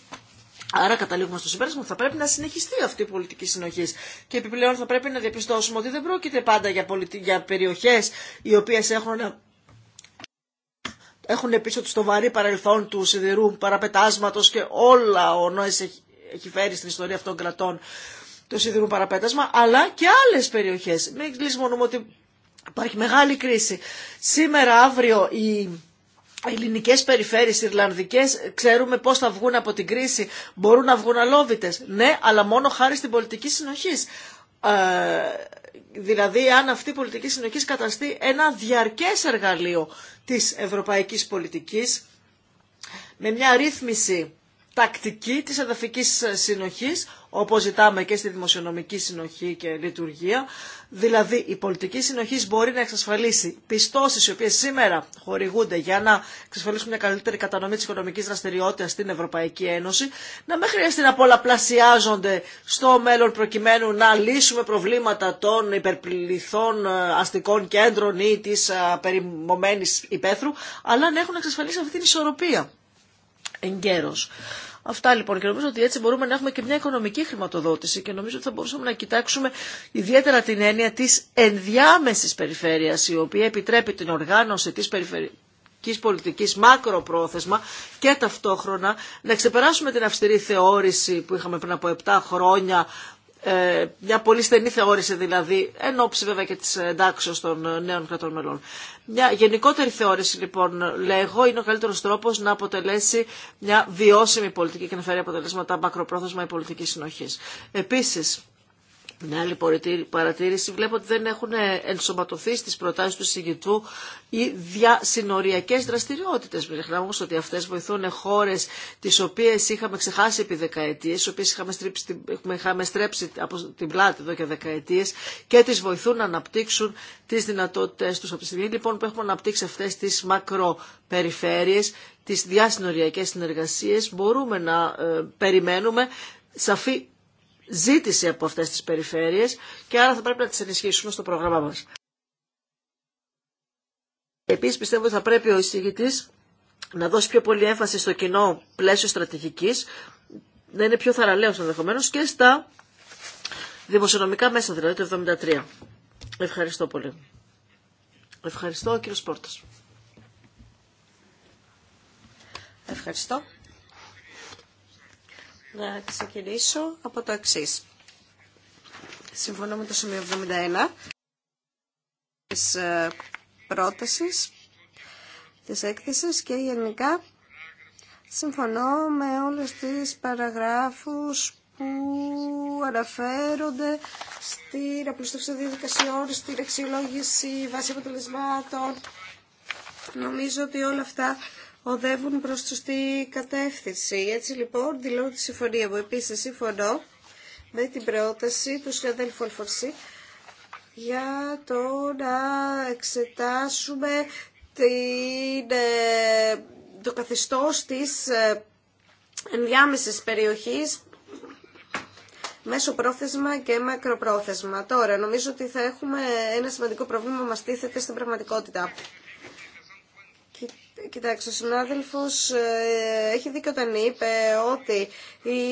Άρα καταλήγουμε στο συμπέρασμα ότι θα πρέπει να συνεχιστεί αυτή η πολιτική συνοχή. Και επιπλέον θα πρέπει να διαπιστώσουμε ότι δεν πρόκειται πάντα για, πολιτι... για περιοχέ οι οποίε έχουν έχουν πίσω του το βαρύ παρελθόν του σιδηρού παραπετάσματο και όλα ο Νόη έχει, έχει φέρει στην ιστορία αυτών των κρατών το σιδηρού παραπέτασμα, αλλά και άλλες περιοχές. Μην κλείσουμε ότι υπάρχει μεγάλη κρίση. Σήμερα, αύριο, η ελληνικέ περιφέρειε, Ιρλανδικέ, ξέρουμε πώ θα βγουν από την κρίση. Μπορούν να βγουν αλόβητε. Ναι, αλλά μόνο χάρη στην πολιτική συνοχή. Ε, δηλαδή, αν αυτή η πολιτική συνοχή καταστεί ένα διαρκέ εργαλείο τη ευρωπαϊκή πολιτική, με μια ρύθμιση τακτική της εδαφικής συνοχής, όπως ζητάμε και στη δημοσιονομική συνοχή και λειτουργία. Δηλαδή, η πολιτική συνοχής μπορεί να εξασφαλίσει πιστώσεις οι οποίες σήμερα χορηγούνται για να εξασφαλίσουν μια καλύτερη κατανομή της οικονομικής δραστηριότητας στην Ευρωπαϊκή Ένωση, να μην χρειαστεί να πολλαπλασιάζονται στο μέλλον προκειμένου να λύσουμε προβλήματα των υπερπληθών ε, αστικών κέντρων ή της ε, περιμομένης υπαίθρου, αλλά να έχουν εξασφαλίσει αυτή την ισορροπία εγκαίρως. Αυτά λοιπόν και νομίζω ότι έτσι μπορούμε να έχουμε και μια οικονομική χρηματοδότηση και νομίζω ότι θα μπορούσαμε να κοιτάξουμε ιδιαίτερα την έννοια της ενδιάμεσης περιφέρειας η οποία επιτρέπει την οργάνωση της περιφερειακής πολιτικής μακροπρόθεσμα και ταυτόχρονα να ξεπεράσουμε την αυστηρή θεώρηση που είχαμε πριν από 7 χρόνια ε, μια πολύ στενή θεώρηση δηλαδή, εν ώψη βέβαια και της εντάξεως των νέων κρατών μελών. Μια γενικότερη θεώρηση λοιπόν λέγω είναι ο καλύτερος τρόπος να αποτελέσει μια βιώσιμη πολιτική και να φέρει αποτελέσματα μακροπρόθεσμα η πολιτική συνοχής. Επίσης, μια άλλη παρατήρηση βλέπω ότι δεν έχουν ε, ενσωματωθεί στις προτάσεις του συγκεκριτού οι διασυνοριακές δραστηριότητες. Μην ξεχνάμε όμως ότι αυτές βοηθούν χώρες τις οποίες είχαμε ξεχάσει επί δεκαετίες, τις οποίες είχαμε στρέψει, είχαμε στρέψει από την πλάτη εδώ και δεκαετίες και τις βοηθούν να αναπτύξουν τις δυνατότητες τους. Από τη στιγμή λοιπόν που έχουμε αναπτύξει αυτές τις μακροπεριφέρειες, τις διασυνοριακές συνεργασίες, μπορούμε να ε, περιμένουμε σαφή ζήτηση από αυτές τις περιφέρειες και άρα θα πρέπει να τις ενισχύσουμε στο πρόγραμμά μας. Επίσης πιστεύω ότι θα πρέπει ο εισηγητής να δώσει πιο πολύ έμφαση στο κοινό πλαίσιο στρατηγικής, να είναι πιο θαραλέος ενδεχομένω και στα δημοσιονομικά μέσα, δηλαδή το 1973. Ευχαριστώ πολύ. Ευχαριστώ κύριο Πόρτας. Ευχαριστώ να ξεκινήσω από το εξή. Συμφωνώ με το σημείο 71 της ε, πρότασης της έκθεσης και γενικά συμφωνώ με όλες τις παραγράφους που αναφέρονται στην απλουστεύση των διαδικασιών, στην αξιολόγηση βάση αποτελεσμάτων. Νομίζω ότι όλα αυτά οδεύουν προς τη σωστή κατεύθυνση. Έτσι λοιπόν δηλώνω τη συμφωνία μου. Επίσης συμφωνώ με την πρόταση του συναδέλφου Αλφορσή για το να εξετάσουμε την, ε, το καθεστώς της ε, ενδιάμεσης περιοχής μέσω πρόθεσμα και μακροπρόθεσμα. Τώρα, νομίζω ότι θα έχουμε ένα σημαντικό πρόβλημα που μας τίθεται στην πραγματικότητα. Κοιτάξτε, ο συνάδελφο ε, έχει δίκιο όταν είπε ότι οι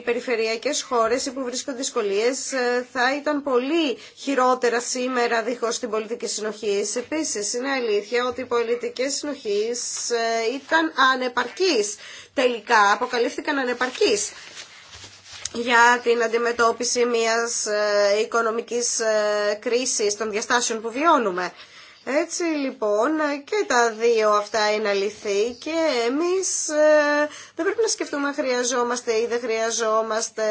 περιφερειακέ χώρες που βρίσκονται δυσκολίε ε, θα ήταν πολύ χειρότερα σήμερα δίχω την πολιτική συνοχή. Επίση, είναι αλήθεια ότι οι συνοχής συνοχή ε, ήταν ανεπαρκείς. τελικά, αποκαλύφθηκαν ανεπαρκείς για την αντιμετώπιση μιας οικονομικής κρίσης των διαστάσεων που βιώνουμε. Έτσι λοιπόν και τα δύο αυτά είναι αληθή και εμείς ε, δεν πρέπει να σκεφτούμε αν χρειαζόμαστε ή δεν χρειαζόμαστε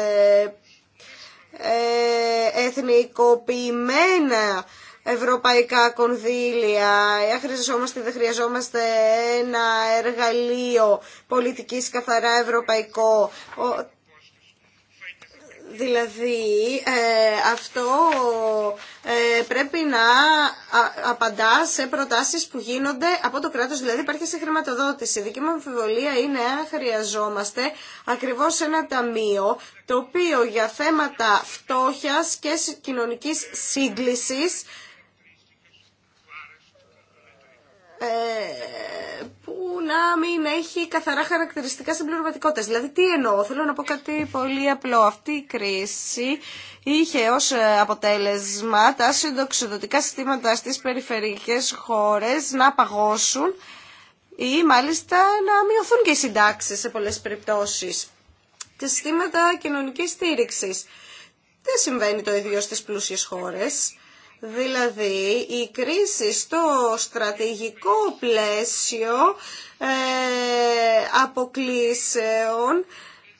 ε, εθνικοποιημένα ευρωπαϊκά κονδύλια, αν χρειαζόμαστε ή δεν χρειαζόμαστε ένα εργαλείο πολιτικής καθαρά ευρωπαϊκό. Δηλαδή ε, αυτό ε, πρέπει να απαντά σε προτάσεις που γίνονται από το κράτος, δηλαδή υπάρχει σε χρηματοδότηση. Η δική μου αμφιβολία είναι αν χρειαζόμαστε ακριβώς ένα ταμείο το οποίο για θέματα φτώχειας και κοινωνικής σύγκλησης Ε, που να μην έχει καθαρά χαρακτηριστικά συμπληρωματικότητα. Δηλαδή τι εννοώ, θέλω να πω κάτι πολύ απλό. Αυτή η κρίση είχε ως ε, αποτέλεσμα τα συντοξιδοτικά συστήματα στις περιφερειακέ χώρες να παγώσουν ή μάλιστα να μειωθούν και οι συντάξεις σε πολλές περιπτώσεις. Τα συστήματα κοινωνική στήριξη. Δεν συμβαίνει το ίδιο στι πλούσιε χώρες. Δηλαδή η κρίση στο στρατηγικό πλαίσιο ε, αποκλήσεων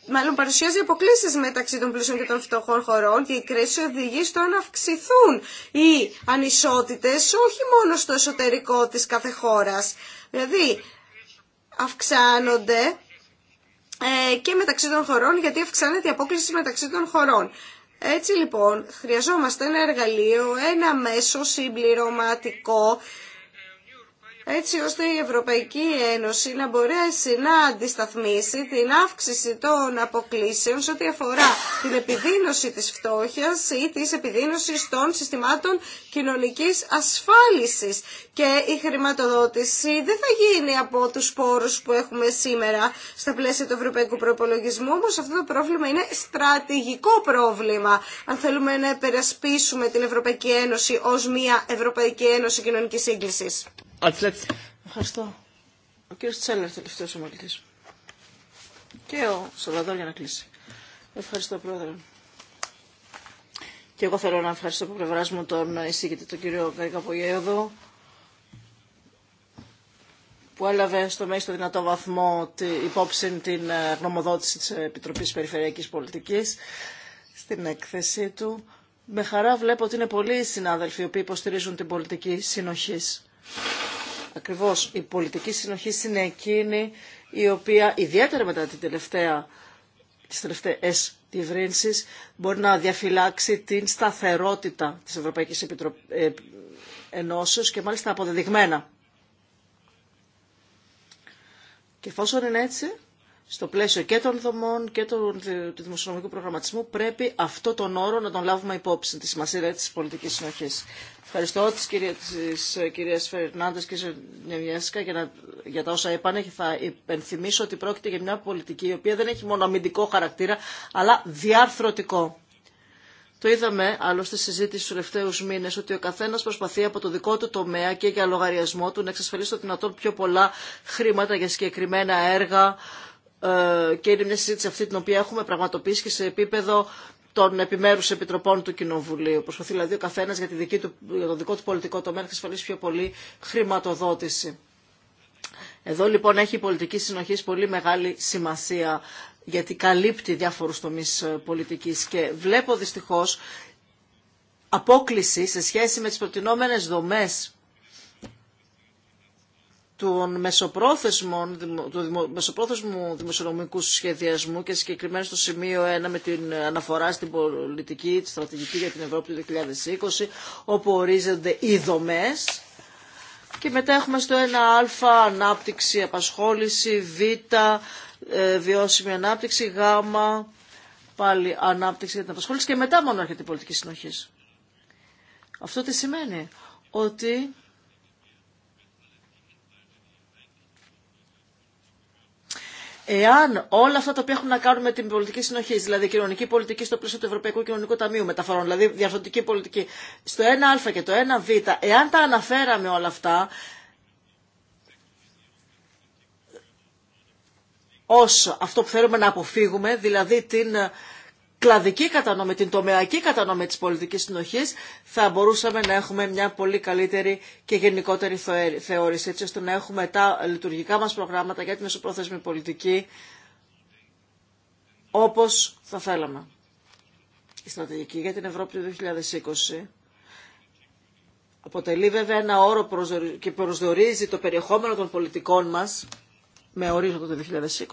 μάλλον παρουσιάζει αποκλήσεις μεταξύ των πλούσιων και των φτωχών χωρών και η κρίση οδηγεί στο να αυξηθούν οι ανισότητες όχι μόνο στο εσωτερικό της κάθε χώρας. Δηλαδή αυξάνονται ε, και μεταξύ των χωρών γιατί αυξάνεται η απόκληση μεταξύ των χωρών. Έτσι λοιπόν χρειαζόμαστε ένα εργαλείο, ένα μέσο συμπληρωματικό έτσι ώστε η Ευρωπαϊκή Ένωση να μπορέσει να αντισταθμίσει την αύξηση των αποκλήσεων σε ό,τι αφορά την επιδείνωση της φτώχειας ή της επιδείνωσης των συστημάτων κοινωνικής ασφάλισης. Και η χρηματοδότηση δεν θα γίνει από τους πόρους που έχουμε σήμερα στα πλαίσια του Ευρωπαϊκού Προπολογισμού, όμως αυτό το πρόβλημα είναι στρατηγικό πρόβλημα. Αν θέλουμε να επερασπίσουμε την Ευρωπαϊκή Ένωση ως μια Ευρωπαϊκή Ένωση Κοινωνικής Σύγκλησης. Ευχαριστώ. Ο κύριο Τσέλερ, τελευταίο ομιλητή. Και ο Σαλβαδόρ για να κλείσει. Ευχαριστώ, Πρόεδρε. Και εγώ θέλω να ευχαριστώ από πλευρά μου τον εισήγητη, τον κύριο Καρικαπογέδο, που έλαβε στο μέγιστο δυνατό βαθμό υπόψη την ε, γνωμοδότηση τη επιτροπή περιφερειακή πολιτική στην έκθεσή του. Με χαρά βλέπω ότι είναι πολλοί οι συνάδελφοι οι οποίοι υποστηρίζουν την πολιτική συνοχή. Ακριβώς η πολιτική συνοχή είναι εκείνη η οποία ιδιαίτερα μετά την τελευταία, τις τελευταίες διευρύνσεις μπορεί να διαφυλάξει την σταθερότητα της Ευρωπαϊκής Επιτρο... Ε, και μάλιστα αποδεδειγμένα. Και εφόσον είναι έτσι, στο πλαίσιο και των δομών και του δημοσιονομικού προγραμματισμού πρέπει αυτό τον όρο να τον λάβουμε υπόψη, τη σημασία δηλαδή, της πολιτικής συνοχής. Ευχαριστώ τις ε, κυρίες Φερνάντες και η για, για τα όσα είπαν. Θα υπενθυμίσω ότι πρόκειται για μια πολιτική η οποία δεν έχει μόνο αμυντικό χαρακτήρα, αλλά διαρθρωτικό. Το είδαμε άλλωστε στη συζήτηση του τελευταίου μήνε ότι ο καθένα προσπαθεί από το δικό του τομέα και για λογαριασμό του να εξασφαλίσει το δυνατόν πιο πολλά χρήματα για συγκεκριμένα έργα, ε, και είναι μια συζήτηση αυτή την οποία έχουμε πραγματοποιήσει και σε επίπεδο των επιμέρου επιτροπών του Κοινοβουλίου. Προσπαθεί δηλαδή ο καθένα για, για το δικό του πολιτικό τομέα να εξασφαλίσει πιο πολύ χρηματοδότηση. Εδώ λοιπόν έχει η πολιτική συνοχή πολύ μεγάλη σημασία γιατί καλύπτει διάφορους τομείς ε, πολιτικής και βλέπω δυστυχώς απόκληση σε σχέση με τις προτινόμενες δομές των μεσοπρόθεσμων, του μεσοπρόθεσμου δημοσιονομικού σχεδιασμού και συγκεκριμένα στο σημείο 1 με την αναφορά στην πολιτική, τη στρατηγική για την Ευρώπη του 2020, όπου ορίζονται οι δομές. Και μετά έχουμε στο 1α ανάπτυξη, απασχόληση, β, ε, βιώσιμη ανάπτυξη, γ, πάλι ανάπτυξη για την απασχόληση και μετά μόνο έρχεται η πολιτική συνοχή. Αυτό τι σημαίνει, ότι εάν όλα αυτά τα οποία έχουν να κάνουν με την πολιτική συνοχή, δηλαδή κοινωνική πολιτική στο πλαίσιο του Ευρωπαϊκού Κοινωνικού Ταμείου Μεταφορών, δηλαδή διαρθρωτική πολιτική, στο 1α και το 1β, εάν τα αναφέραμε όλα αυτά, ως αυτό που θέλουμε να αποφύγουμε, δηλαδή την κλαδική κατανομή, την τομεακή κατανομή της πολιτικής συνοχής, θα μπορούσαμε να έχουμε μια πολύ καλύτερη και γενικότερη θεώρηση, έτσι ώστε να έχουμε τα λειτουργικά μας προγράμματα για τη μεσοπρόθεσμη πολιτική, όπως θα θέλαμε. Η στρατηγική για την Ευρώπη του 2020 αποτελεί βέβαια ένα όρο και προσδιορίζει το περιεχόμενο των πολιτικών μας με ορίζοντα το 2020.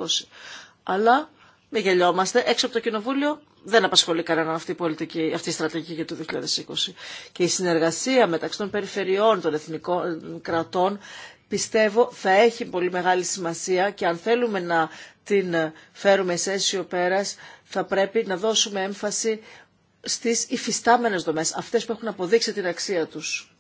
Αλλά μην γελιόμαστε, έξω από το Κοινοβούλιο δεν απασχολεί κανέναν αυτή η, πολιτική, αυτή η στρατηγική για το 2020. Και η συνεργασία μεταξύ των περιφερειών των εθνικών κρατών πιστεύω θα έχει πολύ μεγάλη σημασία και αν θέλουμε να την φέρουμε σε αίσιο πέρας θα πρέπει να δώσουμε έμφαση στις υφιστάμενες δομές, αυτές που έχουν αποδείξει την αξία τους.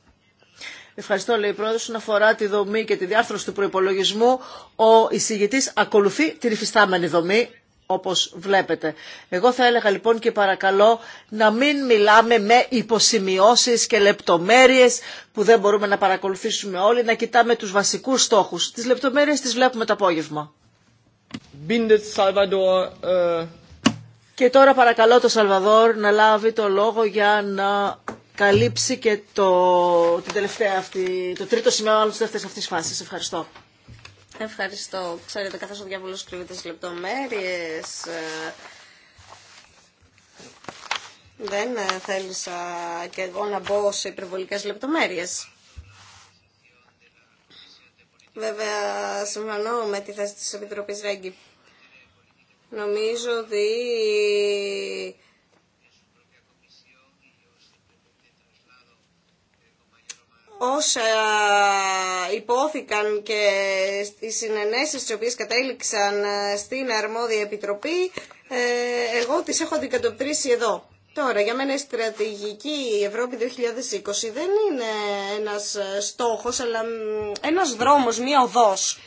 Ευχαριστώ, λέει η πρόεδρο. Όσον αφορά τη δομή και τη διάρθρωση του προπολογισμού, ο εισηγητή ακολουθεί την υφιστάμενη δομή όπως βλέπετε. Εγώ θα έλεγα λοιπόν και παρακαλώ να μην μιλάμε με υποσημειώσεις και λεπτομέρειες που δεν μπορούμε να παρακολουθήσουμε όλοι, να κοιτάμε τους βασικούς στόχους. Τις λεπτομέρειες τις βλέπουμε το απόγευμα. Ε, και τώρα παρακαλώ το Σαλβαδόρ να λάβει το λόγο για να καλύψει και το, την αυτή, το τρίτο σημείο τη της δεύτερης αυτής φάσης. Ευχαριστώ. Ευχαριστώ. Ξέρετε, καθώς ο διάβολος κρύβεται στις λεπτομέρειες, ε, δεν ε, θέλησα και εγώ να μπω σε υπερβολικές λεπτομέρειες. Βέβαια, συμφωνώ με τη θέση της Επιτροπής Ρέγκη. Νομίζω ότι όσα υπόθηκαν και στις συνενέσεις τις οποίες κατέληξαν ε, στην αρμόδια επιτροπή, ε, εγώ τις έχω αντικατοπτρίσει εδώ. Τώρα, για μένα η στρατηγική Ευρώπη 2020 δεν είναι ένας ε, στόχος, αλλά ένας δρόμος, μία οδός.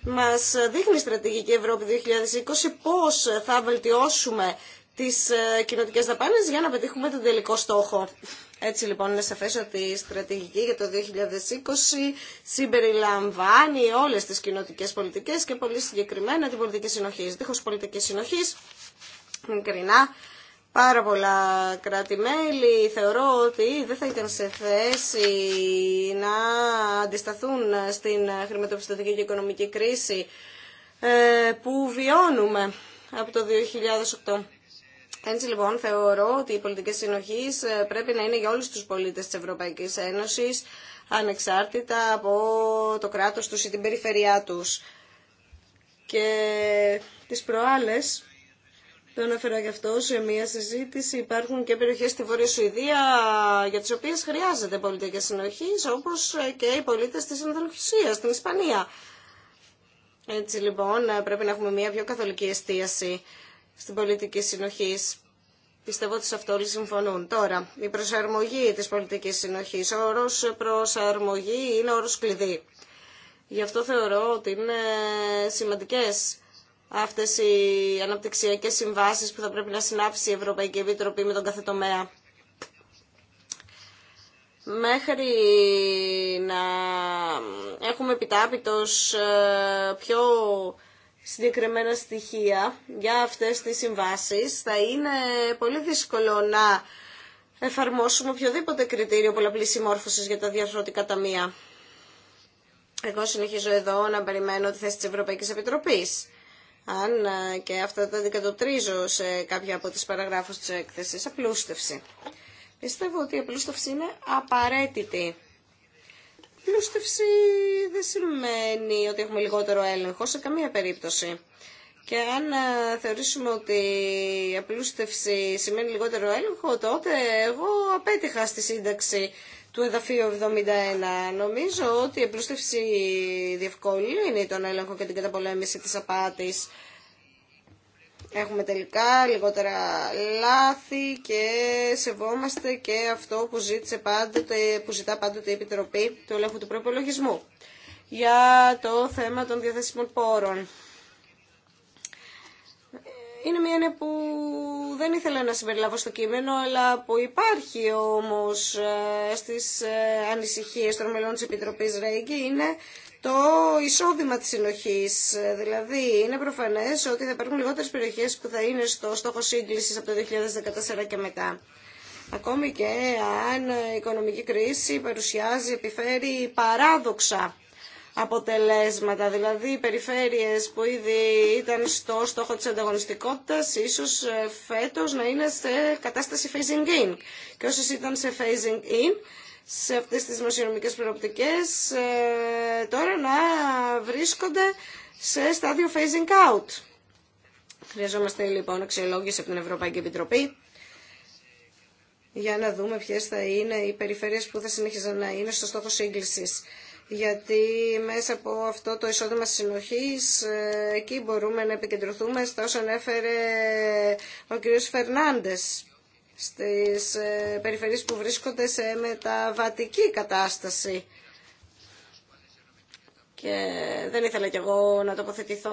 Μας δείχνει η στρατηγική Ευρώπη 2020 πώς θα βελτιώσουμε τις κοινοτικές δαπάνες για να πετύχουμε τον τελικό στόχο. Έτσι λοιπόν είναι σαφές ότι η στρατηγική για το 2020 συμπεριλαμβάνει όλες τις κοινοτικές πολιτικές και πολύ συγκεκριμένα την πολιτική συνοχής. Δίχως πολιτική συνοχής, μικρινά, πάρα πολλά κράτη-μέλη θεωρώ ότι δεν θα ήταν σε θέση να αντισταθούν στην χρηματοπιστωτική και οικονομική κρίση ε, που βιώνουμε από το 2008 έτσι λοιπόν θεωρώ ότι οι πολιτικές συνοχής ε, πρέπει να είναι για όλους τους πολίτες της Ευρωπαϊκής Ένωσης ανεξάρτητα από το κράτος τους ή την περιφερειά τους. Και τις προάλλες, το αναφέρα γι' αυτό σε μια συζήτηση, υπάρχουν και περιοχές στη Βόρεια Σουηδία για τις οποίες χρειάζεται πολιτική συνοχής όπως ε, και οι πολίτες της Ανδαλουσίας, στην Ισπανία. Έτσι λοιπόν ε, πρέπει να έχουμε μια πιο καθολική εστίαση στην πολιτική συνοχή. Πιστεύω ότι σε αυτό όλοι συμφωνούν. Τώρα, η προσαρμογή της πολιτικής συνοχή, Ο όρος προσαρμογή είναι ορό κλειδί. Γι' αυτό θεωρώ ότι είναι σημαντικές αυτές οι αναπτυξιακέ συμβάσει που θα πρέπει να συνάψει η Ευρωπαϊκή Επιτροπή με τον κάθε τομέα. Μέχρι να έχουμε επιτάπητος ε, πιο συγκεκριμένα στοιχεία για αυτές τις συμβάσεις, θα είναι πολύ δύσκολο να εφαρμόσουμε οποιοδήποτε κριτήριο πολλαπλής συμμόρφωσης για τα διαφορετικά ταμεία. Εγώ συνεχίζω εδώ να περιμένω τη θέση της Ευρωπαϊκής Επιτροπής. Αν ε, και αυτά τα δικατοτρίζω σε κάποια από τις παραγράφους της έκθεσης, απλούστευση. Πιστεύω ότι η απλούστευση είναι απαραίτητη πλούστευση δεν σημαίνει ότι έχουμε λιγότερο έλεγχο σε καμία περίπτωση. Και αν ε, θεωρήσουμε ότι η απλούστευση σημαίνει λιγότερο έλεγχο, τότε εγώ απέτυχα στη σύνταξη του εδαφείου 71. Νομίζω ότι η απλούστευση διευκολύνει τον έλεγχο και την καταπολέμηση της απάτης Έχουμε τελικά λιγότερα λάθη και σεβόμαστε και αυτό που, ζήτησε πάντοτε, που ζητά πάντοτε η Επιτροπή του Ελέγχου του Προπολογισμού για το θέμα των διαθέσιμων πόρων. Είναι μια έννοια που δεν ήθελα να συμπεριλάβω στο κείμενο, αλλά που υπάρχει όμως ε, στις ε, ανησυχίες των μελών της Επιτροπής ΡΕΙΚΙ, είναι το εισόδημα της συνοχής. Δηλαδή είναι προφανές ότι θα υπάρχουν λιγότερες περιοχές που θα είναι στο στόχο σύγκλησης από το 2014 και μετά. Ακόμη και αν η οικονομική κρίση παρουσιάζει, επιφέρει παράδοξα αποτελέσματα. Δηλαδή οι περιφέρειες που ήδη ήταν στο στόχο της ανταγωνιστικότητας ίσως ε, φέτος να είναι σε κατάσταση phasing in. Και όσες ήταν σε phasing in σε αυτές τις δημοσιονομικές προοπτικές ε, τώρα να βρίσκονται σε στάδιο phasing out. Χρειαζόμαστε λοιπόν αξιολόγηση από την Ευρωπαϊκή Επιτροπή για να δούμε ποιες θα είναι οι περιφέρειες που θα συνεχίζουν να είναι στο στόχο σύγκλησης. Γιατί μέσα από αυτό το εισόδημα συνοχής ε, εκεί μπορούμε να επικεντρωθούμε στα όσα ανέφερε ο κ. Φερνάντες στις ε, περιφερειές που βρίσκονται σε μεταβατική κατάσταση. Και δεν ήθελα κι εγώ να τοποθετηθώ,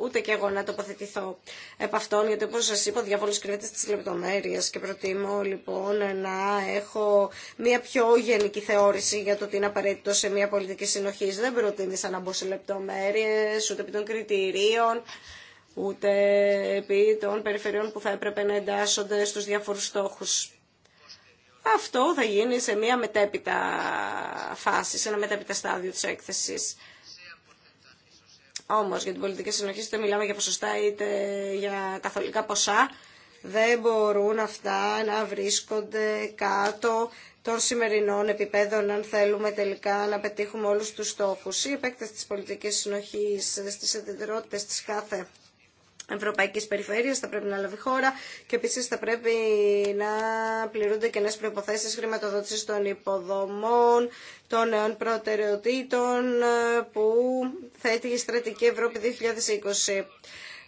ούτε κι εγώ να τοποθετηθώ επ' αυτόν, γιατί όπως σας είπα, ο διάβολος κρύβεται στις λεπτομέρειες και προτιμώ λοιπόν να έχω μια πιο γενική θεώρηση για το τι είναι απαραίτητο σε μια πολιτική συνοχή. Δεν προτίμησα να μπω σε λεπτομέρειες, ούτε επί των κριτηρίων, ούτε επί των περιφερειών που θα έπρεπε να εντάσσονται στους διάφορους στόχους. Αυτό θα γίνει σε μια μετέπειτα φάση, σε ένα μετέπειτα στάδιο της έκθεσης. Όμως για την πολιτική συνοχή είτε μιλάμε για ποσοστά είτε για καθολικά ποσά δεν μπορούν αυτά να βρίσκονται κάτω των σημερινών επιπέδων αν θέλουμε τελικά να πετύχουμε όλους τους στόχους. Η επέκταση της πολιτικής συνοχής στις ιδιαιτερότητες της κάθε Ευρωπαϊκή Περιφέρεια, θα πρέπει να λάβει χώρα και επίση θα πρέπει να πληρούνται και προποθέσει χρηματοδότηση των υποδομών, των νέων προτεραιοτήτων ε, που θέτει η Στρατική Ευρώπη 2020.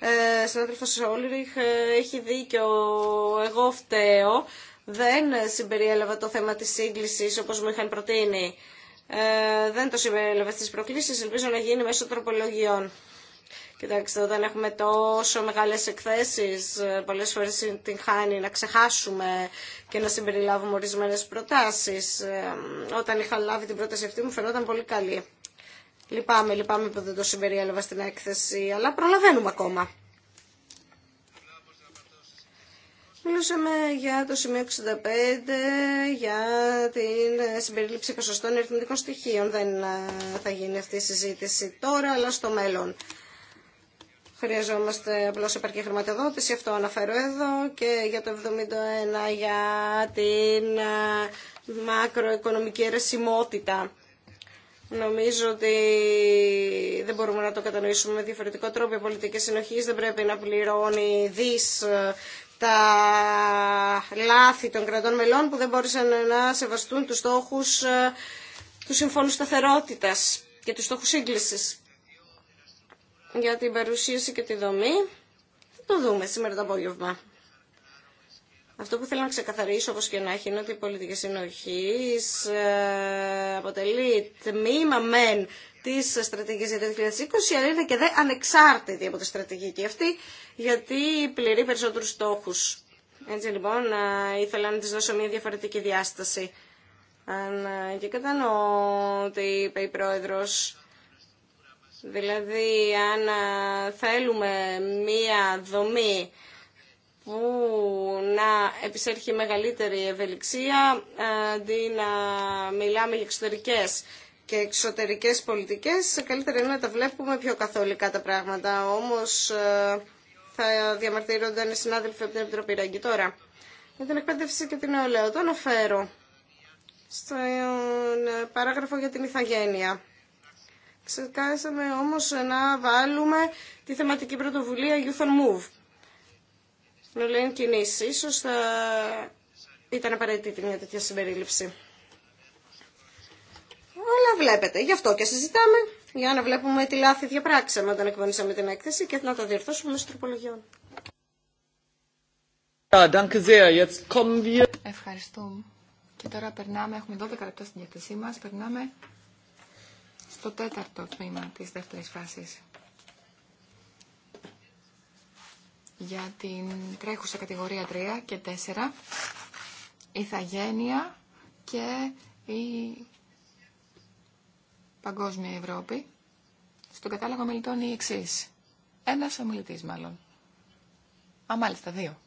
Ε, Συνάδελφος ε, έχει δίκιο, εγώ φταίω. Δεν συμπεριέλαβα το θέμα της σύγκλησης όπως μου είχαν προτείνει. Ε, δεν το συμπεριέλαβα στις προκλήσεις, ελπίζω να γίνει μέσω τροπολογιών. Κοιτάξτε, όταν έχουμε τόσο μεγάλες εκθέσεις, ε, πολλές φορές την χάνει να ξεχάσουμε και να συμπεριλάβουμε ορισμένες προτάσεις. Ε, όταν είχα λάβει την πρόταση αυτή μου φαινόταν πολύ καλή. Λυπάμαι, λυπάμαι που δεν το συμπεριέλαβα στην έκθεση, αλλά προλαβαίνουμε ακόμα. Μιλούσαμε για το σημείο 65, για την ε, συμπερίληψη ποσοστών αριθμητικών στοιχείων. Δεν θα γίνει αυτή η συζήτηση τώρα, αλλά στο μέλλον. Χρειαζόμαστε απλώς επαρκή χρηματοδότηση, αυτό αναφέρω εδώ και για το 71 για την μακροοικονομική αιρεσιμότητα. Νομίζω ότι δεν μπορούμε να το κατανοήσουμε με διαφορετικό τρόπο. Η πολιτική συνοχή δεν πρέπει να πληρώνει δις τα λάθη των κρατών μελών που δεν μπόρεσαν να σεβαστούν τους στόχους του Συμφώνου Σταθερότητας και τους στόχους σύγκλησης για την παρουσίαση και τη δομή. Θα το δούμε σήμερα το απόγευμα. Αυτό που θέλω να ξεκαθαρίσω όπως και να έχει είναι ότι η πολιτική συνοχή ε, αποτελεί τμήμα μεν της στρατηγικής για 2020 αλλά είναι και δε ανεξάρτητη από τη στρατηγική αυτή γιατί πληρεί περισσότερους στόχους. Έτσι λοιπόν ε, ήθελα να της δώσω μια διαφορετική διάσταση. Αν ε, και κατανοώ ότι είπε η Πρόεδρος Δηλαδή, αν θέλουμε μία δομή που να επισέρχει μεγαλύτερη ευελιξία, αντί να μιλάμε για εξωτερικές και εξωτερικές πολιτικές, καλύτερα είναι να τα βλέπουμε πιο καθολικά τα πράγματα. Όμως, θα διαμαρτύρονταν οι συνάδελφοι από την Επιτροπή Ραγκή τώρα. Για την εκπαίδευση και την νεολαία, το αναφέρω στον παράγραφο για την ηθαγένεια. Ξεκάσαμε όμως να βάλουμε τη θεματική πρωτοβουλία Youth on Move. λένε κινήσει. Ίσως θα ήταν απαραίτητη μια τέτοια συμπερίληψη. Αλλά βλέπετε, γι' αυτό και συζητάμε, για να βλέπουμε τι λάθη διαπράξαμε όταν εκπονήσαμε την έκθεση και να τα διορθώσουμε μέσω τροπολογιών. Ευχαριστούμε. Και τώρα περνάμε, έχουμε 12 λεπτά στην διάθεσή μας, περνάμε στο τέταρτο τμήμα της δεύτερης φάσης. Για την τρέχουσα κατηγορία 3 και 4, Θαγένεια και η παγκόσμια Ευρώπη. Στον κατάλογο μιλητών η εξή. Ένας ομιλητής μάλλον. Α, μάλιστα δύο.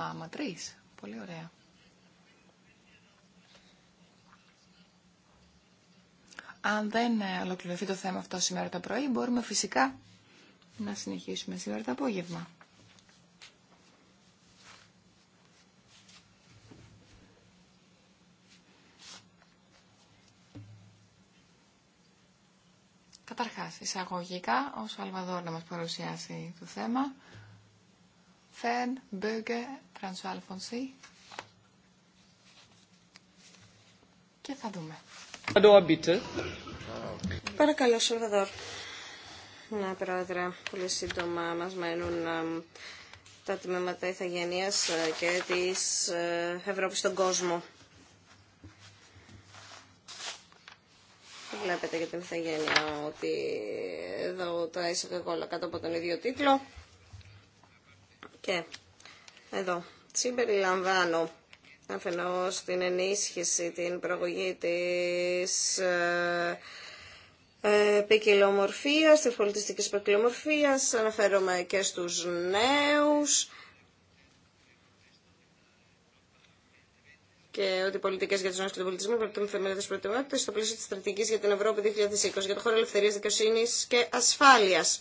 Α, μα Πολύ ωραία. Αν δεν ε, ολοκληρωθεί το θέμα αυτό σήμερα το πρωί, μπορούμε φυσικά να συνεχίσουμε σήμερα το απόγευμα. Καταρχάς, εισαγωγικά, ο Σαλβαδόρ να μας παρουσιάσει το θέμα. Φεν, Μπέγκε, Φρανσουάλ Φονσί. Και θα δούμε. Παρακαλώ, Σαλβαδόρ. Ναι, Πρόεδρε, πολύ σύντομα μας μένουν ε, τα τμήματα ηθαγενείας ε, και της ε, Ευρώπης στον κόσμο. Βλέπετε για την ηθαγένεια ότι εδώ τα όλα κάτω από τον ίδιο τίτλο. Και εδώ συμπεριλαμβάνω αφενός την ενίσχυση, την προγωγή της ε, ε, ποικιλομορφίας, της πολιτιστικής ποικιλομορφίας, αναφέρομαι και στους νέους και ότι οι πολιτικές για τους νέους και τον πολιτισμό κρατούν στο πλαίσιο της στρατηγικής για την Ευρώπη 2020 για το χώρο ελευθερίας δικαιοσύνης και ασφάλειας.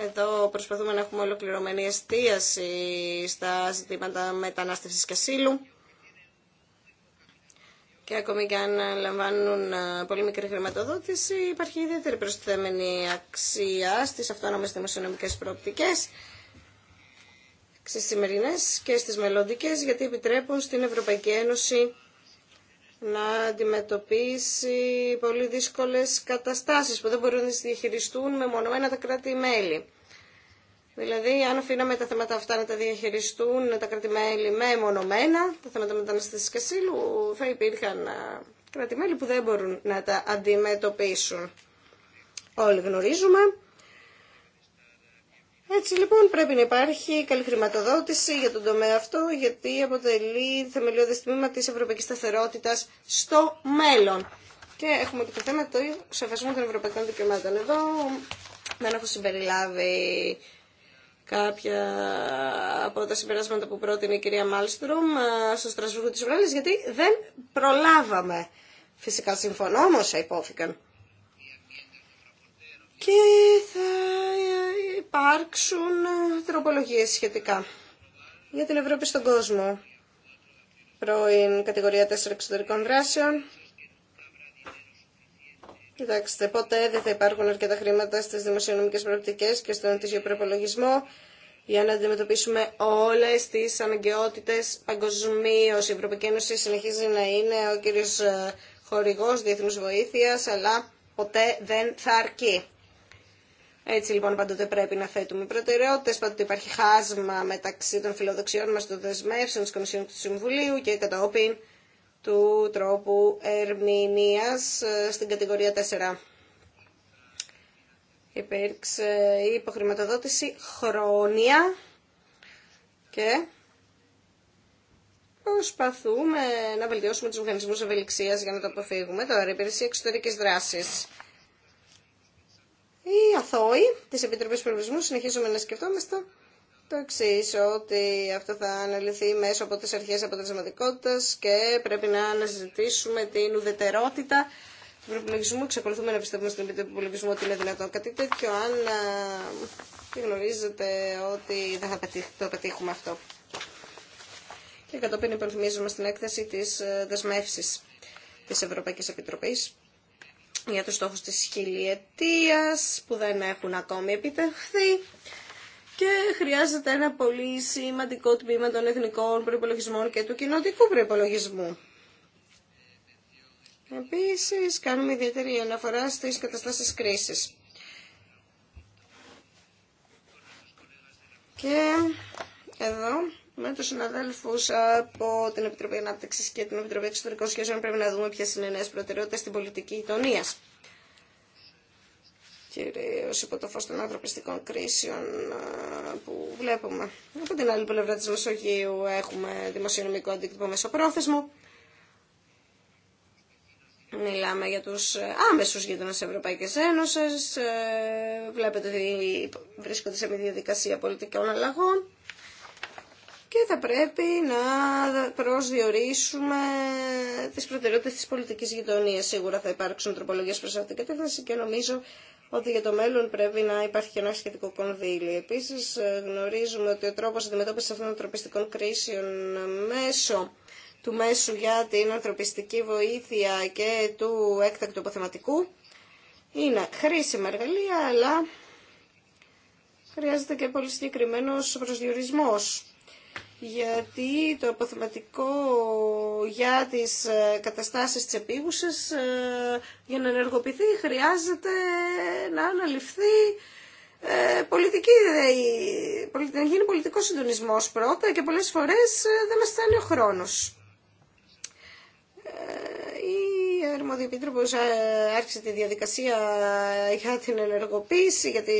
Εδώ προσπαθούμε να έχουμε ολοκληρωμένη εστίαση στα ζητήματα μετανάστευσης και ασύλου. Και ακόμη και αν λαμβάνουν ε, πολύ μικρή χρηματοδότηση, υπάρχει ιδιαίτερη προσθέμενη αξία στις αυτόνομες δημοσιονομικές προοπτικές, στις σημερινές και στις μελλοντικές, γιατί επιτρέπουν στην Ευρωπαϊκή Ένωση να αντιμετωπίσει πολύ δύσκολες καταστάσεις που δεν μπορούν να τις διαχειριστούν με τα κράτη-μέλη. Δηλαδή, αν αφήναμε τα θέματα αυτά να τα διαχειριστούν τα κράτη-μέλη με τα θέματα μεταναστασίας και ασύλου, θα υπήρχαν ε, κράτη-μέλη που δεν μπορούν να τα αντιμετωπίσουν. Όλοι γνωρίζουμε έτσι λοιπόν πρέπει να υπάρχει καλή χρηματοδότηση για τον τομέα αυτό, γιατί αποτελεί θεμελιώδες τμήμα της ευρωπαϊκής σταθερότητας στο μέλλον. Και έχουμε και το θέμα του σεβασμό των ευρωπαϊκών δικαιωμάτων. Εδώ δεν έχω συμπεριλάβει κάποια από τα συμπεράσματα που πρότεινε η κυρία Μάλστρουμ ε, στο Στρασβούργο της Ουράλης, γιατί δεν προλάβαμε. Φυσικά συμφωνώ, όμως υπόθηκαν. Και θα υπάρξουν ε, τροπολογίες σχετικά για την Ευρώπη στον κόσμο. Πρώην κατηγορία 4 εξωτερικών δράσεων. Κοιτάξτε, ποτέ δεν θα υπάρχουν αρκετά χρήματα στις δημοσιονομικές προοπτικές και στον αντίστοιχο προπολογισμό για να αντιμετωπίσουμε όλες τις αναγκαιότητες παγκοσμίω. Η Ευρωπαϊκή Ένωση συνεχίζει να είναι ο κύριος ε, χορηγός διεθνούς βοήθειας, αλλά ποτέ δεν θα αρκεί. Έτσι λοιπόν πάντοτε πρέπει να θέτουμε προτεραιότητες, πάντοτε υπάρχει χάσμα μεταξύ των φιλοδοξιών μας των δεσμεύσεων της Κομισιόν του Συμβουλίου και όπιν του τρόπου ερμηνείας ε, στην κατηγορία 4. Υπήρξε η υποχρηματοδότηση χρόνια και προσπαθούμε να βελτιώσουμε τους μηχανισμούς ευελιξίας για να το αποφύγουμε. Τώρα, υπηρεσία εξωτερικής δράσης. Οι αθώοι τη Επιτροπή Προβλησμού συνεχίζουμε να σκεφτόμαστε το εξή, ότι αυτό θα αναλυθεί μέσω από τις αρχές αποτελεσματικότητα και πρέπει να αναζητήσουμε την ουδετερότητα του προπολογισμού. Εξακολουθούμε να πιστεύουμε στον προπολογισμό ότι είναι δυνατόν κάτι τέτοιο, αν γνωρίζετε ότι δεν θα το πετύχουμε αυτό. Και κατόπιν υπενθυμίζουμε στην έκθεση τη ε, δεσμεύση τη Ευρωπαϊκή Επιτροπή για τους στόχους της χιλιετίας που δεν έχουν ακόμη επιτευχθεί και χρειάζεται ένα πολύ σημαντικό τμήμα των εθνικών προϋπολογισμών και του κοινοτικού προϋπολογισμού. Επίσης, κάνουμε ιδιαίτερη αναφορά στις καταστάσεις κρίσης. Και εδώ με τους συναδέλφους από την Επιτροπή Ανάπτυξης και την Επιτροπή Εξωτερικών Σχέσεων πρέπει να δούμε ποιες είναι οι νέες προτεραιότητες στην πολιτική γειτονία. Κυρίως υπό το φως των ανθρωπιστικών κρίσεων που βλέπουμε. Από την άλλη πλευρά της Μεσογείου έχουμε δημοσιονομικό αντίκτυπο μεσοπρόθεσμο. Μιλάμε για τους άμεσους γείτονες της Ευρωπαϊκής Ένωσης. Ε, βλέπετε ότι βρίσκονται σε μια διαδικασία πολιτικών αλλαγών και θα πρέπει να προσδιορίσουμε τι προτεραιότητε τη πολιτική γειτονία. Σίγουρα θα υπάρξουν τροπολογίε προς αυτήν την κατεύθυνση και νομίζω ότι για το μέλλον πρέπει να υπάρχει και ένα σχετικό κονδύλι. Επίση, γνωρίζουμε ότι ο τρόπο αντιμετώπιση αυτών των ανθρωπιστικών κρίσεων μέσω του μέσου για την ανθρωπιστική βοήθεια και του έκτακτου αποθεματικού είναι χρήσιμα εργαλεία, αλλά χρειάζεται και πολύ συγκεκριμένο προσδιορισμός γιατί το αποθεματικό για τις ε, καταστάσεις της επίγουσης ε, για να ενεργοποιηθεί χρειάζεται να αναλυφθεί ε, πολιτική, να γίνει πολιτικό συντονισμός πρώτα και πολλές φορές δεν μας στάνει ο χρόνος. Η Αρμόδια Επίτροπος άρχισε τη διαδικασία για την ενεργοποίηση, γιατί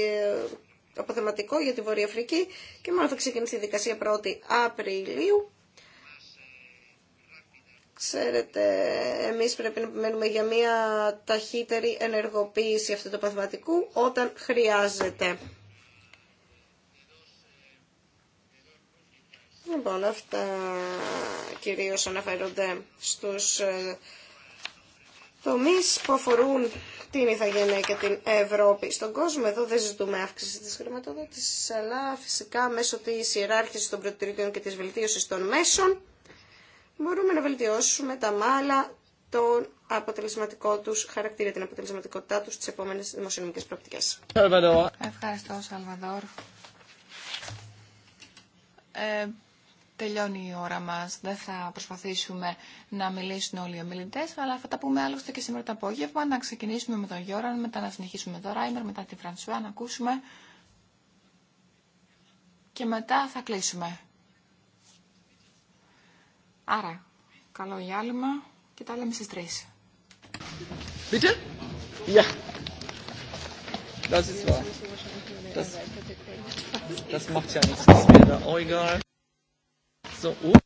το αποθεματικό για τη Βόρεια Αφρική και μάλλον θα ξεκινήσει η δικασία 1η Απριλίου. Ξέρετε, εμείς πρέπει να επιμένουμε για μια ταχύτερη ενεργοποίηση αυτού του παθηματικού όταν χρειάζεται. Λοιπόν, αυτά κυρίως αναφέρονται στους ε, τομείς που αφορούν την Ιθαγένεια και την Ευρώπη. Στον κόσμο εδώ δεν ζητούμε αύξηση της χρηματοδότησης, αλλά φυσικά μέσω της ιεράρχησης των προτεραιοτήτων και της βελτίωσης των μέσων μπορούμε να βελτιώσουμε τα μάλα τον αποτελεσματικό τους χαρακτήρα, την αποτελεσματικότητά τους στις επόμενες δημοσιονομικές προοπτικές. Ευχαριστώ, Σαλβαδόρ. Ε, τελειώνει η ώρα μας. Δεν θα προσπαθήσουμε να μιλήσουν όλοι οι ομιλητέ, αλλά θα τα πούμε άλλωστε και σήμερα το απόγευμα, να ξεκινήσουμε με τον Γιώραν, μετά να συνεχίσουμε με τον Ράιμερ, μετά την Φρανσουά, να ακούσουμε και μετά θα κλείσουμε. Άρα, καλό διάλειμμα και τα λέμε στις τρει. Bitte? Ja. Das ist wahr. Das, das macht ja nichts. Das wäre So.